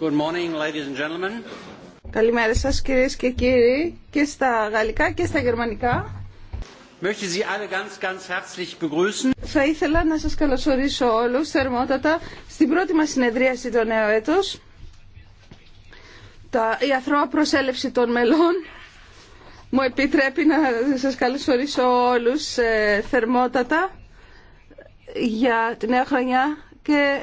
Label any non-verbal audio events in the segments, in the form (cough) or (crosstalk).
Good morning, Καλημέρα σας κυρίες και κύριοι και στα γαλλικά και στα γερμανικά. Sie alle ganz, ganz herzlich Θα ήθελα να σας καλωσορίσω όλους θερμότατα στην πρώτη μας συνεδρίαση το νέο έτους. Τα, η αθρώα προσέλευση των μελών μου επιτρέπει να σας καλωσορίσω όλους ε, θερμότατα για την νέα χρονιά και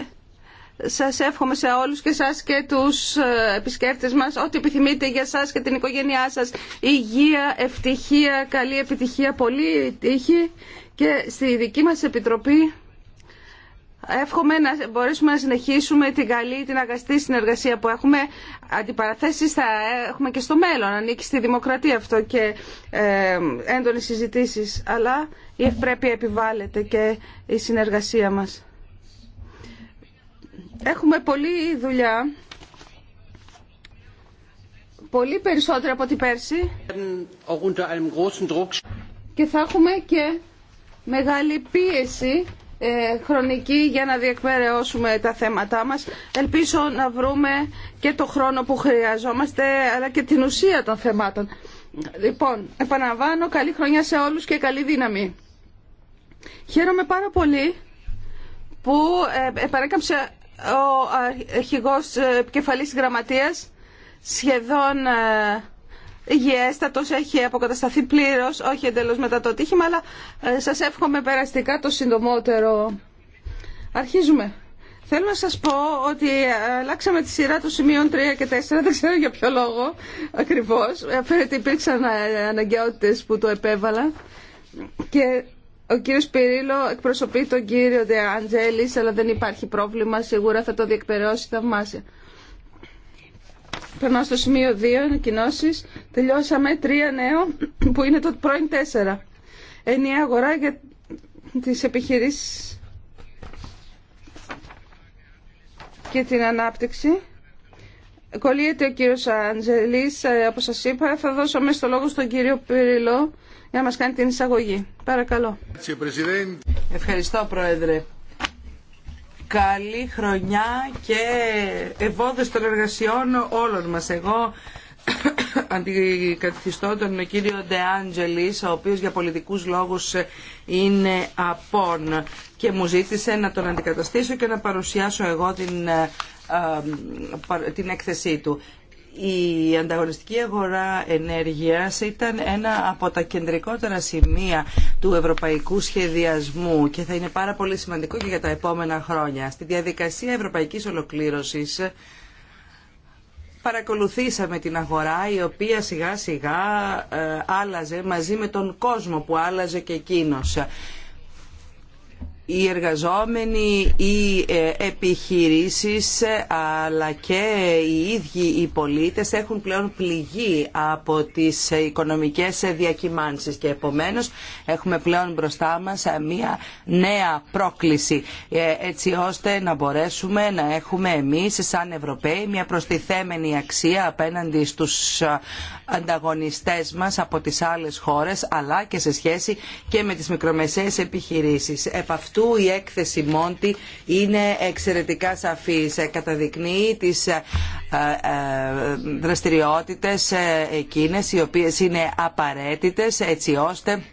σας εύχομαι σε όλους και σας και τους ε, επισκέπτες μας ό,τι επιθυμείτε για σας και την οικογένειά σας. Υγεία, ευτυχία, καλή επιτυχία, πολύ τύχη και στη δική μας επιτροπή εύχομαι να μπορέσουμε να συνεχίσουμε την καλή, την αγαστή συνεργασία που έχουμε. Αντιπαραθέσεις θα έχουμε και στο μέλλον, ανήκει στη δημοκρατία αυτό και ε, έντονες αλλά η ευπρέπεια επιβάλλεται και η συνεργασία μας. Έχουμε πολλή δουλειά, πολύ περισσότερο από την Πέρση και θα έχουμε και μεγάλη πίεση ε, χρονική για να διεκπαιρεώσουμε τα θέματά μας. Ελπίζω να βρούμε και το χρόνο που χρειαζόμαστε αλλά και την ουσία των θεμάτων. Λοιπόν, επαναλαμβάνω, καλή χρονιά σε όλους και καλή δύναμη. Χαίρομαι πάρα πολύ που ε, επαρέκαμψε ο αρχηγός ε, επικεφαλής γραμματείας σχεδόν ε, υγιέστατος, έχει αποκατασταθεί πλήρως, όχι εντελώς μετά το τύχημα, αλλά ε, σας εύχομαι περαστικά το συντομότερο. Αρχίζουμε. Θέλω να σας πω ότι αλλάξαμε τη σειρά των σημείων 3 και 4, δεν ξέρω για ποιο λόγο ακριβώς. αφού υπήρξαν αναγκαιότητες που το επέβαλα και ο κύριο Πυρίλο εκπροσωπεί τον κύριο Ντεάντζελη, αλλά δεν υπάρχει πρόβλημα. Σίγουρα θα το διεκπαιρεώσει θαυμάσια. Περνάω στο σημείο 2, ανακοινώσει. Τελειώσαμε τρία νέο, που είναι το πρώην 4. Ενιαία αγορά για τι επιχειρήσει. και την ανάπτυξη. Κολλείται ο κύριος Αντζελής, ε, όπως σας είπα. Θα δώσω μέσα στο λόγο στον κύριο Πυρίλο για να μας κάνει την εισαγωγή. Παρακαλώ. Ευχαριστώ Πρόεδρε. Καλή χρονιά και ευόδες των εργασιών όλων μας. Εγώ (coughs) αντικαθιστώ τον κύριο Άντζελης, ο οποίος για πολιτικούς λόγους είναι απόν και μου ζήτησε να τον αντικαταστήσω και να παρουσιάσω εγώ την ε, ε, την έκθεσή του η ανταγωνιστική αγορά ενέργειας ήταν ένα από τα κεντρικότερα σημεία του ευρωπαϊκού σχεδιασμού και θα είναι πάρα πολύ σημαντικό και για τα επόμενα χρόνια. Στη διαδικασία ευρωπαϊκής ολοκλήρωσης παρακολουθήσαμε την αγορά η οποία σιγά σιγά ε, άλλαζε μαζί με τον κόσμο που άλλαζε και εκείνος οι εργαζόμενοι, οι ε, επιχειρήσεις ε, αλλά και οι ίδιοι οι πολίτες έχουν πλέον πληγεί από τις οικονομικές διακυμάνσεις και επομένως έχουμε πλέον μπροστά μας ε, μια νέα πρόκληση έτσι ώστε να μπορέσουμε να έχουμε εμείς σαν Ευρωπαίοι μια προστιθέμενη αξία απέναντι στους ανταγωνιστές μας από τις άλλες χώρες αλλά και σε σχέση και με τις μικρομεσαίες επιχειρήσεις του η έκθεση Μόντι είναι εξαιρετικά σαφής. Ε, καταδεικνύει τις ε, ε, δραστηριότητες εκείνες οι οποίες είναι απαραίτητες έτσι ώστε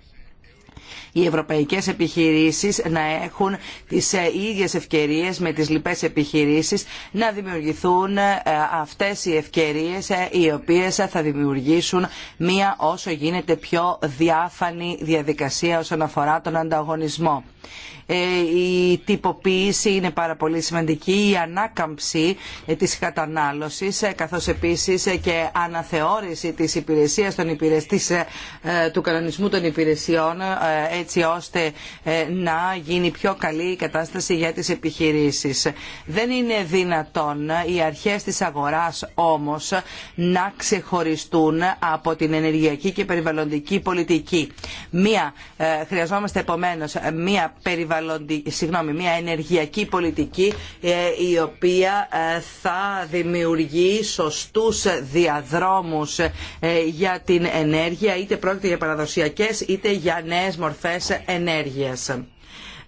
οι ευρωπαϊκές επιχειρήσεις να έχουν τις ίδιες ευκαιρίες με τις λοιπές επιχειρήσεις να δημιουργηθούν αυτές οι ευκαιρίες οι οποίες θα δημιουργήσουν μία όσο γίνεται πιο διάφανη διαδικασία όσον αφορά τον ανταγωνισμό. Ε, η τυποποίηση είναι πάρα πολύ σημαντική, η ανάκαμψη ε, της κατανάλωσης ε, καθώς επίσης και αναθεώρηση της υπηρεσίας των του κανονισμού των υπηρεσιών έτσι ώστε να γίνει πιο καλή η κατάσταση για τις επιχειρήσεις. Δεν είναι δυνατόν οι αρχές της αγοράς όμως να ξεχωριστούν από την ενεργειακή και περιβαλλοντική πολιτική. Μία, χρειαζόμαστε επομένως μία μια, μια ενεργειακή πολιτική ε, η οποία ε, θα δημιουργεί σωστούς διαδρόμους ε, για την ενέργεια είτε πρόκειται για παραδοσιακές είτε για νέες μορφές ενέργειας.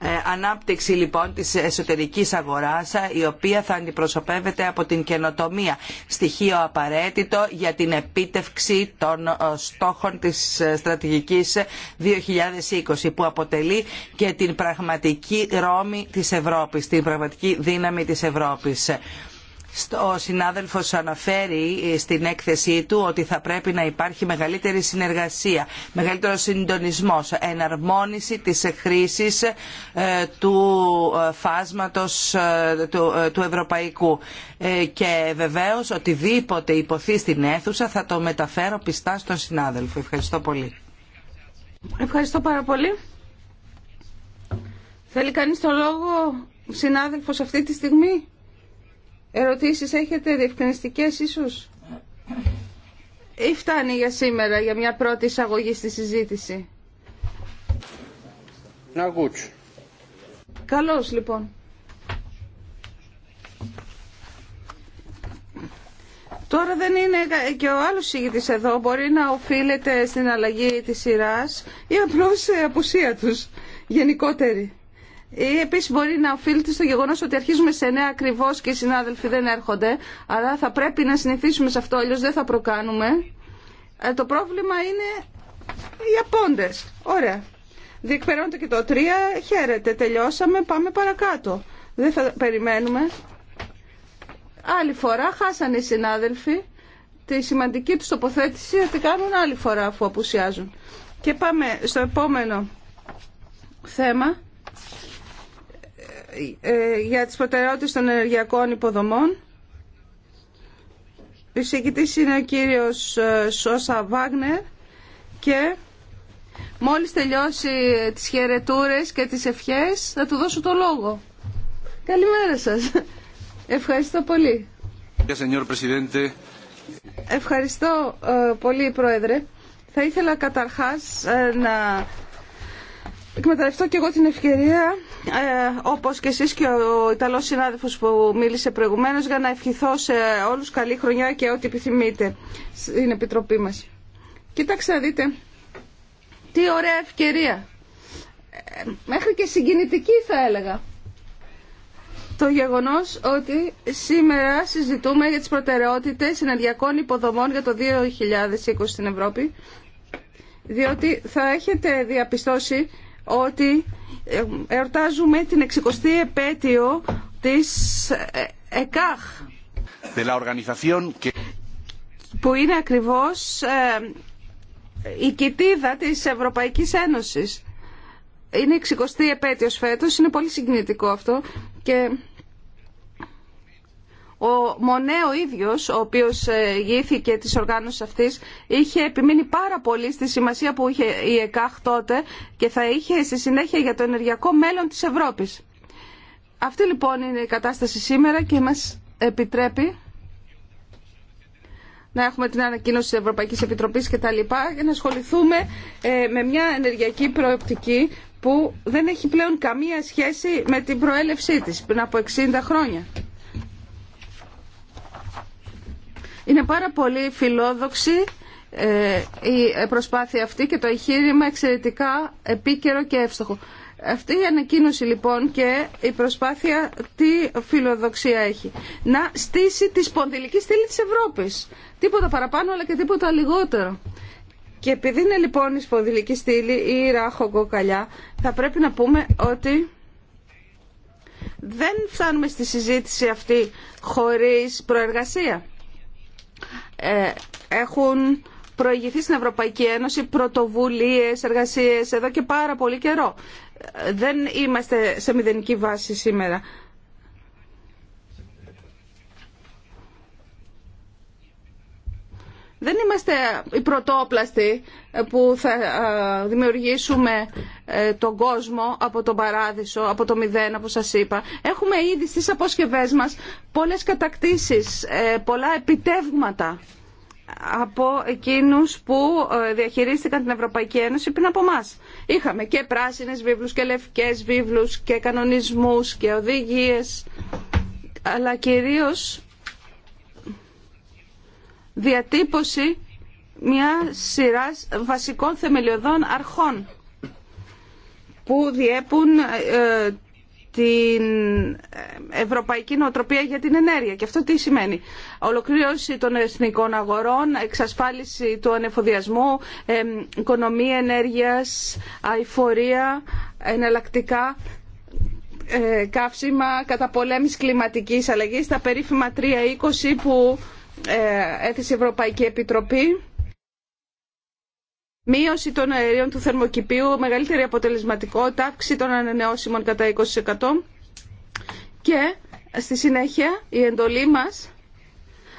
Ε, ανάπτυξη λοιπόν της εσωτερικής αγοράς ε, η οποία θα αντιπροσωπεύεται από την καινοτομία. Στοιχείο απαραίτητο για την επίτευξη των ε, στόχων της στρατηγικής 2020 που αποτελεί και την πραγματική ρόμη της Ευρώπης, την πραγματική δύναμη της Ευρώπης ο συνάδελφος αναφέρει ε, στην έκθεσή του ότι θα πρέπει να υπάρχει μεγαλύτερη συνεργασία, μεγαλύτερο συντονισμός, εναρμόνιση της χρήσης ε, του ε, φάσματος του ευρωπαϊκού. Και βεβαίως οτιδήποτε υποθεί στην αίθουσα θα το μεταφέρω πιστά στον συνάδελφο. Ευχαριστώ πολύ. Ευχαριστώ πάρα πολύ. Θέλει κανείς το λόγο, συνάδελφος, αυτή τη στιγμή. Ερωτήσεις έχετε, διευκρινιστικές ίσως. Ή φτάνει για σήμερα, για μια πρώτη εισαγωγή στη συζήτηση. Να Καλώς λοιπόν. Τώρα δεν είναι και ο άλλος συγητής εδώ. Μπορεί να οφείλεται στην αλλαγή της σειράς ή απλώς σε απουσία τους γενικότερη. Ή επίση μπορεί να οφείλεται στο γεγονό ότι αρχίζουμε σε νέα ακριβώ και οι συνάδελφοι δεν έρχονται. Αλλά θα πρέπει να συνηθίσουμε σε αυτό, αλλιώ δεν θα προκάνουμε. Ε, το πρόβλημα είναι οι απόντε. Ωραία. Διεκπερώνεται και το 3. Χαίρετε. Τελειώσαμε. Πάμε παρακάτω. Δεν θα περιμένουμε. Άλλη φορά χάσανε οι συνάδελφοι τη σημαντική του τοποθέτηση. Θα την κάνουν άλλη φορά αφού απουσιάζουν. Και πάμε στο επόμενο θέμα. Ε, για τις προτεραιότητες των ενεργειακών υποδομών. Ο εισηγητής είναι ο κύριος ε, Σώσα Βάγνερ και μόλις τελειώσει τις χαιρετούρε και τις ευχές θα του δώσω το λόγο. Καλημέρα σας. Ευχαριστώ πολύ. Ευχαριστώ ε, πολύ, Πρόεδρε. Θα ήθελα καταρχάς να εκμεταλλευτώ και εγώ την ευκαιρία, ε, όπως και εσείς και ο Ιταλός συνάδελφος που μίλησε προηγουμένως, για να ευχηθώ σε όλους καλή χρονιά και ό,τι επιθυμείτε στην Επιτροπή μας. Κοιτάξτε, δείτε, τι ωραία ευκαιρία. Ε, μέχρι και συγκινητική θα έλεγα. Το γεγονός ότι σήμερα συζητούμε για τις προτεραιότητες ενεργειακών υποδομών για το 2020 στην Ευρώπη, διότι θα έχετε διαπιστώσει ότι εορτάζουμε την 60η επέτειο της ε, ΕΚΑΧ που είναι ακριβώς ε, η κοιτίδα της Ευρωπαϊκής Ένωσης. Είναι 60η επέτειος φέτος, είναι πολύ συγκινητικό αυτό και ο Μονέ ο ίδιος, ο οποίος ε, γύθηκε της οργάνωσης αυτής, είχε επιμείνει πάρα πολύ στη σημασία που είχε η ΕΚΑΧ τότε και θα είχε στη συνέχεια για το ενεργειακό μέλλον της Ευρώπης. Αυτή λοιπόν είναι η κατάσταση σήμερα και μας επιτρέπει να έχουμε την ανακοίνωση της Ευρωπαϊκής Επιτροπής και τα λοιπά και να ασχοληθούμε ε, με μια ενεργειακή προοπτική που δεν έχει πλέον καμία σχέση με την προέλευσή της πριν από 60 χρόνια. Είναι πάρα πολύ φιλόδοξη ε, η προσπάθεια αυτή και το εγχείρημα εξαιρετικά επίκαιρο και εύστοχο. Αυτή η ανακοίνωση λοιπόν και η προσπάθεια τι φιλοδοξία έχει. Να στήσει τη σπονδυλική στήλη της Ευρώπης. Τίποτα παραπάνω αλλά και τίποτα λιγότερο. Και επειδή είναι λοιπόν η σπονδυλική στήλη ή η η κοκαλιά θα πρέπει να πούμε ότι δεν φτάνουμε στη συζήτηση αυτή χωρίς προεργασία. Ε, έχουν προηγηθεί στην Ευρωπαϊκή Ένωση πρωτοβουλίες, εργασίες εδώ και πάρα πολύ καιρό. Ε, δεν είμαστε σε μηδενική βάση σήμερα. Δεν είμαστε οι πρωτόπλαστοι που θα ε, δημιουργήσουμε ε, τον κόσμο από τον παράδεισο, από το μηδέν, όπως σας είπα. Έχουμε ήδη στις αποσκευές μας πολλές κατακτήσεις, ε, πολλά επιτεύγματα από εκείνους που διαχειρίστηκαν την Ευρωπαϊκή Ένωση πριν από εμά. Είχαμε και πράσινες βίβλους και λευκές βίβλους και κανονισμούς και οδηγίες, αλλά κυρίως διατύπωση μια σειρά βασικών θεμελιωδών αρχών που διέπουν ε, την ευρωπαϊκή νοοτροπία για την ενέργεια. Και αυτό τι σημαίνει. Ολοκλήρωση των εθνικών αγορών, εξασφάλιση του ανεφοδιασμού, ε, οικονομία ενέργειας, αηφορία, εναλλακτικά ε, καύσιμα, καταπολέμηση κλιματικής αλλαγής, τα περίφημα 320 που ε, έθεσε η Ευρωπαϊκή Επιτροπή μείωση των αερίων του θερμοκηπίου, μεγαλύτερη αποτελεσματικότητα, αύξηση των ανανεώσιμων κατά 20% και στη συνέχεια η εντολή μας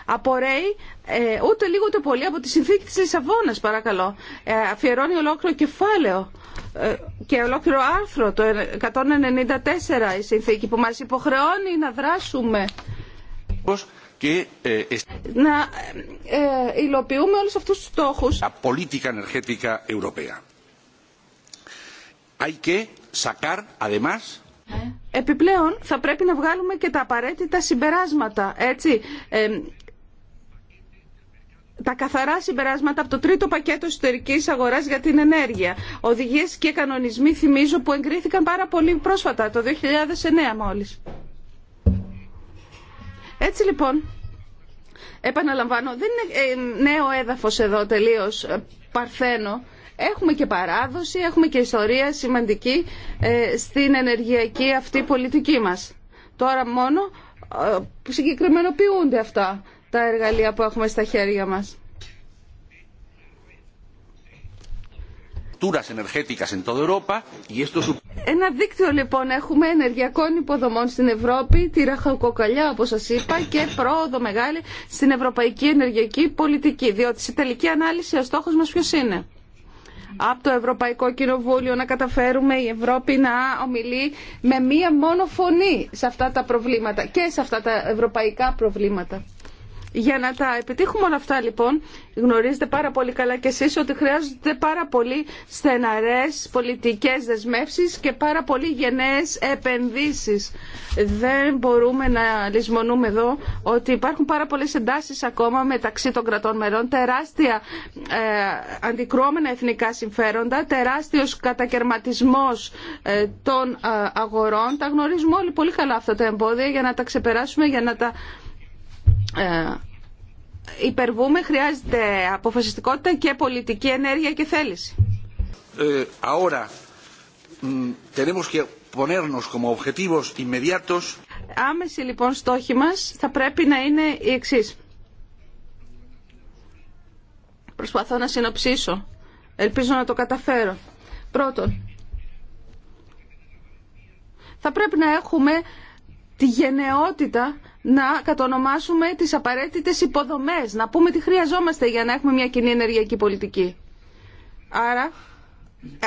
απορρέει ε, ούτε λίγο ούτε πολύ από τη συνθήκη της Λισαβόνας παρακαλώ. Ε, αφιερώνει ολόκληρο κεφάλαιο ε, και ολόκληρο άρθρο το 194 η συνθήκη που μας υποχρεώνει να δράσουμε. Ε, να ε, υλοποιούμε όλους αυτούς τους στόχους. Επιπλέον θα πρέπει να βγάλουμε και τα απαραίτητα συμπεράσματα, έτσι, ε, τα καθαρά συμπεράσματα από το τρίτο πακέτο εσωτερική αγορά για την ενέργεια. Οδηγίε και κανονισμοί, θυμίζω, που εγκρίθηκαν πάρα πολύ πρόσφατα, το 2009 μόλι. Έτσι λοιπόν, επαναλαμβάνω, δεν είναι ε, νέο έδαφος εδώ τελείως ε, παρθένο. Έχουμε και παράδοση, έχουμε και ιστορία σημαντική ε, στην ενεργειακή αυτή πολιτική μας. Τώρα μόνο συγκεκριμενοποιούνται αυτά τα εργαλεία που έχουμε στα χέρια μας. Ένα δίκτυο λοιπόν έχουμε ενεργειακών υποδομών στην Ευρώπη, τη ραχοκοκαλιά όπως σας είπα και πρόοδο μεγάλη στην ευρωπαϊκή ενεργειακή πολιτική, διότι σε τελική ανάλυση ο στόχος μας ποιος είναι από το Ευρωπαϊκό Κοινοβούλιο να καταφέρουμε η Ευρώπη να ομιλεί με μία μόνο φωνή σε αυτά τα προβλήματα και σε αυτά τα ευρωπαϊκά προβλήματα. Για να τα επιτύχουμε όλα αυτά λοιπόν, γνωρίζετε πάρα πολύ καλά κι εσείς ότι χρειάζονται πάρα πολύ στεναρές πολιτικές δεσμεύσεις και πάρα πολύ γενναίες επενδύσεις. Δεν μπορούμε να λησμονούμε εδώ ότι υπάρχουν πάρα πολλές εντάσεις ακόμα μεταξύ των κρατών μερών, τεράστια ε, αντικρουόμενα εθνικά συμφέροντα, τεράστιος κατακαιρματισμός ε, των ε, αγορών. Τα γνωρίζουμε όλοι πολύ καλά αυτά τα εμπόδια για να τα ξεπεράσουμε, για να τα ε, υπερβούμε χρειάζεται αποφασιστικότητα και πολιτική ενέργεια και θέληση. Ε, ahora, tenemos que ponernos como objetivos Άμεση λοιπόν στόχη μας θα πρέπει να είναι η εξή. Προσπαθώ να συνοψίσω. Ελπίζω να το καταφέρω. Πρώτον, θα πρέπει να έχουμε τη γενναιότητα να κατονομάσουμε τις απαραίτητες υποδομές, να πούμε τι χρειαζόμαστε για να έχουμε μια κοινή ενεργειακή πολιτική. Άρα,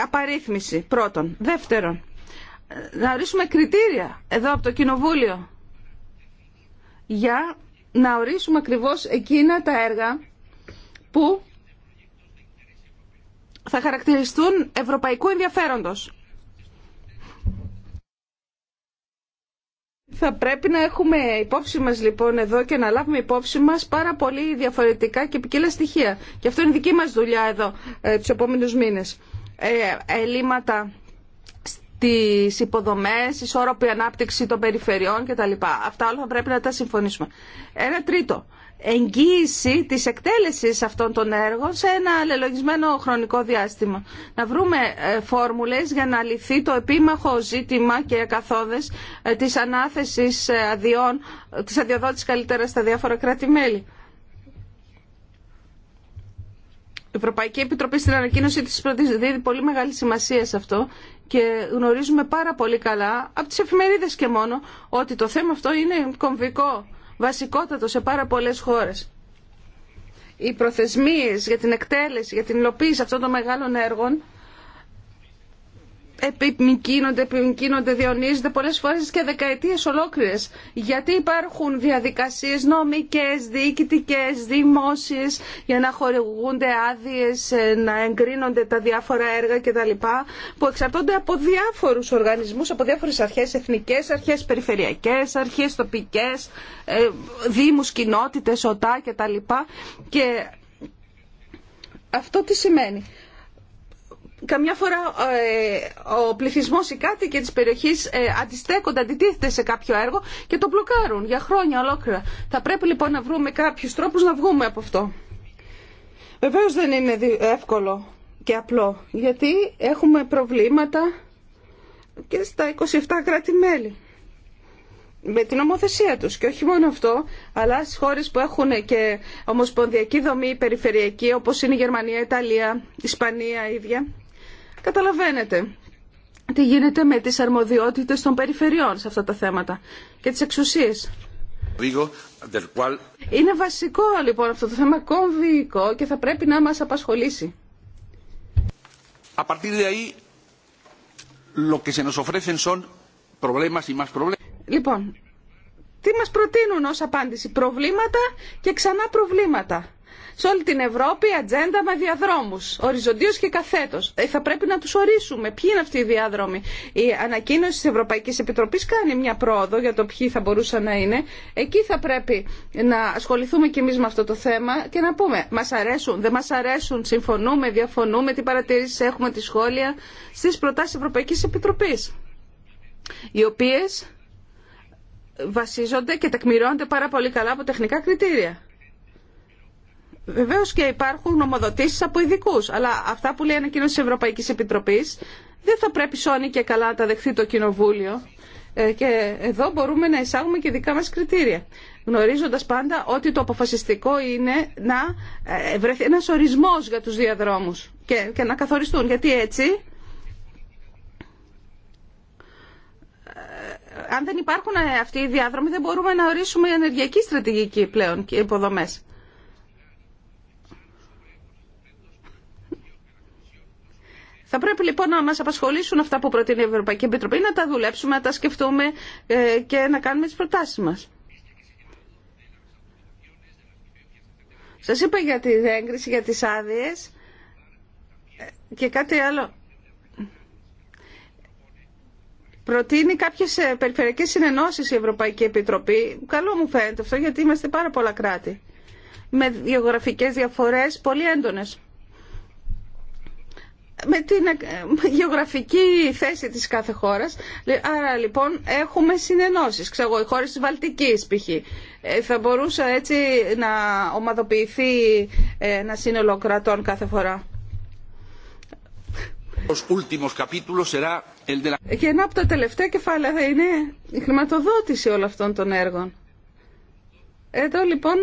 απαρίθμηση πρώτον. Δεύτερον, να ορίσουμε κριτήρια εδώ από το Κοινοβούλιο για να ορίσουμε ακριβώς εκείνα τα έργα που θα χαρακτηριστούν ευρωπαϊκού ενδιαφέροντος Θα πρέπει να έχουμε υπόψη μας λοιπόν εδώ και να λάβουμε υπόψη μας πάρα πολύ διαφορετικά και ποικίλα στοιχεία. Και αυτό είναι δική μας δουλειά εδώ ε, τους επόμενους μήνες. Ε, ελλείμματα τις υποδομές, ισόρροπη ανάπτυξη των περιφερειών κτλ. Αυτά όλα θα πρέπει να τα συμφωνήσουμε. Ένα τρίτο. Εγγύηση τη εκτέλεσης αυτών των έργων σε ένα αλληλογισμένο χρονικό διάστημα. Να βρούμε ε, φόρμουλες για να λυθεί το επίμαχο ζήτημα και καθόδες ε, της ανάθεσης ε, αδειών, της αδειοδότηση καλύτερα στα διάφορα κράτη-μέλη. Η Ευρωπαϊκή Επιτροπή στην ανακοίνωση της δίδει πολύ μεγάλη σημασία σε αυτό και γνωρίζουμε πάρα πολύ καλά από τις εφημερίδες και μόνο ότι το θέμα αυτό είναι κομβικό, βασικότατο σε πάρα πολλές χώρες. Οι προθεσμίες για την εκτέλεση, για την υλοποίηση αυτών των μεγάλων έργων επιμηκύνονται, επιμηκύνονται, διονύζονται πολλές φορές και δεκαετίες ολόκληρες. Γιατί υπάρχουν διαδικασίες νομικές, διοικητικές, δημόσιες για να χορηγούνται άδειε, ε, να εγκρίνονται τα διάφορα έργα κτλ. που εξαρτώνται από διάφορους οργανισμούς, από διάφορες αρχές, εθνικές αρχές, περιφερειακές αρχές, τοπικές, ε, δήμους, κοινότητες, οτά κτλ. Και αυτό τι σημαίνει Καμιά φορά ε, ο πληθυσμό ή κάτι και τη περιοχή ε, αντιστέκονται, αντιτίθεται σε κάποιο έργο και το μπλοκάρουν για χρόνια ολόκληρα. Θα πρέπει λοιπόν να βρούμε κάποιου τρόπου να βγούμε από αυτό. Βεβαίω δεν είναι εύκολο και απλό, γιατί έχουμε προβλήματα και στα 27 κράτη-μέλη με την ομοθεσία τους και όχι μόνο αυτό αλλά στις χώρες που έχουν και ομοσπονδιακή δομή περιφερειακή όπως είναι η Γερμανία, η Ιταλία, η Ισπανία ίδια Καταλαβαίνετε τι γίνεται με τις αρμοδιότητες των περιφερειών σε αυτά τα θέματα και τις εξουσίες. Είναι βασικό λοιπόν αυτό το θέμα κομβικό και θα πρέπει να μας απασχολήσει. Λοιπόν, τι μας προτείνουν ως απάντηση, προβλήματα και ξανά προβλήματα σε όλη την Ευρώπη ατζέντα με διαδρόμου, οριζοντίω και καθέτος. Ε, θα πρέπει να του ορίσουμε ποιοι είναι αυτοί οι διάδρομοι. Η ανακοίνωση τη Ευρωπαϊκή Επιτροπή κάνει μια πρόοδο για το ποιοι θα μπορούσαν να είναι. Εκεί θα πρέπει να ασχοληθούμε κι εμείς με αυτό το θέμα και να πούμε Μα αρέσουν, δεν μα αρέσουν, συμφωνούμε, διαφωνούμε, τι παρατηρήσει έχουμε, τι σχόλια στις προτάσεις Ευρωπαϊκή Επιτροπής οι οποίε βασίζονται και τεκμηρώνονται πάρα πολύ καλά από τεχνικά κριτήρια. Βεβαίω και υπάρχουν νομοδοτήσει από ειδικού, αλλά αυτά που λέει ανακοίνωση τη Ευρωπαϊκή Επιτροπή δεν θα πρέπει σώνει και καλά να τα δεχθεί το Κοινοβούλιο. Ε, και εδώ μπορούμε να εισάγουμε και δικά μα κριτήρια. Γνωρίζοντα πάντα ότι το αποφασιστικό είναι να ε, βρεθεί ένα ορισμό για του διαδρόμου και, και να καθοριστούν. Γιατί έτσι ε, αν δεν υπάρχουν αυτοί οι διάδρομοι, δεν μπορούμε να ορίσουμε ενεργειακή στρατηγική πλέον και υποδομές. Θα πρέπει λοιπόν να μας απασχολήσουν αυτά που προτείνει η Ευρωπαϊκή Επιτροπή, να τα δουλέψουμε, να τα σκεφτούμε ε, και να κάνουμε τι προτάσει μας. Σας είπα για τη έγκριση, για τις άδειε ε, και κάτι άλλο. Προτείνει κάποιες ε, περιφερειακέ συνενώσει η Ευρωπαϊκή Επιτροπή. Καλό μου φαίνεται αυτό γιατί είμαστε πάρα πολλά κράτη. Με γεωγραφικέ διαφορέ πολύ έντονες με την ε, γεωγραφική θέση της κάθε χώρας. Άρα λοιπόν έχουμε συνενώσεις. Ξέρω εγώ, οι χώρες της Βαλτικής π.χ. Ε, θα μπορούσα έτσι να ομαδοποιηθεί ε, ένα σύνολο κρατών κάθε φορά. Και ένα από τα τελευταία κεφάλαια θα είναι η χρηματοδότηση όλων αυτών των έργων. Εδώ λοιπόν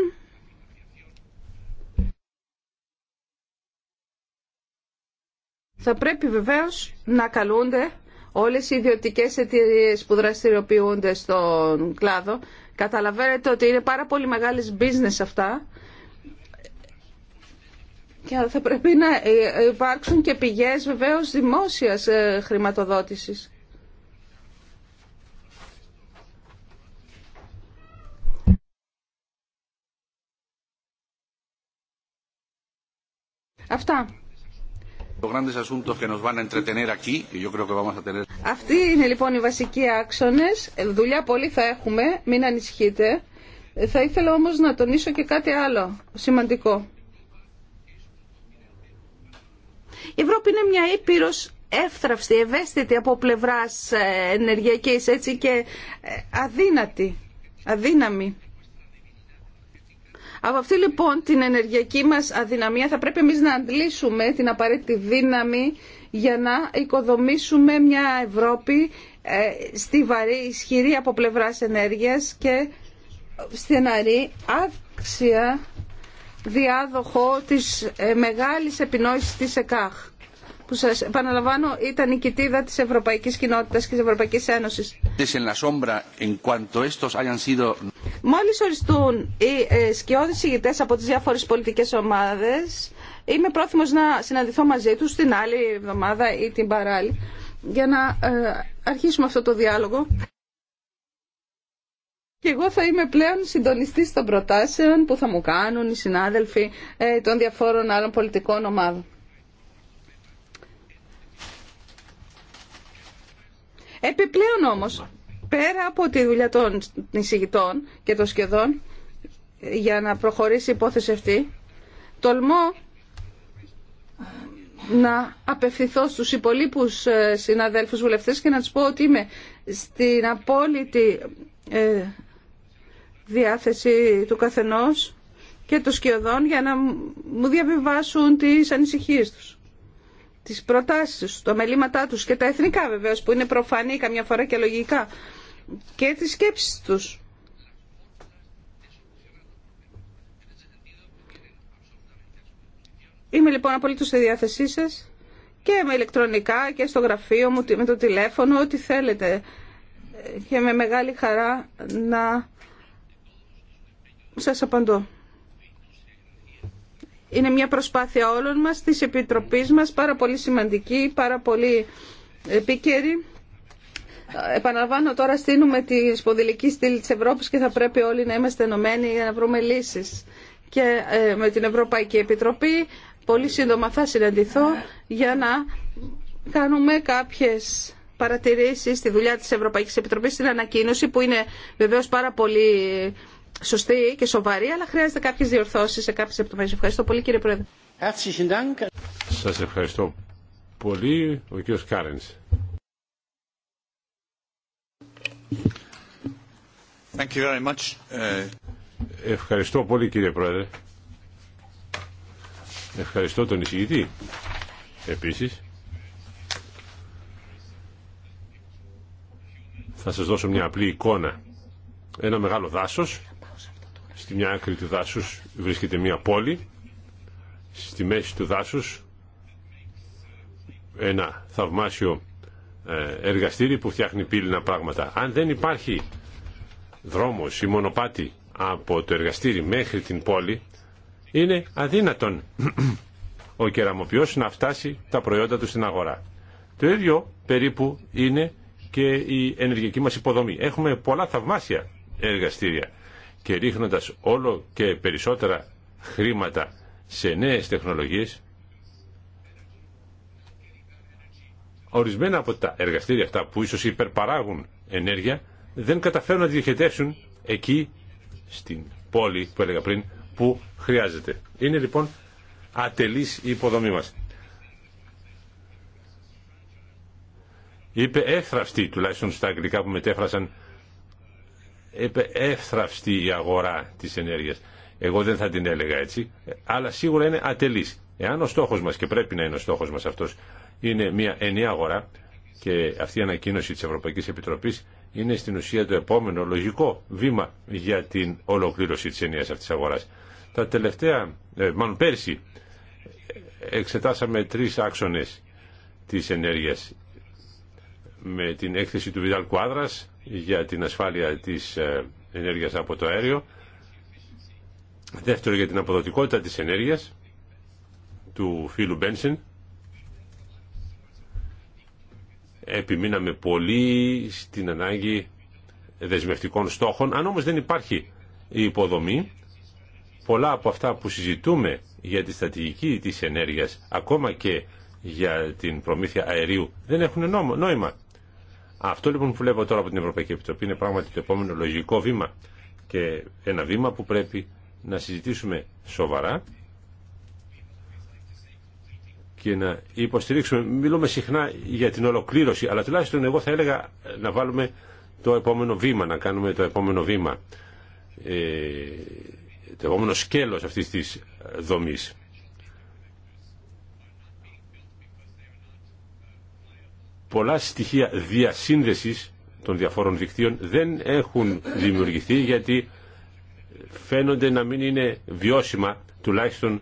Θα πρέπει βεβαίως να καλούνται όλες οι ιδιωτικές εταιρείε που δραστηριοποιούνται στον κλάδο. Καταλαβαίνετε ότι είναι πάρα πολύ μεγάλες business αυτά και θα πρέπει να υπάρξουν και πηγές βεβαίως δημόσιας ε, χρηματοδότησης. Αυτά. Αυτοί είναι λοιπόν οι βασικοί άξονε. Δουλειά πολύ θα έχουμε, μην ανησυχείτε. Θα ήθελα όμω να τονίσω και κάτι άλλο σημαντικό. Η Ευρώπη είναι μια ήπειρο εύθραυστη, ευαίσθητη από πλευρά ε, ενεργειακή έτσι και ε, αδύνατη, αδύναμη. Από αυτή λοιπόν την ενεργειακή μας αδυναμία θα πρέπει εμείς να αντλήσουμε την απαραίτητη δύναμη για να οικοδομήσουμε μια Ευρώπη ε, στιβαρή, ισχυρή από πλευράς ενέργειας και στεναρή, άξια διάδοχο της ε, μεγάλης επινόησης της ΕΚΑΧ που σας επαναλαμβάνω ήταν η κοιτίδα της Ευρωπαϊκής Κοινότητας και της Ευρωπαϊκής Ένωσης. Μόλις οριστούν οι ε, σκιώδεις ηγητές από τις διάφορες πολιτικές ομάδες, είμαι πρόθυμος να συναντηθώ μαζί τους την άλλη εβδομάδα ή την παράλληλη για να ε, αρχίσουμε αυτό το διάλογο. Και εγώ θα είμαι πλέον συντονιστής των προτάσεων που θα μου κάνουν οι συνάδελφοι ε, των διαφόρων άλλων πολιτικών ομάδων. Επιπλέον όμως, πέρα από τη δουλειά των εισηγητών και των σχεδόν, για να προχωρήσει η υπόθεση αυτή, τολμώ να απευθυνθώ στους υπολείπους ε, συναδέλφους βουλευτές και να τους πω ότι είμαι στην απόλυτη ε, διάθεση του καθενός και των σκιωδών για να μου διαβιβάσουν τις ανησυχίες τους τις προτάσεις τους, τα μελήματά τους και τα εθνικά βεβαίως που είναι προφανή καμιά φορά και λογικά και τις σκέψεις τους. Είμαι λοιπόν απολύτως στη διάθεσή σας και με ηλεκτρονικά και στο γραφείο μου, με το τηλέφωνο, ό,τι θέλετε. Και με μεγάλη χαρά να σας απαντώ. Είναι μια προσπάθεια όλων μας, της Επιτροπής μας, πάρα πολύ σημαντική, πάρα πολύ επίκαιρη. Επαναλαμβάνω τώρα στείλουμε τη σποδηλική στήλη της Ευρώπης και θα πρέπει όλοι να είμαστε ενωμένοι για να βρούμε λύσεις. Και ε, με την Ευρωπαϊκή Επιτροπή πολύ σύντομα θα συναντηθώ για να κάνουμε κάποιες παρατηρήσεις στη δουλειά της Ευρωπαϊκής Επιτροπής στην ανακοίνωση που είναι βεβαίως πάρα πολύ σωστή και σοβαρή, αλλά χρειάζεται κάποιες διορθώσεις σε κάποιες λεπτομέρειες. Ευχαριστώ πολύ κύριε Πρόεδρε. Σας ευχαριστώ πολύ ο κύριος Κάρενς. Thank you very much. Ευχαριστώ πολύ κύριε Πρόεδρε. Ευχαριστώ τον εισηγητή επίσης. Θα σας δώσω μια απλή εικόνα. Ένα μεγάλο δάσος Στη μια άκρη του δάσους βρίσκεται μια πόλη, στη μέση του δάσους ένα θαυμάσιο ε, εργαστήρι που φτιάχνει πύληνα πράγματα. Αν δεν υπάρχει δρόμος ή μονοπάτι από το εργαστήρι μέχρι την πόλη, είναι αδύνατον ο κεραμοποιός να φτάσει τα προϊόντα του στην αγορά. Το ίδιο περίπου είναι και η ενεργειακή μας υποδομή. Έχουμε πολλά θαυμάσια εργαστήρια και ρίχνοντας όλο και περισσότερα χρήματα σε νέες τεχνολογίες, ορισμένα από τα εργαστήρια αυτά που ίσως υπερπαράγουν ενέργεια δεν καταφέρουν να διοχετεύσουν εκεί στην πόλη που έλεγα πριν που χρειάζεται. Είναι λοιπόν ατελής η υποδομή μας. Είπε έφραστη τουλάχιστον στα αγγλικά που μετέφρασαν εύθραυστη η αγορά της ενέργειας. Εγώ δεν θα την έλεγα έτσι, αλλά σίγουρα είναι ατελής. Εάν ο στόχος μας, και πρέπει να είναι ο στόχος μας αυτός, είναι μια ενιαία αγορά και αυτή η ανακοίνωση της Ευρωπαϊκής Επιτροπής είναι στην ουσία το επόμενο λογικό βήμα για την ολοκλήρωση της ενιαία αυτής αγορά. Τα τελευταία, ε, μάλλον πέρσι, εξετάσαμε τρει άξονε της ενέργεια με την έκθεση του Βιδάλ Κουάδρας, για την ασφάλεια της ε, ενέργειας από το αέριο. Δεύτερο για την αποδοτικότητα της ενέργειας του φίλου Μπένσεν. Επιμείναμε πολύ στην ανάγκη δεσμευτικών στόχων. Αν όμως δεν υπάρχει η υποδομή, πολλά από αυτά που συζητούμε για τη στατηγική της ενέργειας, ακόμα και για την προμήθεια αερίου, δεν έχουν νόημα. Αυτό λοιπόν που βλέπω τώρα από την Ευρωπαϊκή Επιτροπή είναι πράγματι το επόμενο λογικό βήμα και ένα βήμα που πρέπει να συζητήσουμε σοβαρά και να υποστηρίξουμε. Μιλούμε συχνά για την ολοκλήρωση, αλλά τουλάχιστον εγώ θα έλεγα να βάλουμε το επόμενο βήμα, να κάνουμε το επόμενο βήμα, ε, το επόμενο σκέλος αυτής της δομής. πολλά στοιχεία διασύνδεσης των διαφόρων δικτύων δεν έχουν δημιουργηθεί γιατί φαίνονται να μην είναι βιώσιμα τουλάχιστον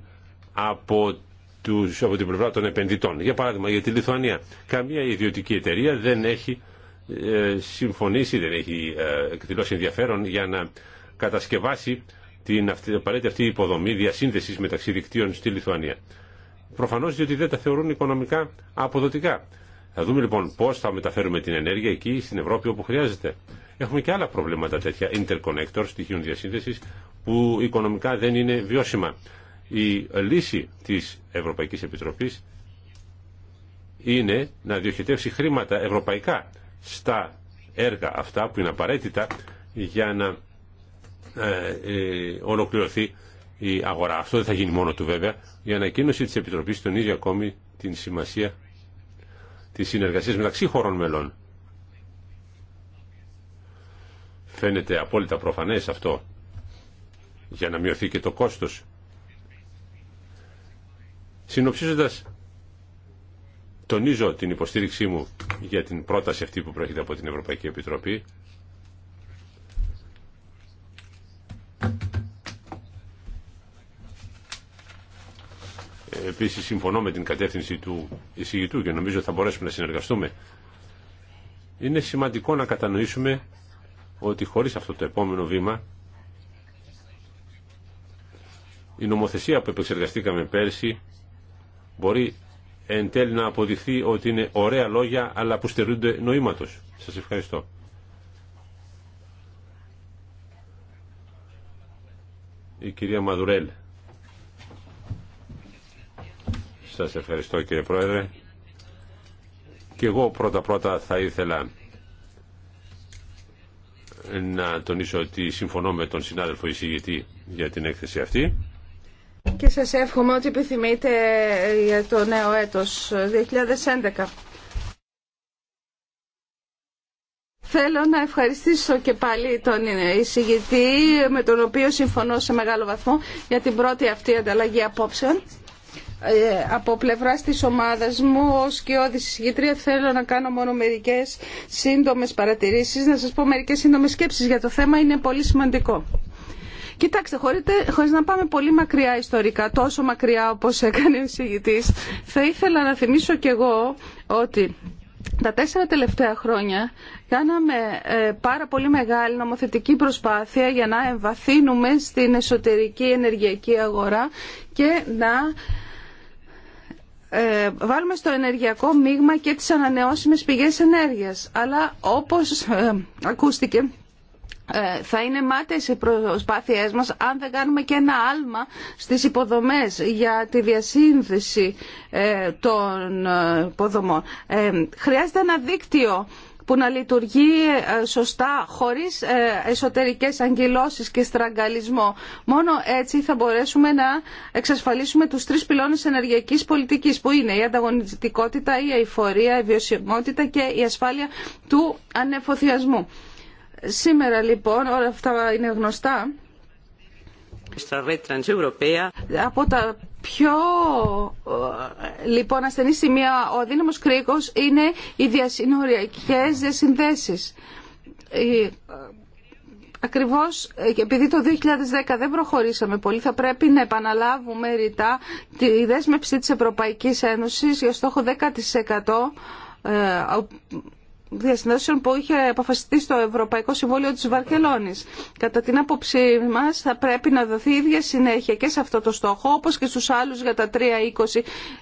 από, τους, από την πλευρά των επενδυτών. Για παράδειγμα για τη Λιθουανία. Καμία ιδιωτική εταιρεία δεν έχει ε, συμφωνήσει, δεν έχει ε, εκδηλώσει ενδιαφέρον για να κατασκευάσει την απαραίτητη αυτή υποδομή διασύνδεσης μεταξύ δικτύων στη Λιθουανία. Προφανώς διότι δεν τα θεωρούν οικονομικά αποδοτικά. Θα δούμε λοιπόν πώς θα μεταφέρουμε την ενέργεια εκεί στην Ευρώπη όπου χρειάζεται. Έχουμε και άλλα προβλήματα τέτοια interconnector, στοιχείων διασύνδεση, που οικονομικά δεν είναι βιώσιμα. Η λύση της Ευρωπαϊκής Επιτροπή είναι να διοχετεύσει χρήματα ευρωπαϊκά στα έργα αυτά που είναι απαραίτητα για να ε, ε, ολοκληρωθεί η αγορά. Αυτό δεν θα γίνει μόνο του βέβαια. Η ανακοίνωση της Επιτροπής τον ίδιο ακόμη την σημασία της συνεργασίας μεταξύ χωρών μελών. Φαίνεται απόλυτα προφανές αυτό για να μειωθεί και το κόστος. Συνοψίζοντας, τονίζω την υποστήριξή μου για την πρόταση αυτή που προέρχεται από την Ευρωπαϊκή Επιτροπή Επίση, συμφωνώ με την κατεύθυνση του εισηγητού και νομίζω θα μπορέσουμε να συνεργαστούμε. Είναι σημαντικό να κατανοήσουμε ότι χωρίς αυτό το επόμενο βήμα η νομοθεσία που επεξεργαστήκαμε πέρσι μπορεί εν τέλει να αποδειχθεί ότι είναι ωραία λόγια αλλά που στερούνται νοήματος. Σας ευχαριστώ. Η κυρία Μαδουρέλ. Σας ευχαριστώ κύριε Πρόεδρε. Και εγώ πρώτα πρώτα θα ήθελα να τονίσω ότι συμφωνώ με τον συνάδελφο εισηγητή για την έκθεση αυτή. Και σας εύχομαι ότι επιθυμείτε για το νέο έτος 2011. Θέλω να ευχαριστήσω και πάλι τον εισηγητή με τον οποίο συμφωνώ σε μεγάλο βαθμό για την πρώτη αυτή ανταλλαγή απόψεων. Ε, από πλευρά τη ομάδα μου ω και ηγητρία θέλω να κάνω μόνο μερικέ σύντομε παρατηρήσει να σα πω μερικέ σύντομε σκέψει για το θέμα είναι πολύ σημαντικό Κοιτάξτε, χωρί, χωρίς να πάμε πολύ μακριά ιστορικά, τόσο μακριά όπως έκανε ο εισηγητής, θα ήθελα να θυμίσω κι εγώ ότι τα τέσσερα τελευταία χρόνια κάναμε ε, πάρα πολύ μεγάλη νομοθετική προσπάθεια για να εμβαθύνουμε στην εσωτερική ενεργειακή αγορά και να ε, βάλουμε στο ενεργειακό μείγμα και τις ανανεώσιμες πηγές ενέργειας. Αλλά όπως ε, ακούστηκε ε, θα είναι μάταιες οι προσπάθειές μας αν δεν κάνουμε και ένα άλμα στις υποδομές για τη διασύνδεση των υποδομών. Χρειάζεται ένα δίκτυο που να λειτουργεί ε, σωστά χωρίς ε, εσωτερικές αγγελώσεις και στραγγαλισμό. Μόνο έτσι θα μπορέσουμε να εξασφαλίσουμε τους τρεις πυλώνες ενεργειακής πολιτικής που είναι η ανταγωνιστικότητα, η αηφορία, η βιωσιμότητα και η ασφάλεια του ανεφοθιασμού. Σήμερα λοιπόν όλα αυτά είναι γνωστά από τα πιο ε, λοιπόν ασθενή σημεία ο αδύναμος κρίκος είναι οι διασυνοριακές διασυνδέσεις. Ε, ακριβώς ε, επειδή το 2010 δεν προχωρήσαμε πολύ θα πρέπει να επαναλάβουμε ρητά τη δέσμευση της Ευρωπαϊκής Ένωσης για στόχο 10% διασυνδέσεων που είχε αποφασιστεί στο Ευρωπαϊκό Συμβόλιο της Βαρκελόνης. Κατά την άποψή μας θα πρέπει να δοθεί ίδια συνέχεια και σε αυτό το στόχο όπως και στους άλλους για τα 3.20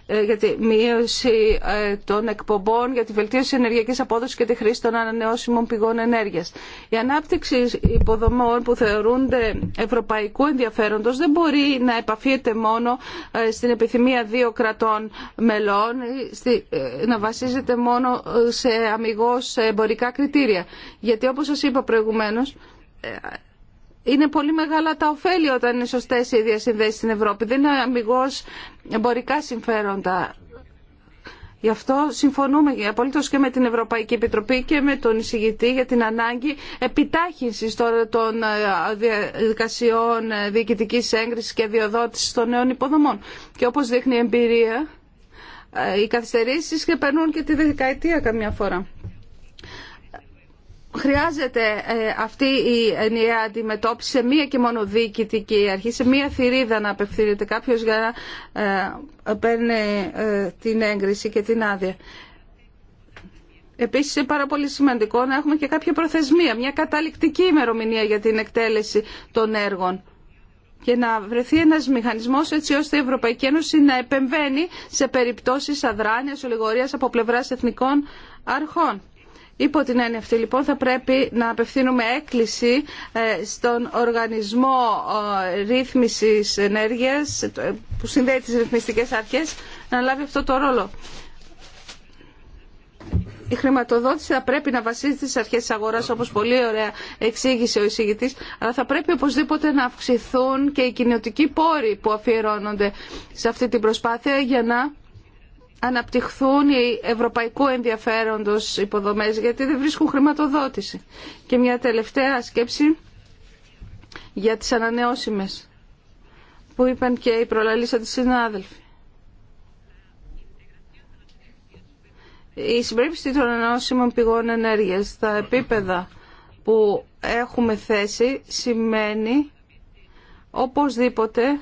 ε, για τη μείωση ε, των εκπομπών, για τη βελτίωση ενεργειακής απόδοσης και τη χρήση των ανανεώσιμων πηγών ενέργειας. Η ανάπτυξη υποδομών που θεωρούνται ευρωπαϊκού ενδιαφέροντος δεν μπορεί να επαφείται μόνο ε, στην επιθυμία δύο κρατών μελών, να βασίζεται μόνο σε αμυγό ως εμπορικά κριτήρια. Γιατί όπως σας είπα προηγουμένως, ε, είναι πολύ μεγάλα τα ωφέλη όταν είναι σωστές οι διασυνδέσεις στην Ευρώπη. Δεν είναι αμυγός εμπορικά συμφέροντα. Γι' αυτό συμφωνούμε απολύτως και με την Ευρωπαϊκή Επιτροπή και με τον εισηγητή για την ανάγκη επιτάχυνσης τώρα των ε, διαδικασιών ε, διοικητικής έγκρισης και διοδότησης των νέων υποδομών. Και όπως δείχνει η εμπειρία, οι καθυστερήσεις και περνούν και τη δεκαετία καμιά φορά χρειάζεται ε, αυτή η ενιαία αντιμετώπιση σε μία και μόνο διοικητική αρχή, σε μία θηρίδα να απευθύνεται κάποιο για να ε, παίρνει ε, την έγκριση και την άδεια. Επίσης είναι πάρα πολύ σημαντικό να έχουμε και κάποια προθεσμία, μια καταληκτική ημερομηνία για την εκτέλεση των έργων και να βρεθεί ένας μηχανισμός έτσι ώστε η Ευρωπαϊκή Ένωση να επεμβαίνει σε περιπτώσεις αδράνειας, ολιγορίας από πλευράς εθνικών αρχών. Υπό την έννοια αυτή λοιπόν θα πρέπει να απευθύνουμε έκκληση ε, στον οργανισμό ε, ρύθμισης ενέργειας ε, που συνδέει τις ρυθμιστικές αρχές να λάβει αυτό το ρόλο. Η χρηματοδότηση θα πρέπει να βασίζεται στις αρχές της αγοράς όπως πολύ ωραία εξήγησε ο εισηγητής αλλά θα πρέπει οπωσδήποτε να αυξηθούν και οι κοινωτικοί πόροι που αφιερώνονται σε αυτή την προσπάθεια για να αναπτυχθούν οι ευρωπαϊκού ενδιαφέροντος υποδομές γιατί δεν βρίσκουν χρηματοδότηση. Και μια τελευταία σκέψη για τις ανανεώσιμες που είπαν και οι προλαλήσαντες συνάδελφοι. Η συμπρίπτωση των ανανεώσιμων πηγών ενέργειας στα επίπεδα που έχουμε θέσει σημαίνει οπωσδήποτε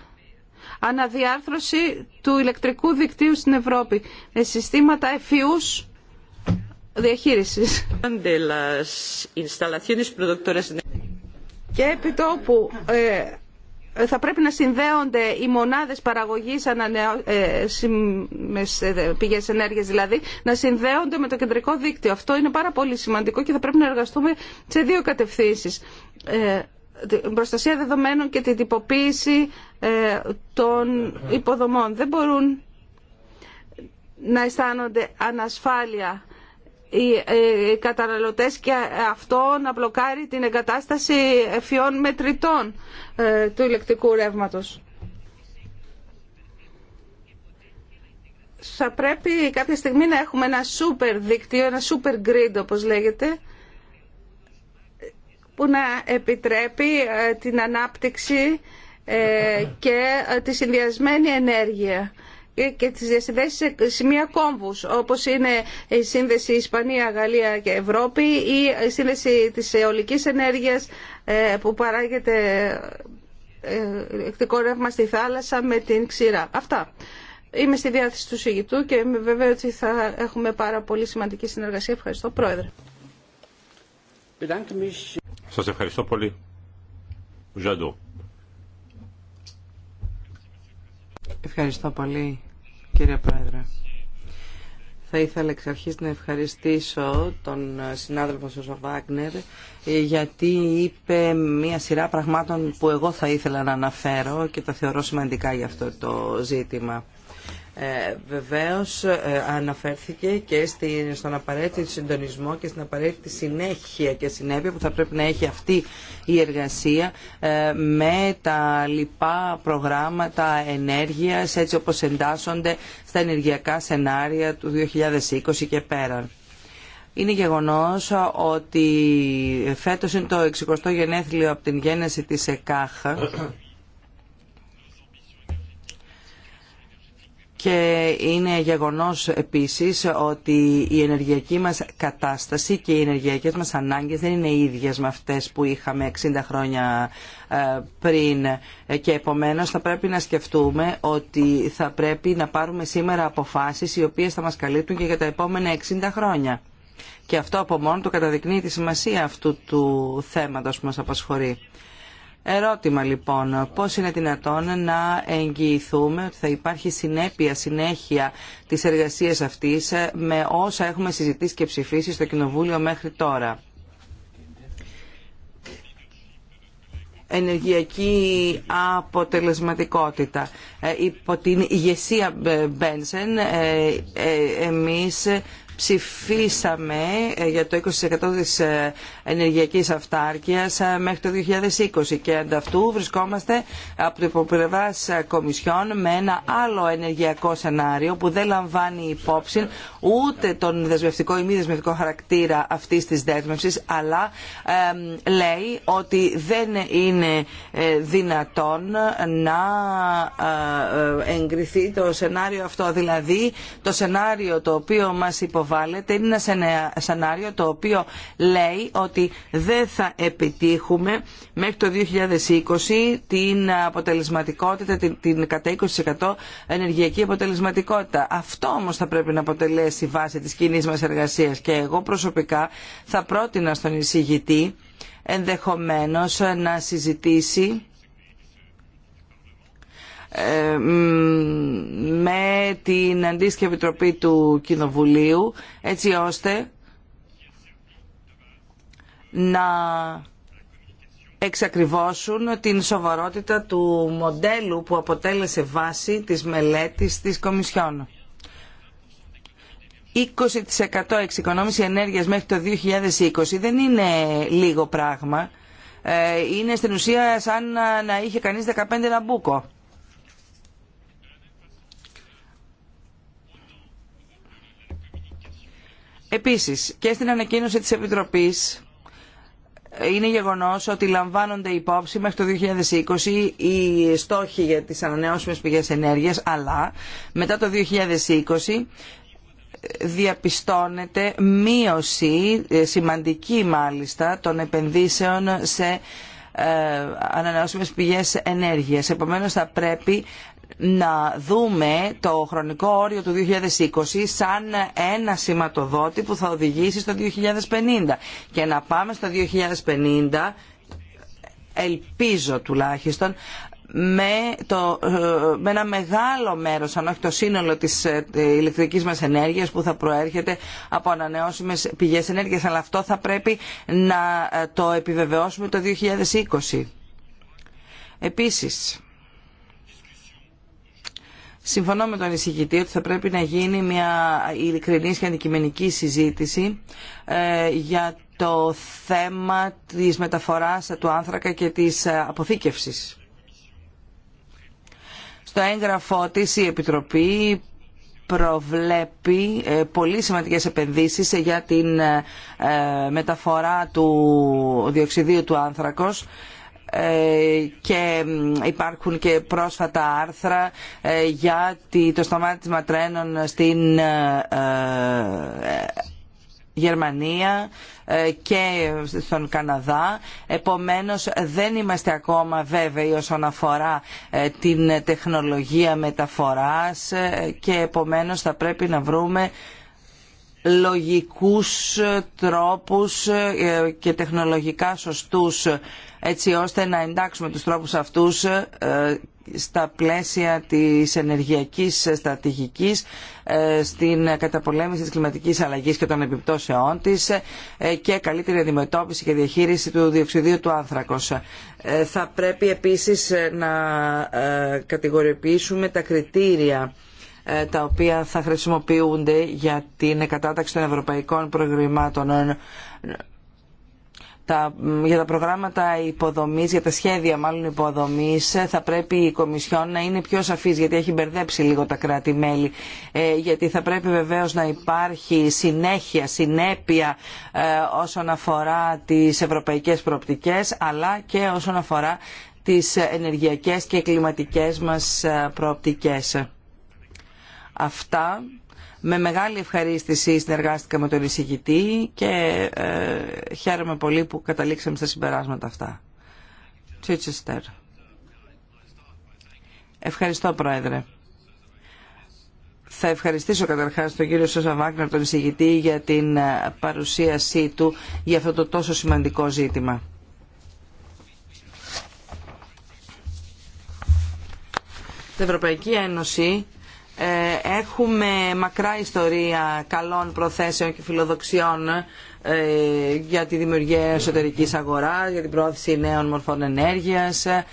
αναδιάρθρωση του ηλεκτρικού δικτύου στην Ευρώπη με συστήματα εφιούς διαχείρισης. Και επί τόπου ε, θα πρέπει να συνδέονται οι μονάδες παραγωγής ανανεώσιμες ε, ε, πηγές ενέργειας δηλαδή, να συνδέονται με το κεντρικό δίκτυο. Αυτό είναι πάρα πολύ σημαντικό και θα πρέπει να εργαστούμε σε δύο κατευθύνσεις την προστασία δεδομένων και την τυποποίηση ε, των υποδομών. Δεν μπορούν να αισθάνονται ανασφάλεια ε, οι καταναλωτές και αυτό να μπλοκάρει την εγκατάσταση εφιών μετρητών ε, του ηλεκτρικού ρεύματος. Θα πρέπει κάποια στιγμή να έχουμε ένα σούπερ δίκτυο, ένα σούπερ grid όπως λέγεται, που να επιτρέπει ε, την ανάπτυξη ε, και ε, τη συνδυασμένη ενέργεια και τις διασυνδέσεις σε σημεία κόμβους, όπως είναι η σύνδεση Ισπανία, Γαλλία και Ευρώπη ή η σύνδεση της αιωλικής ενέργειας που παράγεται εκτικό ρεύμα στη θάλασσα με την ξηρά. Αυτά. Είμαι στη διάθεση του συγητού και είμαι ότι θα έχουμε πάρα πολύ σημαντική συνεργασία. Ευχαριστώ, Πρόεδρε. Σας ευχαριστώ πολύ. Ζαντώ. Ευχαριστώ πολύ κύριε Πρόεδρε. Θα ήθελα εξ αρχής να ευχαριστήσω τον συνάδελφο Σωσο Βάγνερ γιατί είπε μία σειρά πραγμάτων που εγώ θα ήθελα να αναφέρω και τα θεωρώ σημαντικά για αυτό το ζήτημα. Ε, βεβαίως ε, αναφέρθηκε και στη, στον απαραίτητο συντονισμό και στην απαραίτητη συνέχεια και συνέπεια που θα πρέπει να έχει αυτή η εργασία ε, με τα λοιπά προγράμματα ενέργειας έτσι όπως εντάσσονται στα ενεργειακά σενάρια του 2020 και πέραν. Είναι γεγονός ότι φέτος είναι το 60ο γενέθλιο από την γέννηση της ΕΚΑΧ και είναι γεγονός επίσης ότι η ενεργειακή μας κατάσταση και οι ενεργειακές μας ανάγκες δεν είναι ίδιες με αυτές που είχαμε 60 χρόνια ε, πριν και επομένως θα πρέπει να σκεφτούμε ότι θα πρέπει να πάρουμε σήμερα αποφάσεις οι οποίες θα μας καλύπτουν και για τα επόμενα 60 χρόνια. Και αυτό από μόνο το καταδεικνύει τη σημασία αυτού του θέματος που μας απασχολεί. Ερώτημα λοιπόν, πώς είναι δυνατόν να εγγυηθούμε ότι θα υπάρχει συνέπεια, συνέχεια της εργασίας αυτής με όσα έχουμε συζητήσει και ψηφίσει στο Κοινοβούλιο μέχρι τώρα. ενεργειακή αποτελεσματικότητα. Ε, υπό την ηγεσία ε, Μπένσεν ε, ε εμείς ψηφίσαμε ε, για το 20% της ε, ενεργειακής αυτάρκειας ε, μέχρι το 2020 και ανταυτού βρισκόμαστε από την υποπλευρά Κομισιόν με ένα άλλο ενεργειακό σενάριο που δεν λαμβάνει υπόψη ούτε τον δεσμευτικό ή μη δεσμευτικό χαρακτήρα αυτής της δέσμευσης αλλά λέει ότι δεν είναι δυνατόν να εγκριθεί το σενάριο αυτό δηλαδή το σενάριο το οποίο μας υποβάλλει είναι ένα σενάριο το οποίο λέει ότι δεν θα επιτύχουμε μέχρι το 2020 την αποτελεσματικότητα, την, την κατά 20% ενεργειακή αποτελεσματικότητα. Αυτό όμως θα πρέπει να αποτελέσει βάση της κοινή μας εργασίας και εγώ προσωπικά θα πρότεινα στον εισηγητή ενδεχομένως να συζητήσει ε, με την αντίστοιχη επιτροπή του Κοινοβουλίου έτσι ώστε να εξακριβώσουν την σοβαρότητα του μοντέλου που αποτέλεσε βάση της μελέτης της Κομισιόν. 20% εξοικονόμηση ενέργειας μέχρι το 2020 δεν είναι λίγο πράγμα. Ε, είναι στην ουσία σαν να είχε κανείς 15 λαμπούκο. Επίσης και στην ανακοίνωση της Επιτροπής είναι γεγονός ότι λαμβάνονται υπόψη μέχρι το 2020 οι στόχοι για τις ανανεώσιμες πηγές ενέργειας, αλλά μετά το 2020 διαπιστώνεται μείωση, ε, σημαντική μάλιστα, των επενδύσεων σε ε, ανανεώσιμες πηγές ενέργειας. Επομένως θα πρέπει να δούμε το χρονικό όριο του 2020 σαν ένα σηματοδότη που θα οδηγήσει στο 2050 και να πάμε στο 2050 ελπίζω τουλάχιστον με, το, ε, με ένα μεγάλο μέρος, αν όχι το σύνολο ε, της ηλεκτρικής μας ενέργειας που θα προέρχεται από ανανεώσιμες πηγές ενέργειας. Αλλά αυτό θα πρέπει να ε, το επιβεβαιώσουμε το 2020. Επίσης, Συμφωνώ με τον εισηγητή ότι θα πρέπει να γίνει μια ειλικρινή και αντικειμενική συζήτηση ε, για το θέμα της μεταφοράς του άνθρακα και της ε, αποθήκευσης. Στο έγγραφό της η Επιτροπή προβλέπει ε, πολύ σημαντικές επενδύσεις για την μεταφορά του διοξιδίου του άνθρακος ε, και υπάρχουν και πρόσφατα άρθρα ε, για το σταμάτημα τρένων στην ε, Γερμανία και στον Καναδά. Επομένως δεν είμαστε ακόμα βέβαιοι όσον αφορά την τεχνολογία μεταφοράς και επομένως θα πρέπει να βρούμε λογικούς τρόπους και τεχνολογικά σωστούς έτσι ώστε να εντάξουμε τους τρόπους αυτούς ε, στα πλαίσια της ενεργειακής στρατηγικής ε, στην καταπολέμηση της κλιματικής αλλαγής και των επιπτώσεών της ε, και καλύτερη αντιμετώπιση και διαχείριση του διοξιδίου του άνθρακος. Θα πρέπει επίσης να κατηγοριοποιήσουμε τα κριτήρια τα οποία θα χρησιμοποιούνται για την κατάταξη των ευρωπαϊκών προγραμμάτων τα, για τα προγράμματα υποδομής, για τα σχέδια μάλλον υποδομής, ε, θα πρέπει η Κομισιόν να είναι πιο σαφής, γιατί έχει μπερδέψει λίγο τα κράτη-μέλη. Ε, γιατί θα πρέπει βεβαίως να υπάρχει συνέχεια, συνέπεια ε, όσον αφορά τις ευρωπαϊκές προοπτικές, αλλά και όσον αφορά τις ενεργειακές και κλιματικές μας προοπτικές. Αυτά με μεγάλη ευχαρίστηση συνεργάστηκα με τον εισηγητή και ε, χαίρομαι πολύ που καταλήξαμε στα συμπεράσματα αυτά. Ευχαριστώ Πρόεδρε. Θα ευχαριστήσω καταρχάς τον κύριο Σώσα Βάκνερ, τον εισηγητή, για την ε, παρουσίασή του για αυτό το τόσο σημαντικό ζήτημα. Η Ευρωπαϊκή Ένωση ε, έχουμε μακρά ιστορία καλών προθέσεων και φιλοδοξιών ε, για τη δημιουργία εσωτερικής αγοράς, για την πρόθεση νέων μορφών ενέργειας ε,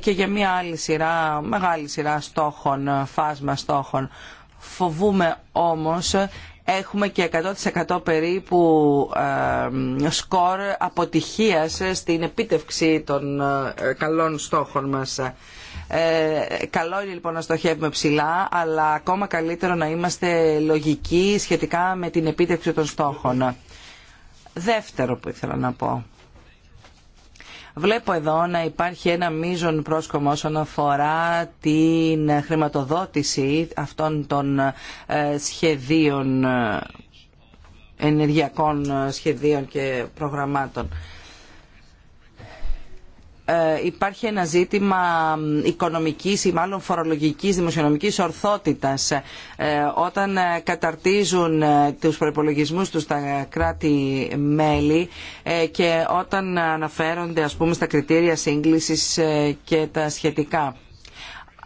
και για μια άλλη σειρά, μεγάλη σειρά στόχων, φάσμα στόχων. Φοβούμε όμως έχουμε και 100% περίπου σκορ αποτυχίας στην επίτευξη των καλών στόχων μας. Ε, καλό είναι λοιπόν να στοχεύουμε ψηλά, αλλά ακόμα καλύτερο να είμαστε λογικοί σχετικά με την επίτευξη των στόχων. Δεύτερο που ήθελα να πω. Βλέπω εδώ να υπάρχει ένα μείζον πρόσκομο όσον αφορά την χρηματοδότηση αυτών των ε, σχεδίων, ε, ενεργειακών σχεδίων και προγραμμάτων. Ε, υπάρχει ένα ζήτημα οικονομικής ή μάλλον φορολογικής δημοσιονομικής ορθότητας. Ε, όταν ε, καταρτίζουν τους προϋπολογισμούς τους τα κράτη-μέλη και όταν αναφέρονται ας πούμε στα κριτήρια σύγκλησης και τα σχετικά.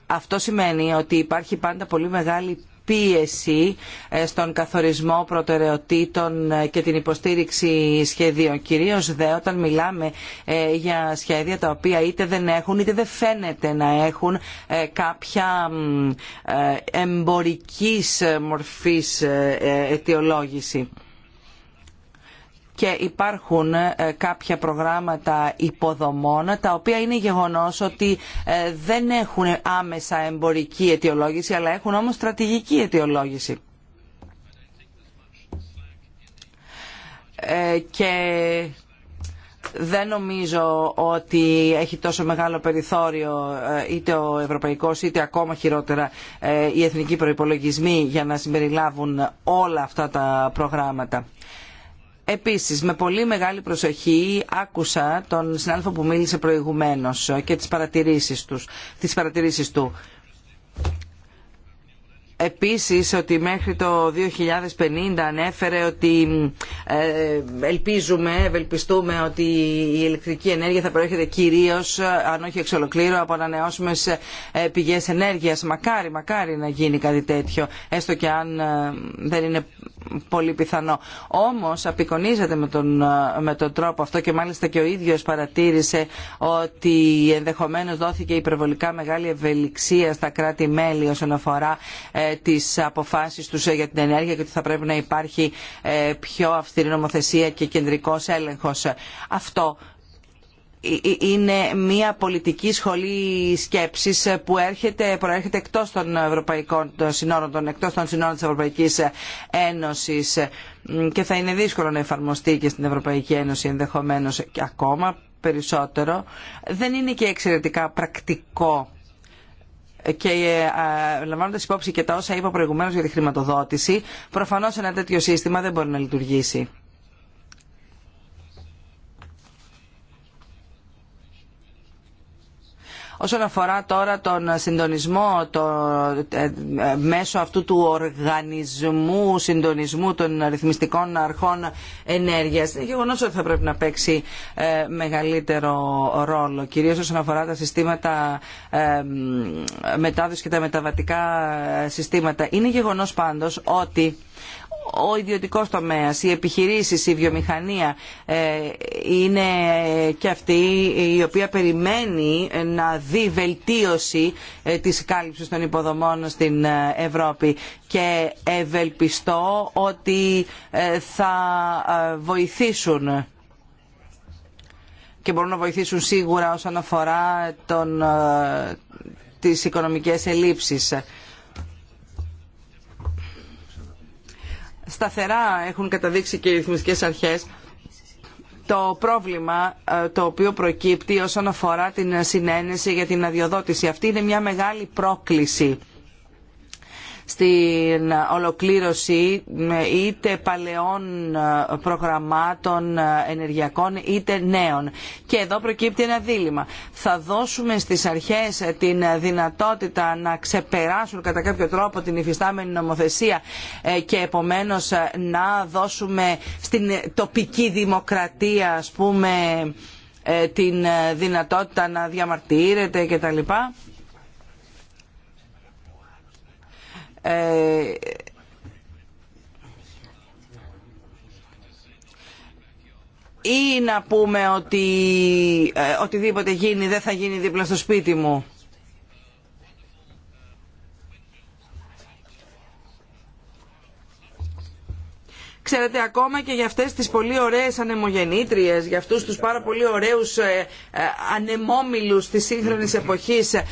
Αυτό σημαίνει ότι υπάρχει πάντα πολύ μεγάλη πίεση ε, στον καθορισμό προτεραιοτήτων ε, και την υποστήριξη σχεδίων. Κυρίως δε όταν μιλάμε ε, για σχέδια τα οποία είτε δεν έχουν είτε δεν φαίνεται να έχουν κάποια εμπορικής μορφής αιτιολόγηση και υπάρχουν ε, κάποια προγράμματα υποδομών τα οποία είναι γεγονός ότι ε, δεν έχουν άμεσα εμπορική αιτιολόγηση αλλά έχουν όμως στρατηγική αιτιολόγηση. Ε, και δεν νομίζω ότι έχει τόσο μεγάλο περιθώριο είτε ο ευρωπαϊκός είτε ακόμα χειρότερα οι εθνικοί προϋπολογισμοί για να συμπεριλάβουν όλα αυτά τα προγράμματα. Επίσης, με πολύ μεγάλη προσοχή άκουσα τον συνάδελφο που μίλησε προηγουμένως και τις παρατηρήσεις, τους, τις παρατηρήσεις του. Επίσης ότι μέχρι το 2050 ανέφερε ότι ε, ελπίζουμε, ευελπιστούμε ότι η ηλεκτρική ενέργεια θα προέρχεται κυρίως, αν όχι εξ από ανανεώσιμες ε, πηγές ενέργειας. Μακάρι, μακάρι να γίνει κάτι τέτοιο, έστω και αν ε, δεν είναι πολύ πιθανό. Όμως απεικονίζεται με τον, με τον τρόπο αυτό και μάλιστα και ο ίδιος παρατήρησε ότι ενδεχομένως δόθηκε υπερβολικά μεγάλη ευελιξία στα κράτη-μέλη όσον αφορά ε, τις του τους ε, για την ενέργεια και ότι θα πρέπει να υπάρχει ε, πιο αυστηρή νομοθεσία και κεντρικός έλεγχος. Αυτό ε, ε, είναι μια πολιτική σχολή σκέψης που έρχεται, προέρχεται εκτός των ευρωπαϊκών συνόρων, των, εκτός των συνόρων της Ευρωπαϊκής Ένωσης και θα είναι δύσκολο να εφαρμοστεί και στην Ευρωπαϊκή Ένωση ενδεχομένως και ακόμα περισσότερο. Δεν είναι και εξαιρετικά πρακτικό και ε, λαμβάνοντα υπόψη και τα όσα είπα προηγουμένω για τη χρηματοδότηση, Προφανώ ένα τέτοιο σύστημα δεν μπορεί να λειτουργήσει. Όσον αφορά τώρα τον συντονισμό το, ε, ε, μέσω αυτού του οργανισμού συντονισμού των ρυθμιστικών αρχών ενέργειας, είναι γεγονός ότι θα πρέπει να παίξει ε, μεγαλύτερο ρόλο, κυρίως όσον αφορά τα συστήματα μετάδοση και τα μεταβατικά συστήματα. Είναι γεγονός πάντως ότι ο ιδιωτικός τομέας, οι επιχειρήσεις, η βιομηχανία ε, είναι και αυτή η οποία περιμένει να δει βελτίωση ε, της κάλυψης των υποδομών στην ε, Ευρώπη και ευελπιστώ ότι θα βοηθήσουν και μπορούν να βοηθήσουν σίγουρα όσον αφορά τον, τις οικονομικές ελλείψεις σταθερά έχουν καταδείξει και οι ρυθμιστικές αρχές το πρόβλημα ε, το οποίο προκύπτει όσον αφορά την συνένεση για την αδειοδότηση. Αυτή είναι μια μεγάλη πρόκληση στην ολοκλήρωση είτε παλαιών προγραμμάτων ενεργειακών είτε νέων. Και εδώ προκύπτει ένα δίλημα. Θα δώσουμε στις αρχές την δυνατότητα να ξεπεράσουν κατά κάποιο τρόπο την υφιστάμενη νομοθεσία ε, και επομένως ε, να δώσουμε στην τοπική δημοκρατία ας πούμε ε, την δυνατότητα να διαμαρτύρεται κτλ. Ε, ή να πούμε ότι ε, οτιδήποτε γίνει δεν θα γίνει δίπλα στο σπίτι μου. Ξέρετε, ακόμα και για αυτές τις πολύ ωραίες ανεμογεννήτριες, για αυτούς τους πάρα πολύ ωραίους ε, ε, ανεμόμυλους της σύγχρονης εποχής, ε,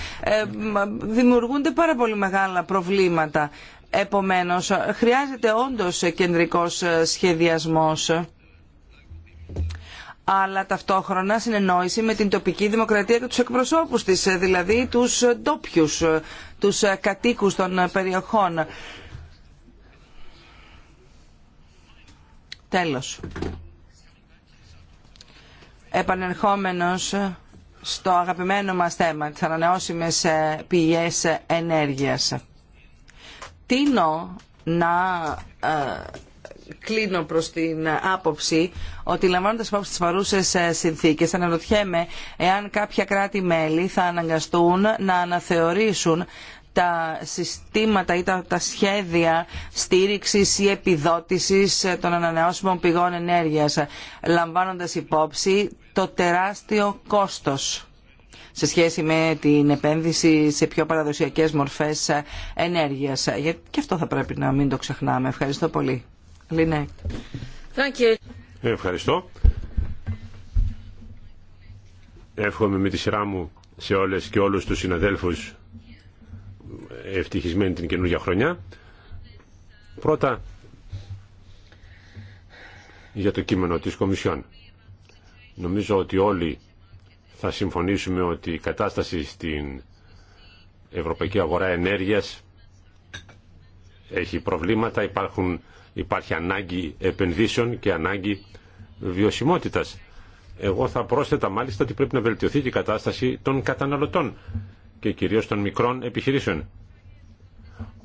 δημιουργούνται πάρα πολύ μεγάλα προβλήματα. Επομένως, χρειάζεται όντως κεντρικός σχεδιασμός αλλά ταυτόχρονα συνεννόηση με την τοπική δημοκρατία και τους εκπροσώπους της, δηλαδή τους ντόπιου, τους κατοίκους των περιοχών. Τέλος. Επανερχόμενος στο αγαπημένο μας θέμα, τις ανανεώσιμες ε, πηγές ενέργειας. Τίνω να ε, κλείνω προς την άποψη ότι λαμβάνοντας υπόψη τις παρούσες ε, συνθήκες αναρωτιέμαι εάν κάποια κράτη-μέλη θα αναγκαστούν να αναθεωρήσουν τα συστήματα ή τα, σχέδια στήριξης ή επιδότησης των ανανεώσιμων πηγών ενέργειας, λαμβάνοντας υπόψη το τεράστιο κόστος σε σχέση με την επένδυση σε πιο παραδοσιακές μορφές ενέργειας. Και αυτό θα πρέπει να μην το ξεχνάμε. Ευχαριστώ πολύ. Λινέκ. Ευχαριστώ. Εύχομαι με τη σειρά μου σε όλες και όλους τους συναδέλφους ευτυχισμένη την καινούργια χρονιά. Πρώτα για το κείμενο της Κομισιόν. Νομίζω ότι όλοι θα συμφωνήσουμε ότι η κατάσταση στην ευρωπαϊκή αγορά ενέργειας έχει προβλήματα, υπάρχουν, υπάρχει ανάγκη επενδύσεων και ανάγκη βιωσιμότητας. Εγώ θα πρόσθετα μάλιστα ότι πρέπει να βελτιωθεί η κατάσταση των καταναλωτών και κυρίως των μικρών επιχειρήσεων.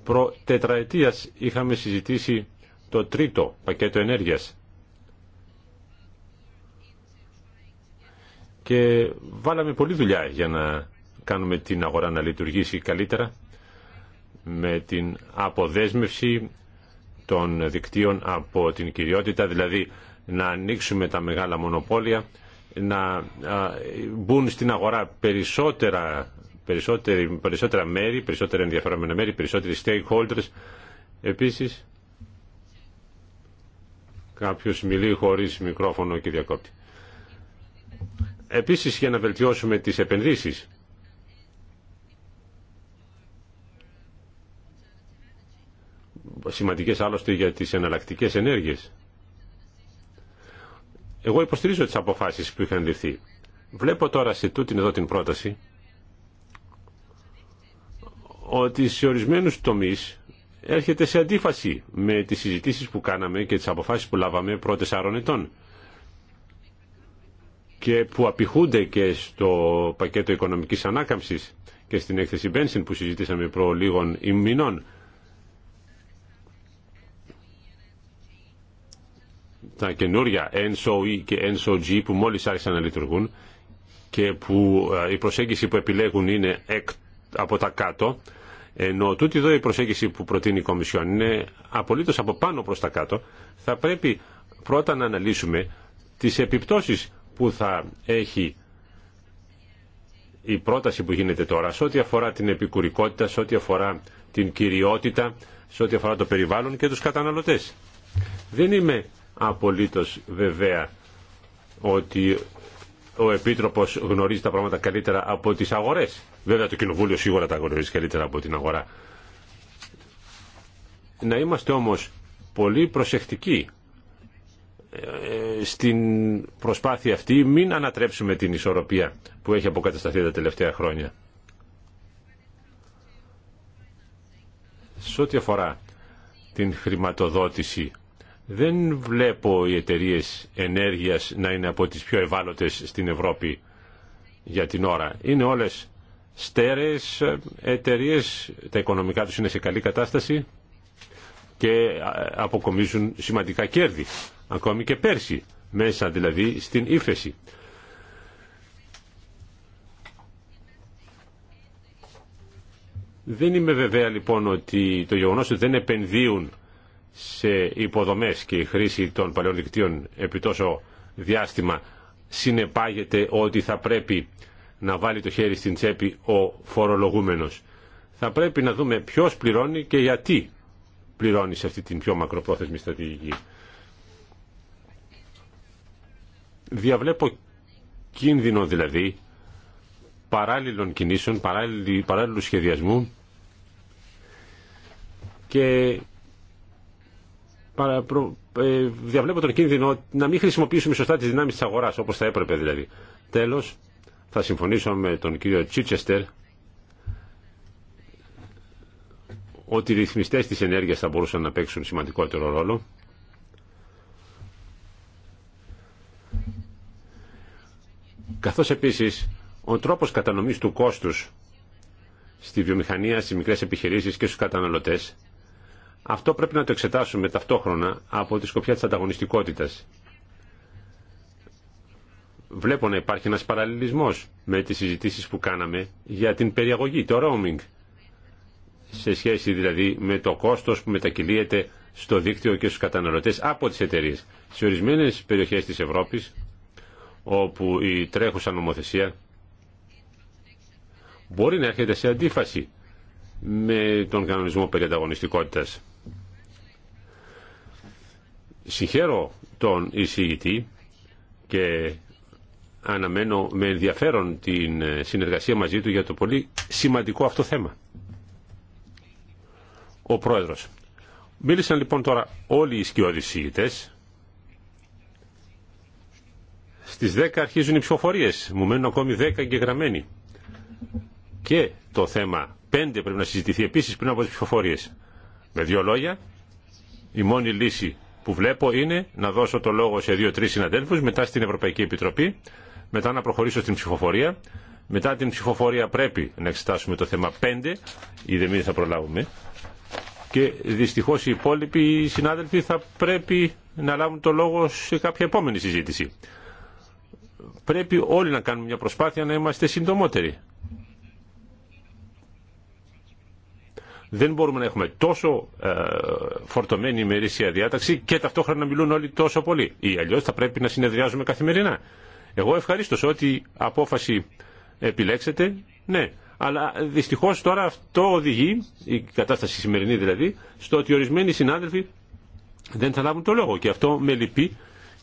Προ τετραετίας είχαμε συζητήσει το τρίτο πακέτο ενέργειας και βάλαμε πολλή δουλειά για να κάνουμε την αγορά να λειτουργήσει καλύτερα με την αποδέσμευση των δικτύων από την κυριότητα, δηλαδή να ανοίξουμε τα μεγάλα μονοπόλια, να μπουν στην αγορά περισσότερα περισσότερα μέρη, περισσότερα ενδιαφερόμενα μέρη, περισσότεροι stakeholders. Επίσης, κάποιος μιλεί χωρίς μικρόφωνο και διακόπτη. Επίσης, για να βελτιώσουμε τις επενδύσεις, σημαντικές άλλωστε για τις εναλλακτικές ενέργειες. Εγώ υποστηρίζω τις αποφάσεις που είχαν ληφθεί. Βλέπω τώρα σε τούτην εδώ την πρόταση ότι σε ορισμένους τομεί έρχεται σε αντίφαση με τις συζητήσει που κάναμε και τις αποφάσεις που λάβαμε πρώτε άρων ετών και που απηχούνται και στο πακέτο οικονομικής ανάκαμψης και στην έκθεση Μπένσιν που συζητήσαμε προ λίγων ημινών. Τα καινούρια NSOE και NSOG που μόλις άρχισαν να λειτουργούν και που ε, η προσέγγιση που επιλέγουν είναι εκ από τα κάτω, ενώ τούτη εδώ η προσέγγιση που προτείνει η Κομισιόν είναι απολύτως από πάνω προ τα κάτω, θα πρέπει πρώτα να αναλύσουμε τις επιπτώσεις που θα έχει η πρόταση που γίνεται τώρα σε ό,τι αφορά την επικουρικότητα, σε ό,τι αφορά την κυριότητα, σε ό,τι αφορά το περιβάλλον και τους καταναλωτές. Δεν είμαι απολύτως βεβαία ότι ο Επίτροπος γνωρίζει τα πράγματα καλύτερα από τις αγορές. Βέβαια το Κοινοβούλιο σίγουρα τα γνωρίζει καλύτερα από την αγορά. Να είμαστε όμως πολύ προσεκτικοί ε, στην προσπάθεια αυτή μην ανατρέψουμε την ισορροπία που έχει αποκατασταθεί τα τελευταία χρόνια. Σε ό,τι αφορά την χρηματοδότηση δεν βλέπω οι εταιρείε ενέργειας να είναι από τις πιο ευάλωτες στην Ευρώπη για την ώρα. Είναι όλες στέρεες εταιρείε, τα οικονομικά τους είναι σε καλή κατάσταση και ε, αποκομίζουν σημαντικά κέρδη, ακόμη και πέρσι, μέσα δηλαδή στην ύφεση. Δεν είμαι βεβαία λοιπόν ότι το γεγονός ότι δεν επενδύουν σε υποδομές και η χρήση των παλαιών δικτύων επί τόσο διάστημα συνεπάγεται ότι θα πρέπει να βάλει το χέρι στην τσέπη ο φορολογούμενος. Θα πρέπει να δούμε ποιος πληρώνει και γιατί πληρώνει σε αυτή την πιο μακροπρόθεσμη στρατηγική. Διαβλέπω κίνδυνο δηλαδή παράλληλων κινήσεων, παράλληλου σχεδιασμού και ε, διαβλέπω τον κίνδυνο να μην χρησιμοποιήσουμε σωστά τις δυνάμεις της αγοράς όπως θα έπρεπε δηλαδή. Τέλος, θα συμφωνήσω με τον κύριο Τσίτσεστερ ότι οι ρυθμιστές της ενέργειας θα μπορούσαν να παίξουν σημαντικότερο ρόλο. Καθώς επίσης ο τρόπος κατανομής του κόστους στη βιομηχανία, στις μικρές επιχειρήσεις και στους καταναλωτές, αυτό πρέπει να το εξετάσουμε ταυτόχρονα από τη σκοπιά της ανταγωνιστικότητας βλέπω να υπάρχει ένας παραλληλισμός με τις συζητήσεις που κάναμε για την περιαγωγή, το roaming, σε σχέση δηλαδή με το κόστος που μετακυλίεται στο δίκτυο και στους καταναλωτές από τις εταιρείες. Σε ορισμένες περιοχές της Ευρώπης, όπου η τρέχουσα νομοθεσία μπορεί να έρχεται σε αντίφαση με τον κανονισμό περί Συγχαίρω τον εισηγητή και αναμένω με ενδιαφέρον την ε, συνεργασία μαζί του για το πολύ σημαντικό αυτό θέμα. Ο Πρόεδρος. Μίλησαν λοιπόν τώρα όλοι οι σκιώδεις συγητές. Στις 10 αρχίζουν οι ψηφοφορίες. Μου μένουν ακόμη 10 εγγεγραμμένοι. Και το θέμα 5 πρέπει να συζητηθεί επίσης πριν από τις ψηφοφορίες. Με δύο λόγια, η μόνη λύση που βλέπω είναι να δώσω το λόγο σε δύο-τρεις συναδέλφους μετά στην Ευρωπαϊκή Επιτροπή μετά να προχωρήσω στην ψηφοφορία. Μετά την ψηφοφορία πρέπει να εξετάσουμε το θέμα 5, ή δεν θα προλάβουμε. Και δυστυχώς οι υπόλοιποι συνάδελφοι θα πρέπει να λάβουν το λόγο σε κάποια επόμενη συζήτηση. Πρέπει όλοι να κάνουμε μια προσπάθεια να είμαστε συντομότεροι. Δεν μπορούμε να έχουμε τόσο ε, φορτωμένη ημερήσια διάταξη και ταυτόχρονα να μιλούν όλοι τόσο πολύ. Ή αλλιώς θα πρέπει να συνεδριάζουμε καθημερινά. Εγώ ευχαρίστως ό,τι απόφαση επιλέξετε, ναι. Αλλά δυστυχώς τώρα αυτό οδηγεί, η κατάσταση σημερινή δηλαδή, στο ότι ορισμένοι συνάδελφοι δεν θα λάβουν το λόγο και αυτό με λυπεί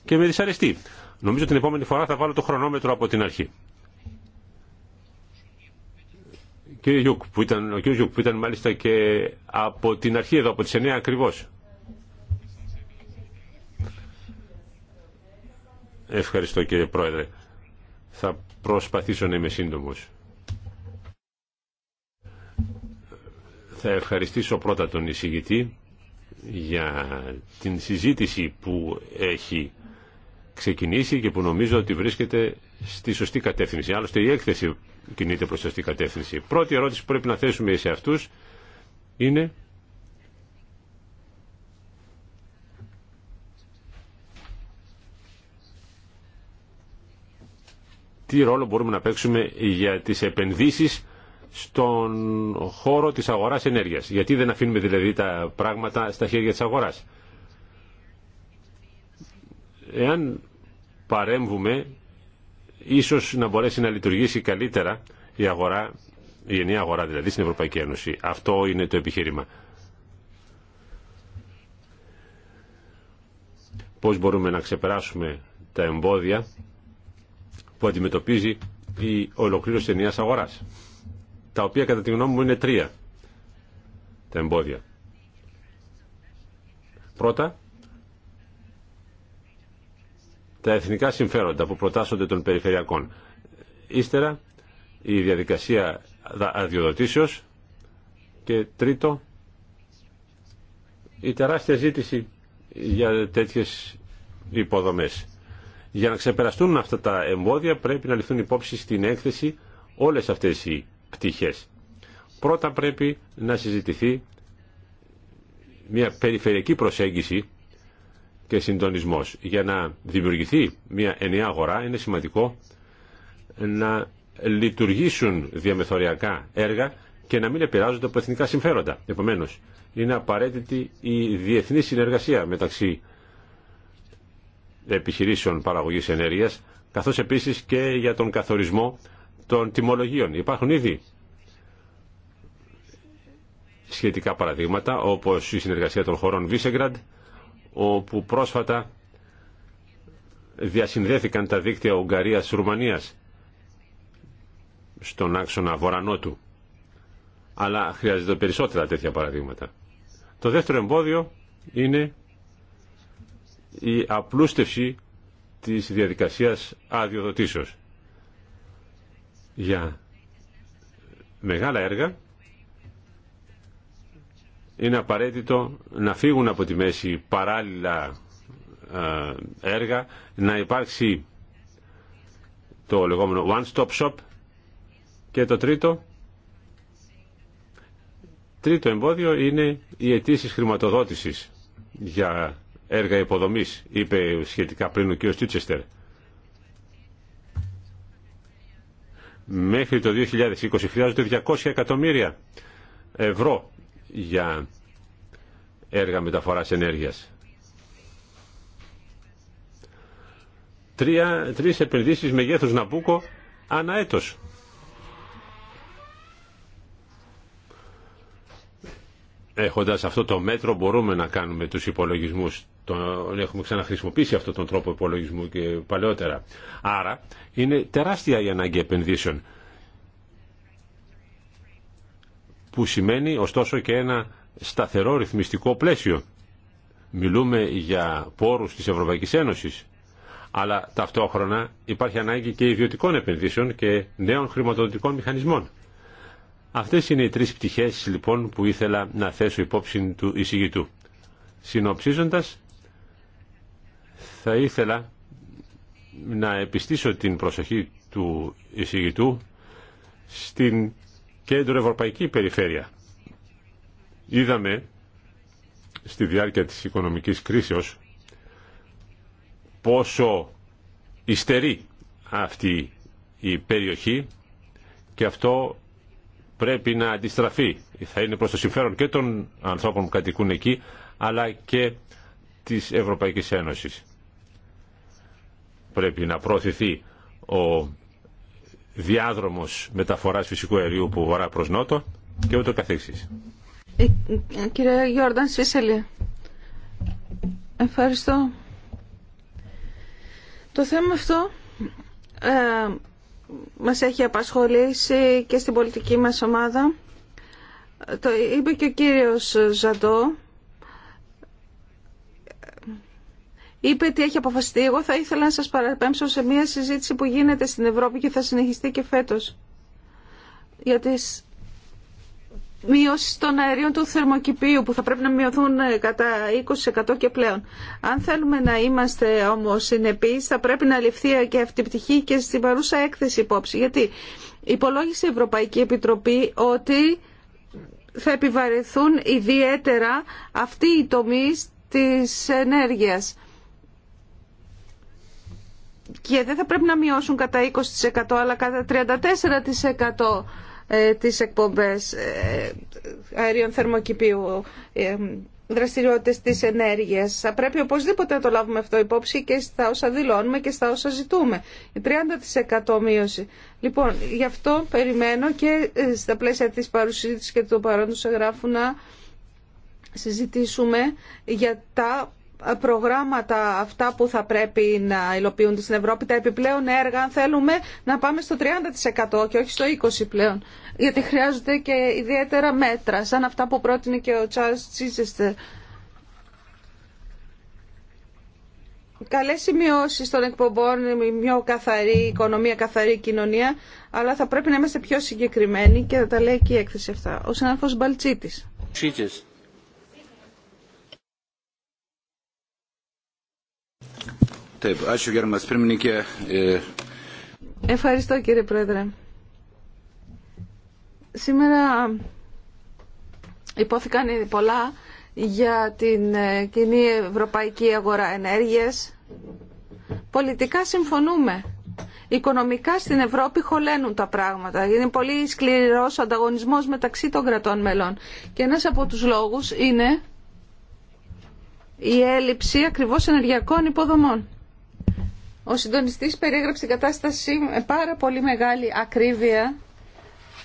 και με δυσαρεστεί. Νομίζω την επόμενη φορά θα βάλω το χρονόμετρο από την αρχή. Κύριε που ήταν, ο κύριος Γιούκ που ήταν μάλιστα και από την αρχή εδώ, από τις 9 ακριβώς. Ευχαριστώ κύριε Πρόεδρε. Θα προσπαθήσω να είμαι σύντομος. Θα ευχαριστήσω πρώτα τον εισηγητή για την συζήτηση που έχει ξεκινήσει και που νομίζω ότι βρίσκεται στη σωστή κατεύθυνση. Άλλωστε η έκθεση κινείται προς σωστή κατεύθυνση. Πρώτη ερώτηση που πρέπει να θέσουμε σε αυτούς είναι τι ρόλο μπορούμε να παίξουμε για τις επενδύσεις στον χώρο της αγοράς ενέργειας. Γιατί δεν αφήνουμε δηλαδή τα πράγματα στα χέρια της αγοράς. Εάν παρέμβουμε, ίσως να μπορέσει να λειτουργήσει καλύτερα η αγορά, η ενιαία αγορά δηλαδή στην Ευρωπαϊκή Ένωση. Αυτό είναι το επιχείρημα. Πώς μπορούμε να ξεπεράσουμε τα εμπόδια που αντιμετωπίζει η ολοκλήρωση ενιαία αγορά, τα οποία κατά τη γνώμη μου είναι τρία τα εμπόδια. Πρώτα, τα εθνικά συμφέροντα που προτάσσονται των περιφερειακών. Ύστερα, η διαδικασία αδειοδοτήσεως και τρίτο, η τεράστια ζήτηση για τέτοιες υποδομές. Για να ξεπεραστούν αυτά τα εμπόδια πρέπει να ληφθούν υπόψη στην έκθεση όλες αυτές οι πτυχές. Πρώτα πρέπει να συζητηθεί μια περιφερειακή προσέγγιση και συντονισμός. Για να δημιουργηθεί μια ενιαία αγορά είναι σημαντικό να λειτουργήσουν διαμεθοριακά έργα και να μην επηρεάζονται από εθνικά συμφέροντα. Επομένως, είναι απαραίτητη η διεθνή συνεργασία μεταξύ επιχειρήσεων παραγωγής ενέργειας, καθώς επίσης και για τον καθορισμό των τιμολογίων. Υπάρχουν ήδη σχετικά παραδείγματα, όπως η συνεργασία των χωρών Βίσεγκραντ, όπου πρόσφατα διασυνδέθηκαν τα δίκτυα Ουγγαρίας-Ρουμανίας στον άξονα βορανότου. Αλλά χρειάζεται περισσότερα τέτοια παραδείγματα. Το δεύτερο εμπόδιο είναι η απλούστευση της διαδικασίας αδειοδοτήσεως. Για μεγάλα έργα είναι απαραίτητο να φύγουν από τη μέση παράλληλα έργα, να υπάρξει το λεγόμενο one-stop shop και το τρίτο τρίτο εμπόδιο είναι οι αιτήσει χρηματοδότησης για έργα υποδομής, είπε σχετικά πριν ο κ. Τίτσεστερ. Μέχρι το 2020 χρειάζονται 200 εκατομμύρια ευρώ για έργα μεταφοράς ενέργειας. Τρία, τρεις επενδύσεις μεγέθους Ναμπούκο ανά έτος. Έχοντας αυτό το μέτρο μπορούμε να κάνουμε τους υπολογισμούς τον έχουμε ξαναχρησιμοποιήσει αυτόν τον τρόπο υπολογισμού και παλαιότερα. Άρα είναι τεράστια η ανάγκη επενδύσεων που σημαίνει ωστόσο και ένα σταθερό ρυθμιστικό πλαίσιο. Μιλούμε για πόρους της Ευρωπαϊκής Ένωσης, αλλά ταυτόχρονα υπάρχει ανάγκη και ιδιωτικών επενδύσεων και νέων χρηματοδοτικών μηχανισμών. Αυτές είναι οι τρεις πτυχές λοιπόν που ήθελα να θέσω υπόψη του εισηγητού. Συνοψίζοντας, θα ήθελα να επιστήσω την προσοχή του εισηγητού στην κέντρο ευρωπαϊκή περιφέρεια. Είδαμε στη διάρκεια της οικονομικής κρίσεως πόσο ιστερεί αυτή η περιοχή και αυτό πρέπει να αντιστραφεί. Θα είναι προς το συμφέρον και των ανθρώπων που κατοικούν εκεί αλλά και της Ευρωπαϊκής Ένωσης. Πρέπει να προωθηθεί ο διάδρομος μεταφοράς φυσικού αερίου που βορρά προς νότο και ούτω καθεξής. Ε, κύριε Γιόρνταν Σίσελη, ευχαριστώ. Το θέμα αυτό ε, μας έχει απασχολήσει και στην πολιτική μας ομάδα. Το είπε και ο κύριος Ζαντό είπε τι έχει αποφασιστεί. Εγώ θα ήθελα να σας παραπέμψω σε μια συζήτηση που γίνεται στην Ευρώπη και θα συνεχιστεί και φέτος για τις μειώσεις των αερίων του θερμοκηπίου που θα πρέπει να μειωθούν ε, κατά 20% και πλέον. Αν θέλουμε να είμαστε όμως συνεπείς θα πρέπει να ληφθεί και αυτή η πτυχή και στην παρούσα έκθεση υπόψη. Γιατί υπολόγισε η Ευρωπαϊκή Επιτροπή ότι θα επιβαρεθούν ιδιαίτερα αυτοί οι τομείς της ενέργειας και δεν θα πρέπει να μειώσουν κατά 20% αλλά κατά 34% ε, τις εκπομπές ε, αερίων θερμοκηπίου ε, δραστηριότητες της ενέργειας. Θα πρέπει οπωσδήποτε να το λάβουμε αυτό υπόψη και στα όσα δηλώνουμε και στα όσα ζητούμε. Η 30% μείωση. Λοιπόν, γι' αυτό περιμένω και στα πλαίσια της παρουσίας και του παρόντος εγγράφου να συζητήσουμε για τα προγράμματα αυτά που θα πρέπει να υλοποιούνται στην Ευρώπη, τα επιπλέον έργα, αν θέλουμε να πάμε στο 30% και όχι στο 20% πλέον. Γιατί χρειάζονται και ιδιαίτερα μέτρα, σαν αυτά που πρότεινε και ο Τσάρλς Τσίσεστερ. Καλές σημειώσεις των εκπομπών, μια καθαρή οικονομία, καθαρή κοινωνία, αλλά θα πρέπει να είμαστε πιο συγκεκριμένοι και θα τα λέει και η έκθεση αυτά. Ο συνάδελφος Μπαλτσίτης. E, Ευχαριστώ κύριε Πρόεδρε. Σήμερα υπόθηκαν πολλά για την ε, κοινή ευρωπαϊκή αγορά ενέργειας. Πολιτικά συμφωνούμε. Οικονομικά στην Ευρώπη χωλένουν τα πράγματα. Είναι πολύ σκληρός ο ανταγωνισμός μεταξύ των κρατών μελών. Και ένας από τους λόγους είναι η έλλειψη ακριβώς ενεργειακών υποδομών. Ο συντονιστής περιέγραψε την κατάσταση με πάρα πολύ μεγάλη ακρίβεια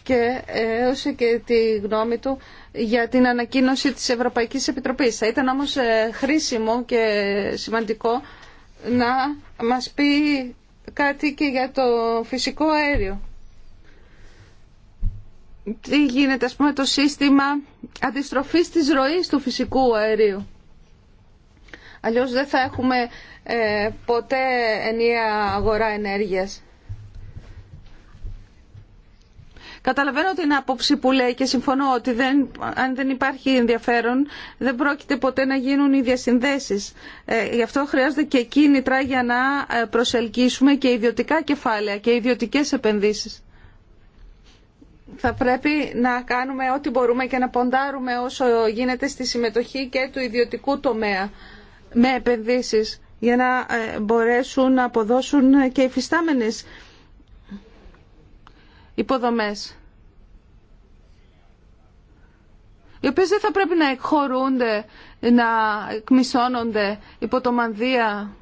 και έωσε και τη γνώμη του για την ανακοίνωση της Ευρωπαϊκής Επιτροπής. Θα ήταν όμως ε, χρήσιμο και σημαντικό να μας πει κάτι και για το φυσικό αέριο. Τι γίνεται, ας πούμε, το σύστημα αντιστροφής της ροής του φυσικού αερίου. Αλλιώς δεν θα έχουμε ε, ποτέ ενιαία αγορά ενέργειας. Καταλαβαίνω την άποψη που λέει και συμφωνώ ότι δεν, αν δεν υπάρχει ενδιαφέρον δεν πρόκειται ποτέ να γίνουν οι διασυνδέσεις. Ε, γι' αυτό χρειάζεται και κίνητρα για να ε, προσελκύσουμε και ιδιωτικά κεφάλαια και ιδιωτικές επενδύσεις. Θα πρέπει να κάνουμε ό,τι μπορούμε και να ποντάρουμε όσο γίνεται στη συμμετοχή και του ιδιωτικού τομέα με επενδύσεις για να ε, μπορέσουν να αποδώσουν και οι υποδομές. Οι οποίες δεν θα πρέπει να εκχωρούνται, να εκμισώνονται υπό το μανδύα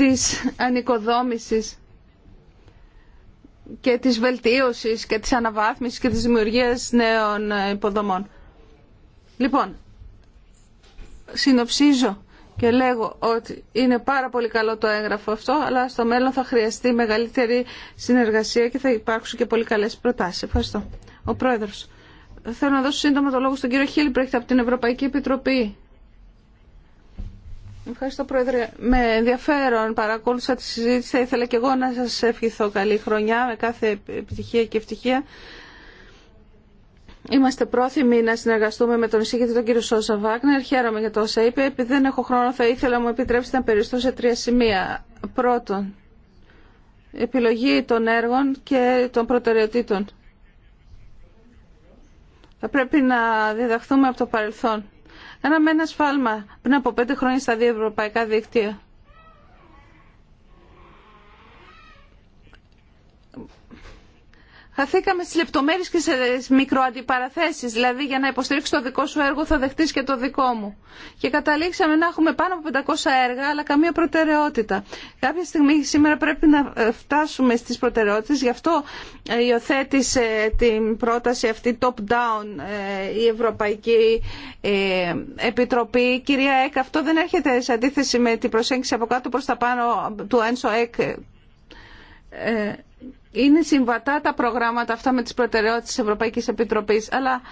της ανοικοδόμησης και της βελτίωσης και της αναβάθμισης και της δημιουργίας νέων ε, υποδομών. Λοιπόν, συνοψίζω και λέγω ότι είναι πάρα πολύ καλό το έγγραφο αυτό, αλλά στο μέλλον θα χρειαστεί μεγαλύτερη συνεργασία και θα υπάρξουν και πολύ καλές προτάσεις. Ευχαριστώ. Ο Πρόεδρος. Θέλω να δώσω σύντομα το λόγο στον κύριο Χίλιπρεχτ από την Ευρωπαϊκή Επιτροπή. Ευχαριστώ Πρόεδρε. Με ενδιαφέρον παρακολούθησα τη συζήτηση. Θα ήθελα και εγώ να σας ευχηθώ καλή χρονιά με κάθε επιτυχία και ευτυχία. Είμαστε πρόθυμοι να συνεργαστούμε με τον εισηγητή τον κύριο Σόζα Βάγνερ. Χαίρομαι για το όσα είπε. Επειδή δεν έχω χρόνο, θα ήθελα να μου επιτρέψετε να περιστώ σε τρία σημεία. Πρώτον, επιλογή των έργων και των προτεραιοτήτων. Θα πρέπει να διδαχθούμε από το παρελθόν. Ένα με ένα σφάλμα πριν από πέντε χρόνια στα δύο ευρωπαϊκά δίκτυα Χαθήκαμε στι λεπτομέρειε και σε μικροαντιπαραθέσεις, δηλαδή για να υποστηρίξει το δικό σου έργο θα δεχτείς και το δικό μου. Και καταλήξαμε να έχουμε πάνω από 500 έργα, αλλά καμία προτεραιότητα. Κάποια στιγμή σήμερα πρέπει να ε, φτάσουμε στις προτεραιότητες, γι' αυτό ε, υιοθέτησε την πρόταση αυτή top-down ε, η Ευρωπαϊκή Επιτροπή. κυρία ΕΚ, αυτό δεν έρχεται σε αντίθεση με την προσέγγιση από κάτω προ τα πάνω του Ένσο ΕΚ είναι συμβατά τα προγράμματα αυτά με τις προτεραιότητες της Ευρωπαϊκής Επιτροπής, αλλά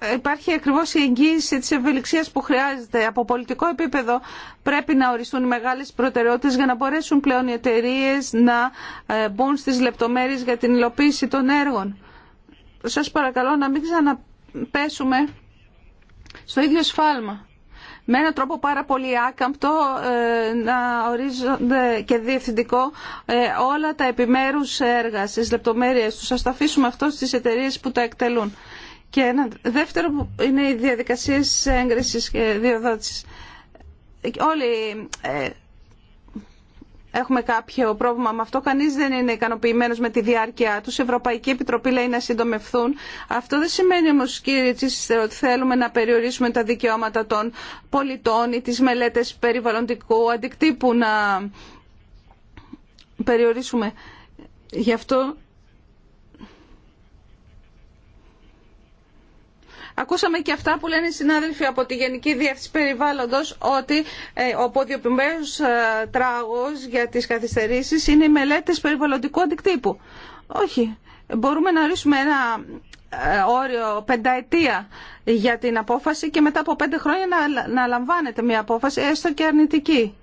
ε, υπάρχει ακριβώς η εγγύηση της ευελιξίας που χρειάζεται. Από πολιτικό επίπεδο πρέπει να οριστούν οι μεγάλες προτεραιότητες για να μπορέσουν πλέον οι εταιρείε να ε, μπουν στις λεπτομέρειες για την υλοποίηση των έργων. Σας παρακαλώ να μην ξαναπέσουμε στο ίδιο σφάλμα με έναν τρόπο πάρα πολύ άκαμπτο ε, να ορίζονται και διευθυντικό ε, όλα τα επιμέρους έργα στις λεπτομέρειες τους. Ας τα αφήσουμε αυτό στις εταιρείες που τα εκτελούν. Και ένα δεύτερο είναι οι διαδικασίες έγκρισης και διοδότησης. Όλοι ε, έχουμε κάποιο πρόβλημα με αυτό. Κανείς δεν είναι ικανοποιημένο με τη διάρκεια τους. Η Ευρωπαϊκή Επιτροπή λέει να συντομευθούν. Αυτό δεν σημαίνει όμω κύριε Τσίστερο, ότι θέλουμε να περιορίσουμε τα δικαιώματα των πολιτών ή τι μελέτε περιβαλλοντικού αντικτύπου να περιορίσουμε. Γι' αυτό Ακούσαμε και αυτά που λένε οι συνάδελφοι από τη Γενική Διεύθυνση Περιβάλλοντος ότι ε, ο ε, τράγος για τις καθυστερήσει είναι οι μελέτε περιβαλλοντικού αντικτύπου. Όχι. Μπορούμε να ορίσουμε ένα ε, όριο πενταετία για την απόφαση και μετά από πέντε χρόνια να λαμβάνεται μια απόφαση έστω και αρνητική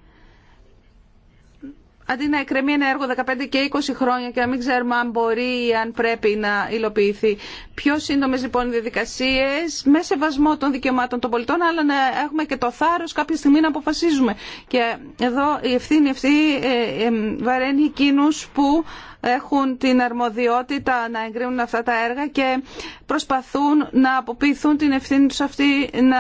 αντί να εκκρεμεί ένα έργο 15 και 20 χρόνια και να μην ξέρουμε αν μπορεί ή αν πρέπει να υλοποιηθεί. Πιο σύντομε λοιπόν διαδικασίε, με σεβασμό των δικαιωμάτων των πολιτών, αλλά να έχουμε και το θάρρο κάποια στιγμή να αποφασίζουμε. Και εδώ η ευθύνη αυτή ε, ε, βαραίνει εκείνου που έχουν την αρμοδιότητα να εγκρίνουν αυτά τα έργα και προσπαθούν να αποποιηθούν την ευθύνη τους αυτή να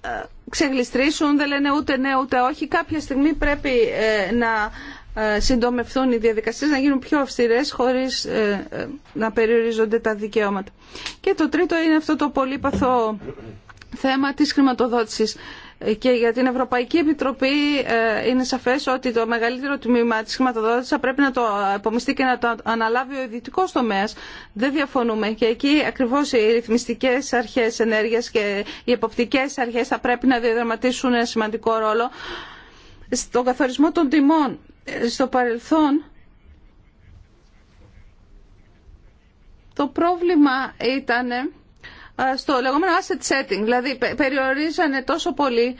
ε, ξεγλιστρήσουν, δεν λένε ούτε ναι ούτε όχι. Κάποια στιγμή πρέπει ε, να ε, συντομευθούν οι διαδικασίες, να γίνουν πιο αυστηρές χωρίς ε, να περιορίζονται τα δικαιώματα. Και το τρίτο είναι αυτό το πολύπαθο θέμα της χρηματοδότησης και για την Ευρωπαϊκή Επιτροπή ε, είναι σαφές ότι το μεγαλύτερο τμήμα της χρηματοδότηση θα πρέπει να το απομιστεί και να το αναλάβει ο ιδιωτικός τομέας. Δεν διαφωνούμε και εκεί ακριβώς οι ρυθμιστικές αρχές ενέργειας και οι εποπτικές αρχές θα πρέπει να διαδραματίσουν ένα σημαντικό ρόλο στον καθορισμό των τιμών. Ε, στο παρελθόν το πρόβλημα ήταν στο λεγόμενο asset setting, δηλαδή περιορίζανε τόσο πολύ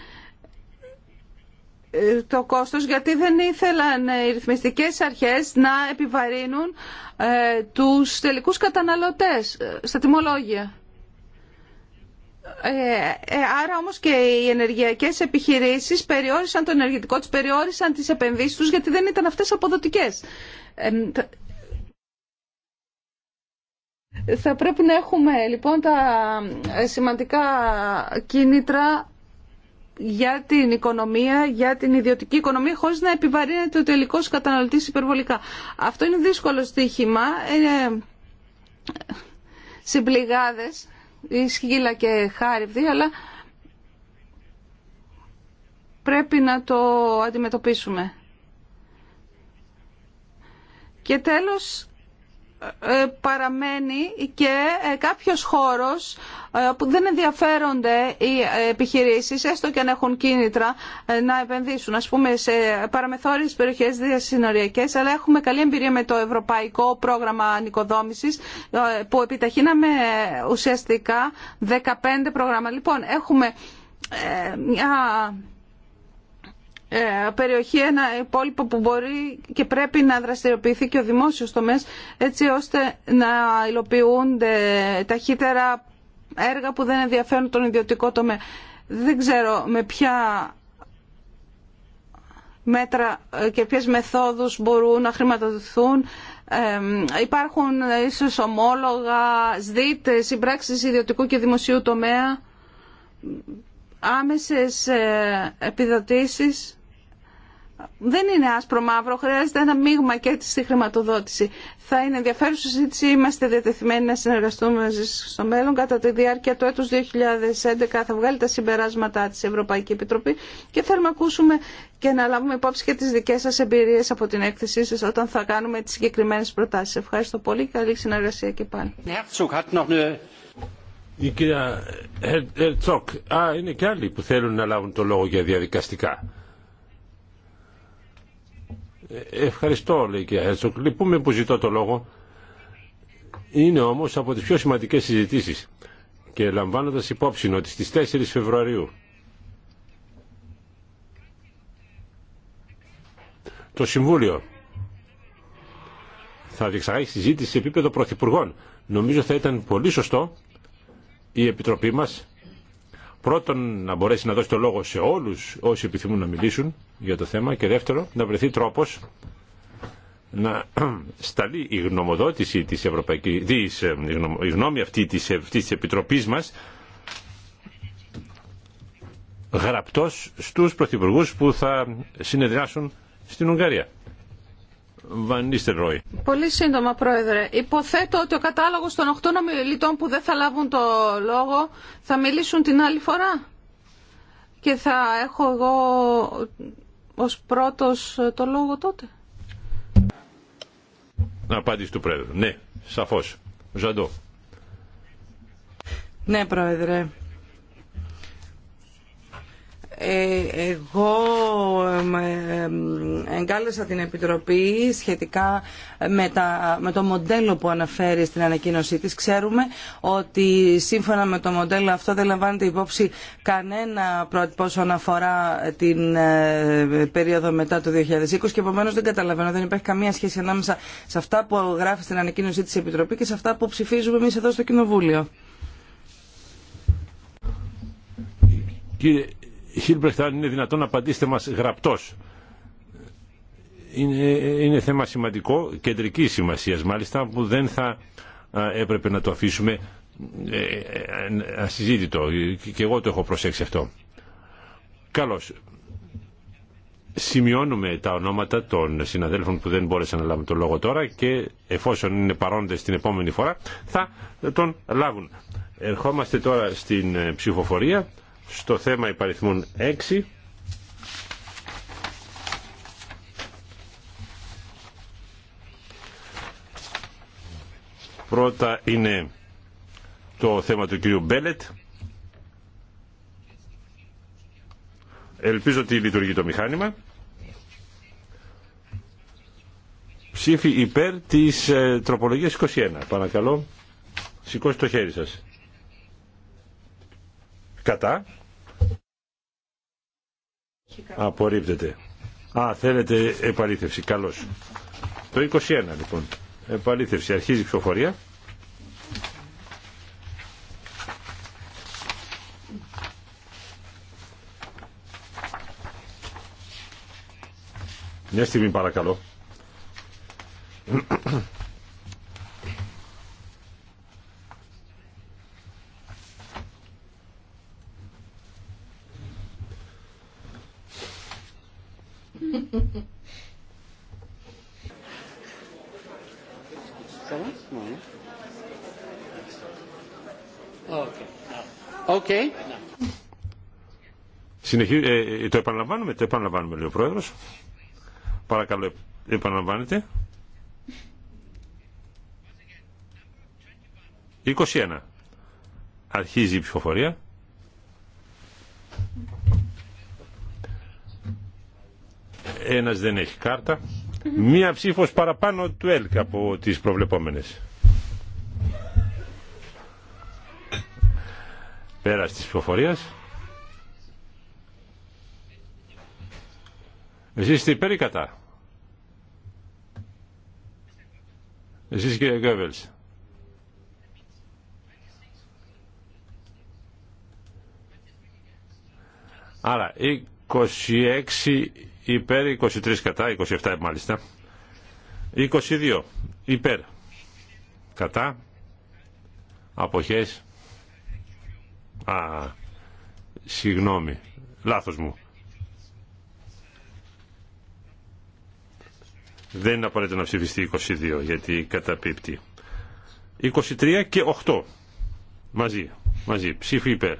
ε, το κόστος γιατί δεν ήθελαν ε, οι ρυθμιστικές αρχές να επιβαρύνουν ε, τους τελικούς καταναλωτές στα τιμολόγια. Άρα όμως και οι ενεργειακές επιχειρήσεις περιόρισαν το ενεργητικό τους, περιόρισαν τις επενδύσεις τους γιατί δεν ήταν αυτές αποδοτικές. Θα πρέπει να έχουμε λοιπόν τα ε, σημαντικά κίνητρα για την οικονομία, για την ιδιωτική οικονομία, χωρίς να επιβαρύνεται ο τελικός καταναλωτής υπερβολικά. Αυτό είναι δύσκολο στοίχημα. συμπληγάδε συμπληγάδες, σκύλα και χάριβδη, αλλά πρέπει να το αντιμετωπίσουμε. Και τέλος, ε, παραμένει και ε, κάποιος χώρος ε, που δεν ενδιαφέρονται οι επιχειρήσεις, έστω και αν έχουν κίνητρα, να επενδύσουν. Ας πούμε σε παραμεθόριες περιοχές διασυνοριακές, αλλά έχουμε καλή εμπειρία με το Ευρωπαϊκό Πρόγραμμα Ανοικοδόμησης, που επιταχύναμε ουσιαστικά 15 προγράμματα. Λοιπόν, έχουμε μια ε, περιοχή, ένα υπόλοιπο που μπορεί και πρέπει να δραστηριοποιηθεί και ο δημόσιος τομέας έτσι ώστε να υλοποιούνται ταχύτερα έργα που δεν ενδιαφέρουν τον ιδιωτικό τομέα. Δεν ξέρω με ποια μέτρα και ποιες μεθόδους μπορούν να χρηματοδοτηθούν. Ε, υπάρχουν ίσως ομόλογα, σδίτες, συμπράξεις ιδιωτικού και δημοσίου τομέα, άμεσες ε, επιδοτήσεις δεν είναι άσπρο μαύρο, χρειάζεται ένα μείγμα και στη χρηματοδότηση. Θα είναι ενδιαφέρουσα συζήτηση, είμαστε διατεθειμένοι να συνεργαστούμε μαζί στο μέλλον. Κατά τη διάρκεια του έτους 2011 θα βγάλει τα συμπεράσματα της Ευρωπαϊκή Επιτροπή και θέλουμε να ακούσουμε και να λάβουμε υπόψη και τις δικές σας εμπειρίες από την έκθεσή σας όταν θα κάνουμε τις συγκεκριμένες προτάσεις. Ευχαριστώ πολύ καλή συνεργασία και πάλι. Η κυρία Ερτσόκ, είναι και άλλοι που θέλουν να λάβουν το λόγο για διαδικαστικά. Ευχαριστώ, λέει η κυρία Λυπούμε λοιπόν, που ζητώ το λόγο. Είναι όμως από τι πιο σημαντικές συζητήσει και λαμβάνοντας υπόψη ότι στι 4 Φεβρουαρίου το Συμβούλιο θα διεξαγάγει συζήτηση σε επίπεδο πρωθυπουργών. Νομίζω θα ήταν πολύ σωστό η Επιτροπή μας πρώτον να μπορέσει να δώσει το λόγο σε όλους όσοι επιθυμούν να μιλήσουν για το θέμα και δεύτερο να βρεθεί τρόπος να (clears throat) σταλεί η γνωμοδότηση της Ευρωπαϊκής, της, ε, η γνώμη αυτή της, ε, αυτής της Επιτροπής μας γραπτός στους πρωθυπουργούς που θα συνεδριάσουν στην Ουγγαρία. Πολύ σύντομα, Πρόεδρε. Υποθέτω ότι ο κατάλογος των 8 ομιλητών που δεν θα λάβουν το λόγο θα μιλήσουν την άλλη φορά. Και θα έχω εγώ ως πρώτος το λόγο τότε. Απάντηση του Πρόεδρου. Ναι, σαφώς. Ζαντώ. Ναι, Πρόεδρε. Ε, εγώ εγκάλεσα την Επιτροπή σχετικά με, τα, με το μοντέλο που αναφέρει στην ανακοίνωσή της. Ξέρουμε ότι σύμφωνα με το μοντέλο αυτό δεν λαμβάνεται υπόψη κανένα πρότυπο όσον αφορά την ε, περίοδο μετά το 2020 και επομένως δεν καταλαβαίνω, δεν υπάρχει καμία σχέση ανάμεσα σε αυτά που γράφει στην ανακοίνωσή της Επιτροπή και σε αυτά που ψηφίζουμε εμείς εδώ στο Κοινοβούλιο. Χίλμπρεχτ, αν είναι δυνατόν, απαντήστε μας γραπτός. Είναι, είναι θέμα σημαντικό, κεντρική σημασία μάλιστα, που δεν θα έπρεπε να το αφήσουμε ε, ε, ασυζήτητο. Και εγώ το έχω προσέξει αυτό. Καλώς. Σημειώνουμε τα ονόματα των συναδέλφων που δεν μπόρεσαν να λάβουν το λόγο τώρα και εφόσον είναι παρόντες την επόμενη φορά θα τον λάβουν. Ερχόμαστε τώρα στην ε, ψηφοφορία στο θέμα υπαριθμούν 6 πρώτα είναι το θέμα του κυρίου Μπέλετ ελπίζω ότι λειτουργεί το μηχάνημα ψήφι υπέρ της ε, τροπολογίας 21 παρακαλώ σηκώστε το χέρι σας Κατά. Απορρίπτεται. Α, θέλετε επαλήθευση. Καλώς. Το 21 λοιπόν. Επαλήθευση. Αρχίζει η ψηφοφορία. Μια στιγμή παρακαλώ. Okay. Ναι. Συνεχί... Ε, ε, το επαναλαμβάνουμε, το επαναλαμβάνουμε λέει ο Πρόεδρος. Παρακαλώ επαναλαμβάνετε. 21. Αρχίζει η ψηφοφορία. Ένας δεν έχει κάρτα. Μία ψήφος παραπάνω του ΕΛΚ από τις προβλεπόμενες. Πέρας της ψηφοφορίας. Εσείς είστε υπέρ ή κατά. Εσείς κύριε Γκέβελς. Άρα 26 υπέρ 23 κατά 27 μάλιστα 22 υπέρ κατά αποχές α συγγνώμη λάθος μου δεν είναι απαραίτητο να ψηφιστεί 22 γιατί καταπίπτει 23 και 8 μαζί, μαζί ψήφι υπέρ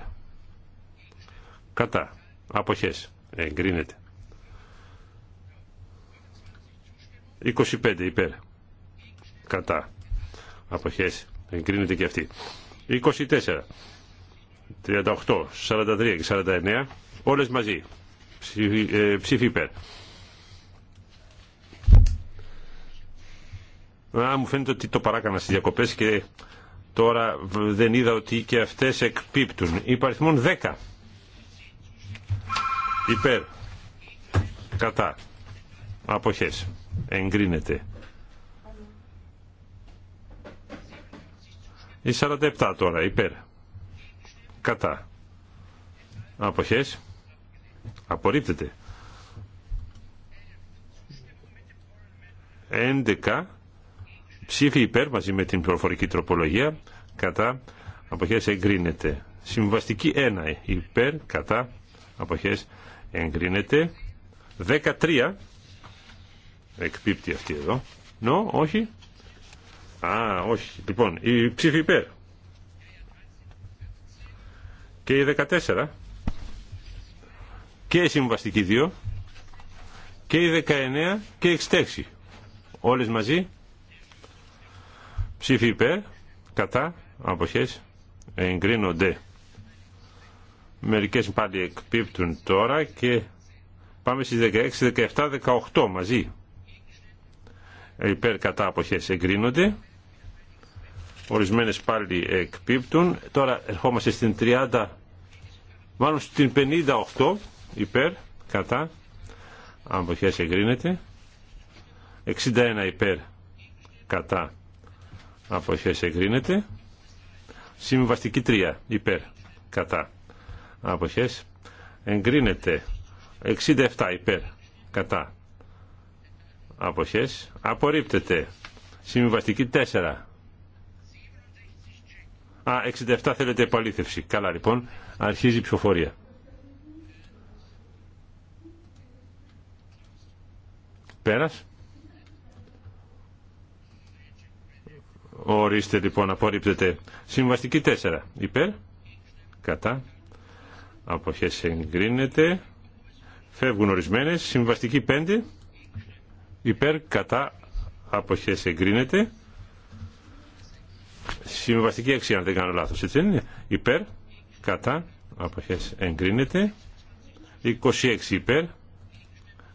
κατά αποχές εγκρίνεται 25 υπέρ. Κατά. Αποχές. Εγκρίνεται και αυτή. 24, 38, 43 και 49. Όλες μαζί. Ε, ψήφι, υπέρ. Α, μου φαίνεται ότι το παράκανα στις διακοπές και τώρα δεν είδα ότι και αυτές εκπίπτουν. Υπαριθμούν 10. Υπέρ. Κατά. Αποχές εγκρίνεται. Η 47 τώρα, υπέρ. Κατά. Αποχές. Απορρίπτεται. 11 ψήφοι υπέρ μαζί με την προφορική τροπολογία. Κατά. Αποχές εγκρίνεται. Συμβαστική 1 υπέρ. Κατά. Αποχές εγκρίνεται. 13 Εκπίπτει αυτή εδώ. Νο, όχι. Α, όχι. Λοιπόν, η ψήφη υπέρ. Και η 14. Και η συμβαστική 2. Και η 19 και η 66. Όλες μαζί. ψήφοι υπέρ. Κατά. Αποχές. Εγκρίνονται. Μερικές πάλι εκπίπτουν τώρα και πάμε στις 16, 17, 18 μαζί υπέρ κατά αποχές εγκρίνονται ορισμένες πάλι εκπίπτουν τώρα ερχόμαστε στην 30 μάλλον στην 58 υπέρ κατά αποχές εγκρίνεται 61 υπέρ κατά αποχές εγκρίνεται συμβαστική 3 υπέρ κατά αποχές εγκρίνεται 67 υπέρ κατά αποχές απορρίπτεται Συμβαστική 4 Α, 67 θέλετε επαλήθευση. Καλά λοιπόν, αρχίζει η ψηφοφορία. Πέρας. Ορίστε λοιπόν, απορρίπτεται. Συμβαστική 4. Υπέρ. Κατά. Αποχές εγκρίνεται. Φεύγουν ορισμένες. Συμβαστική 5 υπέρ κατά αποχές εγκρίνεται συμβαστική αξία αν δεν κάνω λάθος έτσι είναι υπέρ κατά αποχές εγκρίνεται 26 υπέρ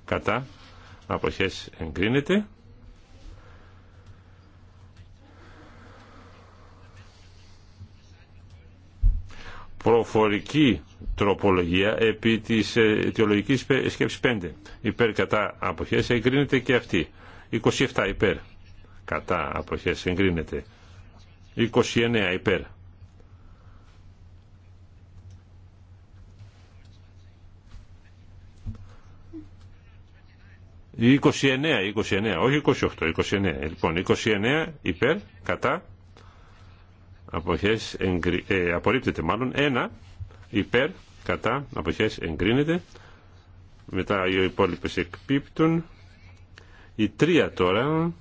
κατά αποχές εγκρίνεται προφορική τροπολογία επί της αιτιολογικής σκέψης 5 υπέρ κατά αποχές εγκρίνεται και αυτή 27 υπέρ κατά αποχές εγκρίνεται 29 υπέρ 29, 29, όχι 28, 29. Λοιπόν, 29 υπέρ, κατά, αποχές, ε, απορρίπτεται μάλλον, ένα υπέρ, κατά, αποχές εγκρίνεται. Μετά οι υπόλοιπε εκπίπτουν. Η τρία τώρα,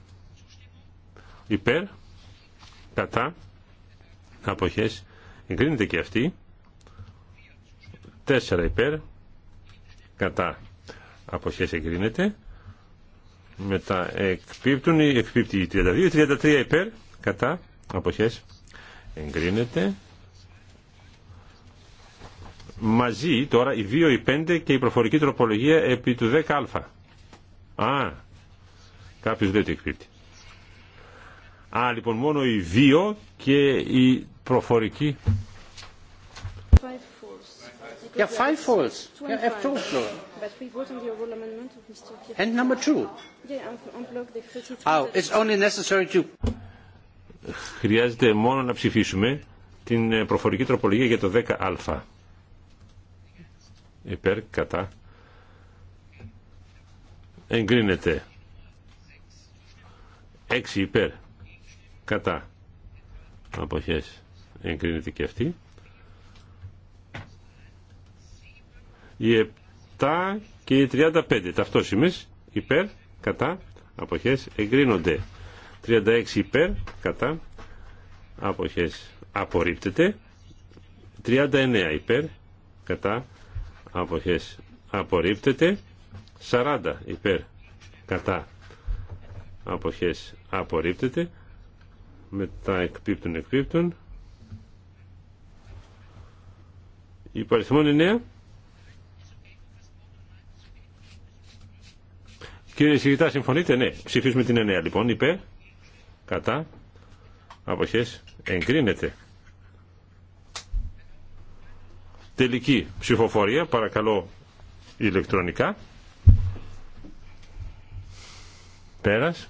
υπέρ, κατά, αποχές εγκρίνεται και αυτή. Τέσσερα υπέρ, κατά, αποχές εγκρίνεται. Μετά εκπίπτουν, εκπίπτει η 32, 33 υπέρ, κατά, αποχές εγκρίνεται μαζί τώρα οι 2, οι 5 και η προφορική τροπολογία επί του 10α. Α, α καποιο δεν το εκπίπτει. Α, λοιπόν, μόνο οι 2 και η προφορική. Yeah, five folds. Yeah, F2 floor. But we vote on the overall amendment of Mr. Kirchner. And number two. Yeah, on block the 33. Oh, it's only necessary to... Χρειάζεται μόνο να ψηφίσουμε την ε, προφορική τροπολογία για το 10α υπέρ κατά εγκρίνεται 6 υπέρ κατά αποχές εγκρίνεται και αυτή οι 7 και οι 35 ταυτόσημες υπέρ κατά αποχές εγκρίνονται 36 υπέρ κατά αποχές απορρίπτεται 39 υπέρ κατά αποχές απορρίπτεται 40 υπέρ κατά αποχές απορρίπτεται μετά εκπίπτουν εκπίπτουν υπαριθμόν 9 Κύριε Σιγητά, συμφωνείτε, ναι. ψηφίσουμε την 9 λοιπόν, υπέρ, κατά, αποχές, εγκρίνεται. Τελική ψηφοφορία, παρακαλώ ηλεκτρονικά. Πέρας.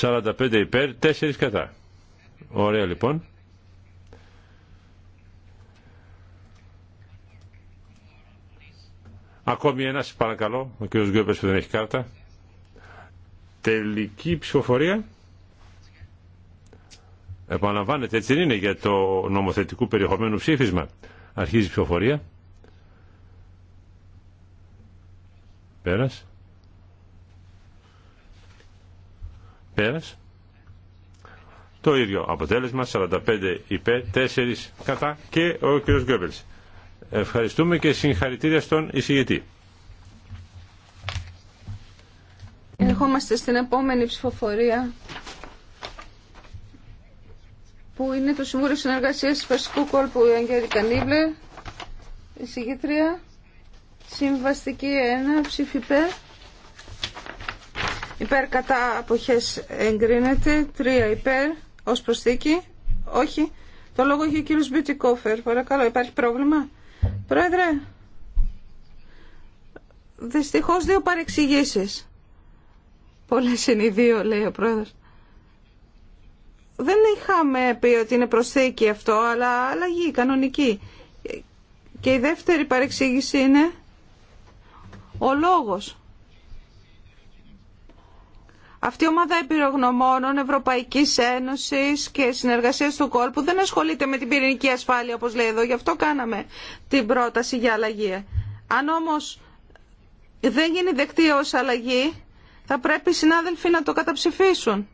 45 υπέρ, 4 κατά. Ωραία λοιπόν. Ακόμη ένας παρακαλώ, ο κύριος Γκέπες που δεν έχει κάρτα. Τελική ψηφοφορία. Επαναλαμβάνεται, έτσι δεν είναι για το νομοθετικού περιεχομένου ψήφισμα. Αρχίζει η ψηφοφορία. Πέρας. Πέρας. Το ίδιο αποτέλεσμα, 45 υπέρ, 4 κατά και ο κ. Γκέμπελς. Ευχαριστούμε και συγχαρητήρια στον εισηγητή. Ερχόμαστε στην επόμενη ψηφοφορία που είναι το Συμβούλιο Συνεργασίας του Φασικού Κόλπου η Αγγέλικα Νίβλε, η συμβαστική 1, ψήφι υπέρ, υπέρ κατά αποχές εγκρίνεται, 3 υπέρ, ως προσθήκη, όχι. Το λόγο έχει ο κύριος Μπιουτικόφερ, παρακαλώ, υπάρχει πρόβλημα. Πρόεδρε, δυστυχώς δύο παρεξηγήσεις. Πολλές είναι οι δύο, λέει ο πρόεδρος. Δεν είχαμε πει ότι είναι προσθήκη αυτό, αλλά αλλαγή κανονική. Και η δεύτερη παρεξήγηση είναι ο λόγος. Αυτή η ομάδα επιρρογνωμόνων Ευρωπαϊκής Ένωσης και συνεργασίας του κόλπου δεν ασχολείται με την πυρηνική ασφάλεια όπως λέει εδώ. Γι' αυτό κάναμε την πρόταση για αλλαγή. Αν όμως δεν γίνει δεκτή ως αλλαγή θα πρέπει οι συνάδελφοι να το καταψηφίσουν.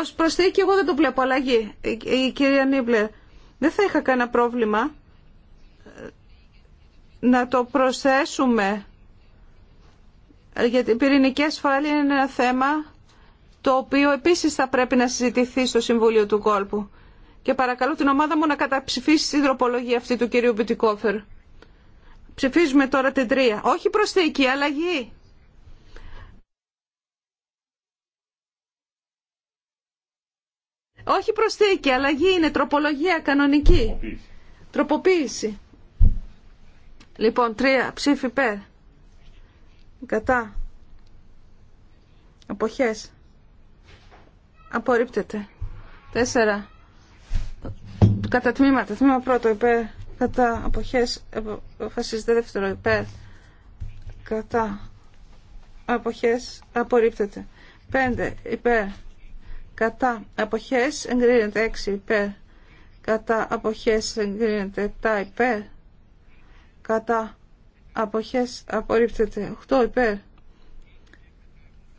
ως προσθήκη εγώ δεν το βλέπω αλλαγή. Η κυρία Νίμπλερ, δεν θα είχα κανένα πρόβλημα ε, να το προσθέσουμε γιατί η πυρηνική ασφάλεια είναι ένα θέμα το οποίο επίσης θα πρέπει να συζητηθεί στο Συμβούλιο του Κόλπου. Και παρακαλώ την ομάδα μου να καταψηφίσει την τροπολογία αυτή του κυρίου Μπιτικόφερ. Ψηφίζουμε τώρα την τρία. Όχι προσθήκη, αλλαγή. Όχι προσθήκη, αλλαγή είναι τροπολογία κανονική. Τροποποίηση. Τροποποίηση. Λοιπόν, τρία ψήφι υπέρ. Κατά. Αποχές. Απορρίπτεται. Τέσσερα. Κατά τμήματα. Τμήμα πρώτο υπέρ. Κατά. Αποχές. Αποφασίζεται δεύτερο υπέρ. Κατά. Αποχές. Απορρίπτεται. Πέντε υπέρ κατά αποχές εγκρίνεται 6 υπέρ κατά αποχές εγκρίνεται 7 υπέρ κατά αποχές απορρίπτεται 8 υπέρ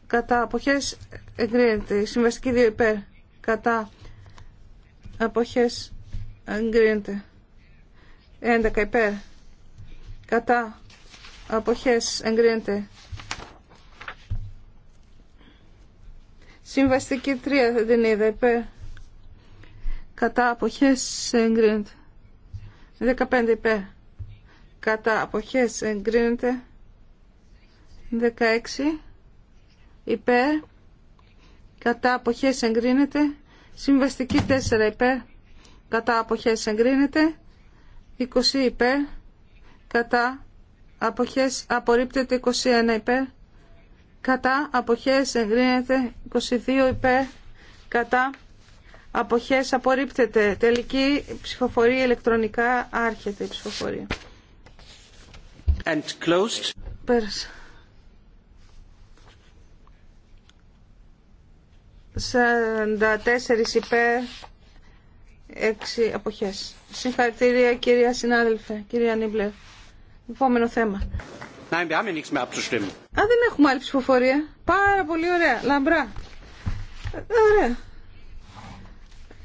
κατά αποχές εγκρίνεται συμβαστική 2 υπέρ κατά αποχές εγκρίνεται 11 υπέρ κατά αποχές εγκρίνεται Συμβαστική 3 δεν την είδα υπέρ. Κατά αποχές εγκρίνεται. 15 υπέρ. Κατά αποχές εγκρίνεται. 16 υπέρ. Κατά αποχές εγκρίνεται. Συμβαστική 4 υπέρ. Κατά αποχές εγκρίνεται. 20 υπέρ. Κατά αποχές απορρίπτεται. 21 υπέρ κατά αποχές εγκρίνεται 22 υπέ. κατά αποχές απορρίπτεται τελική ψηφοφορία ηλεκτρονικά άρχεται η ψηφοφορία And closed. τέσσερις 44 υπέρ 6 αποχές. Συγχαρητήρια κυρία συνάδελφε, κυρία Νίμπλερ. Επόμενο θέμα. Nein, wir haben hier nichts mehr abzustimmen. Α, δεν έχουμε άλλη ψηφοφορία. Πάρα πολύ ωραία. Λαμπρά. Ωραία.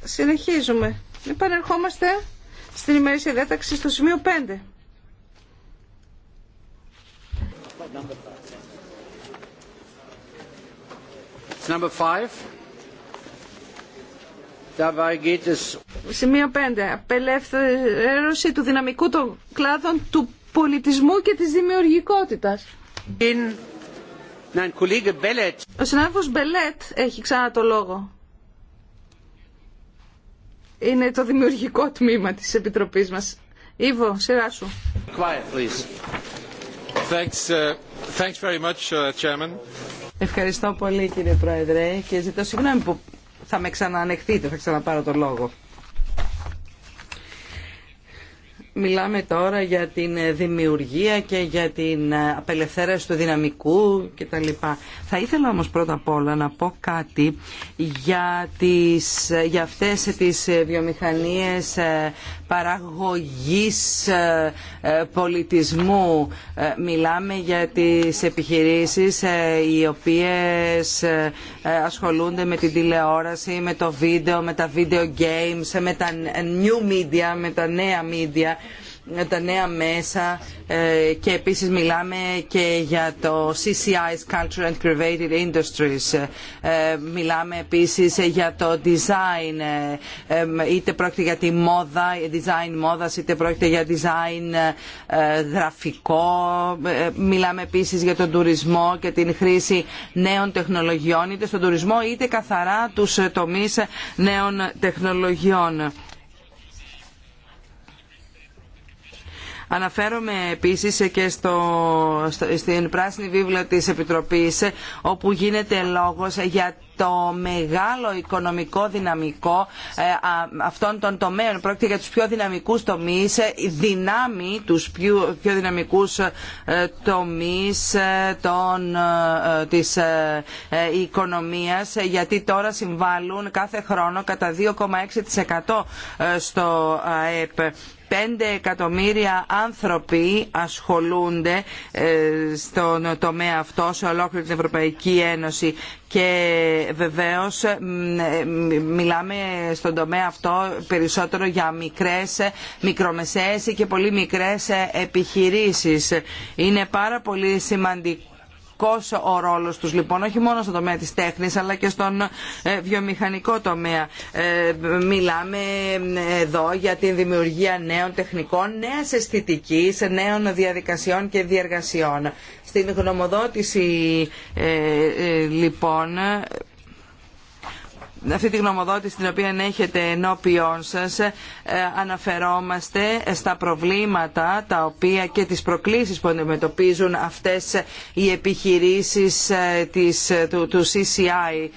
Συνεχίζουμε. Επανερχόμαστε στην ημερήσια διάταξη στο σημείο 5. Σημείο 5. Απελευθέρωση του δυναμικού των κλάδων του πολιτισμού και της δημιουργικότητας. In... Ο συνάδελφος Μπελέτ έχει ξανά το λόγο. Είναι το δημιουργικό τμήμα της Επιτροπής μας. Ήβο, σειρά σου. Uh, uh, Ευχαριστώ πολύ κύριε Πρόεδρε και ζητώ συγγνώμη που θα με ξαναανεχθείτε, θα ξαναπάρω το λόγο. Μιλάμε τώρα για την ε, δημιουργία και για την ε, απελευθέρωση του δυναμικού κτλ. Θα ήθελα όμως πρώτα απ' όλα να πω κάτι για, τις, ε, για αυτές τις βιομηχανίες παραγωγής ε, ε, πολιτισμού. Ε, μιλάμε για τις επιχειρήσεις οι οποίες ασχολούνται με την τηλεόραση, με το βίντεο, με τα video games, με τα new media, με τα νέα media τα νέα μέσα ε, και επίσης μιλάμε και για το CCI's Culture and Creative Industries. Ε, μιλάμε επίσης για το design, ε, είτε πρόκειται για τη μόδα, design μόδας, είτε πρόκειται για design γραφικό. Μιλάμε επίσης για τον τουρισμό και την χρήση νέων τεχνολογιών, είτε στον τουρισμό είτε καθαρά τους τομείς νέων τεχνολογιών Αναφέρομαι επίσης και στο, στην πράσινη βίβλα της Επιτροπή όπου γίνεται λόγος για το μεγάλο οικονομικό δυναμικό ε, αυτών των τομέων. Πρόκειται για τους πιο δυναμικούς τομείς, ε, δυνάμει τους πιο, πιο δυναμικούς ε, τομείς των, της οικονομίας, γιατί τώρα συμβάλλουν κάθε χρόνο κατά 2,6% στο ΑΕΠ. 5 εκατομμύρια άνθρωποι ασχολούνται στον τομέα αυτό σε ολόκληρη την Ευρωπαϊκή Ένωση και βεβαίως μιλάμε στον τομέα αυτό περισσότερο για μικρές, μικρομεσαίες και πολύ μικρές επιχειρήσεις. Είναι πάρα πολύ σημαντικό σημαντικός ο ρόλος τους λοιπόν, όχι μόνο στον τομέα της τέχνης αλλά και στον ε, βιομηχανικό τομέα. Ε, μιλάμε ε, εδώ για την δημιουργία νέων τεχνικών, νέας αισθητικής, νέων διαδικασιών και διεργασιών. Στην γνωμοδότηση λοιπόν αυτή τη γνωμοδότηση την οποία έχετε ενώπιόν σας ε, αναφερόμαστε στα προβλήματα τα οποία και τις προκλήσεις που αντιμετωπίζουν αυτές οι επιχειρήσεις ε, της, του, του CCI.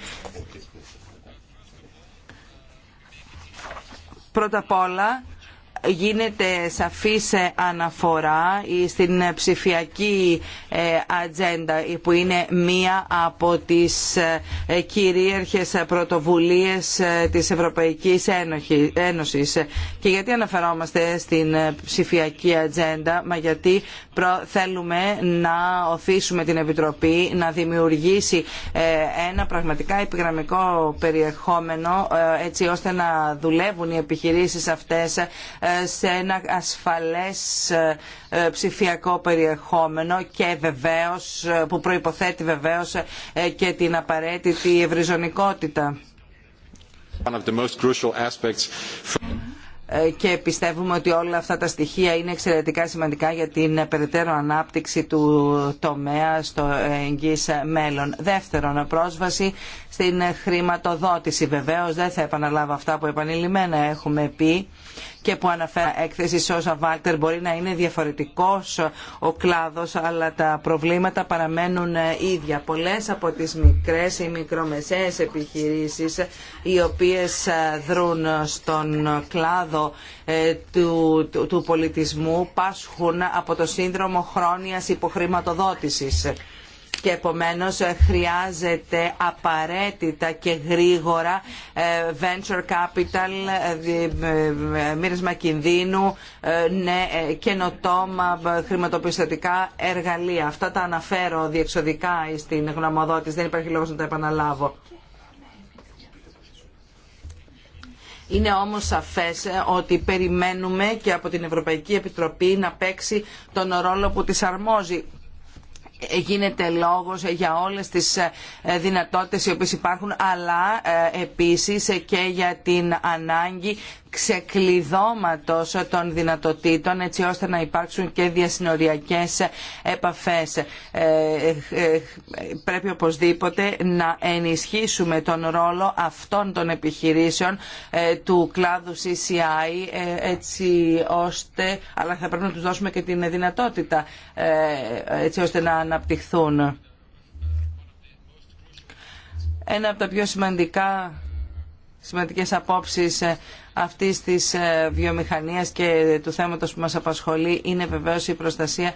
Πρώτα απ' όλα γίνεται σαφής αναφορά στην ψηφιακή ε, ατζέντα που είναι μία από τις ε, κυρίαρχες πρωτοβουλίες ε, της Ευρωπαϊκής Ένωσης. Και γιατί αναφερόμαστε στην ψηφιακή ατζέντα, μα γιατί θέλουμε να οθήσουμε την Επιτροπή να δημιουργήσει ένα πραγματικά επιγραμμικό περιεχόμενο έτσι ώστε να δουλεύουν οι επιχειρήσεις αυτές σε ένα ασφαλές ε, ψηφιακό περιεχόμενο και βεβαίως, που προϋποθέτει βεβαίως ε, και την απαραίτητη ευρυζωνικότητα. Ε, και πιστεύουμε ότι όλα αυτά τα στοιχεία είναι εξαιρετικά σημαντικά για την περαιτέρω ανάπτυξη του τομέα στο εγγύς μέλλον. Δεύτερον, πρόσβαση στην χρηματοδότηση. Βεβαίως δεν θα επαναλάβω αυτά που επανειλημμένα έχουμε πει και που αναφέρει έκθεση Σόζα Βάλτερ. Μπορεί να είναι διαφορετικός ο κλάδος, αλλά τα προβλήματα παραμένουν ίδια. Πολλές από τις μικρές ή μικρομεσαίες επιχειρήσεις, οι οποίες δρούν στον κλάδο ε, του, του, του πολιτισμού, πάσχουν από το σύνδρομο χρόνιας υποχρηματοδότησης και επομένως ε, χρειάζεται απαραίτητα και γρήγορα ε, venture capital, ε, μοίρασμα κινδύνου, ναι, καινοτόμα χρηματοπιστωτικά εργαλεία. Αυτά τα αναφέρω διεξοδικά στην γνωμοδότηση, δεν υπάρχει λόγος να τα επαναλάβω. Είναι όμως σαφές ότι περιμένουμε και από την Ευρωπαϊκή Επιτροπή να παίξει τον ρόλο που της αρμόζει γίνεται λόγος για όλες τις ε, δυνατότητες οι οποίες υπάρχουν αλλά ε, επίσης και για την ανάγκη ξεκλειδώματος των δυνατοτήτων έτσι ώστε να υπάρξουν και διασυνοριακές επαφές. Ε, ε, ε, πρέπει οπωσδήποτε να ενισχύσουμε τον ρόλο αυτών των επιχειρήσεων του κλάδου CCI έτσι ώστε, αλλά θα πρέπει να τους δώσουμε και την δυνατότητα έτσι ώστε να αναπτυχθούν. Ένα από τα πιο σημαντικά σημαντικές απόψεις ε, αυτή της ε, βιομηχανίας και του θέματος που μα απασχολεί είναι βεβαίως η προστασία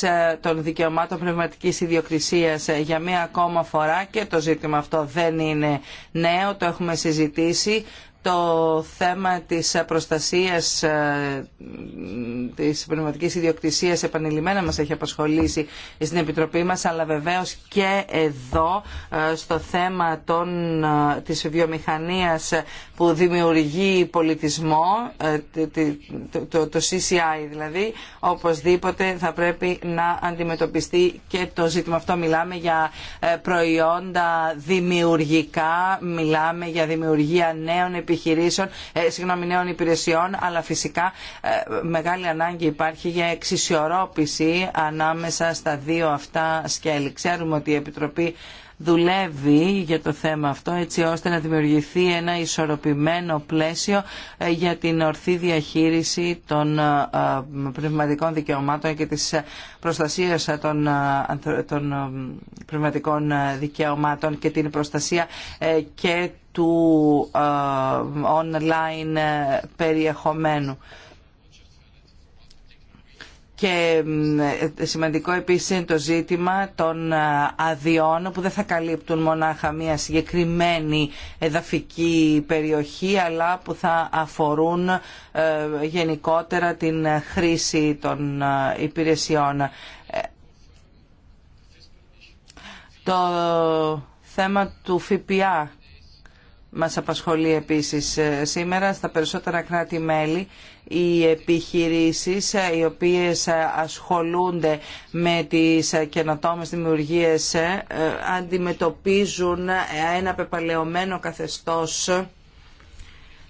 ε, των δικαιωμάτων πνευματική ιδιοκτησία. για μία ακόμα φορά και το ζήτημα αυτό δεν είναι νέο, το έχουμε συζητήσει το θέμα της προστασίας ε, της πνευματικής ιδιοκτησίας επανειλημμένα μας έχει απασχολήσει στην Επιτροπή μας αλλά βεβαίως και εδώ ε, στο θέμα των, ε, της βιομηχανίας που δημιουργεί πολιτισμό το, το, CCI δηλαδή οπωσδήποτε θα πρέπει να αντιμετωπιστεί και το ζήτημα αυτό μιλάμε για προϊόντα δημιουργικά μιλάμε για δημιουργία νέων επιχειρήσεων, ε, συγγνώμη, νέων υπηρεσιών, αλλά φυσικά ε, μεγάλη ανάγκη υπάρχει για εξισορρόπηση ανάμεσα στα δύο αυτά σκέλη. Ξέρουμε ότι η Επιτροπή δουλεύει για το θέμα αυτό έτσι ώστε να δημιουργηθεί ένα ισορροπημένο πλαίσιο ε, για την ορθή διαχείριση των ε, ε, πνευματικών δικαιωμάτων και της προστασίας των, των πνευματικών δικαιωμάτων και την προστασία και του online περιεχομένου. Και σημαντικό επίσης είναι το ζήτημα των αδειών που δεν θα καλύπτουν μονάχα μια συγκεκριμένη εδαφική περιοχή αλλά που θα αφορούν ε, γενικότερα την χρήση των υπηρεσιών. Ε, το θέμα του ΦΠΑ μας απασχολεί επίσης ε, σήμερα στα περισσότερα κράτη-μέλη οι επιχειρήσεις ε, οι οποίες ε, ασχολούνται με τις καινοτόμες δημιουργίες αντιμετωπίζουν ένα πεπαλαιωμένο καθεστώς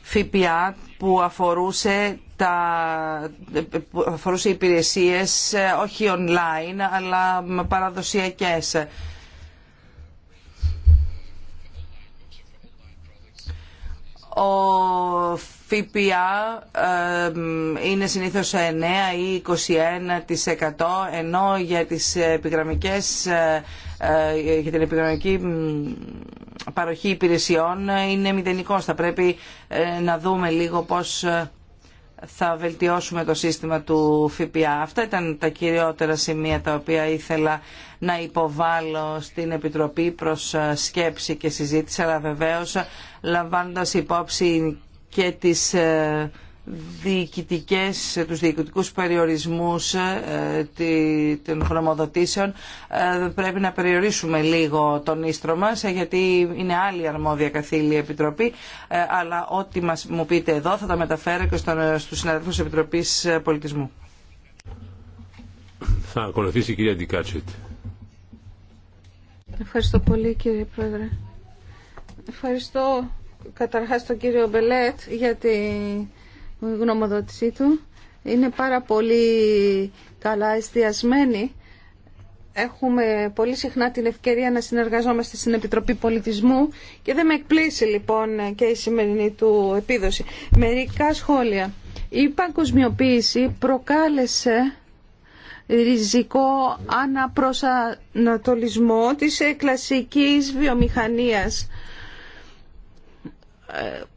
ΦΠΑ που αφορούσε τα που αφορούσε υπηρεσίες όχι online αλλά παραδοσιακές Ο ΦΠΑ είναι συνήθως 9 ή 21% ενώ για, τις επιγραμμικές, ε, ε, για την επιγραμμική παροχή υπηρεσιών είναι μηδενικός. Θα πρέπει ε, να δούμε λίγο πώς θα βελτιώσουμε το σύστημα του ΦΠΑ. Αυτά ήταν τα κυριότερα σημεία τα οποία ήθελα να υποβάλω στην Επιτροπή προς ε, σκέψη και συζήτηση, αλλά βεβαίως λαμβάνοντας υπόψη και τις ε, διοικητικές, τους διοικητικούς περιορισμούς ε, των χρωμοδοτήσεων ε, πρέπει να περιορίσουμε λίγο τον ίστρο μας ε, γιατί είναι άλλη αρμόδια καθήλη επιτροπή αλλά ό,τι μας μου πείτε εδώ θα τα μεταφέρω και στον, στους συναδέλφους Επιτροπής Πολιτισμού. Θα ακολουθήσει η κυρία Ντικάτσετ. Ευχαριστώ πολύ κύριε Πρόεδρε. Ευχαριστώ καταρχάς τον κύριο Μπελέτ για γνωμοδότησή του είναι πάρα πολύ καλά εστιασμένη. Έχουμε πολύ συχνά την ευκαιρία να συνεργαζόμαστε στην Επιτροπή Πολιτισμού και δεν με εκπλήσει λοιπόν και η σημερινή του επίδοση. Μερικά σχόλια. Η παγκοσμιοποίηση προκάλεσε ριζικό αναπροσανατολισμό της κλασικής βιομηχανίας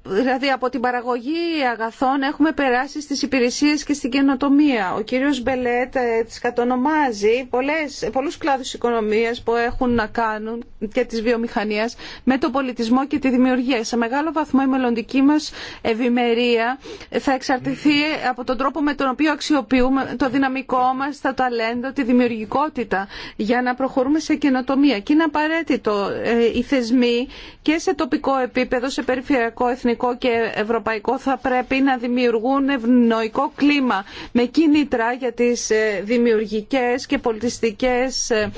Δηλαδή από την παραγωγή αγαθών έχουμε περάσει στις υπηρεσίες και στην καινοτομία. Ο κύριος Μπελέτ ε, τις κατονομάζει πολλές, πολλούς κλάδους οικονομίας που έχουν να κάνουν και της βιομηχανίας με τον πολιτισμό και τη δημιουργία. Σε μεγάλο βαθμό η μελλοντική μας ευημερία θα εξαρτηθεί από τον τρόπο με τον οποίο αξιοποιούμε το δυναμικό μας, τα ταλέντα, τη δημιουργικότητα για να προχωρούμε σε καινοτομία. Και είναι απαραίτητο ε, οι θεσμοί και σε τοπικό επίπεδο, σε περιφερειακό, εθνικό εθνικό και ευρωπαϊκό θα πρέπει να δημιουργούν ευνοϊκό κλίμα με κίνητρα για τις ε, δημιουργικές και πολιτιστικές ε,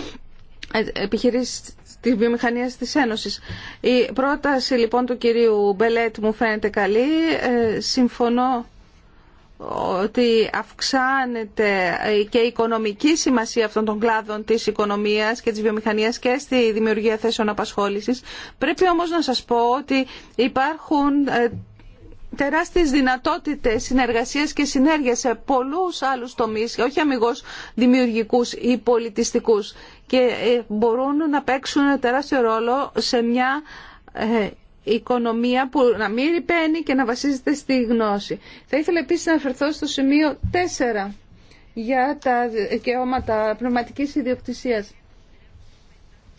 ε, επιχειρήσεις τη βιομηχανία της Ένωσης. Η πρόταση λοιπόν του κυρίου Μπελέτ μου φαίνεται καλή. συμφωνώ ότι αυξάνεται και η οικονομική σημασία αυτών των κλάδων της οικονομίας και της βιομηχανίας και στη δημιουργία θέσεων απασχόλησης. Πρέπει όμως να σας πω ότι υπάρχουν ε, τεράστιες δυνατότητες συνεργασίας και συνέργειας σε πολλούς άλλους τομείς, όχι αμυγός δημιουργικούς ή πολιτιστικούς και ε, μπορούν να παίξουν τεράστιο ρόλο σε μια ε, οικονομία που να μην ρηπαίνει και να βασίζεται στη γνώση. Θα ήθελα επίσης να αναφερθώ στο σημείο 4 για τα δικαιώματα πνευματικής ιδιοκτησίας.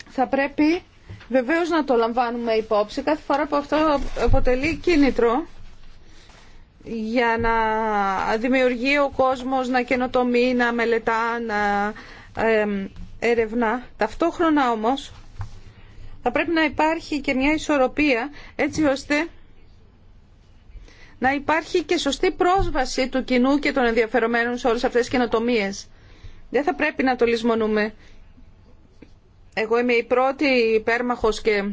Θα πρέπει βεβαίως να το λαμβάνουμε υπόψη κάθε φορά που αυτό αποτελεί κίνητρο για να δημιουργεί ο κόσμος, να καινοτομεί, να μελετά, να ερευνά. Ταυτόχρονα όμως θα πρέπει να υπάρχει και μια ισορροπία έτσι ώστε να υπάρχει και σωστή πρόσβαση του κοινού και των ενδιαφερομένων σε όλες αυτές τις καινοτομίες. Δεν θα πρέπει να το λησμονούμε. Εγώ είμαι η πρώτη υπέρμαχος και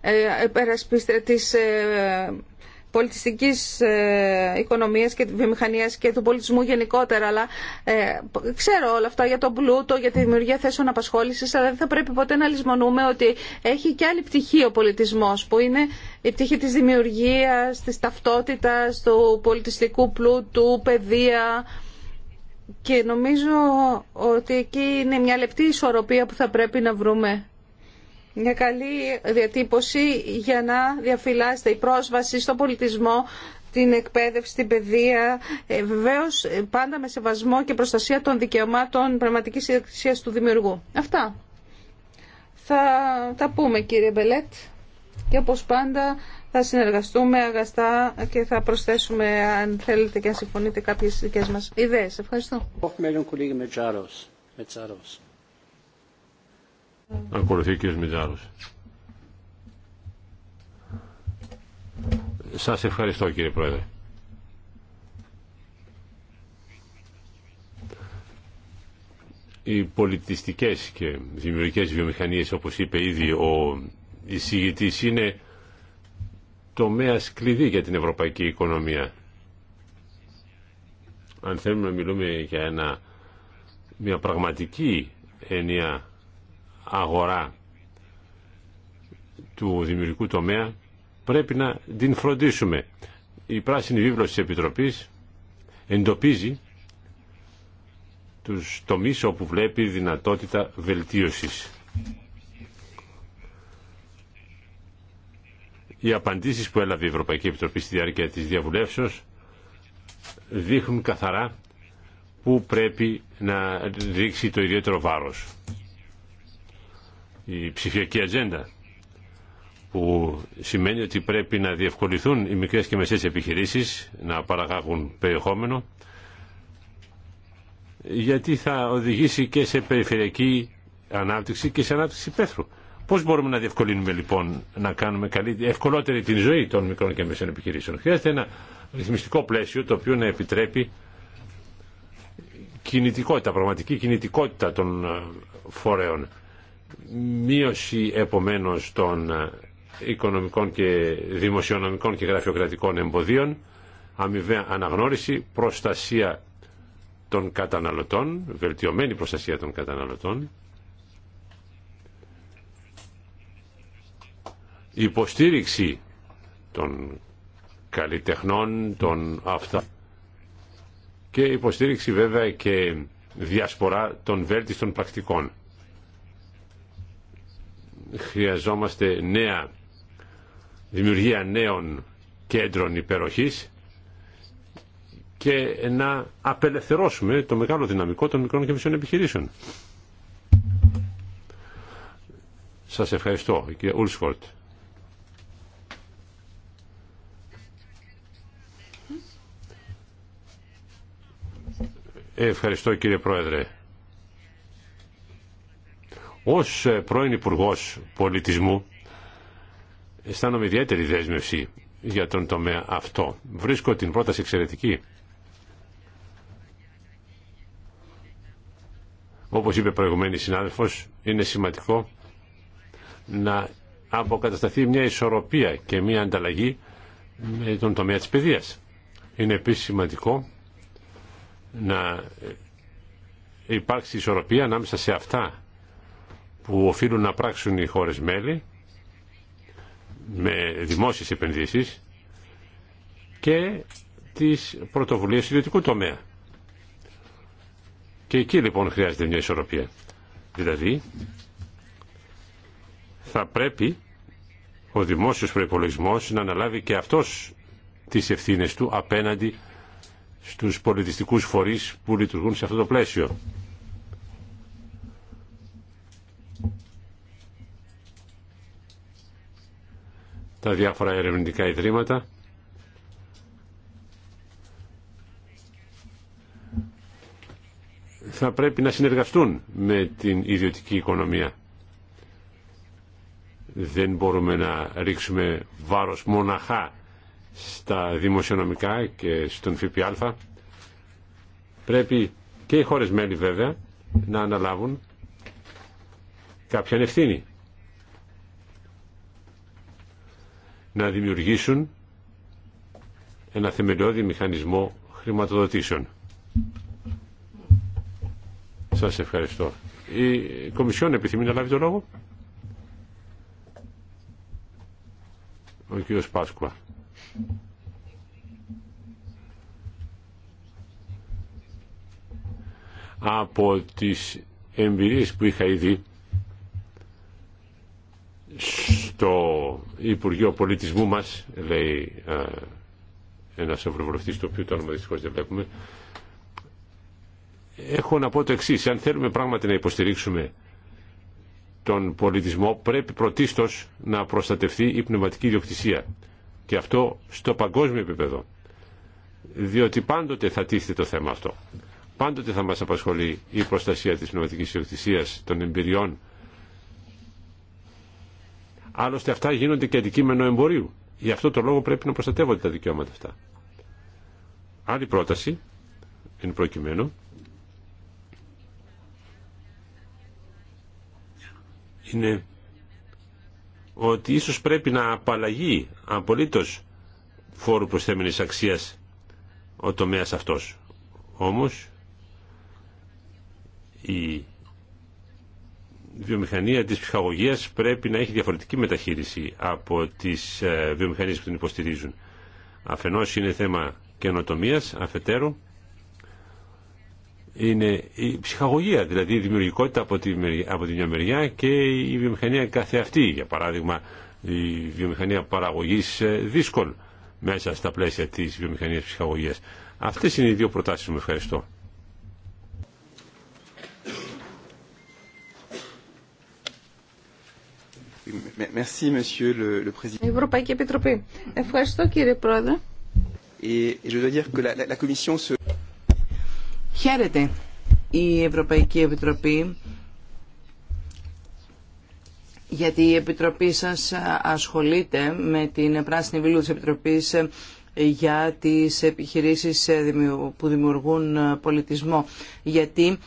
ε, της ε, πολιτιστικής ε, οικονομίας και βιομηχανία και του πολιτισμού γενικότερα, αλλά ε, ξέρω όλα αυτά για τον πλούτο, για τη δημιουργία θέσεων απασχόλησης, αλλά δεν θα πρέπει ποτέ να λησμονούμε ότι έχει και άλλη πτυχή ο πολιτισμός, που είναι η πτυχή της δημιουργία, της ταυτότητας, του πολιτιστικού πλούτου, παιδεία, και νομίζω ότι εκεί είναι μια λεπτή ισορροπία που θα πρέπει να βρούμε μια καλή διατύπωση για να διαφυλάστε η πρόσβαση στον πολιτισμό, την εκπαίδευση, την παιδεία, ε, βεβαίω ε, πάντα με σεβασμό και προστασία των δικαιωμάτων πραγματικής ιδιοκτησίας του δημιουργού. Αυτά. Θα τα πούμε κύριε Μπελέτ και όπως πάντα θα συνεργαστούμε αγαστά και θα προσθέσουμε αν θέλετε και αν συμφωνείτε κάποιες δικές μας ιδέες. Ευχαριστώ. Ακολουθεί ο κ. Σας ευχαριστώ κύριε Πρόεδρε. Οι πολιτιστικές και δημιουργικές βιομηχανίες όπως είπε ήδη ο εισηγητής είναι τομέας κλειδί για την ευρωπαϊκή οικονομία. Αν θέλουμε να μιλούμε για μια πραγματική έννοια αγορά του δημιουργικού τομέα πρέπει να την φροντίσουμε. Η πράσινη βίβλος της Επιτροπής εντοπίζει τους τομείς όπου βλέπει δυνατότητα βελτίωσης. Οι απαντήσεις που έλαβε η Ευρωπαϊκή Επιτροπή στη διάρκεια της διαβουλεύσεως δείχνουν καθαρά που πρέπει να ρίξει το ιδιαίτερο βάρος η ψηφιακή ατζέντα που σημαίνει ότι πρέπει να διευκολυθούν οι μικρές και μεσαίες επιχειρήσεις να παραγάγουν περιεχόμενο γιατί θα οδηγήσει και σε περιφερειακή ανάπτυξη και σε ανάπτυξη πέθρου. Πώς μπορούμε να διευκολύνουμε λοιπόν να κάνουμε καλή, ευκολότερη την ζωή των μικρών και μεσαίων επιχειρήσεων. Χρειάζεται ένα ρυθμιστικό πλαίσιο το οποίο να επιτρέπει κινητικότητα, πραγματική κινητικότητα των ε, φορέων. Μείωση επομένως των οικονομικών και δημοσιονομικών και γραφειοκρατικών εμποδίων, αμοιβαία αναγνώριση, προστασία των καταναλωτών, βελτιωμένη προστασία των καταναλωτών, υποστήριξη των καλλιτεχνών, των αυτά και υποστήριξη βέβαια και διασπορά των βέλτιστων πρακτικών χρειαζόμαστε νέα δημιουργία νέων κέντρων υπεροχής και να απελευθερώσουμε το μεγάλο δυναμικό των μικρών και μισών επιχειρήσεων. Σας ευχαριστώ, κύριε Ούλσφορτ. Ε, ευχαριστώ κύριε Πρόεδρε. Ως ε, πρώην υπουργό Πολιτισμού αισθάνομαι ιδιαίτερη δέσμευση για τον τομέα αυτό. Βρίσκω την πρόταση εξαιρετική. Όπως είπε προηγουμένη συνάδελφος, είναι σημαντικό να αποκατασταθεί μια ισορροπία και μια ανταλλαγή με τον τομέα της παιδείας. Είναι επίσης σημαντικό να υπάρξει ισορροπία ανάμεσα σε αυτά που οφείλουν να πράξουν οι χώρες μέλη με δημόσιες επενδύσεις και τις πρωτοβουλίες ιδιωτικού τομέα. Και εκεί λοιπόν χρειάζεται μια ισορροπία. Δηλαδή θα πρέπει ο δημόσιος προϋπολογισμός να αναλάβει και αυτός τις ευθύνες του απέναντι στους πολιτιστικούς φορείς που λειτουργούν σε αυτό το πλαίσιο. τα διάφορα ερευνητικά ιδρύματα. Θα πρέπει να συνεργαστούν με την ιδιωτική οικονομία. Δεν μπορούμε να ρίξουμε βάρος μοναχά στα δημοσιονομικά και στον ΦΠΑ. Πρέπει και οι χώρες μέλη βέβαια να αναλάβουν κάποια ευθύνη. να δημιουργήσουν ένα θεμελιώδη μηχανισμό χρηματοδοτήσεων. Σας ευχαριστώ. Η Κομισιόν επιθυμεί να λάβει το λόγο. Ο κ. Πάσκουα. Από τις εμπειρίες που είχα ήδη το Υπουργείο Πολιτισμού μας, λέει ε, ένας ευρωβουλευτής, το οποίο το όνομα δυστυχώς δεν βλέπουμε, έχω να πω το εξής, αν θέλουμε πράγματι να υποστηρίξουμε τον πολιτισμό, πρέπει πρωτίστως να προστατευτεί η πνευματική ιδιοκτησία. Και αυτό στο παγκόσμιο επίπεδο. Διότι πάντοτε θα τίθεται το θέμα αυτό. Πάντοτε θα μας απασχολεί η προστασία της πνευματικής ιδιοκτησίας, των εμπειριών, Άλλωστε αυτά γίνονται και αντικείμενο εμπορίου. Γι' αυτό το λόγο πρέπει να προστατεύονται τα δικαιώματα αυτά. Άλλη πρόταση, εν προκειμένου, είναι ότι ίσως πρέπει να απαλλαγεί απολύτως φόρου προσθέμενης αξίας ο τομέας αυτός. Όμως η βιομηχανία της ψυχαγωγίας πρέπει να έχει διαφορετική μεταχείριση από τις ε, βιομηχανίες που την υποστηρίζουν. Αφενός είναι θέμα καινοτομίας, αφετέρου είναι η ψυχαγωγία, δηλαδή η δημιουργικότητα από τη, από τη μια μεριά και η βιομηχανία κάθε αυτή, για παράδειγμα η βιομηχανία παραγωγής ε, δίσκων μέσα στα πλαίσια της βιομηχανίας ψυχαγωγίας. Αυτές είναι οι δύο προτάσεις μου. Ευχαριστώ. Merci, Η Ευρωπαϊκή Επιτροπή. Ευχαριστώ κύριε Πρόεδρε. Χαίρεται η Ευρωπαϊκή Επιτροπή γιατί η Επιτροπή σας ασχολείται με την πράσινη βίλου της Επιτροπής για τις επιχειρήσεις που δημιουργούν πολιτισμό. Γιατί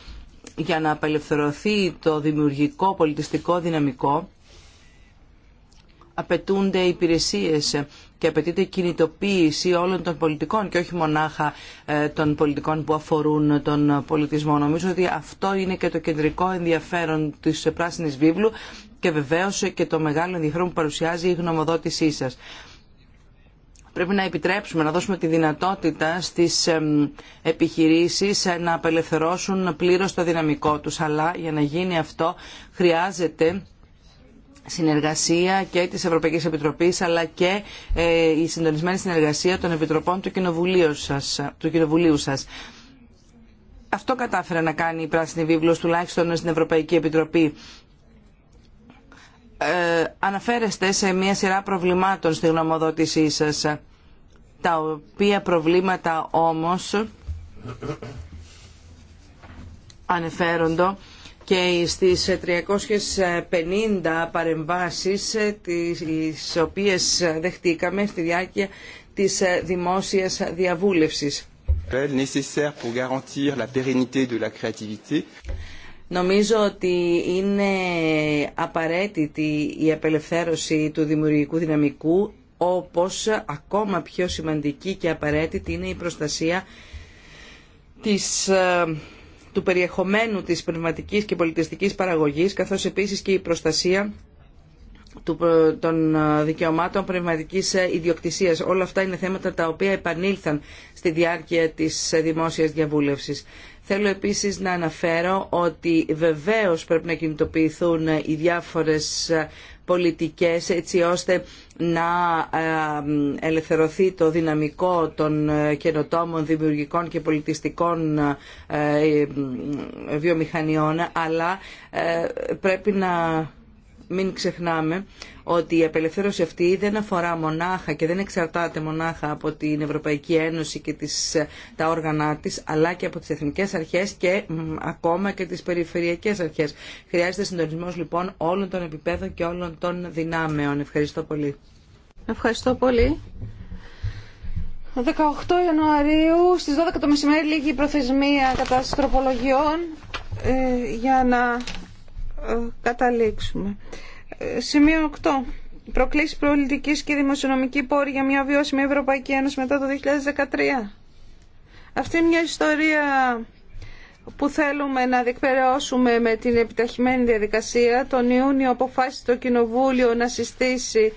για να απελευθερωθεί το δημιουργικό πολιτιστικό δυναμικό απαιτούνται υπηρεσίες και απαιτείται κινητοποίηση όλων των πολιτικών και όχι μονάχα ε, των πολιτικών που αφορούν τον πολιτισμό. Νομίζω ότι αυτό είναι και το κεντρικό ενδιαφέρον της Πράσινης Βίβλου και βεβαίως και το μεγάλο ενδιαφέρον που παρουσιάζει η γνωμοδότησή σας. Πρέπει να επιτρέψουμε, να δώσουμε τη δυνατότητα στις επιχειρήσεις ε, να απελευθερώσουν πλήρως το δυναμικό τους. Αλλά για να γίνει αυτό χρειάζεται συνεργασία και της Ευρωπαϊκής Επιτροπής αλλά και ε, η συντονισμένη συνεργασία των Επιτροπών του Κοινοβουλίου σας. Του Κοινοβουλίου σας. Αυτό κατάφερε να κάνει η Πράσινη Βίβλος τουλάχιστον στην Ευρωπαϊκή Επιτροπή. Ε, αναφέρεστε σε μια σειρά προβλημάτων στη γνωμοδότησή σας, τα οποία προβλήματα όμως ανεφέροντο και στις 350 παρεμβάσεις ε, τις οποίες δεχτήκαμε στη διάρκεια της ε, δημόσιας διαβούλευσης. Νομίζω ότι είναι απαραίτητη η απελευθέρωση του δημιουργικού δυναμικού, όπως ακόμα πιο σημαντική και απαραίτητη είναι η προστασία της ε, του περιεχομένου της πνευματικής και πολιτιστικής παραγωγής, καθώς επίσης και η προστασία ε, των ε, δικαιωμάτων πνευματικής ε, ιδιοκτησίας. Όλα αυτά είναι θέματα τα οποία επανήλθαν στη διάρκεια της δημόσιας διαβούλευσης. Θέλω επίσης να αναφέρω ότι βεβαίως πρέπει να κινητοποιηθούν οι διάφορες πολιτικές έτσι ώστε να ε, ελευθερωθεί το δυναμικό των ε, καινοτόμων δημιουργικών και πολιτιστικών ε, βιομηχανιών αλλά πρέπει να μην ξεχνάμε ότι η απελευθέρωση αυτή δεν αφορά μονάχα και δεν εξαρτάται μονάχα από την Ευρωπαϊκή Ένωση και τις, τα όργανα της, αλλά και από τις εθνικές αρχές και ακόμα και τις περιφερειακές αρχές. Χρειάζεται συντονισμός λοιπόν όλων των επιπέδων και όλων των δυνάμεων. Ευχαριστώ πολύ. Ευχαριστώ πολύ. 18 Ιανουαρίου στις 12 το μεσημέρι η προθεσμία κατά ε, για να ε, καταλήξουμε. Ε, σημείο 8. Προκλήσει πολιτική και δημοσιονομική πόρη για μια βιώσιμη Ευρωπαϊκή Ένωση μετά το 2013. Αυτή είναι μια ιστορία που θέλουμε να διεκπαιρεώσουμε με την επιταχυμένη διαδικασία. Τον Ιούνιο αποφάσισε το Κοινοβούλιο να συστήσει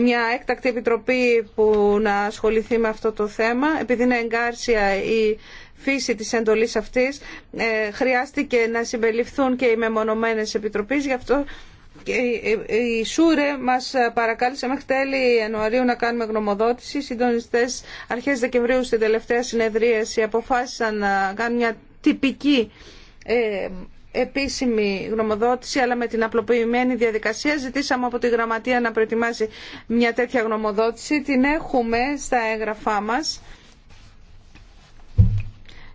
μια έκτακτη επιτροπή που να ασχοληθεί με αυτό το θέμα, επειδή είναι εγκάρσια η φύση της εντολής αυτής ε, χρειάστηκε να συμπεριληφθούν και οι μεμονωμένες επιτροπές. Γι' αυτό και η Σούρε μας παρακάλεσε μέχρι τέλη Ιανουαρίου να κάνουμε γνωμοδότηση. συντονιστές αρχές Δεκεμβρίου στην τελευταία συνεδρίαση αποφάσισαν να κάνουν μια τυπική ε, επίσημη γνωμοδότηση αλλά με την απλοποιημένη διαδικασία ζητήσαμε από τη Γραμματεία να προετοιμάσει μια τέτοια γνωμοδότηση. Την έχουμε στα έγγραφά μας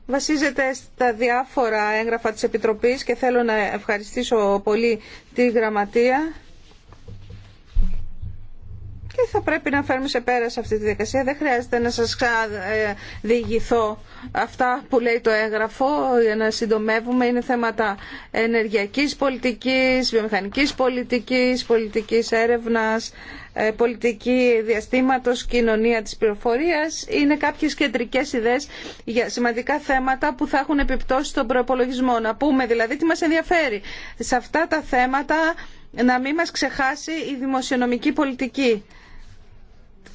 βασίζεται στα διάφορα έγγραφα της Επιτροπής και θέλω να ευχαριστήσω πολύ τη Γραμματεία και θα πρέπει να φέρουμε σε πέρα σε αυτή τη δικασία. Δεν χρειάζεται να σας διηγηθώ αυτά που λέει το έγγραφο για να συντομεύουμε. Είναι θέματα ενεργειακής πολιτικής, βιομηχανικής πολιτικής, πολιτικής έρευνας, ε, πολιτική διαστήματος, κοινωνία της πληροφορίας. Είναι κάποιες κεντρικές ιδέες για σημαντικά θέματα που θα έχουν επιπτώσει στον προπολογισμό. Να πούμε δηλαδή τι μας ενδιαφέρει. Σε αυτά τα θέματα να μην μας ξεχάσει η δημοσιονομική πολιτική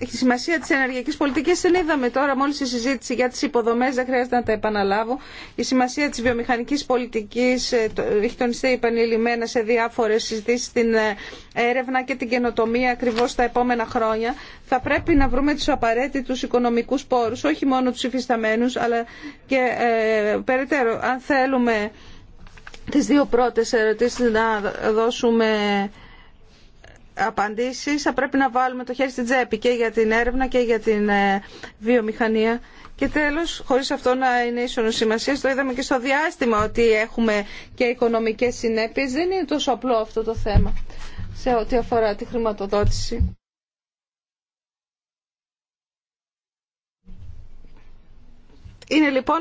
η σημασία της ενεργειακής πολιτικής δεν είδαμε τώρα μόλις η συζήτηση για τις υποδομές, δεν χρειάζεται να τα επαναλάβω. Η σημασία της βιομηχανικής πολιτικής ε, έχει τονιστεί επανειλημμένα σε διάφορες συζητήσει στην ε, έρευνα και την καινοτομία ακριβώς τα επόμενα χρόνια. Θα πρέπει να βρούμε τους απαραίτητους οικονομικούς πόρους, όχι μόνο τους υφισταμένους, αλλά και ε, περαιτέρω, αν θέλουμε τις δύο πρώτες ερωτήσεις να δώσουμε απαντήσεις θα πρέπει να βάλουμε το χέρι στην τσέπη και για την έρευνα και για την ε, βιομηχανία. Και τέλος, χωρίς αυτό να είναι ίσονο σημασία, το είδαμε και στο διάστημα ότι έχουμε και οικονομικές συνέπειες. Δεν είναι τόσο απλό αυτό το θέμα σε ό,τι αφορά τη χρηματοδότηση. Είναι λοιπόν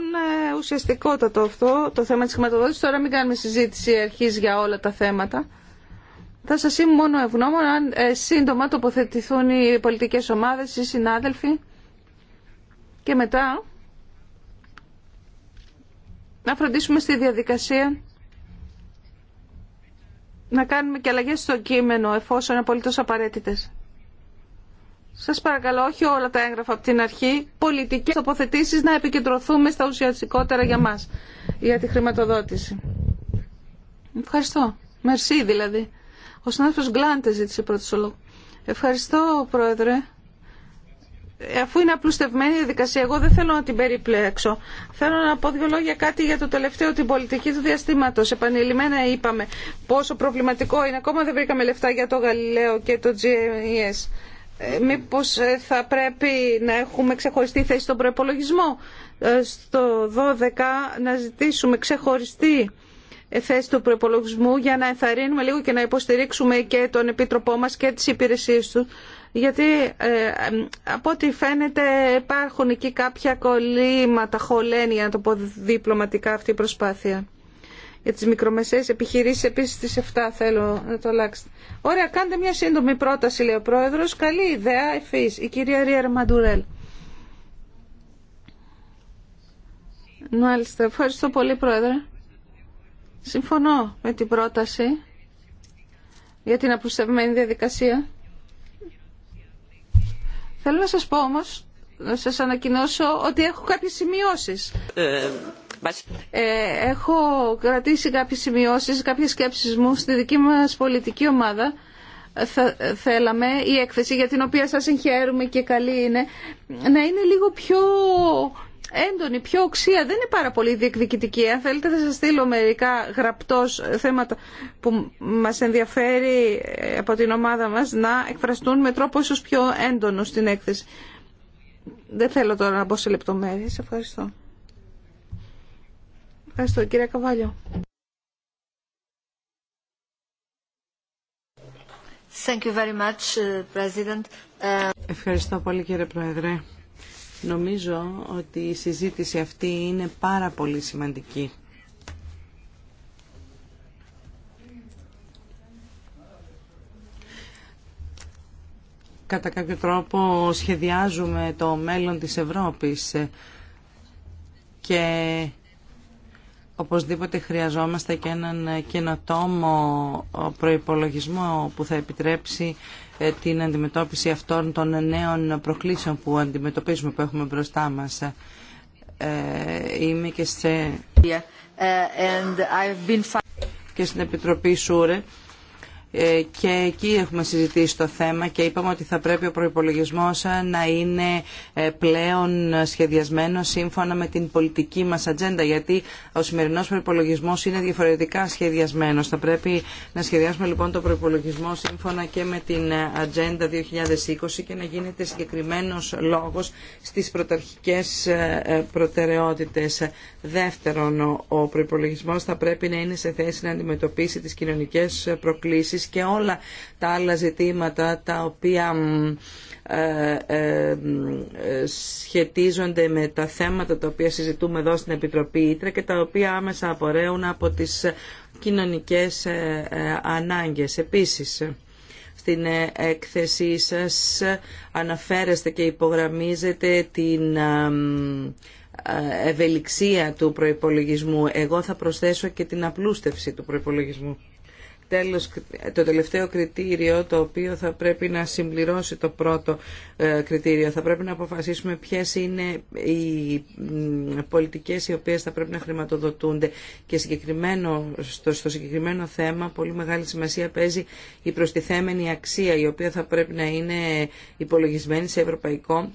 ε, ουσιαστικότατο αυτό το θέμα της χρηματοδότησης. Τώρα μην κάνουμε συζήτηση αρχής για όλα τα θέματα. Θα σας είμαι μόνο ευγνώμων αν ε, σύντομα τοποθετηθούν οι πολιτικές ομάδες, οι συνάδελφοι και μετά να φροντίσουμε στη διαδικασία να κάνουμε και αλλαγές στο κείμενο εφόσον απολύτως απαραίτητες. Σας παρακαλώ, όχι όλα τα έγγραφα από την αρχή, πολιτικές τοποθετήσεις να επικεντρωθούμε στα ουσιαστικότερα για μας, για τη χρηματοδότηση. Ευχαριστώ. Μερσή δηλαδή. Ο συνάδελφος Γκλάντε ζήτησε πρώτο λόγο. Ευχαριστώ, Πρόεδρε. Ε, αφού είναι απλουστευμένη η διαδικασία, εγώ δεν θέλω να την περιπλέξω. Θέλω να πω δύο λόγια κάτι για το τελευταίο, την πολιτική του διαστήματο. Επανειλημμένα είπαμε πόσο προβληματικό είναι. Ακόμα δεν βρήκαμε λεφτά για το Γαλιλαίο και το GMES. Ε, μήπως ε, θα πρέπει να έχουμε ξεχωριστή θέση στον προπολογισμό. Στο 12 να ζητήσουμε ξεχωριστή θέση του προπολογισμού για να ενθαρρύνουμε λίγο και να υποστηρίξουμε και τον Επίτροπό μας και τις υπηρεσίες του. Γιατί ε, από ό,τι φαίνεται υπάρχουν εκεί κάποια κολλήματα, χωλένια, να το πω διπλωματικά αυτή η προσπάθεια. Για τις μικρομεσαίες επιχειρήσεις επίσης στις 7 θέλω να το αλλάξετε. Ωραία, κάντε μια σύντομη πρόταση, λέει ο Πρόεδρος. Καλή ιδέα, εφής. Η κυρία Ρίαρ Μαντουρέλ. Μάλιστα, ευχαριστώ πολύ Πρόεδρε. Συμφωνώ με την πρόταση για την απλουστευμένη διαδικασία. Θέλω να σας πω όμως, να σας ανακοινώσω ότι έχω κάποιες σημειώσεις. Ε, έχω κρατήσει κάποιες σημειώσεις, κάποιες σκέψεις μου στη δική μας πολιτική ομάδα. Θα, θέλαμε η έκθεση για την οποία σας εγχαίρουμε και καλή είναι να είναι λίγο πιο έντονη, πιο οξία. Δεν είναι πάρα πολύ διεκδικητική. Αν θέλετε θα σας στείλω μερικά γραπτός θέματα που μας ενδιαφέρει ε, από την ομάδα μας να εκφραστούν με τρόπο ίσως πιο έντονο στην έκθεση. Δεν θέλω τώρα να μπω σε λεπτομέρειες. Ευχαριστώ. Ευχαριστώ κύριε Καβάλιο. very much, uh, President. Uh, Ευχαριστώ πολύ κύριε Πρόεδρε. Νομίζω ότι η συζήτηση αυτή είναι πάρα πολύ σημαντική. Κατά κάποιο τρόπο σχεδιάζουμε το μέλλον της Ευρώπης και οπωσδήποτε χρειαζόμαστε και έναν καινοτόμο προϋπολογισμό που θα επιτρέψει ε, την αντιμετώπιση αυτών των νέων προκλήσεων που αντιμετωπίζουμε, που έχουμε μπροστά μας. Ε, είμαι και σε... Ε, και στην Επιτροπή ΣΟΥΡΕ ε, και εκεί έχουμε συζητήσει το θέμα και είπαμε ότι θα πρέπει ο προϋπολογισμός να είναι ε, πλέον σχεδιασμένο σύμφωνα με την πολιτική μας ατζέντα γιατί ο σημερινός προϋπολογισμός είναι διαφορετικά σχεδιασμένος. Θα πρέπει να σχεδιάσουμε λοιπόν το προϋπολογισμό σύμφωνα και με την ατζέντα 2020 και να γίνεται συγκεκριμένος λόγος στις πρωταρχικές ε, προτεραιότητε. Δεύτερον, ο προπολογισμό θα πρέπει να είναι σε θέση να αντιμετωπίσει τι κοινωνικέ προκλήσει και όλα τα άλλα ζητήματα τα οποία ε, ε, ε, σχετίζονται με τα θέματα τα οποία συζητούμε εδώ στην Επιτροπή Ήτρα και τα οποία άμεσα απορρέουν από τις κοινωνικές ανάγκες. Επίσης, στην έκθεσή σας αναφέρεστε και υπογραμμίζετε την ευελιξία του προϋπολογισμού. Εγώ θα προσθέσω και την απλούστευση του προϋπολογισμού τέλος, το τελευταίο κριτήριο το οποίο θα πρέπει να συμπληρώσει το πρώτο ε, κριτήριο. Θα πρέπει να αποφασίσουμε ποιες είναι οι πολιτικές οι οποίες θα πρέπει να χρηματοδοτούνται και συγκεκριμένο, στο, στο συγκεκριμένο θέμα πολύ μεγάλη σημασία παίζει η προστιθέμενη αξία η οποία θα πρέπει να είναι υπολογισμένη σε ευρωπαϊκό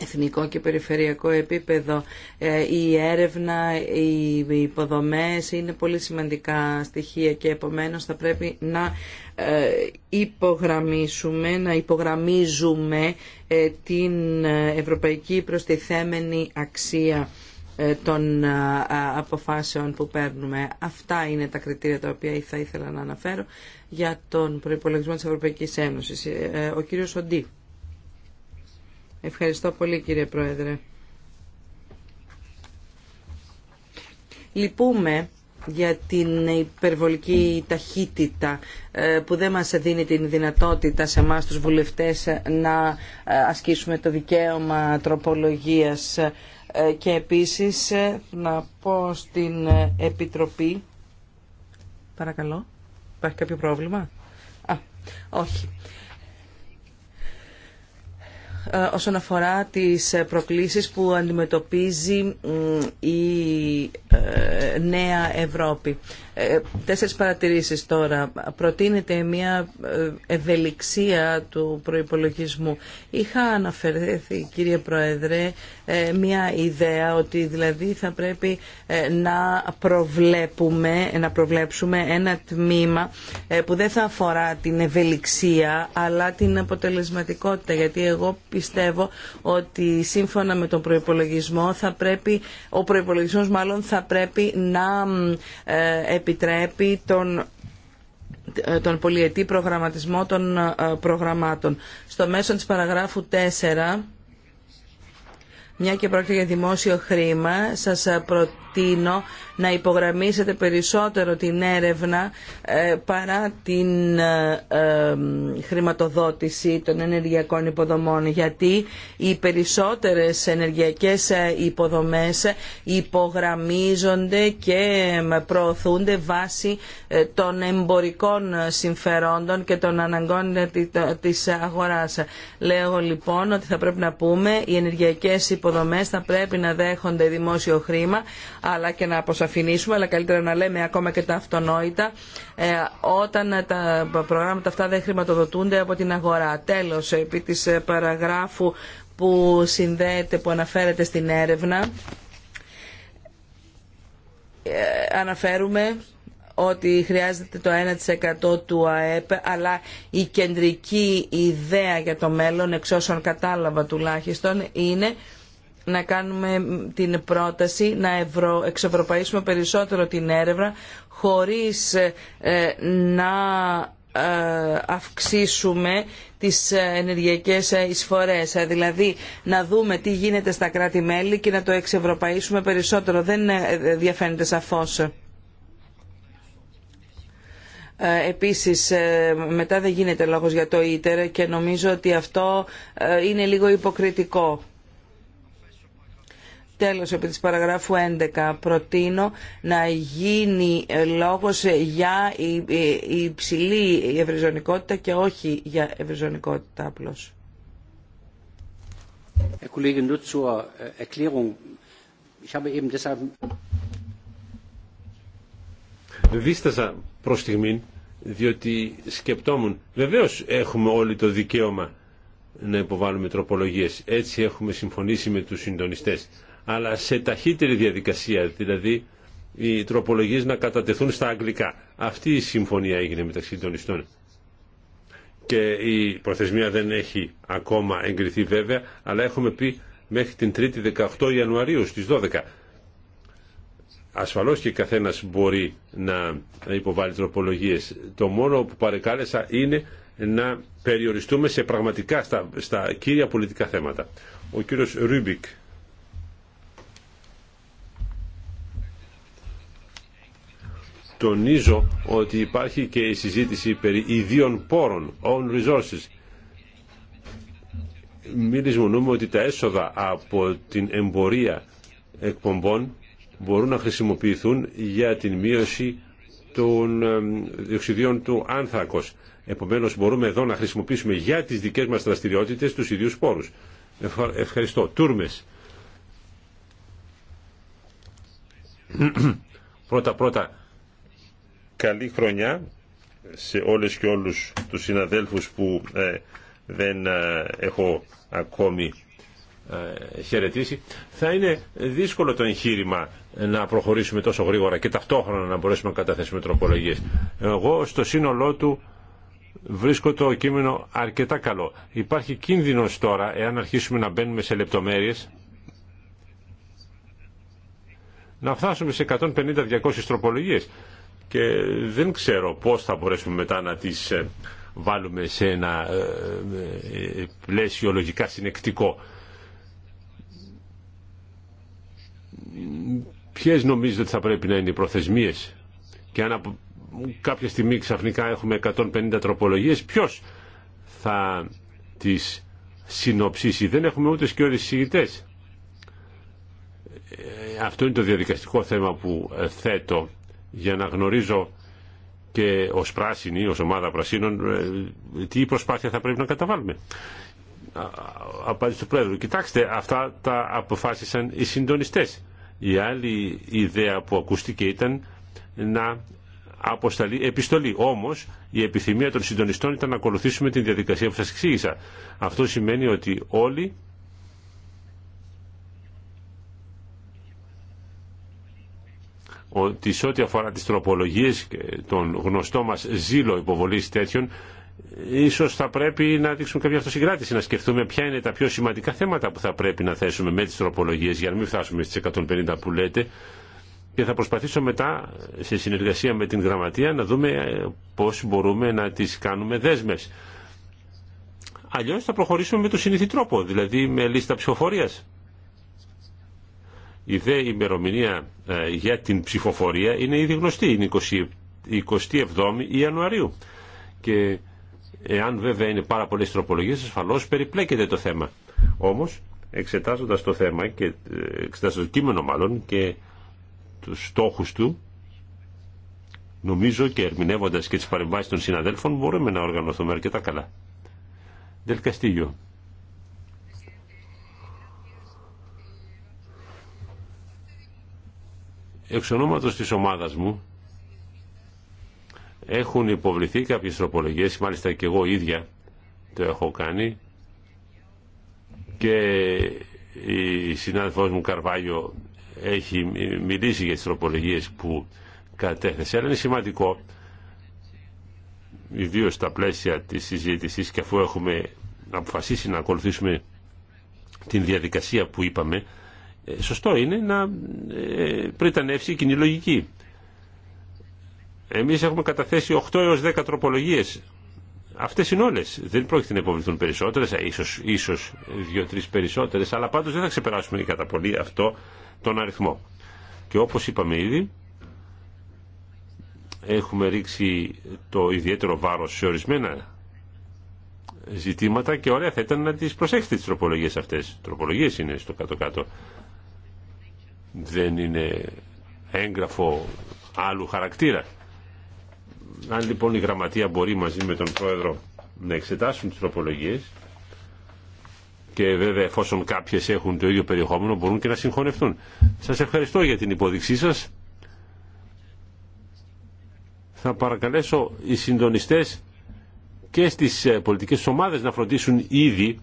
εθνικό και περιφερειακό επίπεδο. Ε, η έρευνα, οι υποδομές είναι πολύ σημαντικά στοιχεία και επομένως θα πρέπει να ε, υπογραμμίσουμε, να υπογραμμίζουμε ε, την ευρωπαϊκή προστιθέμενη αξία των αποφάσεων που παίρνουμε. Αυτά είναι τα κριτήρια τα οποία θα ήθελα να αναφέρω για τον προϋπολογισμό της Ευρωπαϊκής Ένωσης. Ο κύριος Ευχαριστώ πολύ κύριε Πρόεδρε. Λυπούμε για την υπερβολική ταχύτητα ε, που δεν μας δίνει την δυνατότητα σε εμάς τους βουλευτές ε, να ε, ασκήσουμε το δικαίωμα τροπολογίας και επίσης να πω στην Επιτροπή παρακαλώ υπάρχει κάποιο πρόβλημα Α, όχι ε, όσον αφορά τις ε, προκλήσεις που αντιμετωπίζει η ε, νέα Ευρώπη. Τέσσερις παρατηρήσεις τώρα. Προτείνεται μια ευελιξία του προϋπολογισμού. Είχα αναφερθεί, κύριε Πρόεδρε, μια ιδέα ότι δηλαδή θα πρέπει να προβλέπουμε, να προβλέψουμε ένα τμήμα που δεν θα αφορά την ευελιξία αλλά την αποτελεσματικότητα. Γιατί εγώ πιστεύω ότι σύμφωνα με τον προϋπολογισμό θα πρέπει, ο προϋπολογισμός μάλλον θα πρέπει να ε, επιτρέπει τον ε, τον πολιετή προγραμματισμό των ε, προγραμμάτων. Στο μέσο της παραγράφου 4, μια και πρόκειται για δημόσιο χρήμα, σας προτείνω να υπογραμμίσετε περισσότερο την έρευνα ε, παρά την ε, ε, χρηματοδότηση των ενεργειακών υποδομών γιατί οι περισσότερες ενεργειακές υποδομές υπογραμμίζονται και προωθούνται βάσει των εμπορικών συμφερόντων και των αναγκών της αγοράς. Λέω λοιπόν ότι θα πρέπει να πούμε οι ενεργειακές υποδομές θα πρέπει να δέχονται δημόσιο χρήμα αλλά και να αποσαφηνίσουμε, αλλά καλύτερα να λέμε ακόμα και τα αυτονόητα, ε, όταν τα προγράμματα αυτά δεν χρηματοδοτούνται από την αγορά. Τέλος, επί της ε, παραγράφου που συνδέεται, που αναφέρεται στην έρευνα, ε, αναφέρουμε ότι χρειάζεται το 1% του ΑΕΠ, αλλά η κεντρική ιδέα για το μέλλον, εξ όσων κατάλαβα τουλάχιστον, είναι να κάνουμε την πρόταση να ευρω... εξευρωπαίσουμε περισσότερο την έρευνα χωρίς ε, ε, να ε, αυξήσουμε τις ενεργειακές εισφορές. Δηλαδή να δούμε τι γίνεται στα κράτη-μέλη και να το εξευρωπαίσουμε περισσότερο. Δεν διαφαίνεται σαφώς. Επίσης μετά δεν γίνεται λόγος για το ίτερ και νομίζω ότι αυτό είναι λίγο υποκριτικό. Τέλος, επί της παραγράφου 11 προτείνω να γίνει ε, λόγος για υψηλή ευρυζωνικότητα και όχι για ευρυζωνικότητα απλώς. Δίστασα äh, προς στιγμή, διότι σκεπτόμουν. Βεβαίως έχουμε όλοι το δικαίωμα να υποβάλουμε τροπολογίες. Έτσι έχουμε συμφωνήσει με τους συντονιστές αλλά σε ταχύτερη διαδικασία, δηλαδή οι τροπολογίες να κατατεθούν στα αγγλικά. Αυτή η συμφωνία έγινε μεταξύ των ιστών. Και η προθεσμία δεν έχει ακόμα εγκριθεί βέβαια, αλλά έχουμε πει μέχρι την 3η 18 Ιανουαρίου στις 12. Ασφαλώς και καθένας μπορεί να υποβάλει τροπολογίες. Το μόνο που παρεκάλεσα είναι να περιοριστούμε σε πραγματικά στα, στα κύρια πολιτικά θέματα. Ο κύριος Ρούμπικ. τονίζω ότι υπάρχει και η συζήτηση περί ιδίων πόρων, own resources. Μην λησμονούμε ότι τα έσοδα από την εμπορία εκπομπών μπορούν να χρησιμοποιηθούν για την μείωση των ε, διοξιδίων του άνθρακος. Επομένως μπορούμε εδώ να χρησιμοποιήσουμε για τις δικές μας δραστηριότητες τους ίδιους πόρους. Ευχαριστώ. Τούρμες. Πρώτα-πρώτα (clears throat) Καλή χρονιά σε όλες και όλους τους συναδέλφους που ε, δεν ε, έχω ακόμη ε, χαιρετήσει. Θα είναι δύσκολο το εγχείρημα να προχωρήσουμε τόσο γρήγορα και ταυτόχρονα να μπορέσουμε να καταθέσουμε τροπολογίες. Εγώ στο σύνολό του βρίσκω το κείμενο αρκετά καλό. Υπάρχει κίνδυνος τώρα, εάν αρχίσουμε να μπαίνουμε σε λεπτομέρειες, να φτάσουμε σε 150-200 τροπολογίες και δεν ξέρω πώς θα μπορέσουμε μετά να τις ε, βάλουμε σε ένα ε, ε, πλαίσιο λογικά συνεκτικό. Ποιες νομίζετε ότι θα πρέπει να είναι οι προθεσμίες και αν από κάποια στιγμή ξαφνικά έχουμε 150 τροπολογίες ποιος θα τις συνοψίσει. Δεν έχουμε ούτε και συζητητές. Αυτό είναι το διαδικαστικό θέμα που θέτω για να γνωρίζω και ως πράσινη, ως ομάδα πρασίνων, ε, τι προσπάθεια θα πρέπει να καταβάλουμε. Απάντηση του Πρόεδρου. Κοιτάξτε, αυτά τα αποφάσισαν οι συντονιστές. Η άλλη ιδέα που ακούστηκε ήταν να αποσταλεί επιστολή. Όμως η επιθυμία των συντονιστών ήταν να ακολουθήσουμε την διαδικασία που σα εξήγησα. Αυτό σημαίνει ότι όλοι ότι σε ό,τι αφορά τις τροπολογίες και τον γνωστό μας ζήλο υποβολής τέτοιων, ίσως θα πρέπει να δείξουμε κάποια αυτοσυγκράτηση, να σκεφτούμε ποια είναι τα πιο σημαντικά θέματα που θα πρέπει να θέσουμε με τις τροπολογίες για να μην φτάσουμε στις 150 που λέτε και θα προσπαθήσω μετά σε συνεργασία με την γραμματεία να δούμε ε, πώς μπορούμε να τις κάνουμε δέσμες. Αλλιώς θα προχωρήσουμε με το συνήθι τρόπο, δηλαδή με λίστα ψηφοφορίας. Η δε ημερομηνία ε, για την ψηφοφορία είναι ήδη γνωστή, είναι 27η Ιανουαρίου. Και εάν βέβαια είναι πάρα πολλές τροπολογίες, ασφαλώς περιπλέκεται το θέμα. Όμως, εξετάζοντας το θέμα και ε, εξετάζοντας το κείμενο μάλλον και τους στόχους του, νομίζω και ερμηνεύοντας και τις παρεμβάσεις των συναδέλφων μπορούμε να οργανωθούμε αρκετά καλά. Δελκαστήγιο. Εξ ονόματος της ομάδας μου έχουν υποβληθεί κάποιες τροπολογίες, μάλιστα και εγώ ίδια το έχω κάνει και η συνάδελφός μου Καρβάγιο έχει μιλήσει για τις τροπολογίες που κατέθεσε, αλλά είναι σημαντικό ιδίως στα πλαίσια της συζήτησης και αφού έχουμε αποφασίσει να ακολουθήσουμε την διαδικασία που είπαμε ε, σωστό είναι να ε, πριτανεύσει η κοινή λογική. Εμείς έχουμε καταθέσει 8 έως 10 τροπολογίες. Αυτές είναι όλες. Δεν πρόκειται να υποβληθούν περισσότερες, ε, ίσως, ίσως 2-3 περισσότερες, αλλά πάντως δεν θα ξεπεράσουμε κατά πολύ αυτό τον αριθμό. Και όπως είπαμε ήδη, έχουμε ρίξει το ιδιαίτερο βάρος σε ορισμένα ζητήματα και ωραία θα ήταν να τις προσέξετε τις τροπολογίες αυτές. Τροπολογίες είναι στο κάτω-κάτω δεν είναι έγγραφο άλλου χαρακτήρα. Αν λοιπόν η γραμματεία μπορεί μαζί με τον πρόεδρο να εξετάσουν τις τροπολογίες και βέβαια εφόσον κάποιες έχουν το ίδιο περιεχόμενο μπορούν και να συγχωνευτούν. Σας ευχαριστώ για την υπόδειξή σας. Θα παρακαλέσω οι συντονιστές και στις ε, πολιτικές ομάδες να φροντίσουν ήδη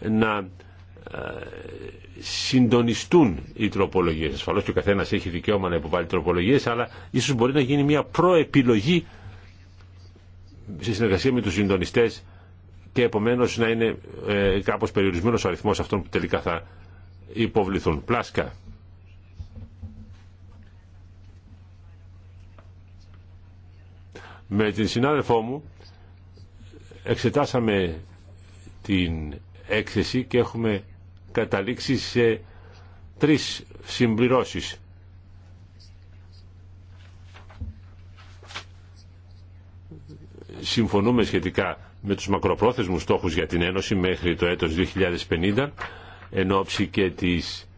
να ε, συντονιστούν οι τροπολογίες. Ασφαλώς και ο καθένας έχει δικαίωμα να υποβάλει τροπολογίες, αλλά ίσως μπορεί να γίνει μια προεπιλογή σε συνεργασία με τους συντονιστές και επομένως να είναι ε, κάπως περιορισμένος ο αριθμός αυτών που τελικά θα υποβληθούν. Πλάσκα. Με την συνάδελφό μου εξετάσαμε την έκθεση και έχουμε καταλήξει σε τρεις συμπληρώσεις. Συμφωνούμε σχετικά με τους μακροπρόθεσμους στόχους για την Ένωση μέχρι το έτος 2050 εν ώψη και της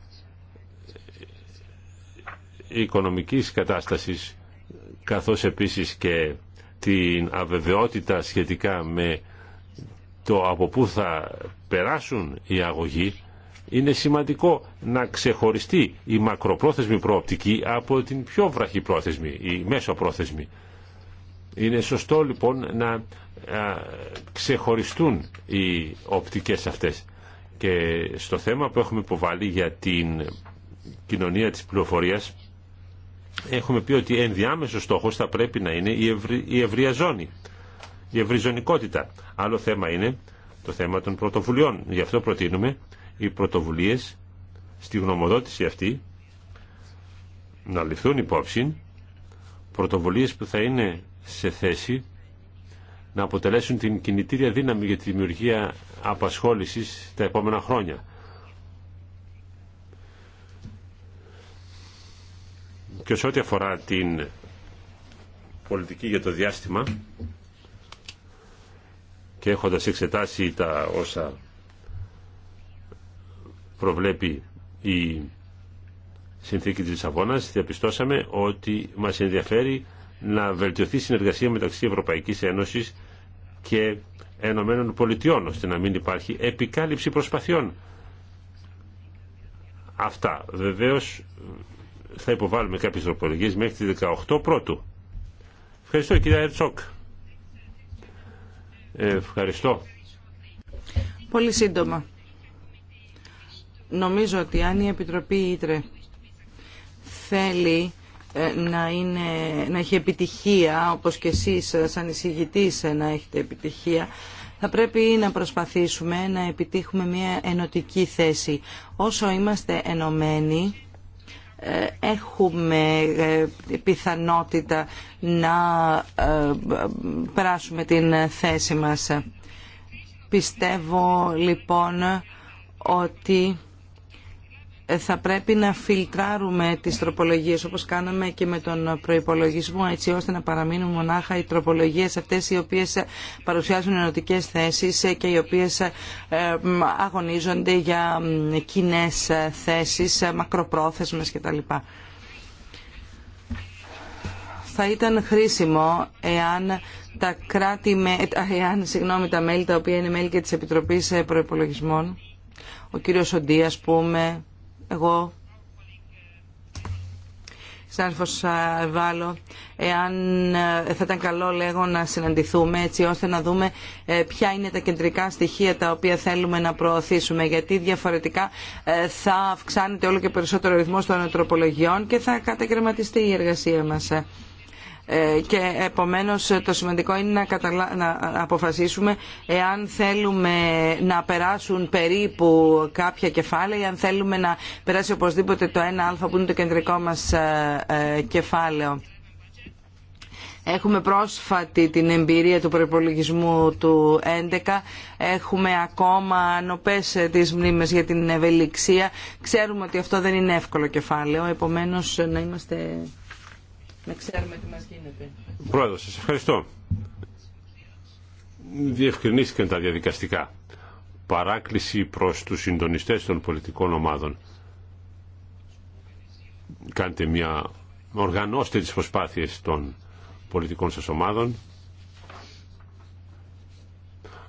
οικονομικής κατάστασης καθώς επίσης και την αβεβαιότητα σχετικά με το από πού θα περάσουν οι αγωγοί είναι σημαντικό να ξεχωριστεί η μακροπρόθεσμη προοπτική από την πιο βραχυπρόθεσμη, η μέσοπρόθεσμη. Είναι σωστό λοιπόν να ξεχωριστούν οι οπτικές αυτές. Και στο θέμα που έχουμε υποβάλει για την κοινωνία της πληροφορίας έχουμε πει ότι ενδιάμεσο στόχος θα πρέπει να είναι η, ευρυ, η ζώνη, η ευρυζωνικότητα. Άλλο θέμα είναι το θέμα των πρωτοβουλειών. Γι' αυτό προτείνουμε οι πρωτοβουλίες στη γνωμοδότηση αυτή να ληφθούν υπόψη πρωτοβουλίες που θα είναι σε θέση να αποτελέσουν την κινητήρια δύναμη για τη δημιουργία απασχόλησης τα επόμενα χρόνια. Και σε ό,τι αφορά την πολιτική για το διάστημα και έχοντας εξετάσει τα όσα προβλέπει η συνθήκη της Λισαβόνας, διαπιστώσαμε ότι μας ενδιαφέρει να βελτιωθεί η συνεργασία μεταξύ Ευρωπαϊκής Ένωσης και Ενωμένων Πολιτειών, ώστε να μην υπάρχει επικάλυψη προσπαθειών. Αυτά. Βεβαίως θα υποβάλουμε κάποιες τροπολογίες μέχρι τη 18 πρώτου. Ευχαριστώ κυρία Ερτσόκ. Ε, ευχαριστώ. Πολύ σύντομα. Νομίζω ότι αν η Επιτροπή Ήτρε θέλει ε, να, είναι, να έχει επιτυχία, όπως και εσείς ε, σαν εισηγητής ε, να έχετε επιτυχία, θα πρέπει να προσπαθήσουμε να επιτύχουμε μια ενωτική θέση. Όσο είμαστε ενωμένοι, έχουμε πιθανότητα να περάσουμε την θέση μας. Πιστεύω λοιπόν ότι θα πρέπει να φιλτράρουμε τις τροπολογίες όπως κάναμε και με τον προϋπολογισμό έτσι ώστε να παραμείνουν μονάχα οι τροπολογίες αυτές οι οποίες παρουσιάζουν ενωτικές θέσεις και οι οποίες ε, αγωνίζονται για κοινέ θέσεις, μακροπρόθεσμες κτλ. Θα ήταν χρήσιμο εάν τα κράτη, εάν, συγγνώμη, τα μέλη τα οποία είναι μέλη και της Επιτροπής ε, Προϋπολογισμών, ο κύριος Σοντή ας πούμε εγώ Συνάδελφος βάλω εάν ε, θα ήταν καλό λέγω να συναντηθούμε έτσι ώστε να δούμε ε, ποια είναι τα κεντρικά στοιχεία τα οποία θέλουμε να προωθήσουμε γιατί διαφορετικά ε, θα αυξάνεται όλο και περισσότερο ο ρυθμός των ανατροπολογιών και θα κατακρεματιστεί η εργασία μας. Ε, και επομένως το σημαντικό είναι να αποφασίσουμε εάν θέλουμε να περάσουν περίπου κάποια κεφάλαια ή αν θέλουμε να περάσει οπωσδήποτε το 1α που είναι το κεντρικό μας ε, ε, κεφάλαιο. Έχουμε πρόσφατη την εμπειρία του προπολογισμού του 11. Έχουμε ακόμα νοπές τις μνήμες για την ευελιξία. Ξέρουμε ότι αυτό δεν είναι εύκολο κεφάλαιο, επομένως να είμαστε να ξέρουμε τι μας γίνεται. σας ευχαριστώ. Διευκρινίστηκαν τα διαδικαστικά. Παράκληση προς τους συντονιστές των πολιτικών ομάδων. Κάντε μια... Οργανώστε τις προσπάθειες των πολιτικών σας ομάδων.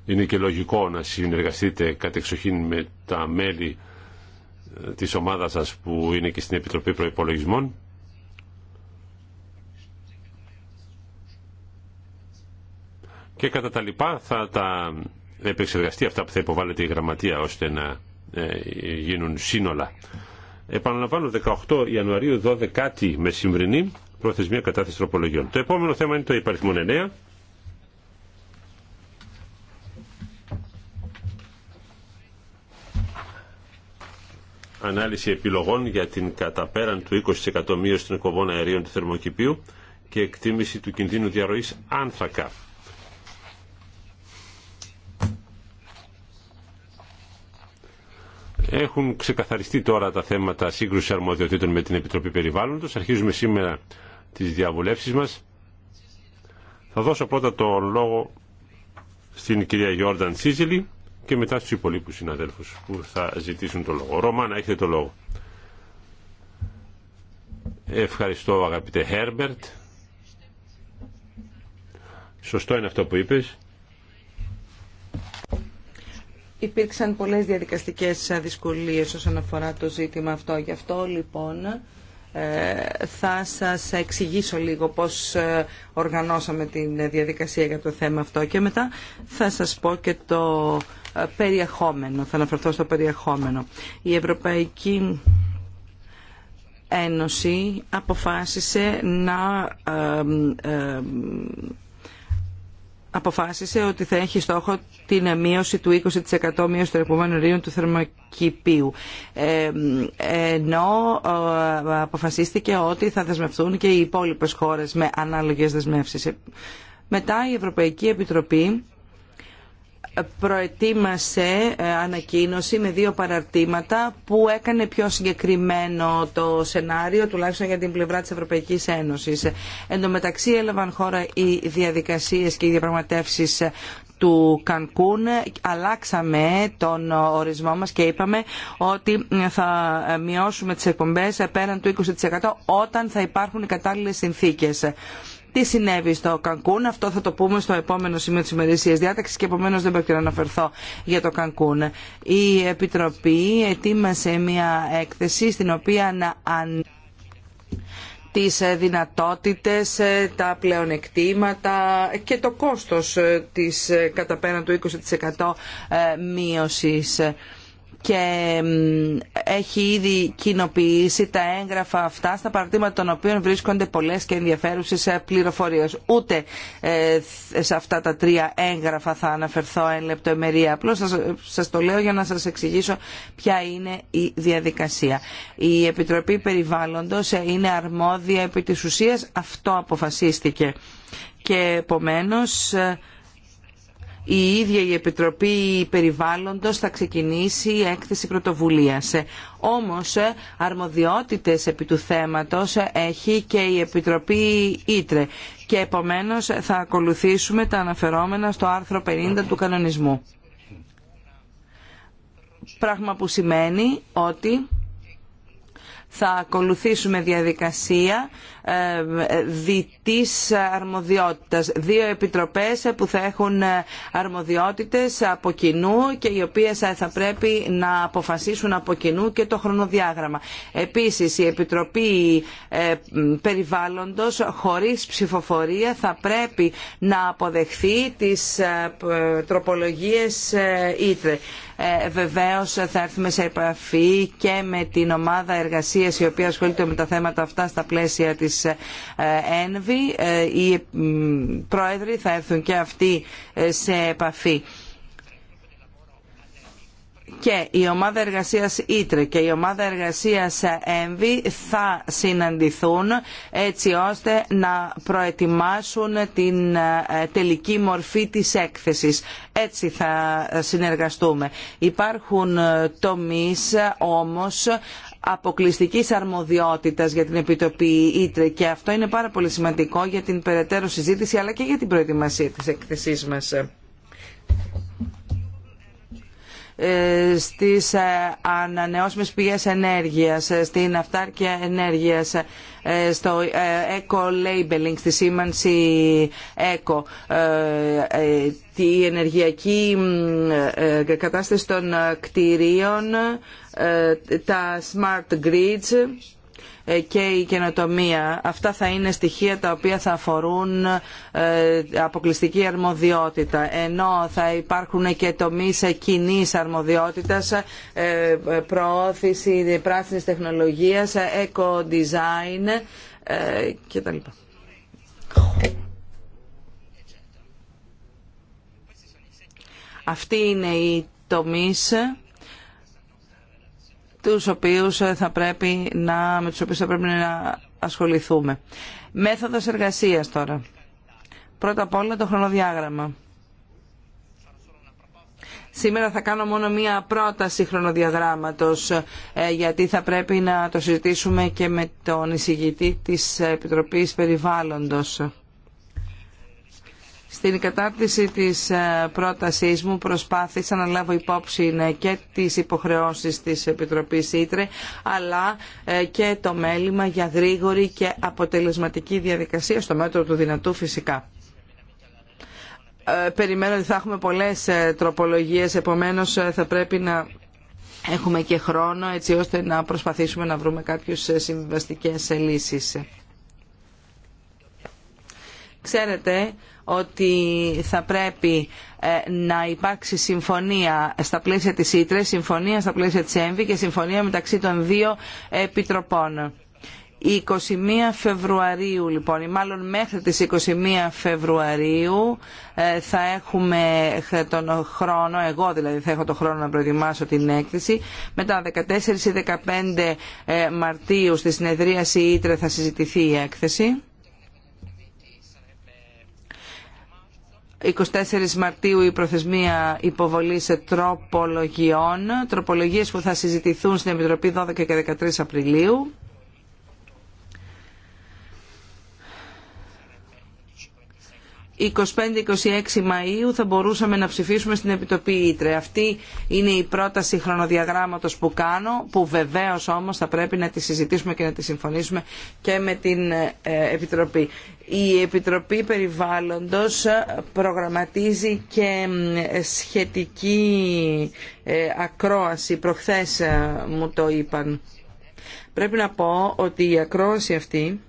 Είναι και λογικό να συνεργαστείτε κατεξοχήν με τα μέλη ε, της ομάδας σας που είναι και στην Επιτροπή Προϋπολογισμών. και κατά τα λοιπά θα τα επεξεργαστεί αυτά που θα υποβάλλεται η γραμματεία ώστε να ε, γίνουν σύνολα. Επαναλαμβάνω 18 Ιανουαρίου 12η μεσημβρινή προθεσμία κατάθεση τροπολογιών. Το επόμενο θέμα είναι το υπαριθμό 9. Ανάλυση επιλογών για την καταπέραν του 20% μείωση των εκπομπών αερίων του θερμοκηπίου και εκτίμηση του κινδύνου διαρροής άνθρακα. Έχουν ξεκαθαριστεί τώρα τα θέματα σύγκρουση αρμοδιοτήτων με την Επιτροπή Περιβάλλοντος. Αρχίζουμε σήμερα τις διαβουλεύσεις μας. Θα δώσω πρώτα το λόγο στην κυρία Γιόρνταν Σίζελη και μετά στους υπολείπους συναδέλφους που θα ζητήσουν το λόγο. Ρωμάνα, να έχετε το λόγο. Ευχαριστώ αγαπητέ Χέρμπερτ. Σωστό είναι αυτό που είπες. Υπήρξαν πολλές διαδικαστικές δυσκολίες όσον αφορά το ζήτημα αυτό. Γι' αυτό λοιπόν ε, θα σας εξηγήσω λίγο πώς ε, οργανώσαμε τη διαδικασία για το θέμα αυτό και μετά θα σας πω και το ε, περιεχόμενο, θα αναφερθώ στο περιεχόμενο. Η Ευρωπαϊκή Ένωση αποφάσισε να αποφάσισε ότι θα έχει στόχο την μείωση του 20% μείωση των επόμενων ρίων του θερμοκηπίου. Ε, ενώ ε, αποφασίστηκε ότι θα δεσμευθούν και οι υπόλοιπες χώρες με ανάλογες δεσμεύσεις. Ε, μετά η Ευρωπαϊκή Επιτροπή προετοίμασε ε, ανακοίνωση με δύο παραρτήματα που έκανε πιο συγκεκριμένο το σενάριο, τουλάχιστον για την πλευρά της Ευρωπαϊκής Ένωσης. Εν τω μεταξύ έλαβαν χώρα οι διαδικασίες και οι διαπραγματεύσεις του Κανκούν αλλάξαμε τον ορισμό μας και είπαμε ότι θα μειώσουμε τις εκπομπές πέραν του 20% όταν θα υπάρχουν οι κατάλληλες συνθήκες τι συνέβη στο Κανκούν. Αυτό θα το πούμε στο επόμενο σημείο της ημερησίας διάταξης και επομένως δεν πρέπει να αναφερθώ για το Κανκούν. Η Επιτροπή ετοίμασε μια έκθεση στην οποία να αν τις δυνατότητες, ε, τα πλεονεκτήματα και το κόστος ε, της ε, κατά πέραν του 20% μείωσης και έχει ήδη κοινοποιήσει τα έγγραφα αυτά στα παρατήματα των οποίων βρίσκονται πολλές και ενδιαφέρουσες ε, πληροφορίες. Ούτε ε, σε αυτά τα τρία έγγραφα θα αναφερθώ εν λεπτομερία. Απλώς σας, το λέω για να σας εξηγήσω ποια είναι η διαδικασία. Η Επιτροπή Περιβάλλοντος ε, είναι αρμόδια επί της ουσίας. Αυτό αποφασίστηκε. Και επομένως η ίδια η Επιτροπή Περιβάλλοντος θα ξεκινήσει η έκθεση πρωτοβουλίας. Όμως αρμοδιότητες επί του θέματος έχει και η Επιτροπή Ήτρε και επομένως θα ακολουθήσουμε τα αναφερόμενα στο άρθρο 50 του κανονισμού. Πράγμα που σημαίνει ότι θα ακολουθήσουμε διαδικασία ε, διτής αρμοδιότητας. Δύο επιτροπές που θα έχουν ε, αρμοδιότητες από κοινού και οι οποίες ε, θα πρέπει να αποφασίσουν από κοινού και το χρονοδιάγραμμα. Επίσης η Επιτροπή Περιβάλλοντος χωρίς ψηφοφορία θα πρέπει να αποδεχθεί τις τροπολογίες ήτρε. Ε, Βεβαίω θα έρθουμε σε επαφή και με την ομάδα εργασία η οποία ασχολείται με τα θέματα αυτά στα πλαίσια της ΕΝΒΗ. Ε, οι πρόεδροι θα έρθουν και αυτοί ε, σε επαφή και η ομάδα εργασίας Ήτρε και η ομάδα εργασίας ΕΜΒΗ θα συναντηθούν έτσι ώστε να προετοιμάσουν την ε, τελική μορφή της έκθεσης. Έτσι θα συνεργαστούμε. Υπάρχουν ε, τομείς ε, όμως αποκλειστική αρμοδιότητα για την επιτοπή Ήτρε και αυτό είναι πάρα πολύ σημαντικό για την περαιτέρω συζήτηση αλλά και για την προετοιμασία της έκθεσής μας. Ε, στις ε, ανανεώσιμες πηγές ενέργειας, ε, στην αυτάρκεια ενέργειας, στο eco-labeling, στη σήμανση eco, τη ενεργειακή κατάσταση των κτηρίων, τα smart grids ε, και η καινοτομία. Αυτά θα είναι στοιχεία τα οποία θα αφορούν ε, αποκλειστική αρμοδιότητα. Ενώ θα υπάρχουν και τομείς κοινή αρμοδιότητας, ε, προώθηση πράσινης τεχνολογίας, eco-design κτλ. Αυτή είναι η τομείς τους οποίους ε, θα πρέπει να, με τους οποίους θα πρέπει να ασχοληθούμε. Μέθοδος εργασίας τώρα. Πρώτα απ' όλα το χρονοδιάγραμμα. Σήμερα θα κάνω μόνο μία πρόταση χρονοδιαγράμματος, ε, γιατί θα πρέπει να το συζητήσουμε και με τον εισηγητή της Επιτροπής Περιβάλλοντος. Στην κατάρτιση της ε, πρότασής μου προσπάθησα να λάβω υπόψη ε, και τις υποχρεώσεις της Επιτροπής Ήτρε αλλά ε, και το μέλημα για γρήγορη και αποτελεσματική διαδικασία στο μέτρο του δυνατού φυσικά. Περιμένω ότι θα έχουμε πολλές τροπολογίες, επομένως θα πρέπει να έχουμε και χρόνο έτσι ώστε να προσπαθήσουμε να βρούμε κάποιες συμβιβαστικές λύσεις. Ξέρετε ότι θα πρέπει ε, να υπάρξει συμφωνία στα πλαίσια της Ήτρε, συμφωνία στα πλαίσια της ΕΜΒΗ και συμφωνία μεταξύ των δύο επιτροπών. 21 Φεβρουαρίου λοιπόν ή μάλλον μέχρι τις 21 Φεβρουαρίου ε, θα έχουμε ε, τον χρόνο, εγώ δηλαδή θα έχω τον χρόνο να προετοιμάσω την έκθεση. Μετά 14 ή 15 Μαρτίου στη συνεδρίαση Ήτρε θα συζητηθεί η έκθεση. 24 Μαρτίου η προθεσμία υποβολής τροπολογιών, τροπολογίες που θα συζητηθούν στην Επιτροπή 12 και 13 Απριλίου 25-26 Μαΐου θα μπορούσαμε να ψηφίσουμε στην Επιτροπή Ήτρε. Αυτή είναι η πρόταση χρονοδιαγράμματος που κάνω, που βεβαίως όμως θα πρέπει να τη συζητήσουμε και να τη συμφωνήσουμε και με την ε, Επιτροπή. Η Επιτροπή Περιβάλλοντος προγραμματίζει και σχετική ε, ακρόαση. Προχθές ε, μου το είπαν. Πρέπει να πω ότι η ακρόαση αυτή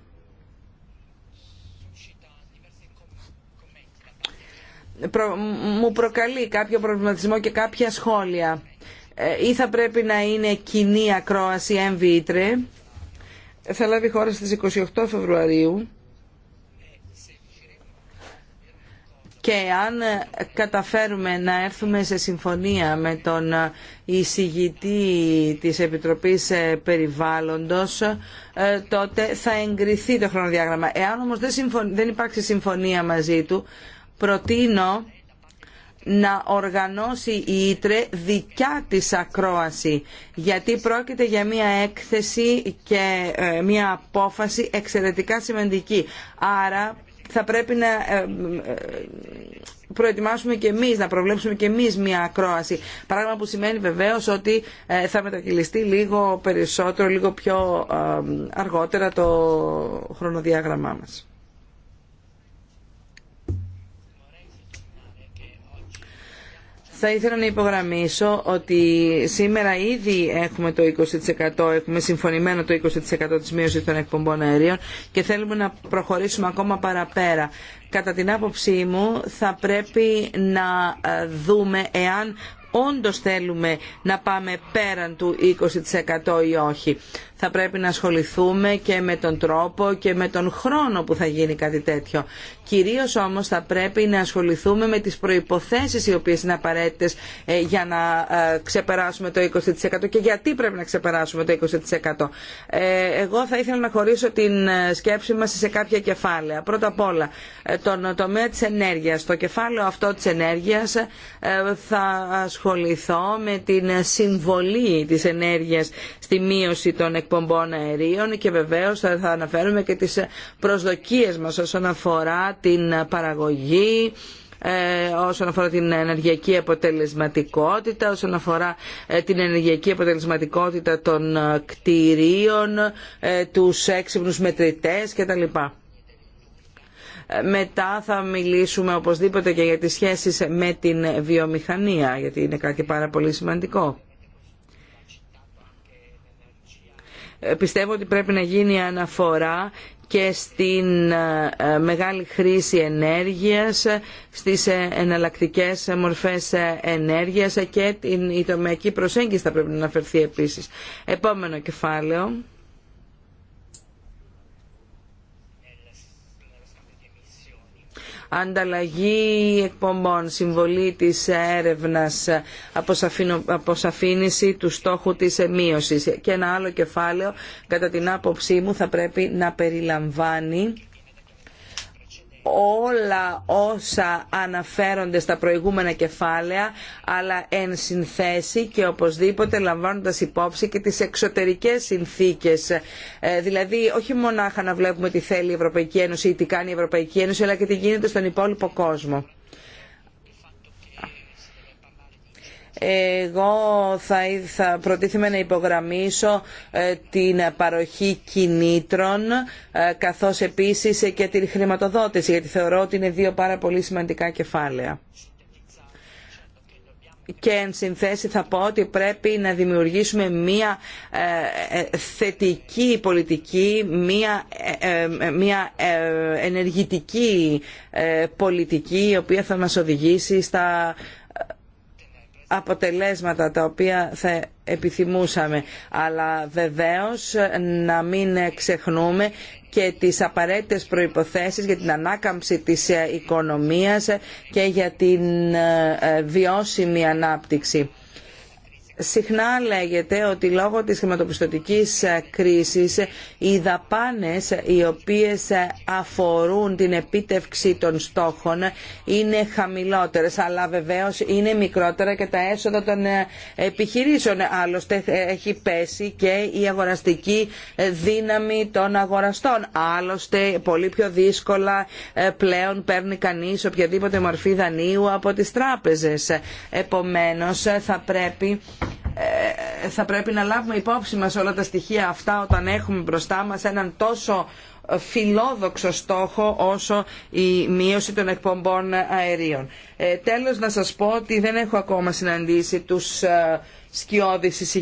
μου προκαλεί κάποιο προβληματισμό και κάποια σχόλια. Ε, ή θα πρέπει να είναι κοινή ακρόαση ΕΜΒΙΤΡΕ, θα λάβει χώρα στις 28 Φεβρουαρίου και αν καταφέρουμε να έρθουμε σε συμφωνία με τον εισηγητή της Επιτροπής Περιβάλλοντος ε, τότε θα εγκριθεί το χρονοδιάγραμμα. Εάν όμως δεν, δεν υπάρξει συμφωνία μαζί του προτείνω να οργανώσει η Ήτρε δικιά της ακρόαση γιατί πρόκειται για μια έκθεση και ε, μια απόφαση εξαιρετικά σημαντική. Άρα θα πρέπει να ε, ε, προετοιμάσουμε και εμείς, να προβλέψουμε και εμείς μια ακρόαση. Πράγμα που σημαίνει βεβαίως ότι θα μετακυλιστεί λίγο περισσότερο, λίγο πιο αργότερα το χρονοδιάγραμμά μας. Θα ήθελα να υπογραμμίσω ότι σήμερα ήδη έχουμε το 20%, έχουμε συμφωνημένο το 20% της μείωσης των εκπομπών αερίων και θέλουμε να προχωρήσουμε ακόμα παραπέρα. Κατά την άποψή μου θα πρέπει να ε, δούμε εάν όντως θέλουμε να πάμε πέραν του 20% ή όχι. Θα πρέπει να ασχοληθούμε και με τον τρόπο και με τον χρόνο που θα γίνει κάτι τέτοιο. Κυρίως όμως θα πρέπει να ασχοληθούμε με τις προϋποθέσεις οι οποίες είναι απαραίτητες ε, για να ε, ξεπεράσουμε το 20% και γιατί πρέπει να ξεπεράσουμε το 20%. Ε, εγώ θα ήθελα να χωρίσω την σκέψη μας σε κάποια κεφάλαια. Πρώτα απ' όλα, τον τομέα της ενέργειας. Το κεφάλαιο αυτό της ενέργειας θα ασχοληθούμε ασχοληθώ με την συμβολή της ενέργειας στη μείωση των εκπομπών αερίων και βεβαίως θα αναφέρουμε και τις προσδοκίες μας όσον αφορά την παραγωγή, ε, όσον αφορά την ενεργειακή αποτελεσματικότητα, όσον αφορά ε, την ενεργειακή αποτελεσματικότητα των ε, κτηρίων, τους έξυπνους μετρητές κτλ. Μετά θα μιλήσουμε οπωσδήποτε και για τις σχέσεις με την βιομηχανία, γιατί είναι κάτι πάρα πολύ σημαντικό. Πιστεύω ότι πρέπει να γίνει αναφορά και στην ε, μεγάλη χρήση ενέργειας, στις ε, εναλλακτικές μορφές ε, ενέργειας και την τομεακή προσέγγιση θα πρέπει να αναφερθεί επίσης. Επόμενο κεφάλαιο. ανταλλαγή εκπομπών, συμβολή της έρευνας, αποσαφήνιση του στόχου της μείωσης. Και ένα άλλο κεφάλαιο, κατά την άποψή μου, θα πρέπει να περιλαμβάνει όλα όσα αναφέρονται στα προηγούμενα κεφάλαια αλλά εν συνθέσει και οπωσδήποτε λαμβάνοντας υπόψη και τις εξωτερικές συνθήκες ε, δηλαδή όχι μονάχα να βλέπουμε τι θέλει η Ευρωπαϊκή Ένωση ή τι κάνει η Ευρωπαϊκή Ένωση αλλά και τι γίνεται στον υπόλοιπο κόσμο. Εγώ θα, θα προτίθεμαι να υπογραμμίσω ε, την παροχή κινήτρων ε, καθώς επίσης και την χρηματοδότηση γιατί θεωρώ ότι είναι δύο πάρα πολύ σημαντικά κεφάλαια και εν συνθέσει θα πω ότι πρέπει να δημιουργήσουμε μία ε, θετική πολιτική, μία, μία ενεργητική πολιτική η οποία θα μας οδηγήσει στα αποτελέσματα τα οποία θα επιθυμούσαμε. Αλλά βεβαίως να μην ξεχνούμε και τις απαραίτητες προϋποθέσεις για την ανάκαμψη της οικονομίας και για την ε, ε, βιώσιμη ανάπτυξη. Συχνά λέγεται ότι λόγω της χρηματοπιστωτικής ε, κρίσης οι δαπάνες οι οποίες ε, αφορούν την επίτευξη των στόχων είναι χαμηλότερες αλλά βεβαίως είναι μικρότερα και τα έσοδα των ε, επιχειρήσεων. Άλλωστε έχει πέσει και η αγοραστική δύναμη των αγοραστών. Άλλωστε πολύ πιο δύσκολα πλέον παίρνει κανείς οποιαδήποτε μορφή δανείου από τις τράπεζες. Επομένως θα πρέπει ε, θα πρέπει να λάβουμε υπόψη μας όλα τα στοιχεία αυτά όταν έχουμε μπροστά μας έναν τόσο φιλόδοξο στόχο όσο η μείωση των εκπομπών αερίων. Ε, τέλος να σας πω ότι δεν έχω ακόμα συναντήσει τους ε, σκιώδεις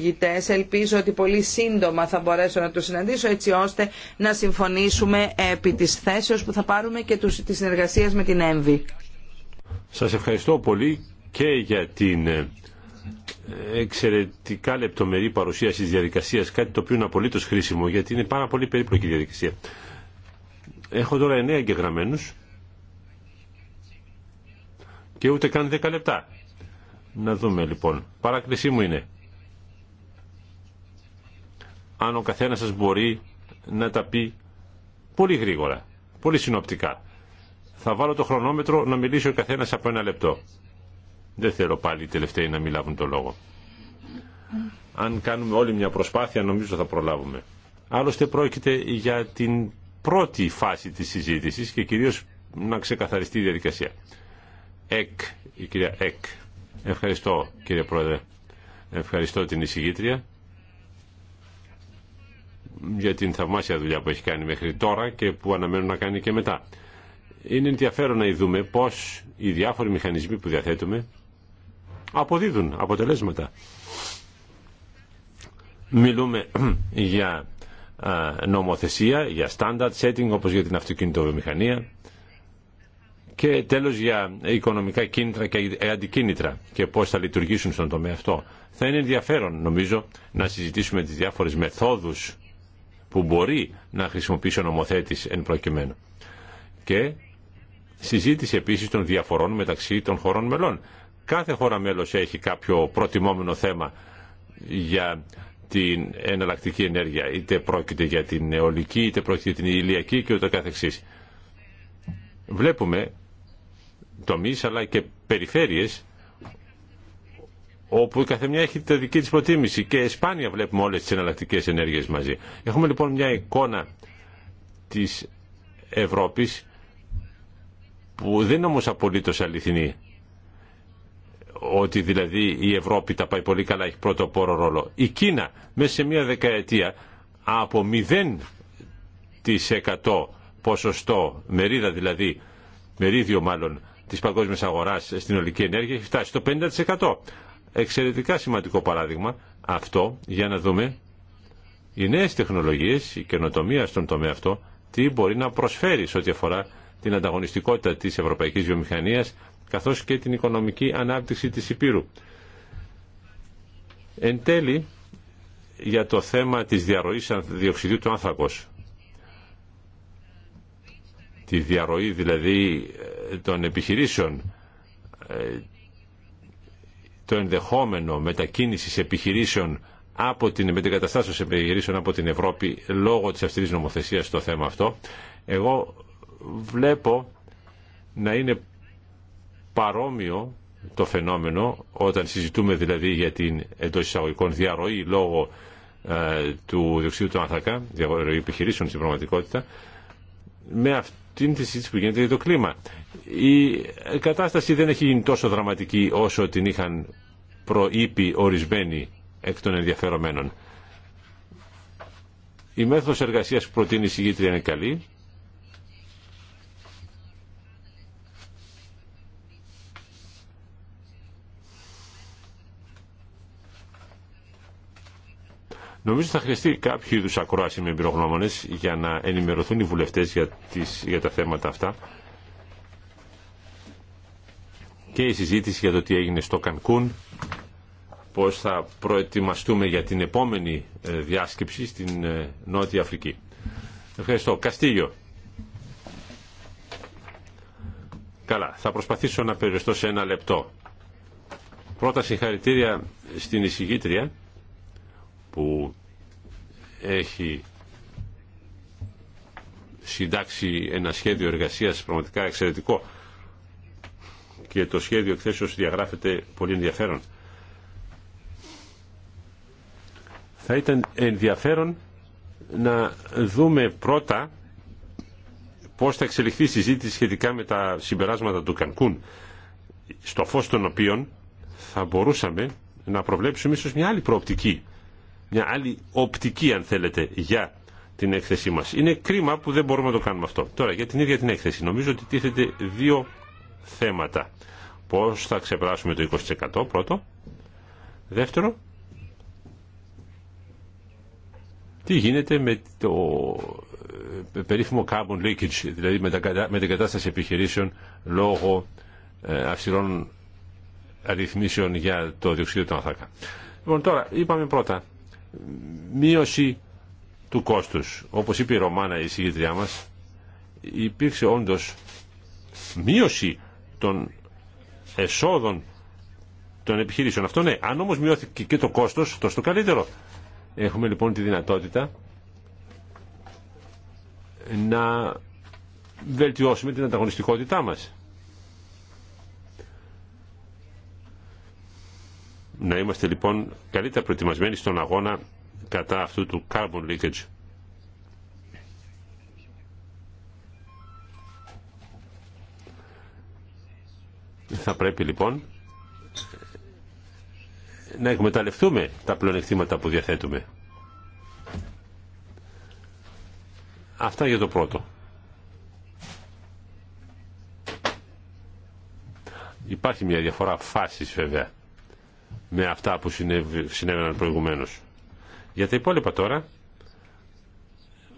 Ελπίζω ότι πολύ σύντομα θα μπορέσω να τους συναντήσω έτσι ώστε να συμφωνήσουμε επί της θέσεως που θα πάρουμε και τους, της με την ΕΜΒΗ. Σας ευχαριστώ πολύ και για την ε, εξαιρετικά λεπτομερή παρουσίαση της διαδικασίας, κάτι το οποίο είναι απολύτως χρήσιμο, γιατί είναι πάρα πολύ περίπλοκη η διαδικασία. Έχω τώρα εννέα εγγεγραμμένους και ούτε καν δέκα λεπτά. Να δούμε λοιπόν. Παράκλησή μου είναι, αν ο καθένας σας μπορεί να τα πει πολύ γρήγορα, πολύ συνοπτικά. Θα βάλω το χρονόμετρο να μιλήσει ο καθένας από ένα λεπτό. Δεν θέλω πάλι οι τελευταίοι να μην λάβουν το λόγο. Αν κάνουμε όλη μια προσπάθεια νομίζω θα προλάβουμε. Άλλωστε πρόκειται για την πρώτη φάση της συζήτησης και κυρίως να ξεκαθαριστεί η διαδικασία. Εκ, η κυρία Εκ. Ευχαριστώ κύριε Πρόεδρε. Ευχαριστώ την εισηγήτρια για την θαυμάσια δουλειά που έχει κάνει μέχρι τώρα και που αναμένω να κάνει και μετά. Είναι ενδιαφέρον να δούμε πώς οι διάφοροι μηχανισμοί που διαθέτουμε αποδίδουν αποτελέσματα. Μιλούμε (clears throat) για νομοθεσία, για standard setting όπως για την αυτοκινητοβιομηχανία και τέλος για οικονομικά κίνητρα και ε, αντικίνητρα και πώς θα λειτουργήσουν στον τομέα αυτό. Θα είναι ενδιαφέρον νομίζω να συζητήσουμε τις διάφορες μεθόδους που μπορεί να χρησιμοποιήσει ο νομοθέτης εν προκειμένου. Και συζήτηση επίσης των διαφορών μεταξύ των χωρών μελών. Κάθε χώρα μέλος έχει κάποιο προτιμόμενο θέμα για την εναλλακτική ενέργεια, είτε πρόκειται για την νεολική, είτε πρόκειται για την ηλιακή και ούτω καθεξής. Βλέπουμε τομείς αλλά και περιφέρειες όπου η καθεμιά έχει τη δική της προτίμηση και σπάνια βλέπουμε όλες τις εναλλακτικές ενέργειες μαζί. Έχουμε λοιπόν μια εικόνα της Ευρώπης που δεν είναι όμως απολύτως αληθινή ότι δηλαδή η Ευρώπη τα πάει πολύ καλά, έχει πρώτο πόρο ρόλο. Η Κίνα μέσα σε μια δεκαετία από 0% ποσοστό, μερίδα δηλαδή, μερίδιο μάλλον τη παγκόσμια αγορά στην ολική ενέργεια έχει φτάσει στο 50%. Εξαιρετικά σημαντικό παράδειγμα αυτό για να δούμε οι νέε τεχνολογίε, η καινοτομία στον τομέα αυτό, τι μπορεί να προσφέρει σε ό,τι αφορά την ανταγωνιστικότητα της ευρωπαϊκής βιομηχανίας καθώς και την οικονομική ανάπτυξη της Υπήρου. Εν τέλει, για το θέμα της διαρροής διοξιδίου του άνθρακος, τη διαρροή δηλαδή ε, των επιχειρήσεων, ε, το ενδεχόμενο μετακίνησης επιχειρήσεων από την μετεγκαταστάσεως επιχειρήσεων από την Ευρώπη λόγω της αυστηρής νομοθεσίας στο θέμα αυτό, εγώ βλέπω να είναι παρόμοιο το φαινόμενο όταν συζητούμε δηλαδή για την εντό εισαγωγικών διαρροή λόγω ε, του διοξιδίου του άνθρακα, διαρροή επιχειρήσεων στην πραγματικότητα, με αυτήν τη συζήτηση που γίνεται για το κλίμα. Η κατάσταση δεν έχει γίνει τόσο δραματική όσο την είχαν προείπει ορισμένοι εκ των ενδιαφερομένων. Η μέθοδος εργασίας που προτείνει η συγγήτρια είναι καλή Νομίζω θα χρειαστεί κάποιο είδου ακρόαση με εμπειρογνώμονε για να ενημερωθούν οι βουλευτέ για, για τα θέματα αυτά. Και η συζήτηση για το τι έγινε στο Κανκούν, πώς θα προετοιμαστούμε για την επόμενη ε, διάσκεψη στην ε, Νότια Αφρική. Ευχαριστώ. Καστίγιο. Καλά, θα προσπαθήσω να περιοριστώ σε ένα λεπτό. Πρώτα συγχαρητήρια στην εισηγήτρια που έχει συντάξει ένα σχέδιο εργασίας πραγματικά εξαιρετικό και το σχέδιο εκθέσεως διαγράφεται πολύ ενδιαφέρον. Θα ήταν ενδιαφέρον να δούμε πρώτα πώς θα εξελιχθεί η συζήτηση σχετικά με τα συμπεράσματα του Κανκούν, στο φως των οποίων θα μπορούσαμε να προβλέψουμε ίσως μια άλλη προοπτική μια άλλη οπτική αν θέλετε για την έκθεσή μας. Είναι κρίμα που δεν μπορούμε να το κάνουμε αυτό. Τώρα για την ίδια την έκθεση νομίζω ότι τίθεται δύο θέματα. Πώς θα ξεπεράσουμε το 20% πρώτο. Δεύτερο, τι γίνεται με το ε, περίφημο carbon leakage, δηλαδή με την κατάσταση επιχειρήσεων λόγω ε, αυστηρών αριθμίσεων για το διοξείδιο του ανθάκα. Λοιπόν, τώρα είπαμε πρώτα μείωση του κόστους. Όπως είπε η Ρωμάνα η συγγετριά μας, υπήρξε όντως μείωση των εσόδων των επιχειρήσεων. Αυτό ναι, αν όμως μειώθηκε και το κόστος, τόσο καλύτερο. Έχουμε λοιπόν τη δυνατότητα να βελτιώσουμε την ανταγωνιστικότητά μας. Να είμαστε λοιπόν καλύτερα προετοιμασμένοι στον αγώνα κατά αυτού του carbon leakage. Θα πρέπει λοιπόν να εκμεταλλευτούμε τα πλεονεκτήματα που διαθέτουμε. Αυτά για το πρώτο. Υπάρχει μια διαφορά φάσης βέβαια με αυτά που συνέβαιναν προηγουμένω. Για τα υπόλοιπα τώρα,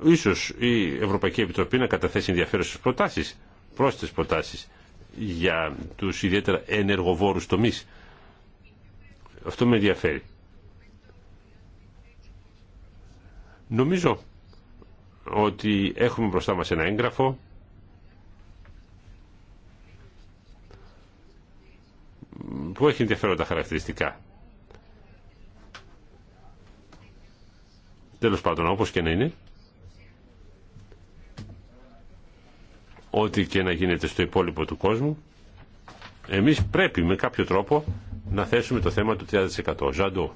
ίσως η Ευρωπαϊκή Επιτροπή να καταθέσει ενδιαφέρουσε προτάσεις, πρόσθετε προτάσει για τους ιδιαίτερα ενεργοβόρους τομείς. Αυτό με ενδιαφέρει. Νομίζω ότι έχουμε μπροστά μας ένα έγγραφο που έχει ενδιαφέροντα χαρακτηριστικά. Τέλος πάντων, όπως και να είναι, ό,τι και να γίνεται στο υπόλοιπο του κόσμου, εμείς πρέπει με κάποιο τρόπο να θέσουμε το θέμα του 30%. Ζαντώ.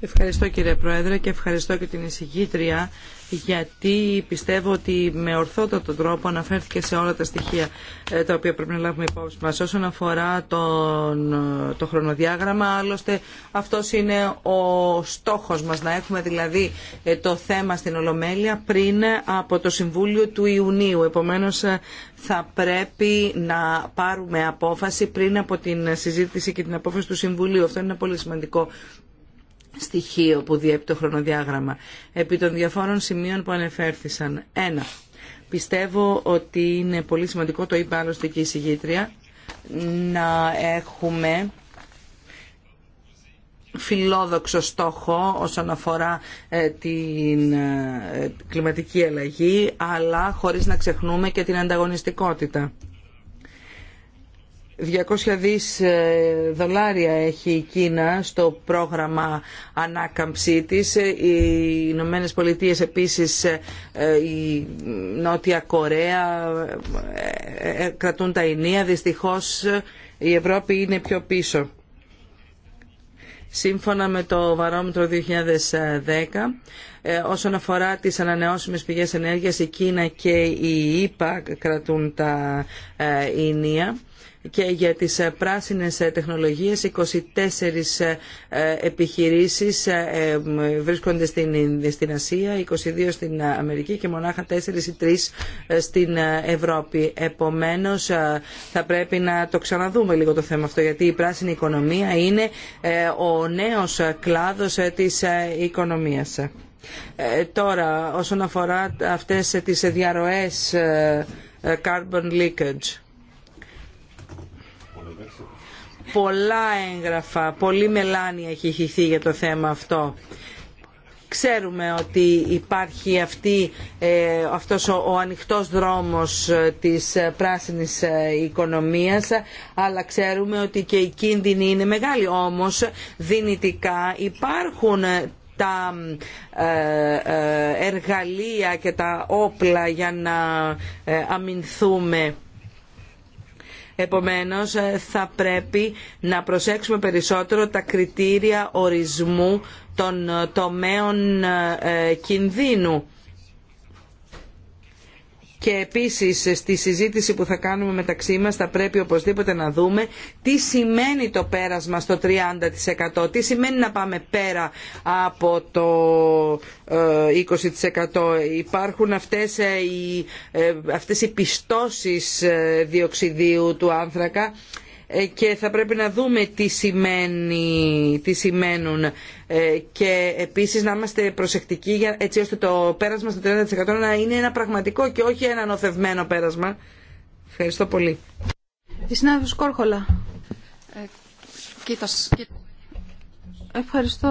Ευχαριστώ κύριε Πρόεδρε και ευχαριστώ και την εισηγήτρια γιατί πιστεύω ότι με ορθότατο τρόπο αναφέρθηκε σε όλα τα στοιχεία ε, τα οποία πρέπει να λάβουμε υπόψη μας. Όσον αφορά τον, το χρονοδιάγραμμα, άλλωστε αυτό είναι ο στόχος μας, να έχουμε δηλαδή ε, το θέμα στην Ολομέλεια πριν από το Συμβούλιο του Ιουνίου. Επομένως ε, θα πρέπει να πάρουμε απόφαση πριν από την συζήτηση και την απόφαση του Συμβουλίου. Αυτό είναι ένα πολύ σημαντικό στοιχείο που διέπει το χρονοδιάγραμμα. Επί των διαφόρων σημείων που ανεφέρθησαν. Ένα. Πιστεύω ότι είναι πολύ σημαντικό, το είπε άλλωστε και η συγγήτρια, να έχουμε φιλόδοξο στόχο όσον αφορά ε, την ε, κλιματική αλλαγή, αλλά χωρίς να ξεχνούμε και την ανταγωνιστικότητα. 200 δις ε, δολάρια έχει η Κίνα στο πρόγραμμα ανάκαμψή της. Ε, οι Ηνωμένε Πολιτείε επίσης, ε, η Νότια Κορέα κρατούν τα ενία. Δυστυχώς η Ευρώπη είναι πιο πίσω. Σύμφωνα με το βαρόμετρο 2010, όσον αφορά τις ανανεώσιμες πηγές ενέργειας, η Κίνα και η ΙΠΑ κρατούν τα ενία και για τις ε, πράσινες ε, τεχνολογίες 24 ε, επιχειρήσεις βρίσκονται στην Ασία, 22 στην Αμερική και μονάχα 4 ή 3 στην Ευρώπη. Επομένως θα πρέπει να το ξαναδούμε λίγο το θέμα αυτό γιατί η πράσινη οικονομία είναι ο νέος κλάδος της οικονομίας. Τώρα όσον αφορά αυτές τις διαρροές carbon leakage πολλά έγγραφα, πολύ μελάνη έχει χυθεί για το θέμα αυτό. Ξέρουμε ότι υπάρχει αυτή, ε, αυτός ο ανοιχτός δρόμος ε, της ε, πράσινης οικονομίας αλλά ξέρουμε ότι και οι κίνδυνοι είναι μεγάλη. Όμως δυνητικά υπάρχουν τα εργαλεία και τα όπλα για να αμυνθούμε Επομένως ε, θα πρέπει να προσέξουμε περισσότερο τα κριτήρια ορισμού των ε, τομέων ε, κινδύνου και επίσης στη συζήτηση που θα κάνουμε μεταξύ μας θα πρέπει οπωσδήποτε να δούμε τι σημαίνει το πέρασμα στο 30%, τι σημαίνει να πάμε πέρα από το 20%. Ε, Υπάρχουν αυτές ε, οι, ε, αυτές οι πιστώσεις διοξιδίου του άνθρακα ε, και θα πρέπει να δούμε τι, σημαίνει, τι σημαίνουν ε, και επίσης να είμαστε προσεκτικοί έτσι ώστε το πέρασμα στο 30% να είναι ένα πραγματικό και όχι ένα νοθευμένο πέρασμα. Ευχαριστώ πολύ. Η συνάδελφος Κόρχολα. Ε, Ευχαριστώ,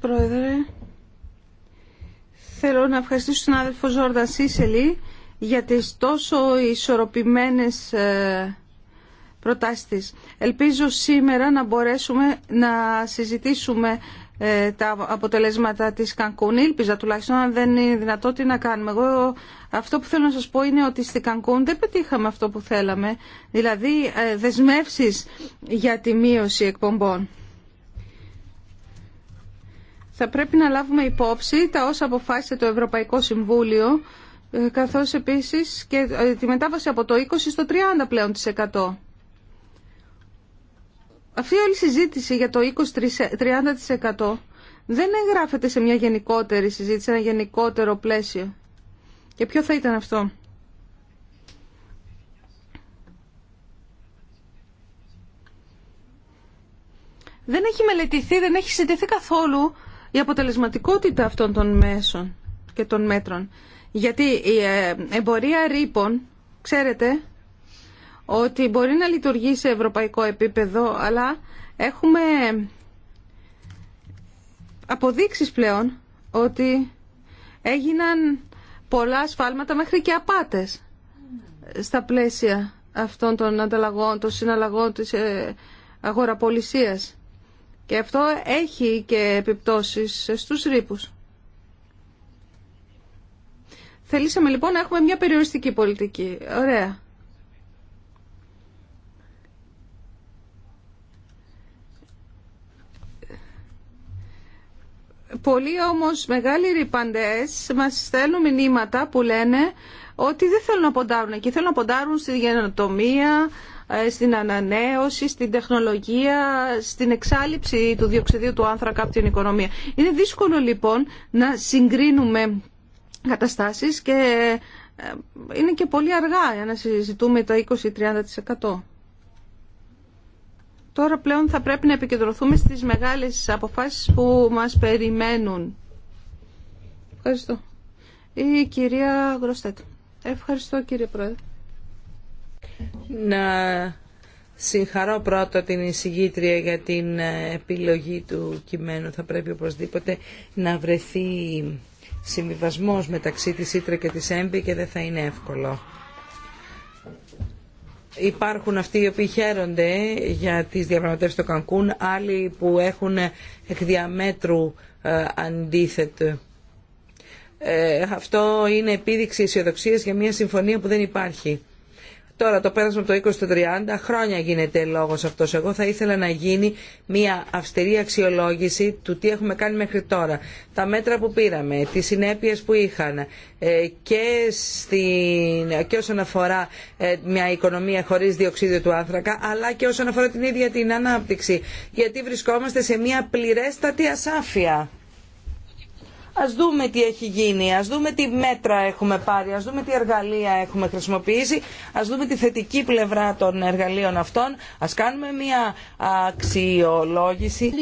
Πρόεδρε. Θέλω να ευχαριστήσω τον άδελφο Ζόρδα Σίσελη για τις τόσο ισορροπημένες προτάσεις της. Ελπίζω σήμερα να μπορέσουμε να συζητήσουμε ε, τα αποτελέσματα της Κανκούν. Ήλπιζα τουλάχιστον αν δεν είναι δυνατό τι να κάνουμε. Εγώ αυτό που θέλω να σας πω είναι ότι στη Κανκούν δεν πετύχαμε αυτό που θέλαμε, δηλαδή ε, δεσμεύσεις για τη μείωση εκπομπών. Θα πρέπει να λάβουμε υπόψη τα όσα αποφάσισε το Ευρωπαϊκό Συμβούλιο, ε, καθώς επίσης και τη μετάβαση από το 20% στο 30% πλέον της αυτή όλη η συζήτηση για το 20-30% δεν εγγράφεται σε μια γενικότερη συζήτηση, ένα γενικότερο πλαίσιο. Και ποιο θα ήταν αυτό. Δεν έχει μελετηθεί, δεν έχει συντεθει καθόλου η αποτελεσματικότητα αυτών των μέσων και των μέτρων. Γιατί η ε, εμπορία ρήπων, ξέρετε, ότι μπορεί να λειτουργεί σε ευρωπαϊκό επίπεδο, αλλά έχουμε αποδείξεις πλέον ότι έγιναν πολλά σφάλματα μέχρι και απάτες στα πλαίσια αυτών των ανταλλαγών, των συναλλαγών της ε, αγοραπολισίας. Και αυτό έχει και επιπτώσεις στους ρήπους. Θελήσαμε λοιπόν να έχουμε μια περιοριστική πολιτική. Ωραία. Πολλοί όμως μεγάλοι ρηπαντές μας στέλνουν μηνύματα που λένε ότι δεν θέλουν να ποντάρουν εκεί, θέλουν να ποντάρουν στη γενοτομία, ε, στην ανανέωση, στην τεχνολογία, στην εξάλληψη του διοξιδίου του άνθρακα από την οικονομία. Είναι δύσκολο λοιπόν να συγκρίνουμε καταστάσεις και ε, ε, είναι και πολύ αργά για να συζητούμε τα 20-30%. Τώρα πλέον θα πρέπει να επικεντρωθούμε στις μεγάλες αποφάσεις που μας περιμένουν. Ευχαριστώ. Η κυρία Γκροστέτ. Ευχαριστώ κύριε Πρόεδρε. Να συγχαρώ πρώτα την εισηγήτρια για την ε, επιλογή του κειμένου. Θα πρέπει οπωσδήποτε να βρεθεί συμβιβασμός μεταξύ της Ήτρα και της ΕΜΠΗ και δεν θα είναι εύκολο υπάρχουν αυτοί οι οποίοι χαίρονται για τις διαπραγματεύσεις στο Κανκούν, άλλοι που έχουν εκ διαμέτρου ε, αντίθετο. Ε, αυτό είναι επίδειξη αισιοδοξία για μια συμφωνία που δεν υπάρχει. Τώρα το πέρασμα από το 20 30, χρόνια γίνεται λόγος αυτός. Εγώ θα ήθελα να γίνει μια αυστηρή αξιολόγηση του τι έχουμε κάνει μέχρι τώρα. Τα μέτρα που πήραμε, τις συνέπειες που είχαν ε, και, στην, και όσον αφορά ε, μια οικονομία χωρίς διοξίδιο του άνθρακα, αλλά και όσον αφορά την ίδια την ανάπτυξη. Γιατί βρισκόμαστε σε μια πληρέστατη ασάφεια. Ας δούμε τι έχει γίνει, ας δούμε τι μέτρα έχουμε πάρει, ας δούμε τι εργαλεία έχουμε χρησιμοποιήσει, ας δούμε τη θετική πλευρά των εργαλείων αυτών, ας κάνουμε μια αξιολόγηση.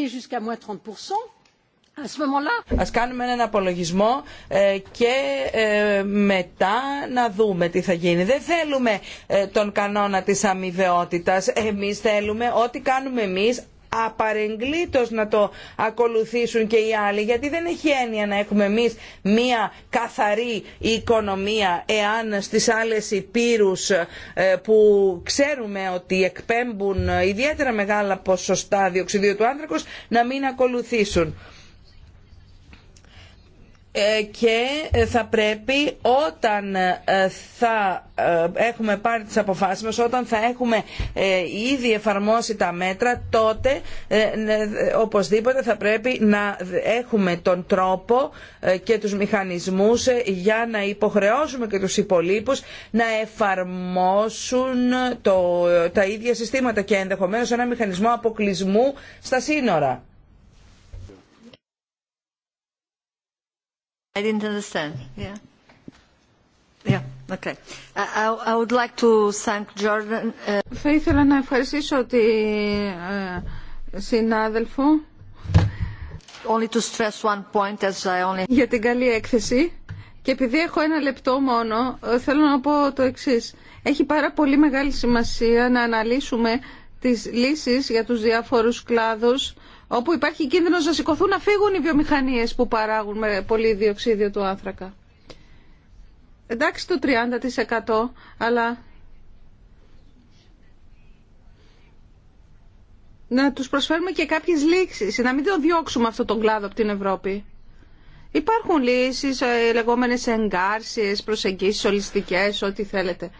Ας κάνουμε έναν απολογισμό ε, και ε, μετά να δούμε τι θα γίνει. Δεν θέλουμε ε, τον κανόνα της αμοιβαιότητας. Εμείς θέλουμε ό,τι κάνουμε εμείς απαρεγκλήτως να το ακολουθήσουν και οι άλλοι γιατί δεν έχει έννοια να έχουμε εμείς μία καθαρή οικονομία εάν στις άλλες υπήρους ε, που ξέρουμε ότι εκπέμπουν ε, ιδιαίτερα μεγάλα ποσοστά διοξιδίου του άνθρακος να μην ακολουθήσουν. Ε, και θα πρέπει όταν ε, θα ε, έχουμε πάρει τις αποφάσεις μας, όταν θα έχουμε ήδη εφαρμόσει τα μέτρα, τότε οπωσδήποτε θα πρέπει να έχουμε τον τρόπο και τους μηχανισμούς για να υποχρεώσουμε και τους υπολείπους να εφαρμόσουν το, τα ίδια συστήματα και ενδεχομένως ένα μηχανισμό αποκλεισμού στα σύνορα. I didn't understand. Yeah. Yeah. Θα ήθελα να ευχαριστήσω τη ε, συνάδελφο only to stress one point as για την καλή έκθεση και επειδή έχω ένα λεπτό μόνο ε, θέλω να πω το εξής. Έχει πάρα πολύ μεγάλη σημασία να αναλύσουμε τις λύσεις για τους διάφορους κλάδους όπου υπάρχει κίνδυνος να σηκωθούν να φύγουν οι βιομηχανίες που παράγουν με πολύ διοξίδιο του άνθρακα. Εντάξει το 30% αλλά να τους προσφέρουμε και κάποιες λύξεις, να μην το διώξουμε αυτό τον κλάδο από την Ευρώπη. Υπάρχουν λύσεις, ε, λεγόμενες εγκάρσεις, προσεγγίσεις, ολιστικές, ό,τι θέλετε.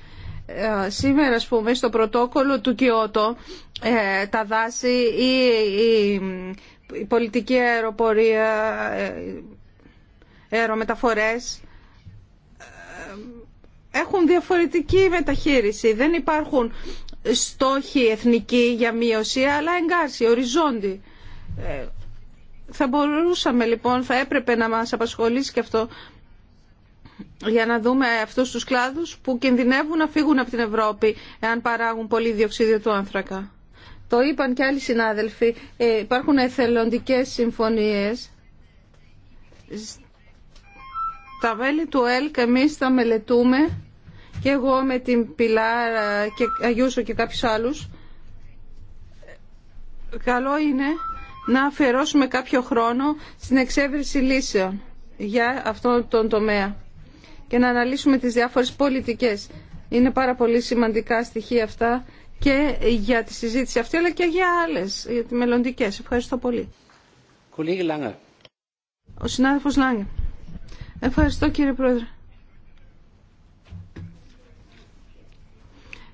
Ε, σήμερα ας πούμε στο πρωτόκολλο του Κιώτο ε, τα δάση ή η πολιτική αεροπορία, ε, αερομεταφορές έχουν διαφορετική μεταχείριση. Δεν υπάρχουν στόχοι εθνικοί για μείωση, αλλά εγκάρση, οριζόντι. Θα μπορούσαμε λοιπόν, θα έπρεπε να μας απασχολήσει και αυτό για να δούμε αυτούς τους κλάδους που κινδυνεύουν να φύγουν από την Ευρώπη εάν παράγουν πολύ διοξίδιο του άνθρακα. Το είπαν και άλλοι συνάδελφοι. Ε, υπάρχουν εθελοντικές συμφωνίες. Τα βέλη του ΕΛΚ εμείς τα μελετούμε και εγώ με την Πιλάρα και Αγιούσο και κάποιους άλλους. Καλό είναι να αφιερώσουμε κάποιο χρόνο στην εξέβριση λύσεων για αυτόν τον τομέα και να αναλύσουμε τις διάφορες πολιτικές. Είναι πάρα πολύ σημαντικά στοιχεία αυτά και για τη συζήτηση αυτή, αλλά και για άλλες, για τις μελλοντικές. Ευχαριστώ πολύ. Ο συνάδελφος λάγκα. Ευχαριστώ κύριε Πρόεδρε.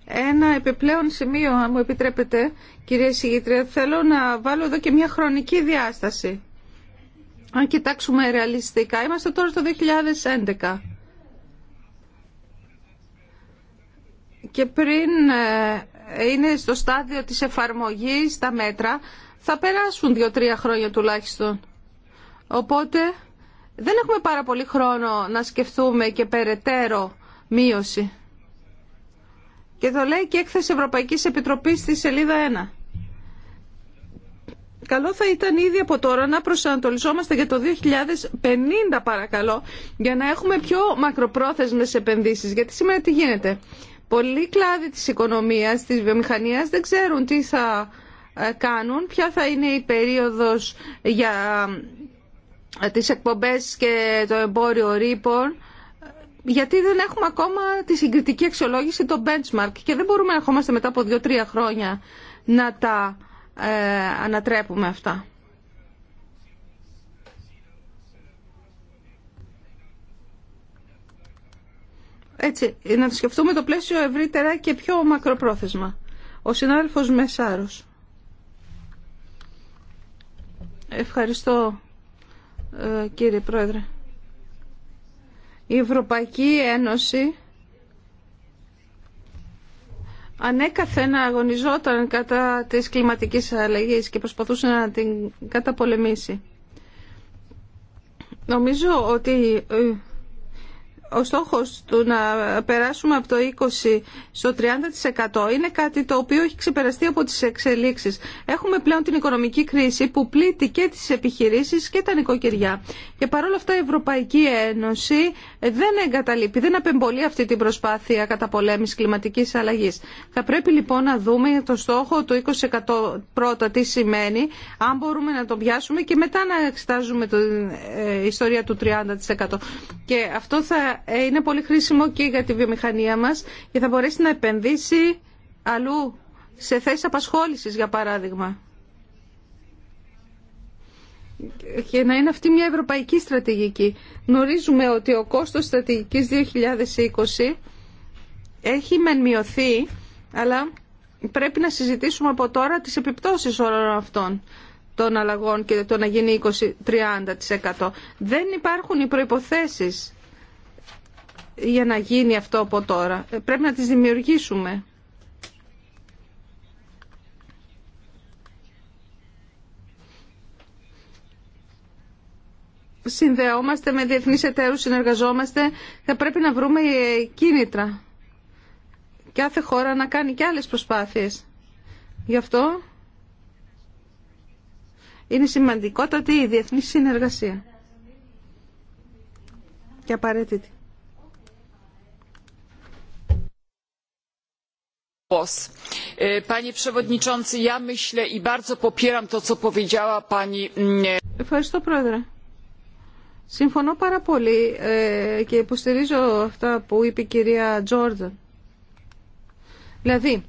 Ένα επιπλέον σημείο, αν μου επιτρέπετε, κυρία Συγήτρια, θέλω να βάλω εδώ και μια χρονική διάσταση. Αν κοιτάξουμε ρεαλιστικά, είμαστε τώρα στο 2011. και πριν ε, είναι στο στάδιο της εφαρμογής τα μέτρα θα περάσουν δύο-τρία χρόνια τουλάχιστον. Οπότε δεν έχουμε πάρα πολύ χρόνο να σκεφτούμε και περαιτέρω μείωση. Και το λέει και έκθεση Ευρωπαϊκής Επιτροπής στη σελίδα 1. Καλό θα ήταν ήδη από τώρα να προσανατολισόμαστε για το 2050 παρακαλώ για να έχουμε πιο μακροπρόθεσμες επενδύσεις. Γιατί σήμερα τι γίνεται. Πολλοί κλάδοι της οικονομίας, της βιομηχανίας δεν ξέρουν τι θα ε, κάνουν, ποια θα είναι η περίοδος για ε, τις εκπομπές και το εμπόριο ρήπων γιατί δεν έχουμε ακόμα τη συγκριτική αξιολόγηση, το benchmark και δεν μπορούμε να ερχόμαστε μετά από δύο-τρία χρόνια να τα ε, ανατρέπουμε αυτά. έτσι, να σκεφτούμε το πλαίσιο ευρύτερα και πιο μακροπρόθεσμα. Ο συνάδελφος Μεσάρος. Ευχαριστώ ε, κύριε Πρόεδρε. Η Ευρωπαϊκή Ένωση ανέκαθεν αγωνιζόταν κατά της κλιματικής αλλαγής και προσπαθούσε να την καταπολεμήσει. Νομίζω ότι ε, ο στόχος του να περάσουμε από το 20% στο 30% είναι κάτι το οποίο έχει ξεπεραστεί από τις εξελίξεις. Έχουμε πλέον την οικονομική κρίση που πλήττει και τις επιχειρήσεις και τα νοικοκυριά. Και παρόλα αυτά η Ευρωπαϊκή Ένωση δεν εγκαταλείπει, δεν απεμπολεί αυτή την προσπάθεια κατά πολέμης κλιματικής αλλαγής. Θα πρέπει λοιπόν να δούμε το στόχο του 20% πρώτα τι σημαίνει, αν μπορούμε να τον πιάσουμε και μετά να εξετάζουμε την ε, ιστορία του 30%. Και αυτό θα ε, είναι πολύ χρήσιμο και για τη βιομηχανία μας και θα μπορέσει να επενδύσει αλλού σε θέσεις απασχόλησης για παράδειγμα. Και να είναι αυτή μια ευρωπαϊκή στρατηγική. Γνωρίζουμε ότι ο κόστος στρατηγικής 2020 έχει μεν μειωθεί, αλλά πρέπει να συζητήσουμε από τώρα τις επιπτώσεις όλων αυτών των αλλαγών και το να γίνει 20-30%. Δεν υπάρχουν οι προϋποθέσεις για να γίνει αυτό από τώρα. Ε, πρέπει να τις δημιουργήσουμε. Συνδεόμαστε με διεθνείς εταίρους, συνεργαζόμαστε. Θα πρέπει να βρούμε ε, κίνητρα. Κάθε χώρα να κάνει και άλλες προσπάθειες. Γι' αυτό είναι σημαντικότατη η διεθνή συνεργασία. Και απαραίτητη. E, panie Przewodniczący, ja myślę i bardzo popieram to, co powiedziała Pani. Mm, e, Ευχαριστώ, Πρόεδρε. Συμφωνώ πάρα πολύ ε, και υποστηρίζω αυτά που είπε η κυρία Τζόρνταν. Δηλαδή,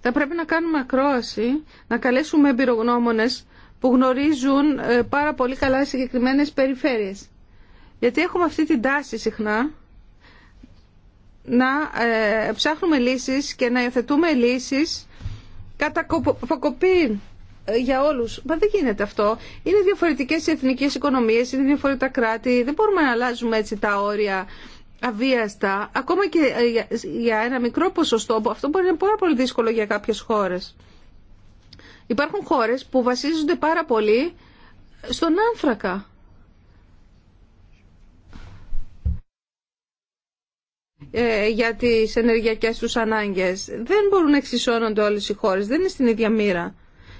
θα πρέπει να κάνουμε ακρόαση, να καλέσουμε εμπειρογνώμονες που γνωρίζουν ε, πάρα πολύ καλά συγκεκριμένες περιφέρειες. Γιατί έχουμε αυτή την τάση συχνά να ε, ψάχνουμε λύσεις και να υιοθετούμε λύσεις κατά ε, για όλους. Μα δεν γίνεται αυτό. Είναι διαφορετικές οι εθνικές οικονομίες, είναι διαφορετικά κράτη. Δεν μπορούμε να αλλάζουμε έτσι τα όρια αβίαστα. Ακόμα και ε, για ένα μικρό ποσοστό, αυτό μπορεί να είναι πάρα πολύ δύσκολο για κάποιες χώρες. Υπάρχουν χώρες που βασίζονται πάρα πολύ στον άνθρακα. Ε, για τις ενεργειακές τους ανάγκες. Δεν μπορούν να εξισώνονται όλες οι χώρες, δεν είναι στην ίδια μοίρα.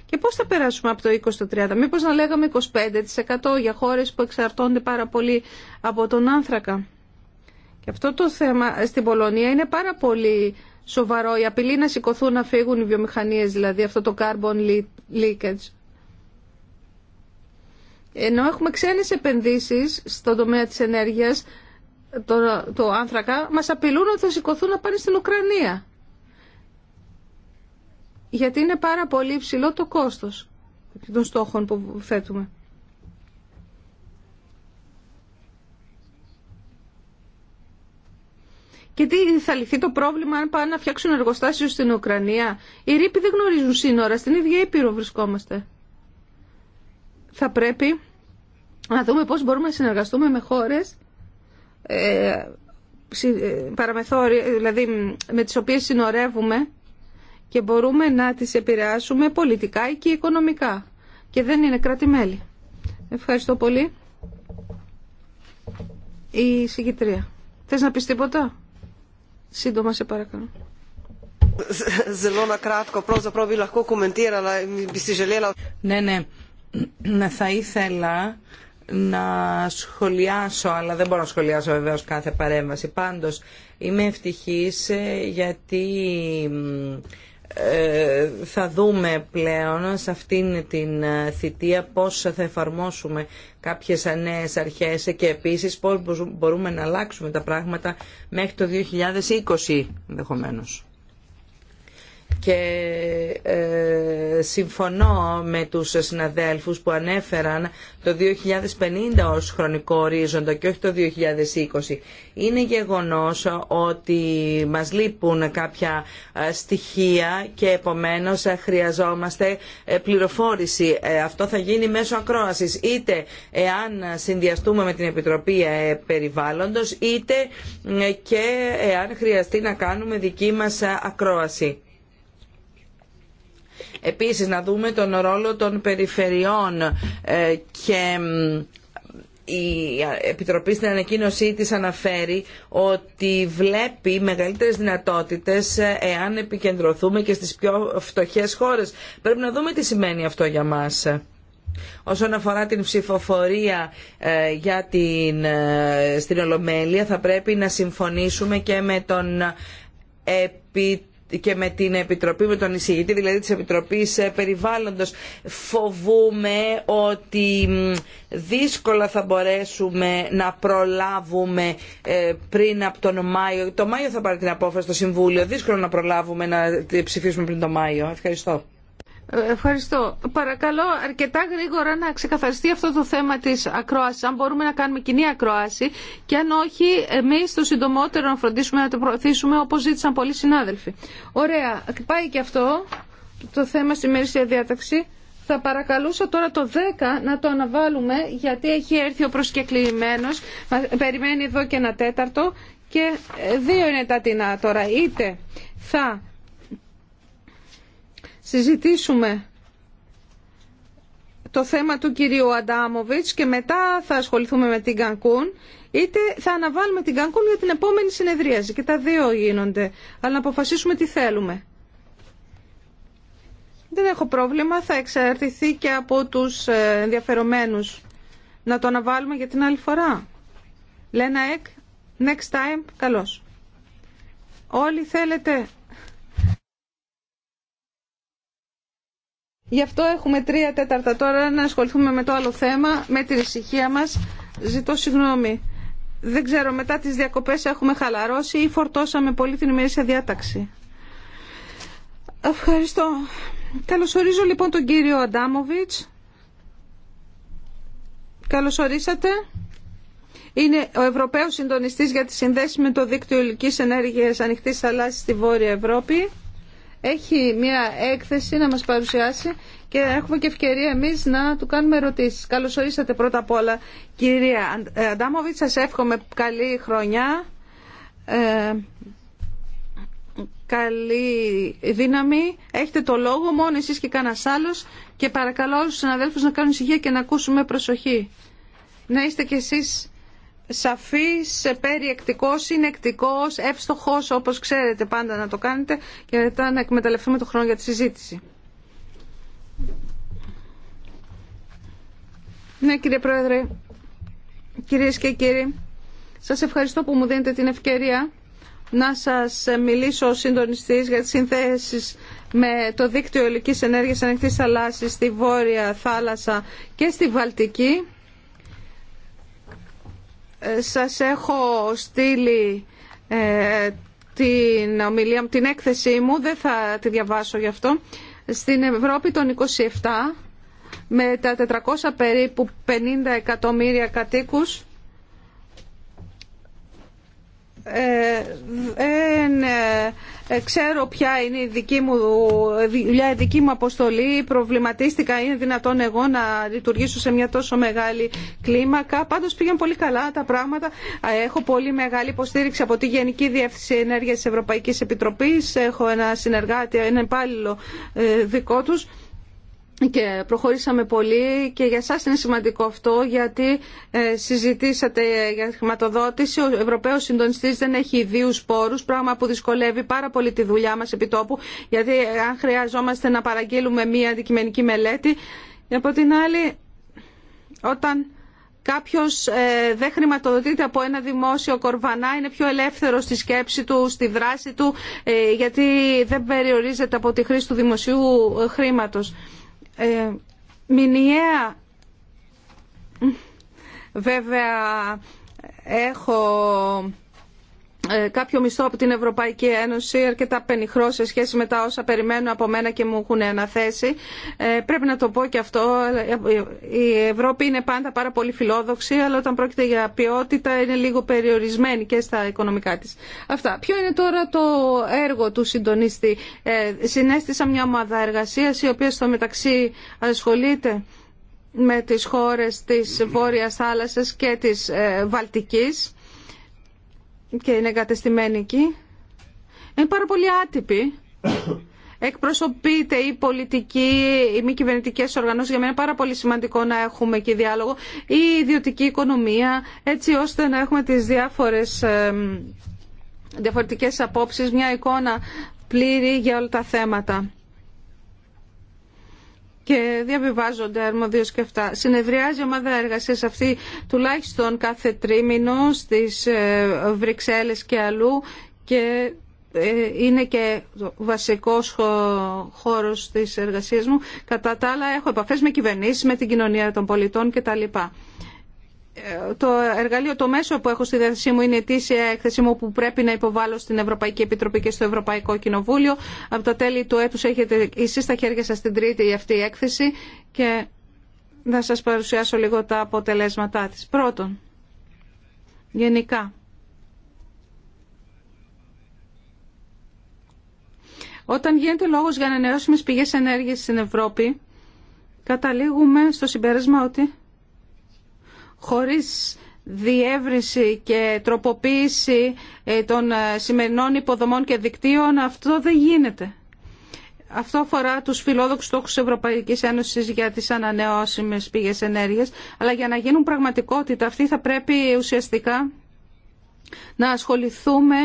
Και πώς θα περάσουμε από το 20 στο 30, μήπως να λέγαμε 25% για χώρες που εξαρτώνται πάρα πολύ από τον άνθρακα. Και αυτό το θέμα στην Πολωνία είναι πάρα πολύ σοβαρό. Η απειλή να σηκωθούν να φύγουν οι βιομηχανίες, δηλαδή αυτό το carbon leakage. Ενώ έχουμε ξένες επενδύσεις στον τομέα της ενέργειας, το, το άνθρακα μας απειλούν ότι θα σηκωθούν να πάνε στην Ουκρανία. Γιατί είναι πάρα πολύ υψηλό το κόστος των στόχων που θέτουμε. Και τι θα λυθεί το πρόβλημα αν πάνε να φτιάξουν εργοστάσιο στην Ουκρανία. Οι ρήποι δεν γνωρίζουν σύνορα, στην ίδια Ήπειρο βρισκόμαστε. Θα πρέπει να δούμε πώς μπορούμε να συνεργαστούμε με χώρες ε, ε, παραμεθόρια, δηλαδή με τις οποίες συνορεύουμε και μπορούμε να τις επηρεάσουμε πολιτικά και οικονομικά. Και δεν είναι κράτη-μέλη. Ευχαριστώ πολύ. Η συγκητρία. Θες να πεις τίποτα? Σύντομα σε παρακαλώ. Ναι, ναι. (clears throat) Θα ήθελα να σχολιάσω, αλλά δεν μπορώ να σχολιάσω βεβαίως κάθε παρέμβαση. Πάντως είμαι ευτυχής ε, γιατί ε, θα δούμε πλέον σε αυτήν την ε, θητεία πώς θα εφαρμόσουμε κάποιες νέες αρχές και επίσης πώς μπορούμε να αλλάξουμε τα πράγματα μέχρι το 2020 ενδεχομένω και ε, συμφωνώ με τους συναδέλφους που ανέφεραν το 2050 ως χρονικό ορίζοντα και όχι το 2020. Είναι γεγονός ότι μας λείπουν κάποια ε, στοιχεία και επομένως χρειαζόμαστε ε, πληροφόρηση. Αυτό θα γίνει μέσω ακρόασης είτε εάν συνδυαστούμε με την Επιτροπή Περιβάλλοντος είτε και εάν χρειαστεί να κάνουμε δική μας ακρόαση. Επίσης να δούμε τον ρόλο των περιφερειών ε, και η Επιτροπή στην ανακοίνωσή της αναφέρει ότι βλέπει μεγαλύτερες δυνατότητες ε, εάν επικεντρωθούμε και στις πιο φτωχές χώρες. Πρέπει να δούμε τι σημαίνει αυτό για μας. Όσον αφορά την ψηφοφορία ε, για την, στην Ολομέλεια θα πρέπει να συμφωνήσουμε και με τον Επιτροπή και με την Επιτροπή, με τον εισηγητή δηλαδή της Επιτροπής ε, Περιβάλλοντος φοβούμε ότι δύσκολα θα μπορέσουμε να προλάβουμε ε, πριν από τον Μάιο. Το Μάιο θα πάρει την απόφαση στο Συμβούλιο. Δύσκολο να προλάβουμε να ψηφίσουμε πριν τον Μάιο. Ευχαριστώ. Ευχαριστώ. Παρακαλώ αρκετά γρήγορα να ξεκαθαριστεί αυτό το θέμα τη ακρόαση. Αν μπορούμε να κάνουμε κοινή ακρόαση και αν όχι εμεί το συντομότερο να φροντίσουμε να το προωθήσουμε όπω ζήτησαν πολλοί συνάδελφοι. Ωραία. Πάει και αυτό το θέμα στη μέρησια διάταξη. Θα παρακαλούσα τώρα το 10 να το αναβάλουμε γιατί έχει έρθει ο προσκεκλημένος. Περιμένει εδώ και ένα τέταρτο και ε, δύο είναι τα τεινά τώρα. Είτε θα συζητήσουμε το θέμα του κυρίου Αντάμοβιτς και μετά θα ασχοληθούμε με την Κανκούν είτε θα αναβάλουμε την Κανκούν για την επόμενη συνεδρίαση και τα δύο γίνονται αλλά να αποφασίσουμε τι θέλουμε. Δεν έχω πρόβλημα, θα εξαρτηθεί και από τους ε, ενδιαφερομένους να το αναβάλουμε για την άλλη φορά. Λένα Εκ, next time, καλώς. Όλοι θέλετε Γι' αυτό έχουμε τρία τέταρτα τώρα να ασχοληθούμε με το άλλο θέμα, με την ησυχία μας. Ζητώ συγγνώμη. Δεν ξέρω, μετά τις διακοπές έχουμε χαλαρώσει ή φορτώσαμε πολύ την ημερήσια διάταξη. Ευχαριστώ. Καλωσορίζω λοιπόν τον κύριο Αντάμοβιτς. Καλωσορίσατε. Είναι ο Ευρωπαίος Συντονιστής για τη Συνδέση με το Δίκτυο Υλικής Ενέργειας Ανοιχτής Θαλάσσης στη Βόρεια Ευρώπη έχει μια έκθεση να μας παρουσιάσει και έχουμε και ευκαιρία εμείς να του κάνουμε ερωτήσεις. Καλώς ορίσατε πρώτα απ' όλα. Κυρία ε, Αντάμοβιτ, σας εύχομαι καλή χρονιά, ε, καλή δύναμη. Έχετε το λόγο μόνο εσείς και κανένα άλλος και παρακαλώ όλους τους συναδέλφους να κάνουν ησυχία και να ακούσουμε προσοχή. Να είστε κι εσείς σαφής, περιεκτικός, συνεκτικό, εύστοχος, όπως ξέρετε πάντα να το κάνετε και μετά να εκμεταλλευτούμε το χρόνο για τη συζήτηση. Ναι, κύριε Πρόεδρε, κυρίες και κύριοι, σας ευχαριστώ που μου δίνετε την ευκαιρία να σας μιλήσω ως συντονιστής για τις συνθέσεις με το δίκτυο ολικής ενέργειας ανοιχτής θαλάσσης στη Βόρεια Θάλασσα και στη Βαλτική. Σας έχω στείλει ε, την ομιλία μου, την έκθεσή μου, δεν θα τη διαβάσω γι' αυτό. Στην Ευρώπη των 27, με τα 400 περίπου 50 εκατομμύρια κατοίκους, ε, ε, ξέρω ποια είναι η δική μου δουλειά, η δική μου αποστολή. Προβληματίστηκα, είναι δυνατόν εγώ να λειτουργήσω σε μια τόσο μεγάλη κλίμακα. Πάντω πήγαν πολύ καλά τα πράγματα. Ε, έχω πολύ μεγάλη υποστήριξη από τη Γενική Διεύθυνση Ενέργεια τη Ευρωπαϊκή Επιτροπή. Έχω ένα συνεργάτη, έναν υπάλληλο ε, δικό του και προχωρήσαμε πολύ και για εσάς είναι σημαντικό αυτό γιατί ε, συζητήσατε για χρηματοδότηση. Ο Ευρωπαίος Συντονιστής δεν έχει ιδίους πόρους, πράγμα που δυσκολεύει πάρα πολύ τη δουλειά μας επί τόπου γιατί ε, αν χρειαζόμαστε να παραγγείλουμε μία αντικειμενική μελέτη από την άλλη όταν κάποιος ε, δεν χρηματοδοτείται από ένα δημόσιο κορβανά είναι πιο ελεύθερο στη σκέψη του, στη δράση του γιατί δεν περιορίζεται από τη χρήση του δημοσίου χρήματος ε, μηνιαία βέβαια έχω ε, κάποιο μισθό από την Ευρωπαϊκή Ένωση αρκετά πενιχρό σε σχέση με τα όσα περιμένουν από μένα και μου έχουν αναθέσει. Ε, πρέπει να το πω και αυτό. Η Ευρώπη είναι πάντα πάρα πολύ φιλόδοξη, αλλά όταν πρόκειται για ποιότητα είναι λίγο περιορισμένη και στα οικονομικά της. Αυτά. Ποιο είναι τώρα το έργο του συντονίστη. Ε, συνέστησα μια ομάδα εργασίας η οποία στο μεταξύ ασχολείται με τις χώρες της Βόρειας Θάλασσας και της ε, Βαλτικής και είναι εγκατεστημένη εκεί. Είναι πάρα πολύ άτυπη. Εκπροσωπείται η πολιτική, οι μη κυβερνητικέ οργανώσει. Για μένα είναι πάρα πολύ σημαντικό να έχουμε εκεί διάλογο. Η ιδιωτική οικονομία, έτσι ώστε να έχουμε τι διάφορε διαφορετικέ απόψεις, μια εικόνα πλήρη για όλα τα θέματα και διαβιβάζονται αρμοδίω και αυτά. Συνεδριάζει η ομάδα εργασία αυτή τουλάχιστον κάθε τρίμηνο στι ε, Βρυξέλλε και αλλού και ε, είναι και βασικός χώρος της εργασίας μου. Κατά τα άλλα έχω επαφές με κυβερνήσεις, με την κοινωνία των πολιτών κτλ το εργαλείο, το μέσο που έχω στη διάθεσή μου είναι η ετήσια έκθεση μου που πρέπει να υποβάλω στην Ευρωπαϊκή Επιτροπή και στο Ευρωπαϊκό Κοινοβούλιο. Από τα τέλη του έτους έχετε εσείς στα χέρια σας την τρίτη αυτή η έκθεση και θα σας παρουσιάσω λίγο τα αποτελέσματά της. Πρώτον, γενικά. Όταν γίνεται λόγος για ανανεώσιμες πηγές ενέργειας στην Ευρώπη, καταλήγουμε στο συμπέρασμα ότι χωρίς διεύρυνση και τροποποίηση ε, των ε, σημερινών υποδομών και δικτύων, αυτό δεν γίνεται. Αυτό αφορά τους φιλόδοξους στόχου της Ευρωπαϊκή Ένωση για τις ανανεώσιμες πηγές ενέργειας. Αλλά για να γίνουν πραγματικότητα αυτοί θα πρέπει ουσιαστικά να ασχοληθούμε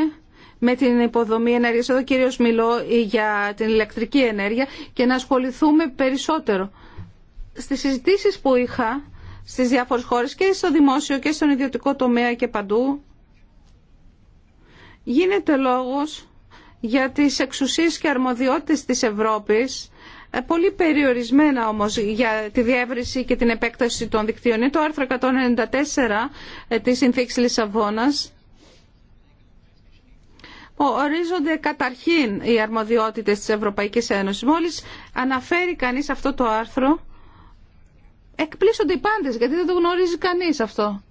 με την υποδομή ενέργειας. Εδώ κυρίως μιλώ για την ηλεκτρική ενέργεια και να ασχοληθούμε περισσότερο. Στις συζητήσεις που είχα στις διάφορες χώρες και στο δημόσιο και στον ιδιωτικό τομέα και παντού γίνεται λόγος για τις εξουσίες και αρμοδιότητες της Ευρώπης ε, πολύ περιορισμένα όμως για τη διεύρυνση και την επέκταση των δικτύων. Είναι το άρθρο 194 ε, της Συνθήκης Λισαβόνας που ορίζονται καταρχήν οι αρμοδιότητες της Ευρωπαϊκής Ένωσης. Μόλις αναφέρει κανείς αυτό το άρθρο εκπλήσονται οι πάντε γιατί δεν το γνωρίζει κανείς αυτό.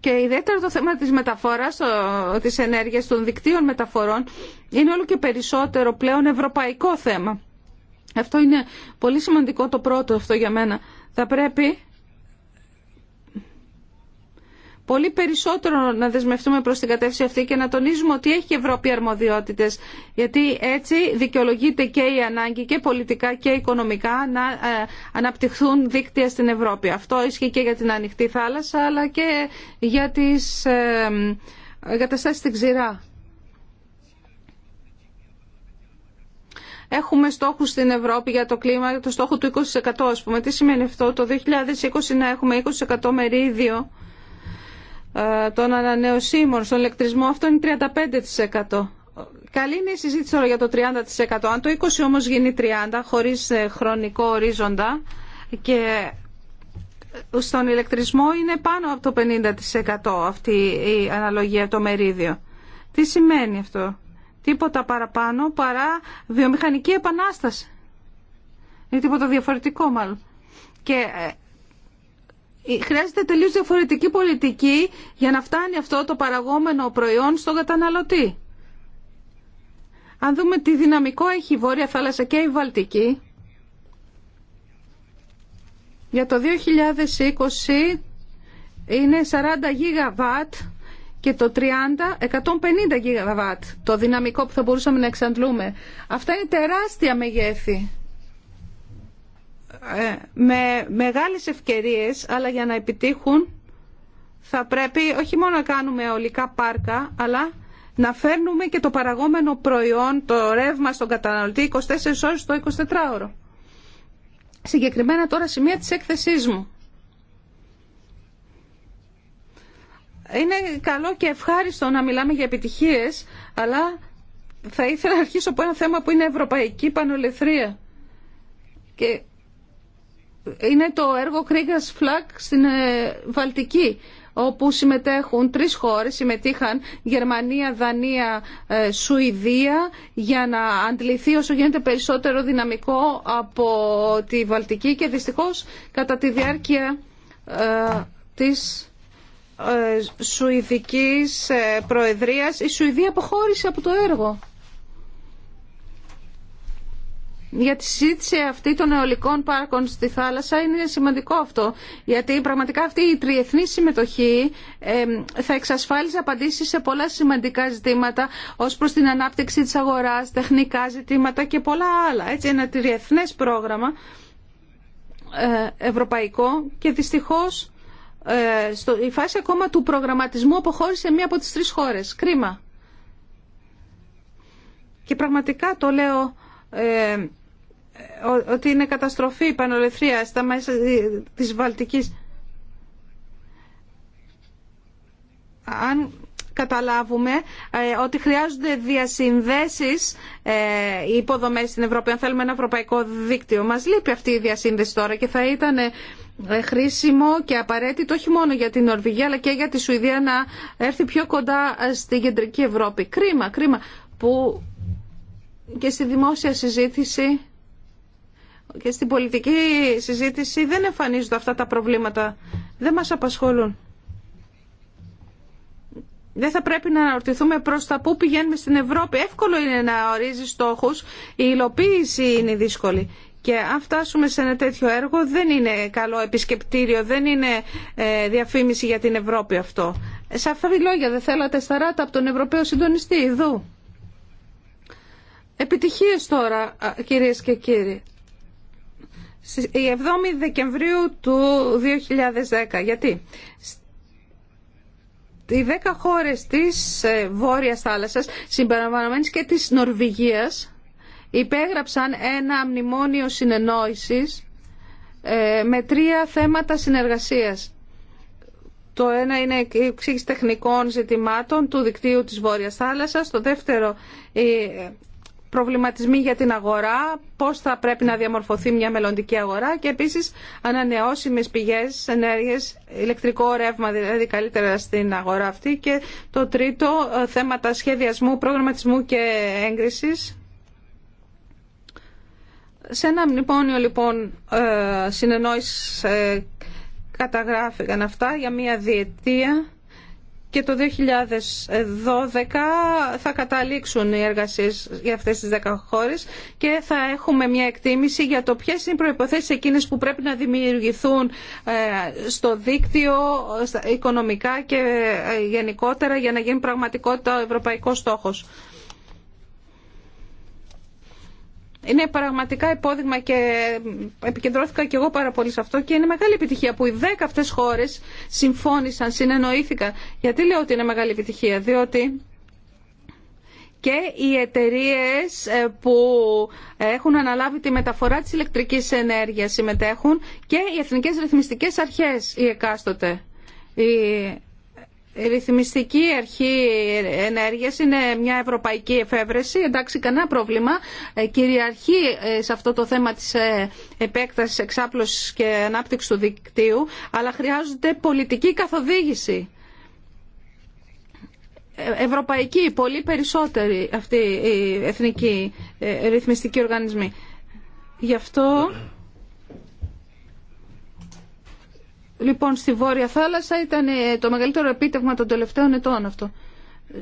Και ιδιαίτερα το θέμα της μεταφοράς, της ενέργειας των δικτύων μεταφορών είναι όλο και περισσότερο πλέον ευρωπαϊκό θέμα. Αυτό είναι πολύ σημαντικό το πρώτο αυτό για μένα. Θα πρέπει πολύ περισσότερο να δεσμευτούμε προς την κατεύθυνση αυτή και να τονίζουμε ότι έχει η Ευρώπη αρμοδιότητες γιατί έτσι δικαιολογείται και η ανάγκη και πολιτικά και οικονομικά να ε, αναπτυχθούν δίκτυα στην Ευρώπη. Αυτό ισχύει και για την ανοιχτή θάλασσα αλλά και για τις ε, εγκαταστάσεις στην ξηρά. Έχουμε στόχους στην Ευρώπη για το κλίμα, το στόχο του 20% ας πούμε. Τι σημαίνει αυτό, το 2020 να έχουμε 20% μερίδιο ε, των ανανεωσίμων στον ηλεκτρισμό αυτό είναι 35%. Καλή είναι η συζήτηση τώρα για το 30%. Αν το 20% όμως γίνει 30% χωρίς ε, χρονικό ορίζοντα και ε, στον ηλεκτρισμό είναι πάνω από το 50% αυτή η αναλογία, το μερίδιο. Τι σημαίνει αυτό. Τίποτα παραπάνω παρά βιομηχανική επανάσταση. Είναι τίποτα διαφορετικό μάλλον. Και ε, χρειάζεται τελείως διαφορετική πολιτική για να φτάνει αυτό το παραγόμενο προϊόν στον καταναλωτή. Αν δούμε τι δυναμικό έχει η Βόρεια Θάλασσα και η Βαλτική, για το 2020 είναι 40 γιγαβάτ και το 30 150 γιγαβάτ το δυναμικό που θα μπορούσαμε να εξαντλούμε. Αυτά είναι τεράστια μεγέθη. Ε, με μεγάλες ευκαιρίες, αλλά για να επιτύχουν θα πρέπει όχι μόνο να κάνουμε ολικά πάρκα, αλλά να φέρνουμε και το παραγόμενο προϊόν, το ρεύμα στον καταναλωτή 24 ώρες το 24ωρο. Συγκεκριμένα τώρα σημεία της έκθεσής μου. Είναι καλό και ευχάριστο να μιλάμε για επιτυχίες, αλλά θα ήθελα να αρχίσω από ένα θέμα που είναι ευρωπαϊκή πανολεθρία. Και είναι το έργο Κρίγας Φλακ στην ε, Βαλτική όπου συμμετέχουν τρεις χώρες, συμμετείχαν Γερμανία, Δανία, ε, Σουηδία για να αντιληφθεί όσο γίνεται περισσότερο δυναμικό από τη Βαλτική και δυστυχώς κατά τη διάρκεια ε, της Σουηδικής Προεδρίας η Σουηδία αποχώρησε από το έργο για τη συζήτηση αυτή των αιωλικών πάρκων στη θάλασσα είναι σημαντικό αυτό. Γιατί πραγματικά αυτή η τριεθνή συμμετοχή θα εξασφάλισε απαντήσεις σε πολλά σημαντικά ζητήματα ω προς την ανάπτυξη της αγοράς, τεχνικά ζητήματα και πολλά άλλα. Έτσι, ένα τριεθνές πρόγραμμα ε, ευρωπαϊκό και δυστυχώς ε, στο, η φάση ακόμα του προγραμματισμού αποχώρησε μία από τις τρεις χώρες. Κρίμα. Και πραγματικά το λέω... Ε, ε, ότι είναι καταστροφή η πανολεθρία στα μέσα της Βαλτικής. Αν καταλάβουμε ε, ότι χρειάζονται διασυνδέσεις ε, οι υποδομές στην Ευρώπη, αν θέλουμε ένα ευρωπαϊκό δίκτυο. Μας λείπει αυτή η διασύνδεση τώρα και θα ήταν χρήσιμο και απαραίτητο όχι μόνο για την Νορβηγία αλλά και για τη Σουηδία να έρθει πιο κοντά στην κεντρική Ευρώπη. Κρίμα, κρίμα που και στη δημόσια συζήτηση και στην πολιτική συζήτηση δεν εμφανίζονται αυτά τα προβλήματα. Δεν μας απασχολούν. Δεν θα πρέπει να αναρωτηθούμε προς τα πού πηγαίνουμε στην Ευρώπη. Εύκολο είναι να ορίζει στόχους, η υλοποίηση είναι δύσκολη. Και αν φτάσουμε σε ένα τέτοιο έργο δεν είναι καλό επισκεπτήριο, δεν είναι ε, διαφήμιση για την Ευρώπη αυτό. Σε αυτά τα λόγια δεν θέλατε σταράτα από τον Ευρωπαίο Συντονιστή, ειδού. Επιτυχίες τώρα, κυρίες και κύριοι η 7η Δεκεμβρίου του 2010. Γιατί οι 10 χώρες της ε, Βόρειας Θάλασσας, συμπεριλαμβανομένης και της Νορβηγίας, υπέγραψαν ένα μνημόνιο συνεννόησης ε, με τρία θέματα συνεργασίας. Το ένα είναι η εξήγηση τεχνικών ζητημάτων του δικτύου της Βόρειας Θάλασσας, το δεύτερο προβληματισμοί για την αγορά, πώς θα πρέπει να διαμορφωθεί μια μελλοντική αγορά και επίσης ανανεώσιμες πηγές ενέργειας, ηλεκτρικό ρεύμα δηλαδή καλύτερα στην αγορά αυτή και το τρίτο ε, θέματα σχεδιασμού, προγραμματισμού και έγκρισης. Σε ένα μνημόνιο λοιπόν ε, συνεννόησης ε, καταγράφηκαν αυτά για μια διετία και το 2012 θα καταλήξουν οι εργασίες για αυτές τις 10 χώρες και θα έχουμε μια εκτίμηση για το ποιες είναι οι προϋποθέσεις εκείνες που πρέπει να δημιουργηθούν ε, στο δίκτυο οικονομικά και ε, γενικότερα για να γίνει πραγματικότητα ο ευρωπαϊκός στόχος. είναι πραγματικά υπόδειγμα και επικεντρώθηκα και εγώ πάρα πολύ σε αυτό και είναι μεγάλη επιτυχία που οι 10 αυτές χώρες συμφώνησαν, συνεννοήθηκαν. Γιατί λέω ότι είναι μεγάλη επιτυχία, διότι και οι εταιρείε ε, που έχουν αναλάβει τη μεταφορά της ηλεκτρικής ενέργειας συμμετέχουν και οι εθνικές ρυθμιστικές αρχές οι εκάστοτε. Η ρυθμιστική αρχή ενέργεια είναι μια ευρωπαϊκή εφεύρεση, εντάξει κανένα πρόβλημα. Ε, κυριαρχεί ε, σε αυτό το θέμα της ε, επέκτασης, εξάπλωση και ανάπτυξη του δικτύου, αλλά χρειάζεται πολιτική καθοδήγηση. Ευρωπαϊκή, πολύ περισσότεροι αυτοί οι εθνικοί ρυθμιστικοί οργανισμοί. Γι' αυτό Λοιπόν, στη Βόρεια Θάλασσα ήταν ε, το μεγαλύτερο επίτευγμα των τελευταίων ετών αυτό.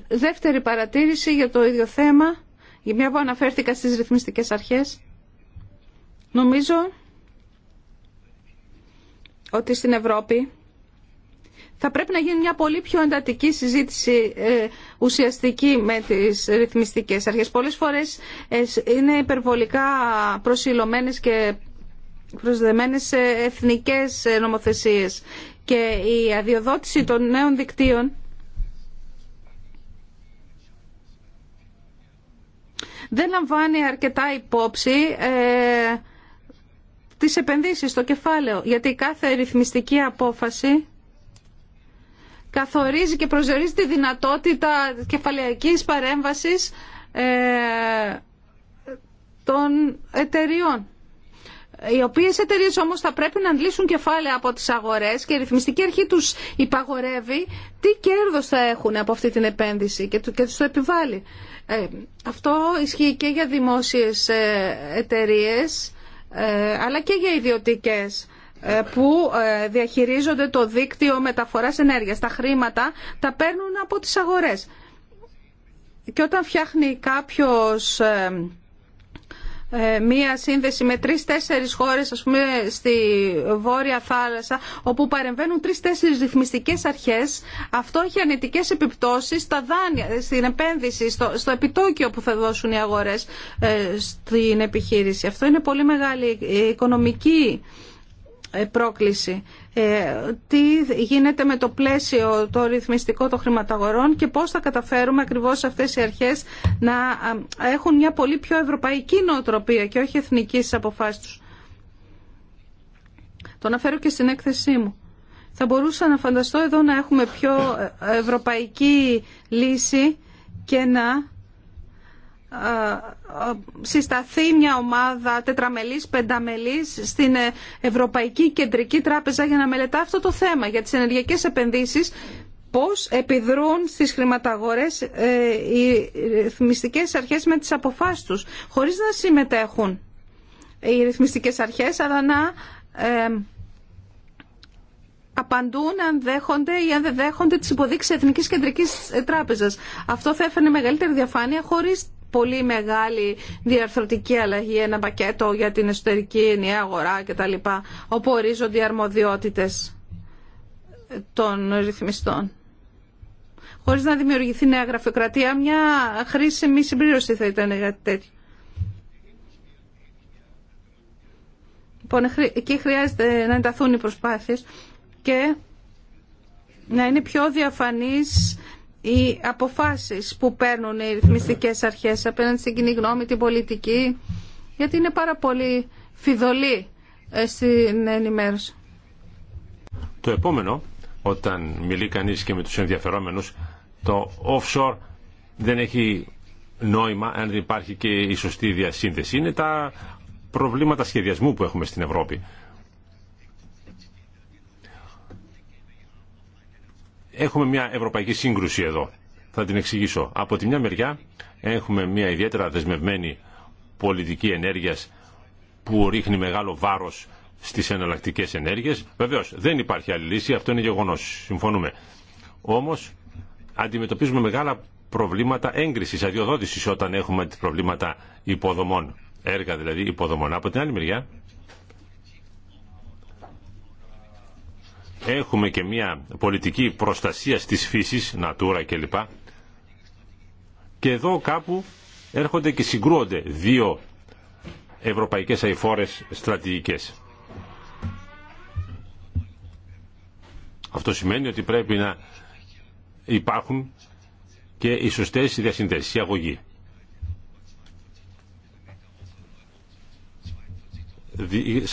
Δεύτερη παρατήρηση για το ίδιο θέμα, για μια που αναφέρθηκα στις ρυθμιστικές αρχές. Νομίζω ότι στην Ευρώπη θα πρέπει να γίνει μια πολύ πιο εντατική συζήτηση ε, ουσιαστική με τις ρυθμιστικές αρχές. Πολλές φορές ε, είναι υπερβολικά προσιλωμένες και προσδεμένες σε εθνικές ε, νομοθεσίες και η αδειοδότηση των νέων δικτύων δεν λαμβάνει αρκετά υπόψη ε, τις επενδύσεις στο κεφάλαιο, γιατί κάθε ρυθμιστική απόφαση καθορίζει και προσδιορίζει τη δυνατότητα κεφαλαιακής παρέμβασης ε, των εταιριών οι οποίες εταιρείε όμως θα πρέπει να αντλήσουν κεφάλαια από τις αγορές και η ρυθμιστική αρχή τους υπαγορεύει τι κέρδο θα έχουν από αυτή την επένδυση και τους το επιβάλλει. Ε, αυτό ισχύει και για δημόσιες ε, εταιρείε, ε, αλλά και για ιδιωτικές που διαχειρίζονται το δίκτυο μεταφοράς ενέργειας. Τα χρήματα τα παίρνουν από τις αγορές. Και όταν φτιάχνει κάποιος ε, μία σύνδεση με τρει-τέσσερι χώρε α πούμε, στη Βόρεια Θάλασσα, όπου παρεμβαίνουν τρει-τέσσερι ρυθμιστικέ αρχές, αυτό έχει αρνητικέ επιπτώσεις στα δάνεια, στην επένδυση, στο, επιτόκιο που θα δώσουν οι αγορές ε, στην επιχείρηση. Αυτό είναι πολύ μεγάλη ε, οικονομική ε, πρόκληση. Ε, τι γίνεται με το πλαίσιο το ρυθμιστικό των χρηματαγορών και πώς θα καταφέρουμε ακριβώς αυτές οι αρχές να ε, έχουν μια πολύ πιο ευρωπαϊκή νοοτροπία και όχι εθνική στις αποφάσεις τους. Το αναφέρω και στην έκθεσή μου. Θα μπορούσα να φανταστώ εδώ να έχουμε πιο ευρωπαϊκή λύση και να συσταθεί μια ομάδα τετραμελής, πενταμελής στην Ευρωπαϊκή Κεντρική Τράπεζα για να μελετά αυτό το θέμα για τις ενεργειακές επενδύσεις πώς επιδρούν στις χρηματαγορές ε, οι ρυθμιστικές αρχές με τις αποφάσεις τους χωρίς να συμμετέχουν οι ρυθμιστικές αρχές αλλά να ε, απαντούν αν δέχονται ή αν δεν δέχονται τις υποδείξεις Εθνικής Κεντρικής Τράπεζας. Αυτό θα έφερνε μεγαλύτερη διαφάνεια χωρίς πολύ μεγάλη διαρθρωτική αλλαγή, ένα πακέτο για την εσωτερική ενιαία αγορά κτλ. όπου ορίζονται οι αρμοδιότητες των ρυθμιστών. Χωρίς να δημιουργηθεί νέα γραφειοκρατία, μια χρήσιμη συμπλήρωση θα ήταν κάτι τέτοιο. Λοιπόν, εκεί χρειάζεται να ενταθούν οι προσπάθειες και να είναι πιο διαφανής οι αποφάσεις που παίρνουν οι ρυθμιστικές αρχές απέναντι στην κοινή γνώμη, την πολιτική, γιατί είναι πάρα πολύ φιδωλή ε, στην ενημέρωση. Το επόμενο, όταν μιλεί κανείς και με τους ενδιαφερόμενους, το offshore δεν έχει νόημα αν δεν υπάρχει και η σωστή διασύνδεση. Είναι τα προβλήματα σχεδιασμού που έχουμε στην Ευρώπη. έχουμε μια ευρωπαϊκή σύγκρουση εδώ. Θα την εξηγήσω. Από τη μια μεριά έχουμε μια ιδιαίτερα δεσμευμένη πολιτική ενέργειας που ρίχνει μεγάλο βάρος στις εναλλακτικέ ενέργειες. Βεβαίως δεν υπάρχει άλλη λύση, αυτό είναι γεγονός, συμφωνούμε. Όμως αντιμετωπίζουμε μεγάλα προβλήματα έγκρισης, αδειοδότησης όταν έχουμε προβλήματα υποδομών, έργα δηλαδή υποδομών. Από την άλλη μεριά έχουμε και μια πολιτική προστασία της φύσης, Natura κλπ. Και εδώ κάπου έρχονται και συγκρούονται δύο ευρωπαϊκές αηφόρες στρατηγικές. Αυτό σημαίνει ότι πρέπει να υπάρχουν και οι σωστές διασυνδέσεις, η αγωγή.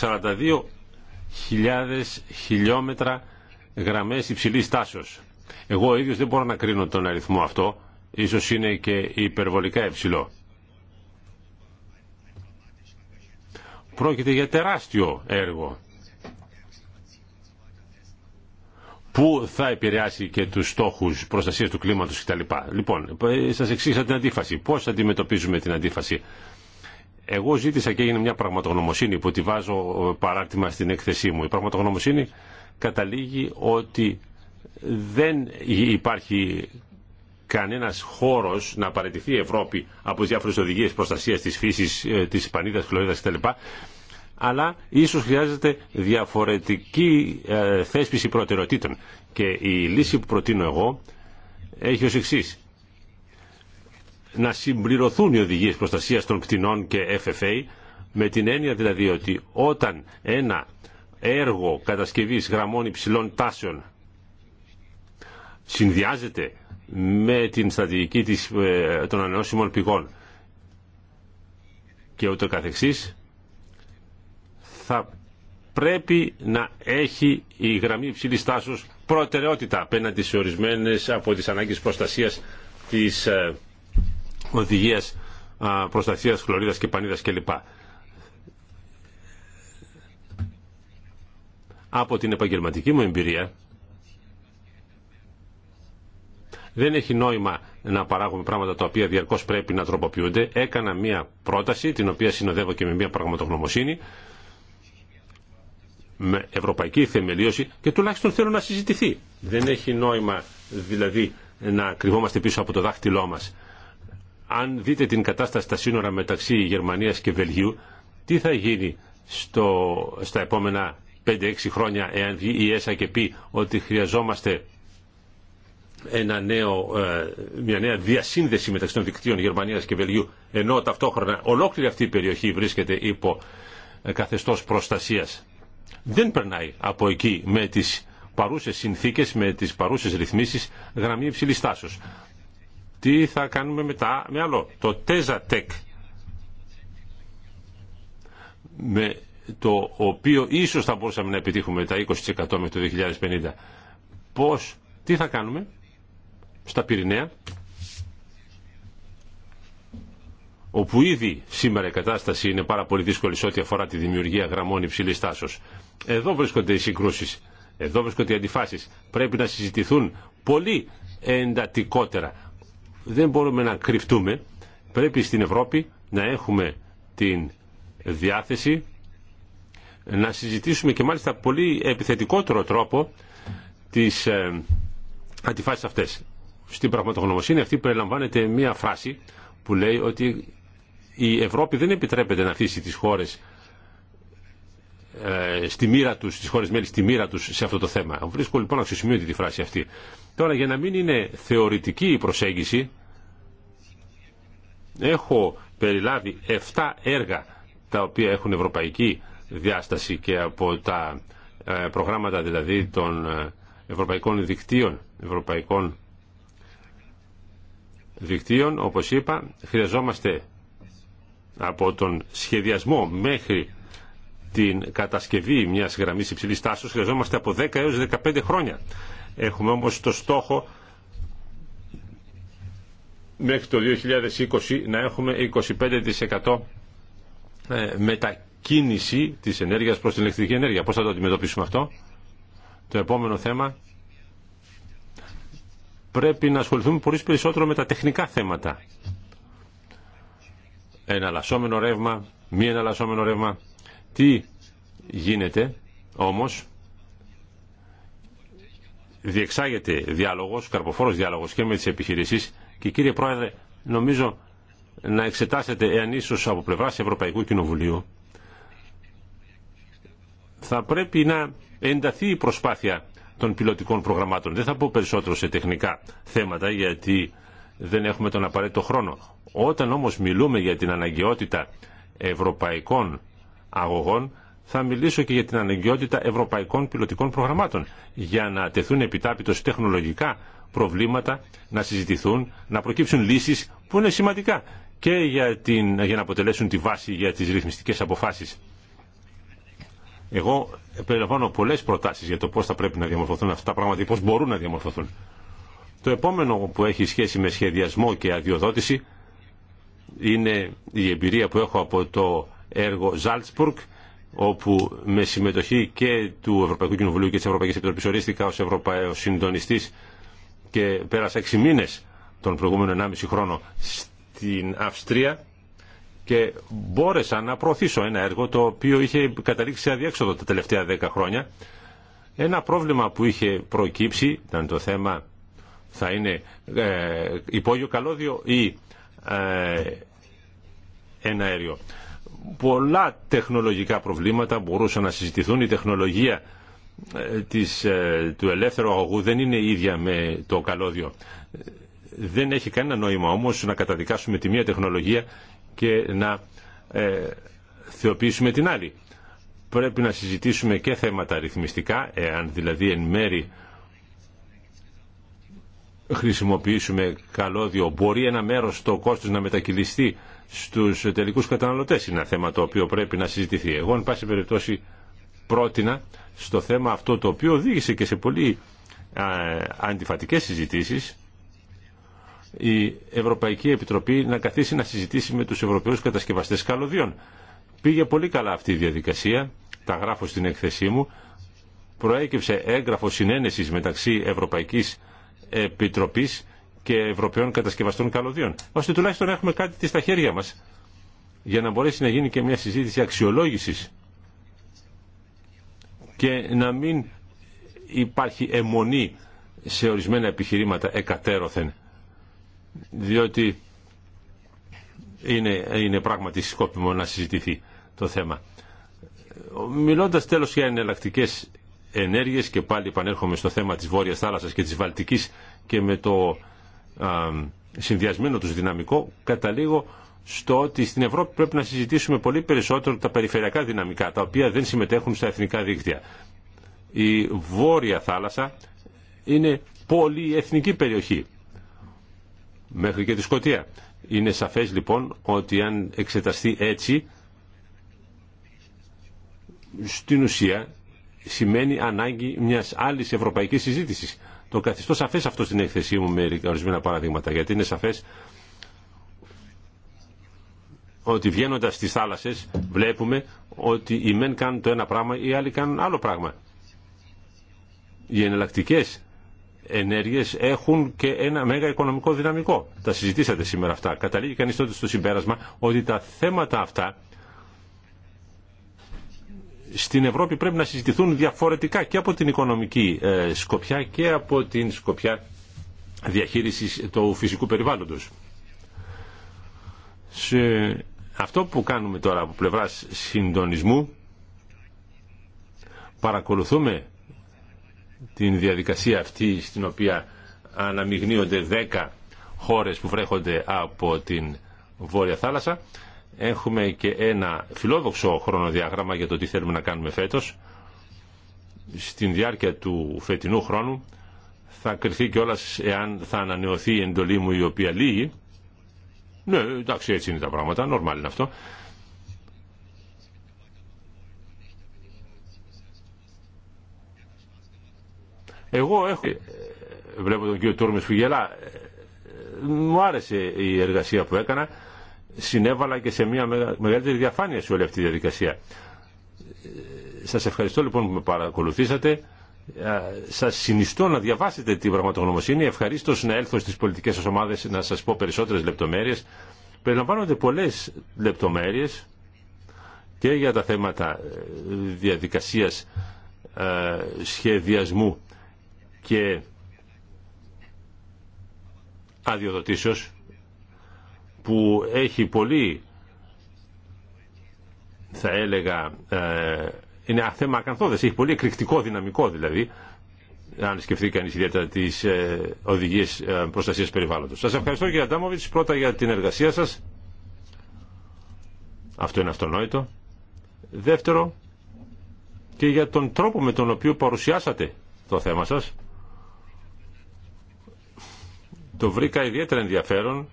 ...42 χιλιάδες χιλιόμετρα γραμμές υψηλής τάσος. Εγώ ο ίδιος δεν μπορώ να κρίνω τον αριθμό αυτό, ίσως είναι και υπερβολικά υψηλό. Πρόκειται για τεράστιο έργο που θα επηρεάσει και τους στόχους προστασίας του κλίματος κτλ. Λοιπόν, ε, σας εξήγησα την αντίφαση. Πώς αντιμετωπίζουμε την αντίφαση. Εγώ ζήτησα και έγινε μια πραγματογνωμοσύνη που τη βάζω ε, παράρτημα στην έκθεσή μου. Η πραγματογνωμοσύνη καταλήγει ότι δεν υπάρχει κανένας χώρος να παραιτηθεί η Ευρώπη από τις διάφορες οδηγίες προστασίας της φύσης, ε, της τη χλωρίδα κτλ. Αλλά ίσως χρειάζεται διαφορετική ε, θέσπιση προτεραιοτήτων. Και η λύση που προτείνω εγώ έχει ως εξή να συμπληρωθούν οι οδηγίες προστασίας των κτηνών και FFA με την έννοια δηλαδή ότι όταν ένα έργο κατασκευής γραμμών υψηλών τάσεων συνδυάζεται με την στρατηγική της, ε, των ανανεώσιμων πηγών και ούτω καθεξής θα πρέπει να έχει η γραμμή υψηλής τάσεως προτεραιότητα απέναντι σε ορισμένες από τις ανάγκες προστασίας της ε, οδηγίας προστασίας χλωρίδας και πανίδας κλπ. Από την επαγγελματική μου εμπειρία δεν έχει νόημα να παράγουμε πράγματα τα οποία διαρκώς πρέπει να τροποποιούνται. Έκανα μία πρόταση, την οποία συνοδεύω και με μία πραγματογνωμοσύνη, με ευρωπαϊκή θεμελίωση και τουλάχιστον θέλω να συζητηθεί. Δεν έχει νόημα δηλαδή να κρυβόμαστε πίσω από το δάχτυλό μας αν δείτε την κατάσταση στα σύνορα μεταξύ Γερμανίας και Βελγίου, τι θα γίνει στο, στα επόμενα 5-6 χρόνια εάν βγει η ΕΣΑ και πει ότι χρειαζόμαστε ένα νέο, ε, μια νέα διασύνδεση μεταξύ των δικτύων Γερμανίας και Βελγίου ενώ ταυτόχρονα ολόκληρη αυτή η περιοχή βρίσκεται υπό ε, καθεστώς προστασίας. Δεν περνάει από εκεί με τις παρούσες συνθήκες, με τις παρούσες ρυθμίσεις γραμμή υψηλής τάσος τι θα κάνουμε μετά με άλλο. Το Τέζα Τεκ, με το οποίο ίσως θα μπορούσαμε να επιτύχουμε τα 20% με το 2050. Πώς, τι θα κάνουμε στα Πυρηναία, όπου ήδη σήμερα η κατάσταση είναι πάρα πολύ δύσκολη σε ό,τι αφορά τη δημιουργία γραμμών υψηλή τάσο. Εδώ βρίσκονται οι συγκρούσει, εδώ βρίσκονται οι αντιφάσει. Πρέπει να συζητηθούν πολύ εντατικότερα δεν μπορούμε να κρυφτούμε. Πρέπει στην Ευρώπη να έχουμε την διάθεση να συζητήσουμε και μάλιστα πολύ επιθετικότερο τρόπο τις ε, αντιφάσεις αυτές. Στην πραγματογνωμοσύνη αυτή περιλαμβάνεται μία φράση που λέει ότι η Ευρώπη δεν επιτρέπεται να αφήσει τις χώρες ε, στη μοίρα τους, τις χώρες μέλη στη μοίρα τους σε αυτό το θέμα. Βρίσκω λοιπόν αξιοσημείωτη τη φράση αυτή. Τώρα για να μην είναι θεωρητική η προσέγγιση Έχω περιλάβει 7 έργα τα οποία έχουν ευρωπαϊκή διάσταση και από τα ε, προγράμματα δηλαδή των ε, ευρωπαϊκών δικτύων, ευρωπαϊκών δικτύων, όπως είπα, χρειαζόμαστε από τον σχεδιασμό μέχρι την κατασκευή μιας γραμμής υψηλής τάσης χρειαζόμαστε από 10 έως 15 χρόνια. Έχουμε όμως το στόχο μέχρι το 2020 να έχουμε 25% ε, μετακίνηση της ενέργειας προς την ηλεκτρική ενέργεια. Πώς θα το αντιμετωπίσουμε αυτό. Το επόμενο θέμα πρέπει να ασχοληθούμε πολύ περισσότερο με τα τεχνικά θέματα. Εναλλασσόμενο ρεύμα, μη εναλλασσόμενο ρεύμα. Τι γίνεται όμως διεξάγεται διάλογος, καρποφόρος διάλογος και με τις επιχειρήσεις και κύριε Πρόεδρε, νομίζω να εξετάσετε εάν ίσω από πλευρά Ευρωπαϊκού Κοινοβουλίου θα πρέπει να ενταθεί η προσπάθεια των πιλωτικών προγραμμάτων. Δεν θα πω περισσότερο σε τεχνικά θέματα γιατί δεν έχουμε τον απαραίτητο χρόνο. Όταν όμως μιλούμε για την αναγκαιότητα ευρωπαϊκών αγωγών θα μιλήσω και για την αναγκαιότητα ευρωπαϊκών πιλωτικών προγραμμάτων για να τεθούν επιτάπητος τεχνολογικά προβλήματα να συζητηθούν, να προκύψουν λύσεις που είναι σημαντικά και για, την, για να αποτελέσουν τη βάση για τις ρυθμιστικές αποφάσεις. Εγώ περιλαμβάνω πολλές προτάσεις για το πώς θα πρέπει να διαμορφωθούν αυτά τα πράγματα ή πώς μπορούν να διαμορφωθούν. Το επόμενο που έχει σχέση με σχεδιασμό και αδειοδότηση είναι η εμπειρία που έχω από το έργο Ζάλτσπουργκ όπου με συμμετοχή και του Ευρωπαϊκού Κοινοβουλίου και της Ευρωπαϊκής Επιτροπής ορίστηκα ως Ευρωπαίος Συντονιστής και πέρασα 6 μήνες τον προηγούμενο 1,5 χρόνο στην Αυστρία και μπόρεσα να προωθήσω ένα έργο το οποίο είχε καταλήξει σε αδιέξοδο τα τελευταία 10 χρόνια. Ένα πρόβλημα που είχε προκύψει ήταν το θέμα θα είναι ε, υπόγειο καλώδιο ή ε, ένα αέριο. Πολλά τεχνολογικά προβλήματα μπορούσαν να συζητηθούν. Η τεχνολογία της, ε, του ελεύθερου αγωγού δεν είναι ίδια με το καλώδιο. Δεν έχει κανένα νόημα όμως να καταδικάσουμε τη μία τεχνολογία και να ε, θεοποιήσουμε την άλλη. Πρέπει να συζητήσουμε και θέματα αριθμιστικά, εάν δηλαδή εν μέρη χρησιμοποιήσουμε καλώδιο, μπορεί ένα μέρος το κόστος να μετακυλιστεί στους τελικούς καταναλωτές. Είναι ένα θέμα το οποίο πρέπει να συζητηθεί. Εγώ, εν πάση περιπτώσει, πρότεινα στο θέμα αυτό το οποίο οδήγησε και σε πολύ αντιφατικές συζητήσεις η Ευρωπαϊκή Επιτροπή να καθίσει να συζητήσει με τους Ευρωπαίους κατασκευαστές καλωδίων. Πήγε πολύ καλά αυτή η διαδικασία, τα γράφω στην έκθεσή μου, προέκυψε έγγραφο συνένεσης μεταξύ Ευρωπαϊκής Επιτροπής και Ευρωπαίων κατασκευαστών καλωδίων, ώστε τουλάχιστον να έχουμε κάτι στα χέρια μας, για να μπορέσει να γίνει και μια συζήτηση αξιολόγησης και να μην υπάρχει αιμονή σε ορισμένα επιχειρήματα εκατέρωθεν διότι είναι, είναι πράγματι σκόπιμο να συζητηθεί το θέμα. Μιλώντας τέλος για εναλλακτικέ ενέργειες και πάλι επανέρχομαι στο θέμα της Βόρειας Θάλασσας και της Βαλτικής και με το συνδυασμένο τους δυναμικό καταλήγω στο ότι στην Ευρώπη πρέπει να συζητήσουμε πολύ περισσότερο τα περιφερειακά δυναμικά, τα οποία δεν συμμετέχουν στα εθνικά δίκτυα. Η Βόρεια Θάλασσα είναι πολύ εθνική περιοχή, μέχρι και τη Σκωτία. Είναι σαφές λοιπόν ότι αν εξεταστεί έτσι, στην ουσία σημαίνει ανάγκη μιας άλλης ευρωπαϊκής συζήτησης. Το καθιστώ σαφές αυτό στην έκθεσή μου με ορισμένα παραδείγματα, γιατί είναι σαφές ότι βγαίνοντας στις θάλασσες βλέπουμε ότι οι μεν κάνουν το ένα πράγμα, οι άλλοι κάνουν άλλο πράγμα. Οι εναλλακτικέ ενέργειες έχουν και ένα μέγα οικονομικό δυναμικό. Τα συζητήσατε σήμερα αυτά. Καταλήγει κανείς τότε στο συμπέρασμα ότι τα θέματα αυτά στην Ευρώπη πρέπει να συζητηθούν διαφορετικά και από την οικονομική ε, σκοπιά και από την σκοπιά διαχείρισης του φυσικού περιβάλλοντος. Σε αυτό που κάνουμε τώρα από πλευρά συντονισμού παρακολουθούμε την διαδικασία αυτή στην οποία αναμειγνύονται 10 χώρες που βρέχονται από την Βόρεια Θάλασσα. Έχουμε και ένα φιλόδοξο χρονοδιάγραμμα για το τι θέλουμε να κάνουμε φέτος. Στην διάρκεια του φετινού χρόνου θα κριθεί κιόλας εάν θα ανανεωθεί η εντολή μου η οποία λύγει ναι, εντάξει, έτσι είναι τα πράγματα, normal είναι αυτό. Εγώ έχω... Ε, βλέπω τον κύριο Τούρμες που γελά. Ε, μου άρεσε η εργασία που έκανα. Συνέβαλα και σε μια μεγαλύτερη διαφάνεια σε όλη αυτή τη διαδικασία. Ε, σας ευχαριστώ λοιπόν που με παρακολουθήσατε. Ε, σας συνιστώ να διαβάσετε την πραγματογνωμοσύνη. Ευχαρίστω να έλθω στι πολιτικέ σα ομάδε να σας πω περισσότερες λεπτομέρειες. Περιλαμβάνονται πολλές λεπτομέρειες και για τα θέματα ε, διαδικασίας ε, σχεδιασμού και αδειοδοτήσεω που έχει πολύ θα έλεγα είναι θέμα ακαθόδες, έχει πολύ εκρηκτικό δυναμικό δηλαδή, αν σκεφτεί κανείς ιδιαίτερα τις ε, οδηγίες ε, προστασίας περιβάλλοντος. Σας ευχαριστώ κύριε Αντάμωβιτς πρώτα για την εργασία σας. Αυτό είναι αυτονόητο. Δεύτερο, και για τον τρόπο με τον οποίο παρουσιάσατε το θέμα σας. Το βρήκα ιδιαίτερα ενδιαφέρον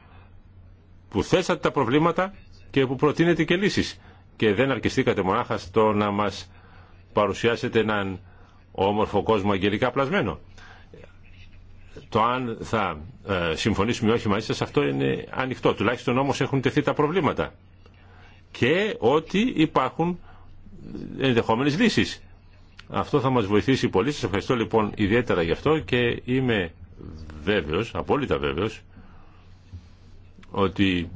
που θέσατε τα προβλήματα και που προτείνετε και λύσεις. Και δεν αρκεστήκατε μονάχα στο να μας παρουσιάσετε έναν όμορφο κόσμο αγγελικά πλασμένο. Το αν θα ε, συμφωνήσουμε ή όχι μαζί σας αυτό είναι ανοιχτό. Τουλάχιστον όμως έχουν τεθεί τα προβλήματα. Και ότι υπάρχουν ενδεχόμενες λύσεις. Αυτό θα μας βοηθήσει πολύ. Σας ευχαριστώ λοιπόν ιδιαίτερα γι' αυτό και είμαι βέβαιος, απόλυτα βέβαιος, ότι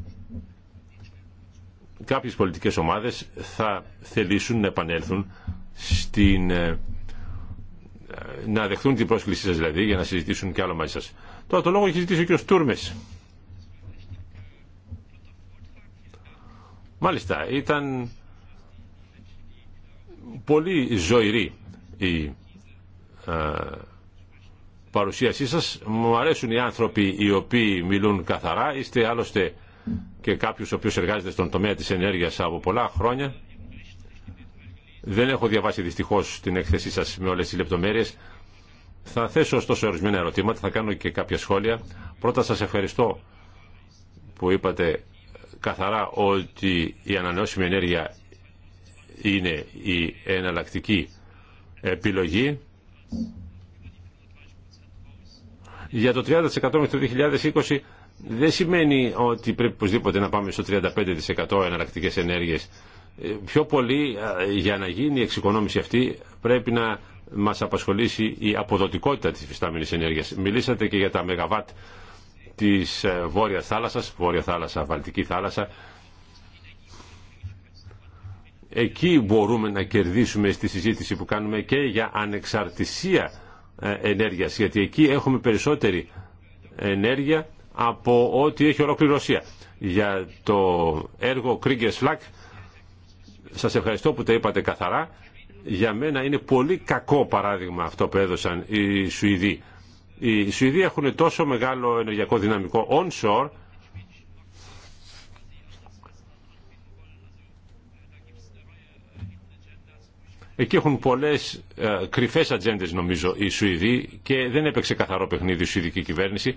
κάποιες πολιτικές ομάδες θα θελήσουν να επανέλθουν στην, ε, να δεχθούν την πρόσκλησή σας δηλαδή για να συζητήσουν κι άλλο μαζί σας. Τώρα το λόγο έχει ζητήσει ο κ. Τούρμες. Μάλιστα, ήταν πολύ ζωηρή η ε, παρουσίασή σας. Μου αρέσουν οι άνθρωποι οι οποίοι μιλούν καθαρά. Είστε άλλωστε και κάποιος ο οποίος εργάζεται στον τομέα της ενέργειας από πολλά χρόνια. Δεν έχω διαβάσει δυστυχώς την έκθεσή σας με όλες τις λεπτομέρειες. Θα θέσω ωστόσο ορισμένα ερωτήματα, θα κάνω και κάποια σχόλια. Πρώτα σας ευχαριστώ που είπατε καθαρά ότι η ανανεώσιμη ενέργεια είναι η εναλλακτική επιλογή. Για το 30% μέχρι το 2020 δεν σημαίνει ότι πρέπει οπωσδήποτε να πάμε στο 35% εναλλακτικές ενέργειες πιο πολύ για να γίνει η εξοικονόμηση αυτή πρέπει να μας απασχολήσει η αποδοτικότητα της φυστάμενης ενέργειας. Μιλήσατε και για τα μεγαβάτ της ε, Βόρειας Θάλασσας, Βόρεια Θάλασσα, Βαλτική Θάλασσα. Εκεί μπορούμε να κερδίσουμε στη συζήτηση που κάνουμε και για ανεξαρτησία ε, ενέργειας, γιατί εκεί έχουμε περισσότερη ενέργεια από ό,τι έχει ολόκληρη Ρωσία. Για το έργο Kriegers Φλακ» Σας ευχαριστώ που τα είπατε καθαρά. Για μένα είναι πολύ κακό παράδειγμα αυτό που έδωσαν οι Σουηδοί. Οι Σουηδοί έχουν τόσο μεγάλο ενεργειακό δυναμικό onshore Εκεί έχουν πολλέ ε, κρυφέ ατζέντε νομίζω οι Σουηδοί και δεν έπαιξε καθαρό παιχνίδι η Σουηδική κυβέρνηση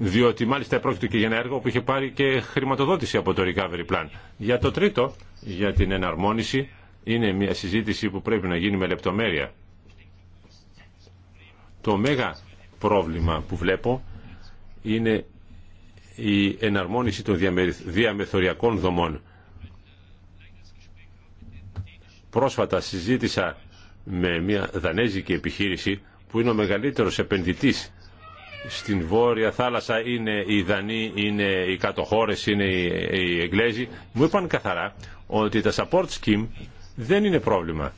διότι μάλιστα πρόκειται και για ένα έργο που είχε πάρει και χρηματοδότηση από το Recovery Plan. Για το τρίτο, για την εναρμόνιση, είναι μια συζήτηση που πρέπει να γίνει με λεπτομέρεια. Το μέγα πρόβλημα που βλέπω είναι η εναρμόνιση των διαμεθοριακών δομών. Πρόσφατα συζήτησα με μια δανέζικη επιχείρηση που είναι ο μεγαλύτερος επενδυτής στην Βόρεια Θάλασσα είναι οι Δανείοι, είναι οι κατοχώρες, είναι οι Εγγλέζοι, μου είπαν καθαρά ότι τα support scheme δεν είναι πρόβλημα.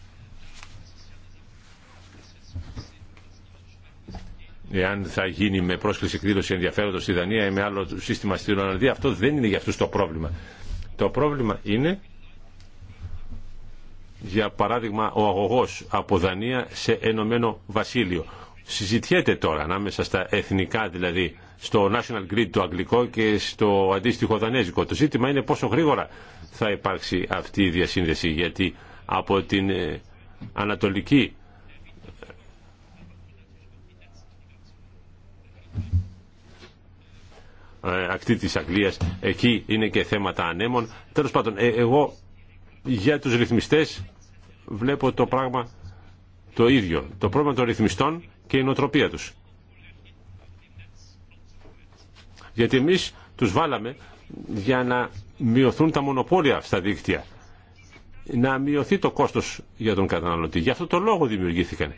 Εάν θα γίνει με πρόσκληση εκδήλωση ενδιαφέροντος στη Δανία ή με άλλο σύστημα στην Ολλανδία, αυτό δεν είναι για αυτούς το πρόβλημα. Το πρόβλημα είναι, για παράδειγμα, ο αγωγός από Δανία σε Ενωμένο Βασίλειο συζητιέται τώρα ανάμεσα στα εθνικά δηλαδή στο National Grid το αγγλικό και στο αντίστοιχο δανέζικο. Το ζήτημα είναι πόσο γρήγορα θα υπάρξει αυτή η διασύνδεση γιατί από την ε, Ανατολική ε, ακτή της Αγγλίας εκεί είναι και θέματα ανέμων τέλος πάντων ε, εγώ για τους ρυθμιστές βλέπω το πράγμα το ίδιο. Το πρόβλημα των ρυθμιστών και η νοοτροπία τους. Γιατί εμείς τους βάλαμε για να μειωθούν τα μονοπόλια στα δίκτυα. Να μειωθεί το κόστος για τον καταναλωτή. Γι' αυτό το λόγο δημιουργήθηκαν.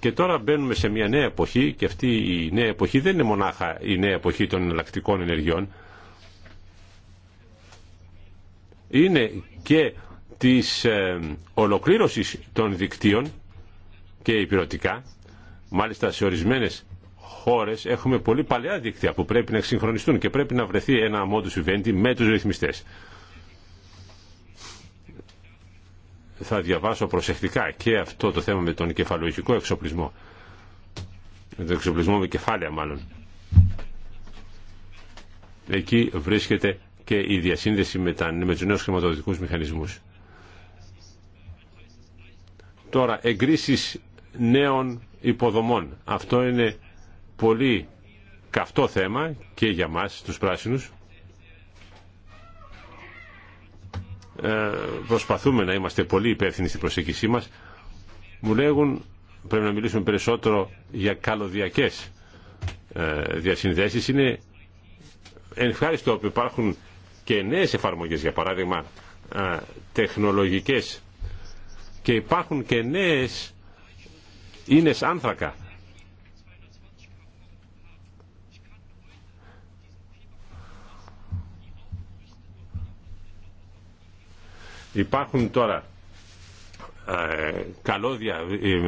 Και τώρα μπαίνουμε σε μια νέα εποχή και αυτή η νέα εποχή δεν είναι μονάχα η νέα εποχή των εναλλακτικών ενεργειών. Είναι και της ε, ολοκλήρωσης των δικτύων και υπηρετικά Μάλιστα σε ορισμένε χώρες έχουμε πολύ παλαιά δίκτυα που πρέπει να εξυγχρονιστούν και πρέπει να βρεθεί ένα modus συμβέντη με τους ρυθμιστέ. Θα διαβάσω προσεκτικά και αυτό το θέμα με τον κεφαλογικό εξοπλισμό. Με τον εξοπλισμό με κεφάλαια μάλλον. Εκεί βρίσκεται και η διασύνδεση με, τα, με τους νέους χρηματοδοτικούς μηχανισμούς. Τώρα, εγκρίσεις νέων υποδομών. Αυτό είναι πολύ καυτό θέμα και για μας τους πράσινους. Ε, προσπαθούμε να είμαστε πολύ υπεύθυνοι στην προσέγγισή μας. Μου λέγουν πρέπει να μιλήσουμε περισσότερο για καλωδιακές ε, διασυνδέσεις. Είναι ευχάριστο που υπάρχουν και νέες εφαρμογές, για παράδειγμα, ε, τεχνολογικές και υπάρχουν και νέες είναι άνθρακα. Υπάρχουν τώρα ε, καλώδια, ε, ε,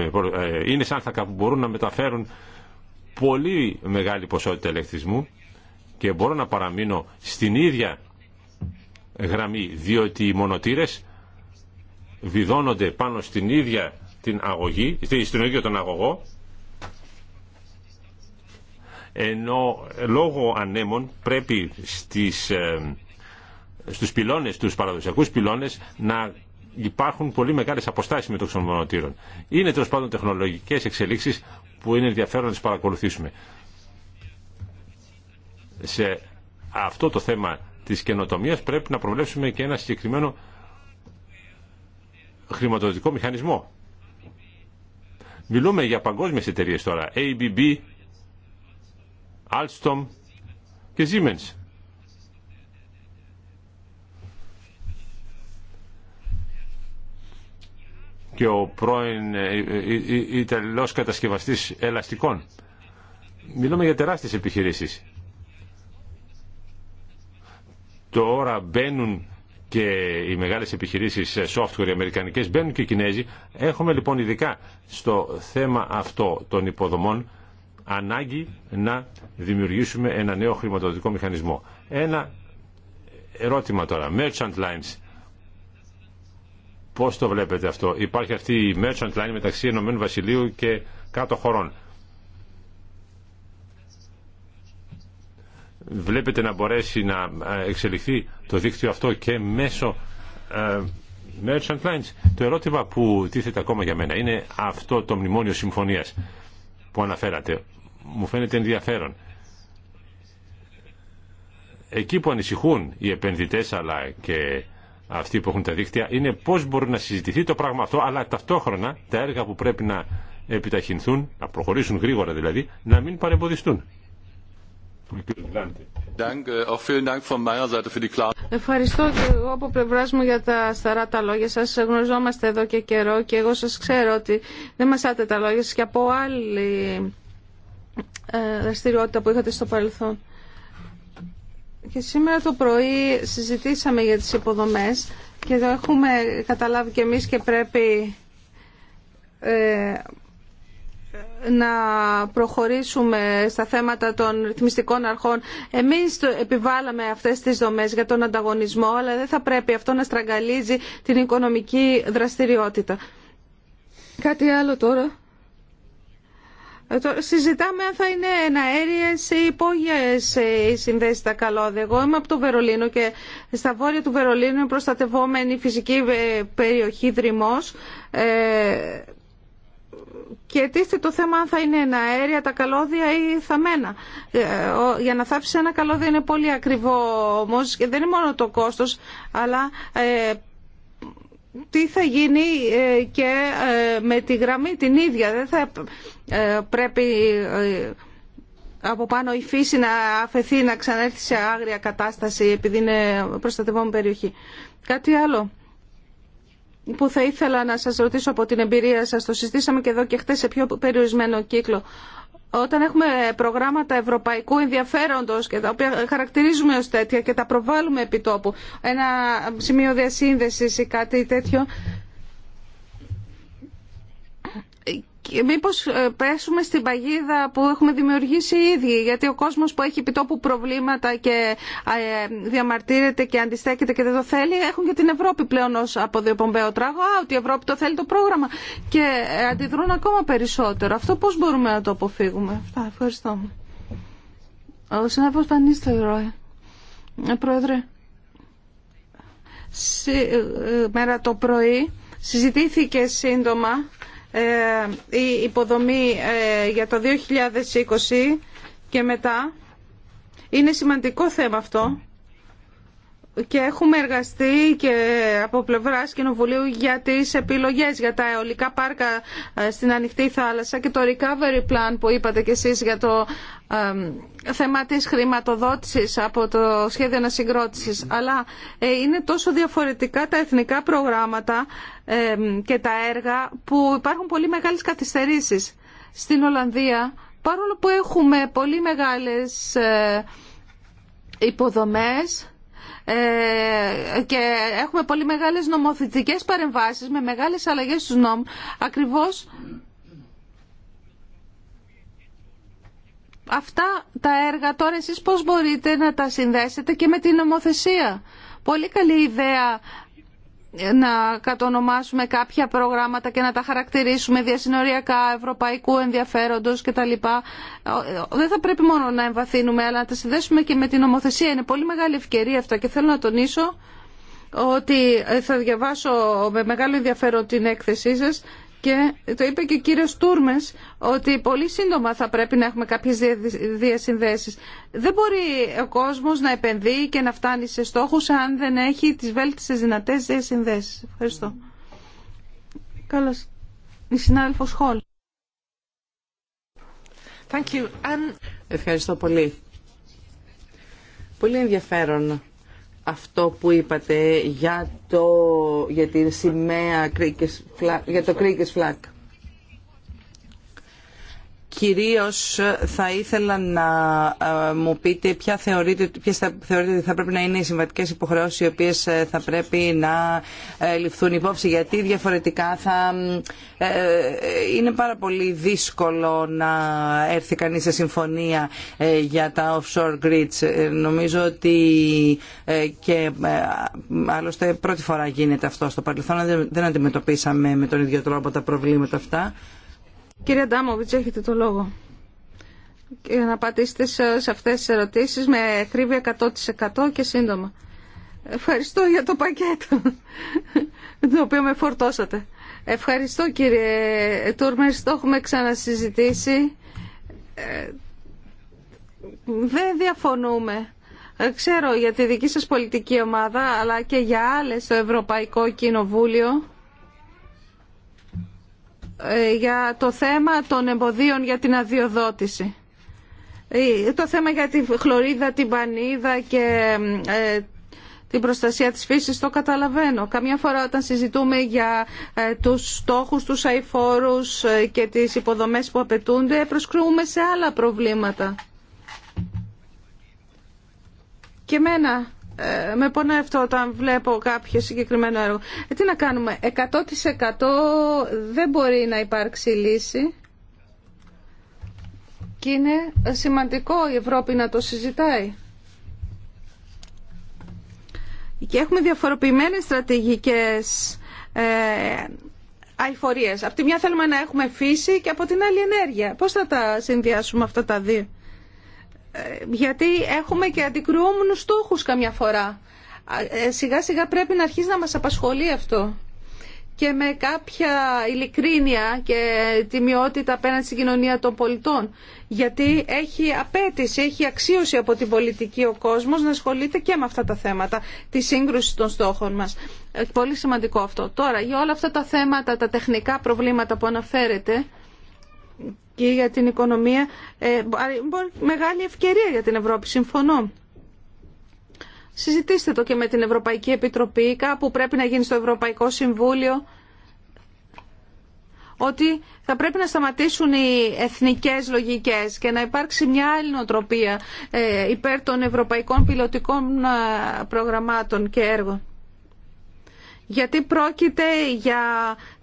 είναι που μπορούν να μεταφέρουν πολύ μεγάλη ποσότητα ηλεκτρισμού και μπορώ να παραμείνω στην ίδια γραμμή διότι οι μονοτήρες βιδώνονται πάνω στην ίδια την αγωγή, στην ίδιο τον αγωγό, ενώ λόγω ανέμων πρέπει στις, ε, στους πυλώνες, τους παραδοσιακούς πυλώνες να υπάρχουν πολύ μεγάλες αποστάσεις μεταξύ των μονοτήρων. Είναι τέλο πάντων τεχνολογικές εξελίξεις που είναι ενδιαφέρον να τις παρακολουθήσουμε. Σε αυτό το θέμα της καινοτομίας πρέπει να προβλέψουμε και ένα συγκεκριμένο χρηματοδοτικό μηχανισμό Μιλούμε για παγκόσμιες εταιρείες τώρα. ABB, Alstom και Siemens. και ο πρώην ε, ε, ε, Ιταλός κατασκευαστής ελαστικών. Μιλούμε για τεράστιες επιχειρήσεις. Τώρα μπαίνουν και οι μεγάλες επιχειρήσεις ε, software οι αμερικανικές μπαίνουν και οι Κινέζοι. Έχουμε λοιπόν ειδικά στο θέμα αυτό των υποδομών ανάγκη να δημιουργήσουμε ένα νέο χρηματοδοτικό μηχανισμό. Ένα ερώτημα τώρα. Merchant Lines. Πώς το βλέπετε αυτό. Υπάρχει αυτή η Merchant Line μεταξύ Ενωμένου Βασιλείου και κάτω χωρών. βλέπετε να μπορέσει να ε, εξελιχθεί το δίκτυο αυτό και μέσω ε, merchant lines. Το ερώτημα που τίθεται ακόμα για μένα είναι αυτό το μνημόνιο συμφωνίας που αναφέρατε. Μου φαίνεται ενδιαφέρον. Εκεί που ανησυχούν οι επενδυτές αλλά και αυτοί που έχουν τα δίκτυα είναι πώς μπορεί να συζητηθεί το πράγμα αυτό αλλά ταυτόχρονα τα έργα που πρέπει να επιταχυνθούν, να προχωρήσουν γρήγορα δηλαδή, να μην παρεμποδιστούν. Ευχαριστώ και εγώ από πλευρά μου για τα σταρά τα λόγια σας. Γνωριζόμαστε εδώ και καιρό και εγώ σας ξέρω ότι δεν μασάτε τα λόγια σα και από άλλη ε, δραστηριότητα που είχατε στο παρελθόν. Και σήμερα το πρωί συζητήσαμε για τις υποδομές και εδώ έχουμε καταλάβει και εμείς και πρέπει ε, να προχωρήσουμε στα θέματα των ρυθμιστικών αρχών. Εμείς επιβάλαμε αυτές τις δομές για τον ανταγωνισμό, αλλά δεν θα πρέπει αυτό να στραγγαλίζει την οικονομική δραστηριότητα. Κάτι άλλο τώρα. Ε, συζητάμε αν θα είναι εναέριες ή υπόγειες οι συνδέσεις στα καλώδια. Εγώ είμαι από το Βερολίνο και στα βόρεια του Βερολίνου είναι προστατευόμενη φυσική ε, περιοχή Δρυμός ε, και τίθεται το θέμα αν θα είναι αέρια τα καλώδια ή θαμμένα. Ε, για να θάψει ένα καλώδιο είναι πολύ ακριβό όμω, και δεν είναι μόνο το κόστος αλλά ε, τι θα γίνει ε, και με τη γραμμή την ίδια. Δεν θα πρέπει από πάνω η φύση να αφαιθεί να ξανέρθει σε άγρια κατάσταση επειδή είναι προστατευόμενη περιοχή. Κάτι άλλο που θα ήθελα να σας ρωτήσω από την εμπειρία σας, το συζητήσαμε και εδώ και χτες σε πιο περιορισμένο κύκλο. Όταν έχουμε προγράμματα ευρωπαϊκού ενδιαφέροντος και τα οποία χαρακτηρίζουμε ως τέτοια και τα προβάλλουμε επί τόπου, ένα σημείο διασύνδεσης ή κάτι τέτοιο, Και μήπως ε, πέσουμε στην παγίδα που έχουμε δημιουργήσει οι ίδιοι, γιατί ο κόσμος που έχει επιτόπου προβλήματα και ε, διαμαρτύρεται και αντιστέκεται και δεν το θέλει, έχουν και την Ευρώπη πλέον ως αποδιοπομπαίο τράγο, α, ότι η Ευρώπη το θέλει το πρόγραμμα και ε, αντιδρούν ακόμα περισσότερο. Αυτό πώς μπορούμε να το αποφύγουμε. Αυτά, ευχαριστώ. Ο συνάδελφος Πρόεδρε, σήμερα το πρωί συζητήθηκε σύντομα ε, η υποδομή ε, για το 2020 και μετά. Είναι σημαντικό θέμα αυτό και έχουμε εργαστεί και από πλευρά Κοινοβουλίου για τι επιλογές για τα αεολικά πάρκα ε, στην ανοιχτή θάλασσα και το recovery plan που είπατε κι εσείς για το ε, θέμα της χρηματοδότησης από το σχέδιο ανασυγκρότησης. Αλλά ε, είναι τόσο διαφορετικά τα εθνικά προγράμματα και τα έργα που υπάρχουν πολύ μεγάλες καθυστερήσει Στην Ολλανδία, παρόλο που έχουμε πολύ μεγάλες υποδομές ε, και έχουμε πολύ μεγάλες νομοθετικές παρεμβάσεις με μεγάλες αλλαγές στους νόμους ακριβώς αυτά τα έργα τώρα εσείς πώς μπορείτε να τα συνδέσετε και με την νομοθεσία πολύ καλή ιδέα να κατονομάσουμε κάποια προγράμματα και να τα χαρακτηρίσουμε διασυνοριακά, ευρωπαϊκού ενδιαφέροντος κτλ. Δεν θα πρέπει μόνο να εμβαθύνουμε, αλλά να τα συνδέσουμε και με την νομοθεσία. Είναι πολύ μεγάλη ευκαιρία αυτά και θέλω να τονίσω ότι θα διαβάσω με μεγάλο ενδιαφέρον την έκθεσή σας και το είπε και ο κύριος Τούρμες ότι πολύ σύντομα θα πρέπει να έχουμε κάποιες διασυνδέσεις. Δεν μπορεί ο κόσμος να επενδύει και να φτάνει σε στόχους αν δεν έχει τις βέλτιστες δυνατές διασυνδέσεις. Ευχαριστώ. Καλώς. Η συνάδελφος Χολ. Ευχαριστώ πολύ. Πολύ ενδιαφέρον αυτό που είπατε για το, για την σημαία, για το κρίκες φλακ. Κυρίως ε, θα ήθελα να ε, μου πείτε ποια θεωρείτε, ποιες θεωρείτε ότι θα πρέπει να είναι οι συμβατικές υποχρεώσεις οι οποίες ε, θα πρέπει να ληφθούν υπόψη γιατί διαφορετικά θα είναι πάρα πολύ δύσκολο να έρθει κανείς σε συμφωνία για τα offshore grids. Νομίζω ότι και άλλωστε πρώτη φορά γίνεται αυτό στο παρελθόν δεν αντιμετωπίσαμε με τον ίδιο τρόπο τα προβλήματα αυτά. Κύριε Ντάμοβιτς, έχετε το λόγο. Και να απαντήσετε σε αυτές τις ερωτήσεις με χρήβη 100% και σύντομα. Ευχαριστώ για το πακέτο το οποίο με φορτώσατε. Ευχαριστώ κύριε Τούρμερς, το έχουμε ξανασυζητήσει. Ε, δεν διαφωνούμε. Ε, ξέρω για τη δική σας πολιτική ομάδα, αλλά και για άλλες στο Ευρωπαϊκό Κοινοβούλιο ε, για το θέμα των εμποδίων για την αδειοδότηση. Ε, το θέμα για τη χλωρίδα, την πανίδα και ε, την προστασία της φύσης το καταλαβαίνω. Καμιά φορά όταν συζητούμε για τους στόχους, τους αηφόρους και τις υποδομές που απαιτούνται προσκρούμε σε άλλα προβλήματα. Και μένα ε, με αυτό όταν βλέπω κάποιο συγκεκριμένο έργο. Ε, τι να κάνουμε, 100% δεν μπορεί να υπάρξει λύση και είναι σημαντικό η Ευρώπη να το συζητάει. Και έχουμε διαφοροποιημένες στρατηγικές ε, αηφορίες. Από τη μια θέλουμε να έχουμε φύση και από την άλλη ενέργεια. Πώς θα τα συνδυάσουμε αυτά τα δύο γιατί έχουμε και αντικρουόμενους στόχους καμιά φορά. Ε, σιγά σιγά πρέπει να αρχίσει να μας απασχολεί αυτό και με κάποια ειλικρίνεια και τιμιότητα απέναντι στην κοινωνία των πολιτών. Γιατί έχει απέτηση, έχει αξίωση από την πολιτική ο κόσμος να ασχολείται και με αυτά τα θέματα, τη σύγκρουση των στόχων μας. Ε, πολύ σημαντικό αυτό. Τώρα, για όλα αυτά τα θέματα, τα τεχνικά προβλήματα που αναφέρεται, και για την οικονομία. Ε, μεγάλη ευκαιρία για την Ευρώπη, συμφωνώ. Συζητήστε το και με την Ευρωπαϊκή Επιτροπή, κάπου πρέπει να γίνει στο Ευρωπαϊκό Συμβούλιο, ότι θα πρέπει να σταματήσουν οι εθνικές λογικές και να υπάρξει μια άλλη νοοτροπία ε, υπέρ των ευρωπαϊκών πιλωτικών ε, προγραμμάτων και έργων. Γιατί πρόκειται για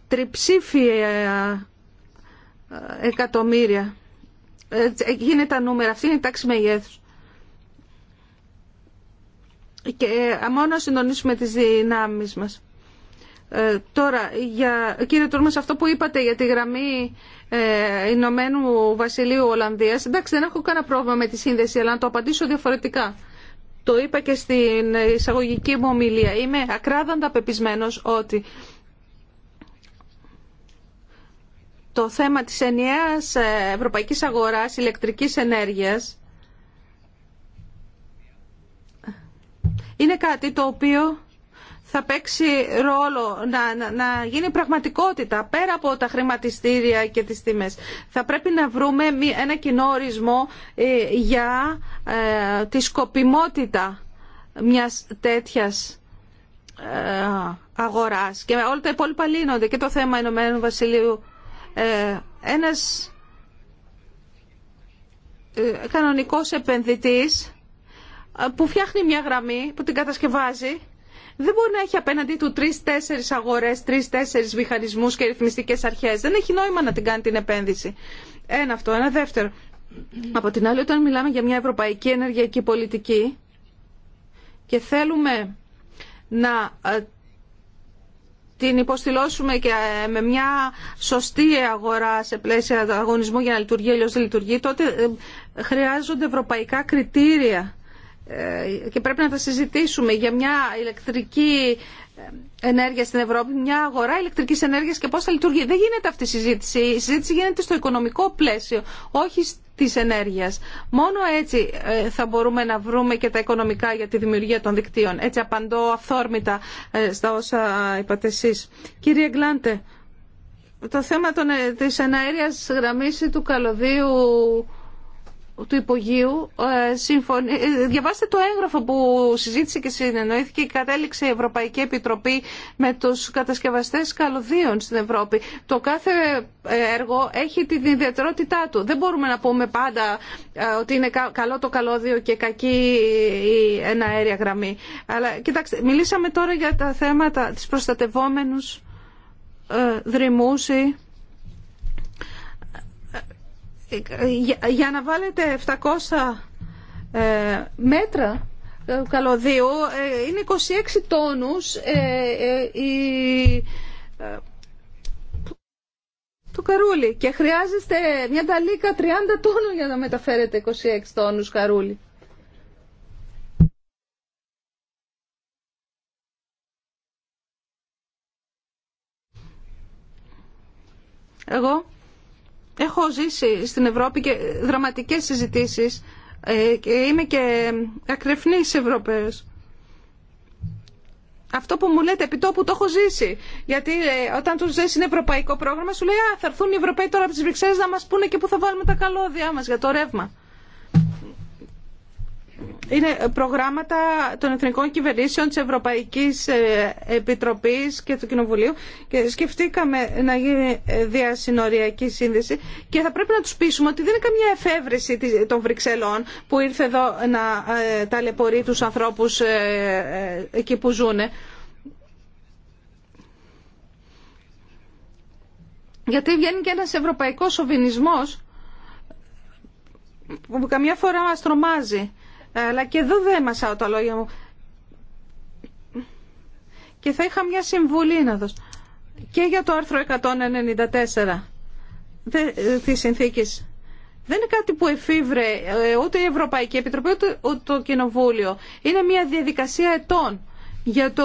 τριψήφια εκατομμύρια. Εκεί τα νούμερα, αυτή είναι η τάξη μεγέθους. Και ε, μόνο συντονίσουμε τις δυνάμεις μας. Ε, τώρα, για, κύριε Τούρμας, αυτό που είπατε για τη γραμμή ε, Ηνωμένου Βασιλείου Ολλανδίας, εντάξει δεν έχω κανένα πρόβλημα με τη σύνδεση, αλλά να το απαντήσω διαφορετικά. Το είπα και στην εισαγωγική μου ομιλία. Είμαι ακράδαντα πεπισμένος ότι το θέμα της ενιαίας ε, ευρωπαϊκής αγοράς ηλεκτρικής ενέργειας είναι κάτι το οποίο θα παίξει ρόλο να, να, να, γίνει πραγματικότητα πέρα από τα χρηματιστήρια και τις τιμές. Θα πρέπει να βρούμε ένα κοινό ορισμό ε, για ε, τη σκοπιμότητα μιας τέτοιας ε, αγοράς και όλα τα υπόλοιπα λύνονται και το θέμα Ηνωμένου Βασιλείου ε, ένας ε, κανονικός επενδυτής ε, που φτιάχνει μια γραμμή, που την κατασκευάζει, δεν μπορεί να έχει απέναντί του τρει-τέσσερι αγορέ, τρει-τέσσερι μηχανισμού και ρυθμιστικέ αρχέ. Δεν έχει νόημα να την κάνει την επένδυση. Ένα αυτό. Ένα δεύτερο. Από την άλλη, όταν μιλάμε για μια ευρωπαϊκή ενεργειακή πολιτική και θέλουμε να την υποστηλώσουμε και ε, με μια σωστή αγορά σε πλαίσια αγωνισμού για να λειτουργεί, αλλιώς δεν λειτουργεί, τότε ε, χρειάζονται ευρωπαϊκά κριτήρια ε, και πρέπει να τα συζητήσουμε για μια ηλεκτρική ενέργεια στην Ευρώπη, μια αγορά ηλεκτρικής ενέργειας και πώς θα λειτουργεί. Δεν γίνεται αυτή η συζήτηση. Η συζήτηση γίνεται στο οικονομικό πλαίσιο, όχι της ενέργειας. Μόνο έτσι ε, θα μπορούμε να βρούμε και τα οικονομικά για τη δημιουργία των δικτύων. Έτσι απαντώ αυθόρμητα ε, στα όσα είπατε εσείς. Κύριε Γκλάντε, το θέμα των, ε, της εναέριας γραμμής του καλωδίου του υπογείου ε, ε, Διαβάστε το έγγραφο που συζήτησε και συνεννοήθηκε και κατέληξε η Ευρωπαϊκή Επιτροπή με τους κατασκευαστές καλωδίων στην Ευρώπη. Το κάθε ε, έργο έχει την ιδιαιτερότητά του. Δεν μπορούμε να πούμε πάντα ότι είναι καλό το καλώδιο και κακή η εναέρια γραμμή. Αλλά κοιτάξτε, μιλήσαμε τώρα για τα θέματα της προστατευόμενους δρυμούς για να βάλετε 700 ε, μέτρα ε, καλωδίου ε, είναι 26 τόνους το καρούλι και χρειάζεστε μια ταλίκα 30 τόνων για να μεταφέρετε 26 τόνους καρούλι. Εγώ Έχω ζήσει στην Ευρώπη και δραματικές συζητήσεις ε, και είμαι και ακρεφνής Ευρωπαίος. Αυτό που μου λέτε επί τόπου το έχω ζήσει. Γιατί ε, όταν του ζήσει είναι ευρωπαϊκό πρόγραμμα, σου λέει Α, θα έρθουν οι Ευρωπαίοι τώρα από τι Βρυξέλλε να μα πούνε και πού θα βάλουμε τα καλώδια μα για το ρεύμα είναι προγράμματα των Εθνικών Κυβερνήσεων της Ευρωπαϊκής ε, Επιτροπής και του Κοινοβουλίου και σκεφτήκαμε να γίνει διασυνοριακή σύνδεση και θα πρέπει να τους πείσουμε ότι δεν είναι καμιά εφεύρεση των Βρυξελών που ήρθε εδώ να ε, ταλαιπωρεί τους ανθρώπους ε, εκεί που ζουνε. Γιατί βγαίνει και ένας ευρωπαϊκός σοβινισμός που καμιά φορά μας τρομάζει αλλά και εδώ δεν μασάω τα λόγια μου. Και θα είχα μια συμβουλή να δώσω. Και για το άρθρο 194 ε, της συνθήκης. Δεν είναι κάτι που εφήβρε ε, ούτε η Ευρωπαϊκή Επιτροπή ούτε το Κοινοβούλιο. Είναι μια διαδικασία ετών για το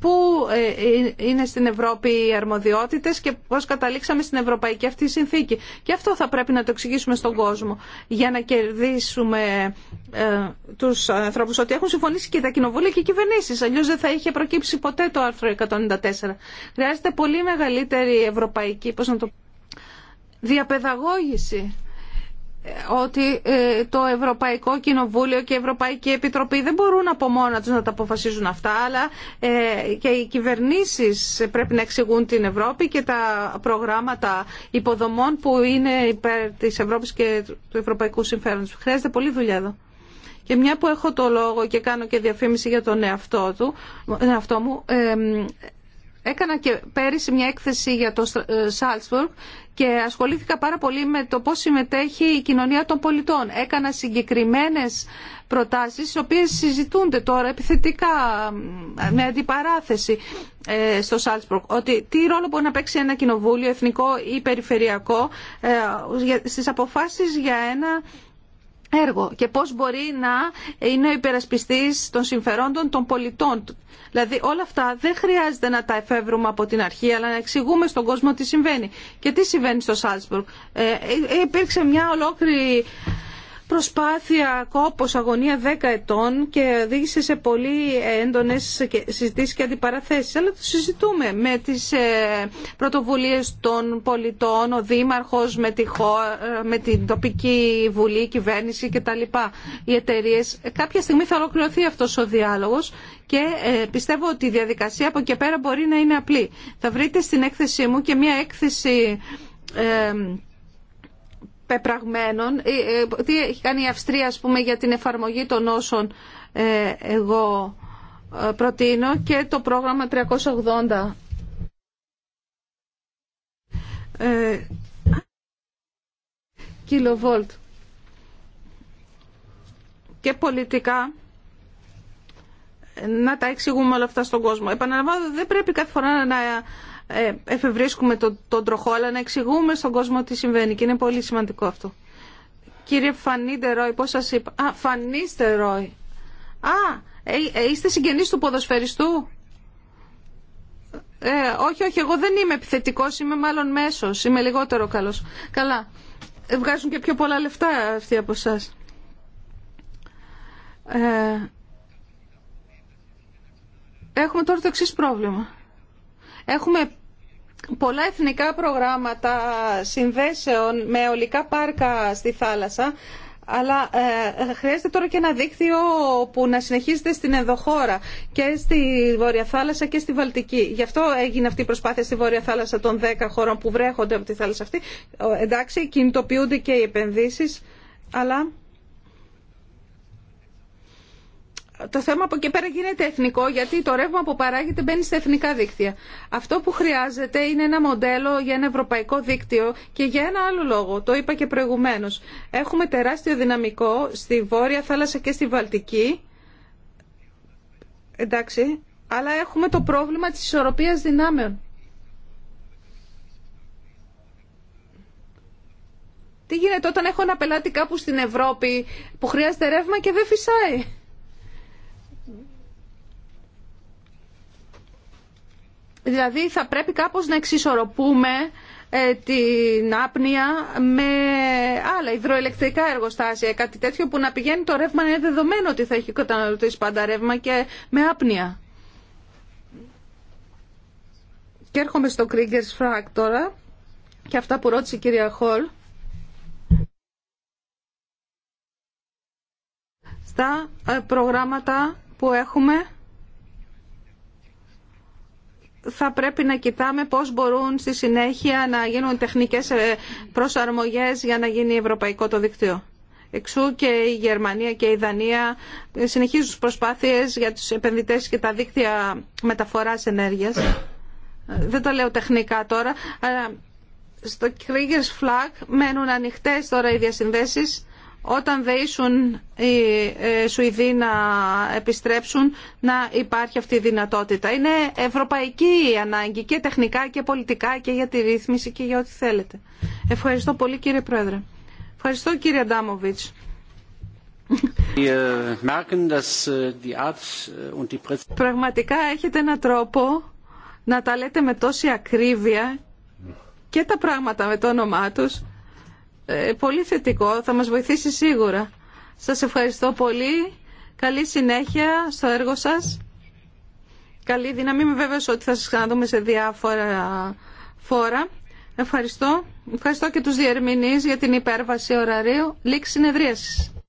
πού ε, ε, είναι στην Ευρώπη οι αρμοδιότητες και πώς καταλήξαμε στην ευρωπαϊκή αυτή συνθήκη. Και αυτό θα πρέπει να το εξηγήσουμε στον κόσμο για να κερδίσουμε ε, τους ανθρώπους ότι έχουν συμφωνήσει και τα κοινοβούλια και οι κυβερνήσεις. Αλλιώς δεν θα είχε προκύψει ποτέ το άρθρο 194. Χρειάζεται πολύ μεγαλύτερη ευρωπαϊκή πώς το... διαπαιδαγώγηση ότι ε, το Ευρωπαϊκό Κοινοβούλιο και η Ευρωπαϊκή Επιτροπή δεν μπορούν από μόνα τους να τα αποφασίζουν αυτά, αλλά ε, και οι κυβερνήσεις πρέπει να εξηγούν την Ευρώπη και τα προγράμματα υποδομών που είναι υπέρ της Ευρώπης και του Ευρωπαϊκού Συμφέροντος. Χρειάζεται πολύ δουλειά εδώ. Και μια που έχω το λόγο και κάνω και διαφήμιση για τον εαυτό, του, εαυτό μου, ε, Έκανα και πέρυσι μια έκθεση για το ε, Salzburg και ασχολήθηκα πάρα πολύ με το πώς συμμετέχει η κοινωνία των πολιτών. Έκανα συγκεκριμένες προτάσεις, οι οποίες συζητούνται τώρα επιθετικά με αντιπαράθεση ε, στο Salzburg, Ότι τι ρόλο μπορεί να παίξει ένα κοινοβούλιο, εθνικό ή περιφερειακό, ε, στις αποφάσεις για ένα έργο και πώς μπορεί να είναι ο υπερασπιστής των συμφερόντων των πολιτών. του. Δηλαδή όλα αυτά δεν χρειάζεται να τα εφεύρουμε από την αρχή αλλά να εξηγούμε στον κόσμο τι συμβαίνει. Και τι συμβαίνει στο Σάλτσμπουργκ. Ε, ε, ε υπήρξε μια ολόκληρη προσπάθεια, κόπος, αγωνία 10 ετών και οδήγησε σε πολύ έντονες συζητήσεις και αντιπαραθέσεις. Αλλά το συζητούμε με τις ε, πρωτοβουλίες των πολιτών, ο Δήμαρχος, με, τη ε, με την τοπική βουλή, κυβέρνηση κτλ. Οι εταιρείε. Κάποια στιγμή θα ολοκληρωθεί αυτός ο διάλογος και ε, πιστεύω ότι η διαδικασία από και πέρα μπορεί να είναι απλή. Θα βρείτε στην έκθεσή μου και μια έκθεση... Ε, πεπραγμένων. Ε, ε, τι έχει κάνει η Αυστρία, ας για την εφαρμογή των όσων ε, εγώ προτείνω και το πρόγραμμα 380. Κιλοβόλτ. Και πολιτικά να τα εξηγούμε όλα αυτά στον κόσμο. Επαναλαμβάνω, δεν πρέπει κάθε φορά να ε, εφευρίσκουμε τον, τον τροχό, αλλά να εξηγούμε στον κόσμο τι συμβαίνει και είναι πολύ σημαντικό αυτό. Κύριε Ρόι πώς σας είπα. Α, Ρόι Α, ε, ε, είστε συγγενείς του ποδοσφαιριστού. Ε, όχι, όχι, εγώ δεν είμαι επιθετικός, είμαι μάλλον μέσος, είμαι λιγότερο καλός. Καλά, ε, βγάζουν και πιο πολλά λεφτά αυτοί από εσά. Έχουμε τώρα το εξή πρόβλημα. Έχουμε πολλά εθνικά προγράμματα συνδέσεων με ολικά πάρκα στη θάλασσα αλλά ε, χρειάζεται τώρα και ένα δίκτυο που να συνεχίζεται στην ενδοχώρα και στη Βόρεια Θάλασσα και στη Βαλτική. Γι' αυτό έγινε αυτή η προσπάθεια στη Βόρεια Θάλασσα των 10 χωρών που βρέχονται από τη θάλασσα αυτή. Ε, εντάξει, κινητοποιούνται και οι επενδύσεις, αλλά το θέμα από εκεί πέρα γίνεται εθνικό γιατί το ρεύμα που παράγεται μπαίνει στα εθνικά δίκτυα. Αυτό που χρειάζεται είναι ένα μοντέλο για ένα ευρωπαϊκό δίκτυο και για ένα άλλο λόγο. Το είπα και προηγουμένω. Έχουμε τεράστιο δυναμικό στη Βόρεια Θάλασσα και στη Βαλτική. Εντάξει. Αλλά έχουμε το πρόβλημα της ισορροπίας δυνάμεων. Τι γίνεται όταν έχω ένα πελάτη κάπου στην Ευρώπη που χρειάζεται ρεύμα και δεν φυσάει. Δηλαδή θα πρέπει κάπως να εξισορροπούμε ε, την άπνοια με άλλα υδροελεκτρικά εργοστάσια, κάτι τέτοιο που να πηγαίνει το ρεύμα είναι δεδομένο ότι θα έχει καταναλωτήσει πάντα ρεύμα και με άπνοια. Και έρχομαι στο Kriegers Frag τώρα και αυτά που ρώτησε η κυρία Χολ. Στα ε, προγράμματα που έχουμε θα πρέπει να κοιτάμε πώς μπορούν στη συνέχεια να γίνουν τεχνικές ε, προσαρμογές για να γίνει ευρωπαϊκό το δίκτυο. Εξού και η Γερμανία και η Δανία συνεχίζουν τις προσπάθειες για τους επενδυτές και τα δίκτυα μεταφοράς ενέργειας. Δεν το λέω τεχνικά τώρα, αλλά στο Kriegers Flag μένουν ανοιχτές τώρα οι διασυνδέσεις όταν δεν ήσουν οι ε, Σουηδοί να επιστρέψουν να υπάρχει αυτή η δυνατότητα. Είναι ευρωπαϊκή η ανάγκη και τεχνικά και πολιτικά και για τη ρύθμιση και για ό,τι θέλετε. Ευχαριστώ πολύ κύριε Πρόεδρε. Ευχαριστώ κύριε Αντάμοβιτς. Äh, äh, Πραγματικά έχετε έναν τρόπο να τα λέτε με τόση ακρίβεια και τα πράγματα με το όνομά τους ε, πολύ θετικό, θα μας βοηθήσει σίγουρα. Σας ευχαριστώ πολύ. Καλή συνέχεια στο έργο σας. Καλή δύναμη. Είμαι βέβαιος ότι θα σας ξαναδούμε σε διάφορα φόρα. Ευχαριστώ. Ευχαριστώ και τους διερμηνείς για την υπέρβαση ωραρίου. Λήξη συνεδρίασης.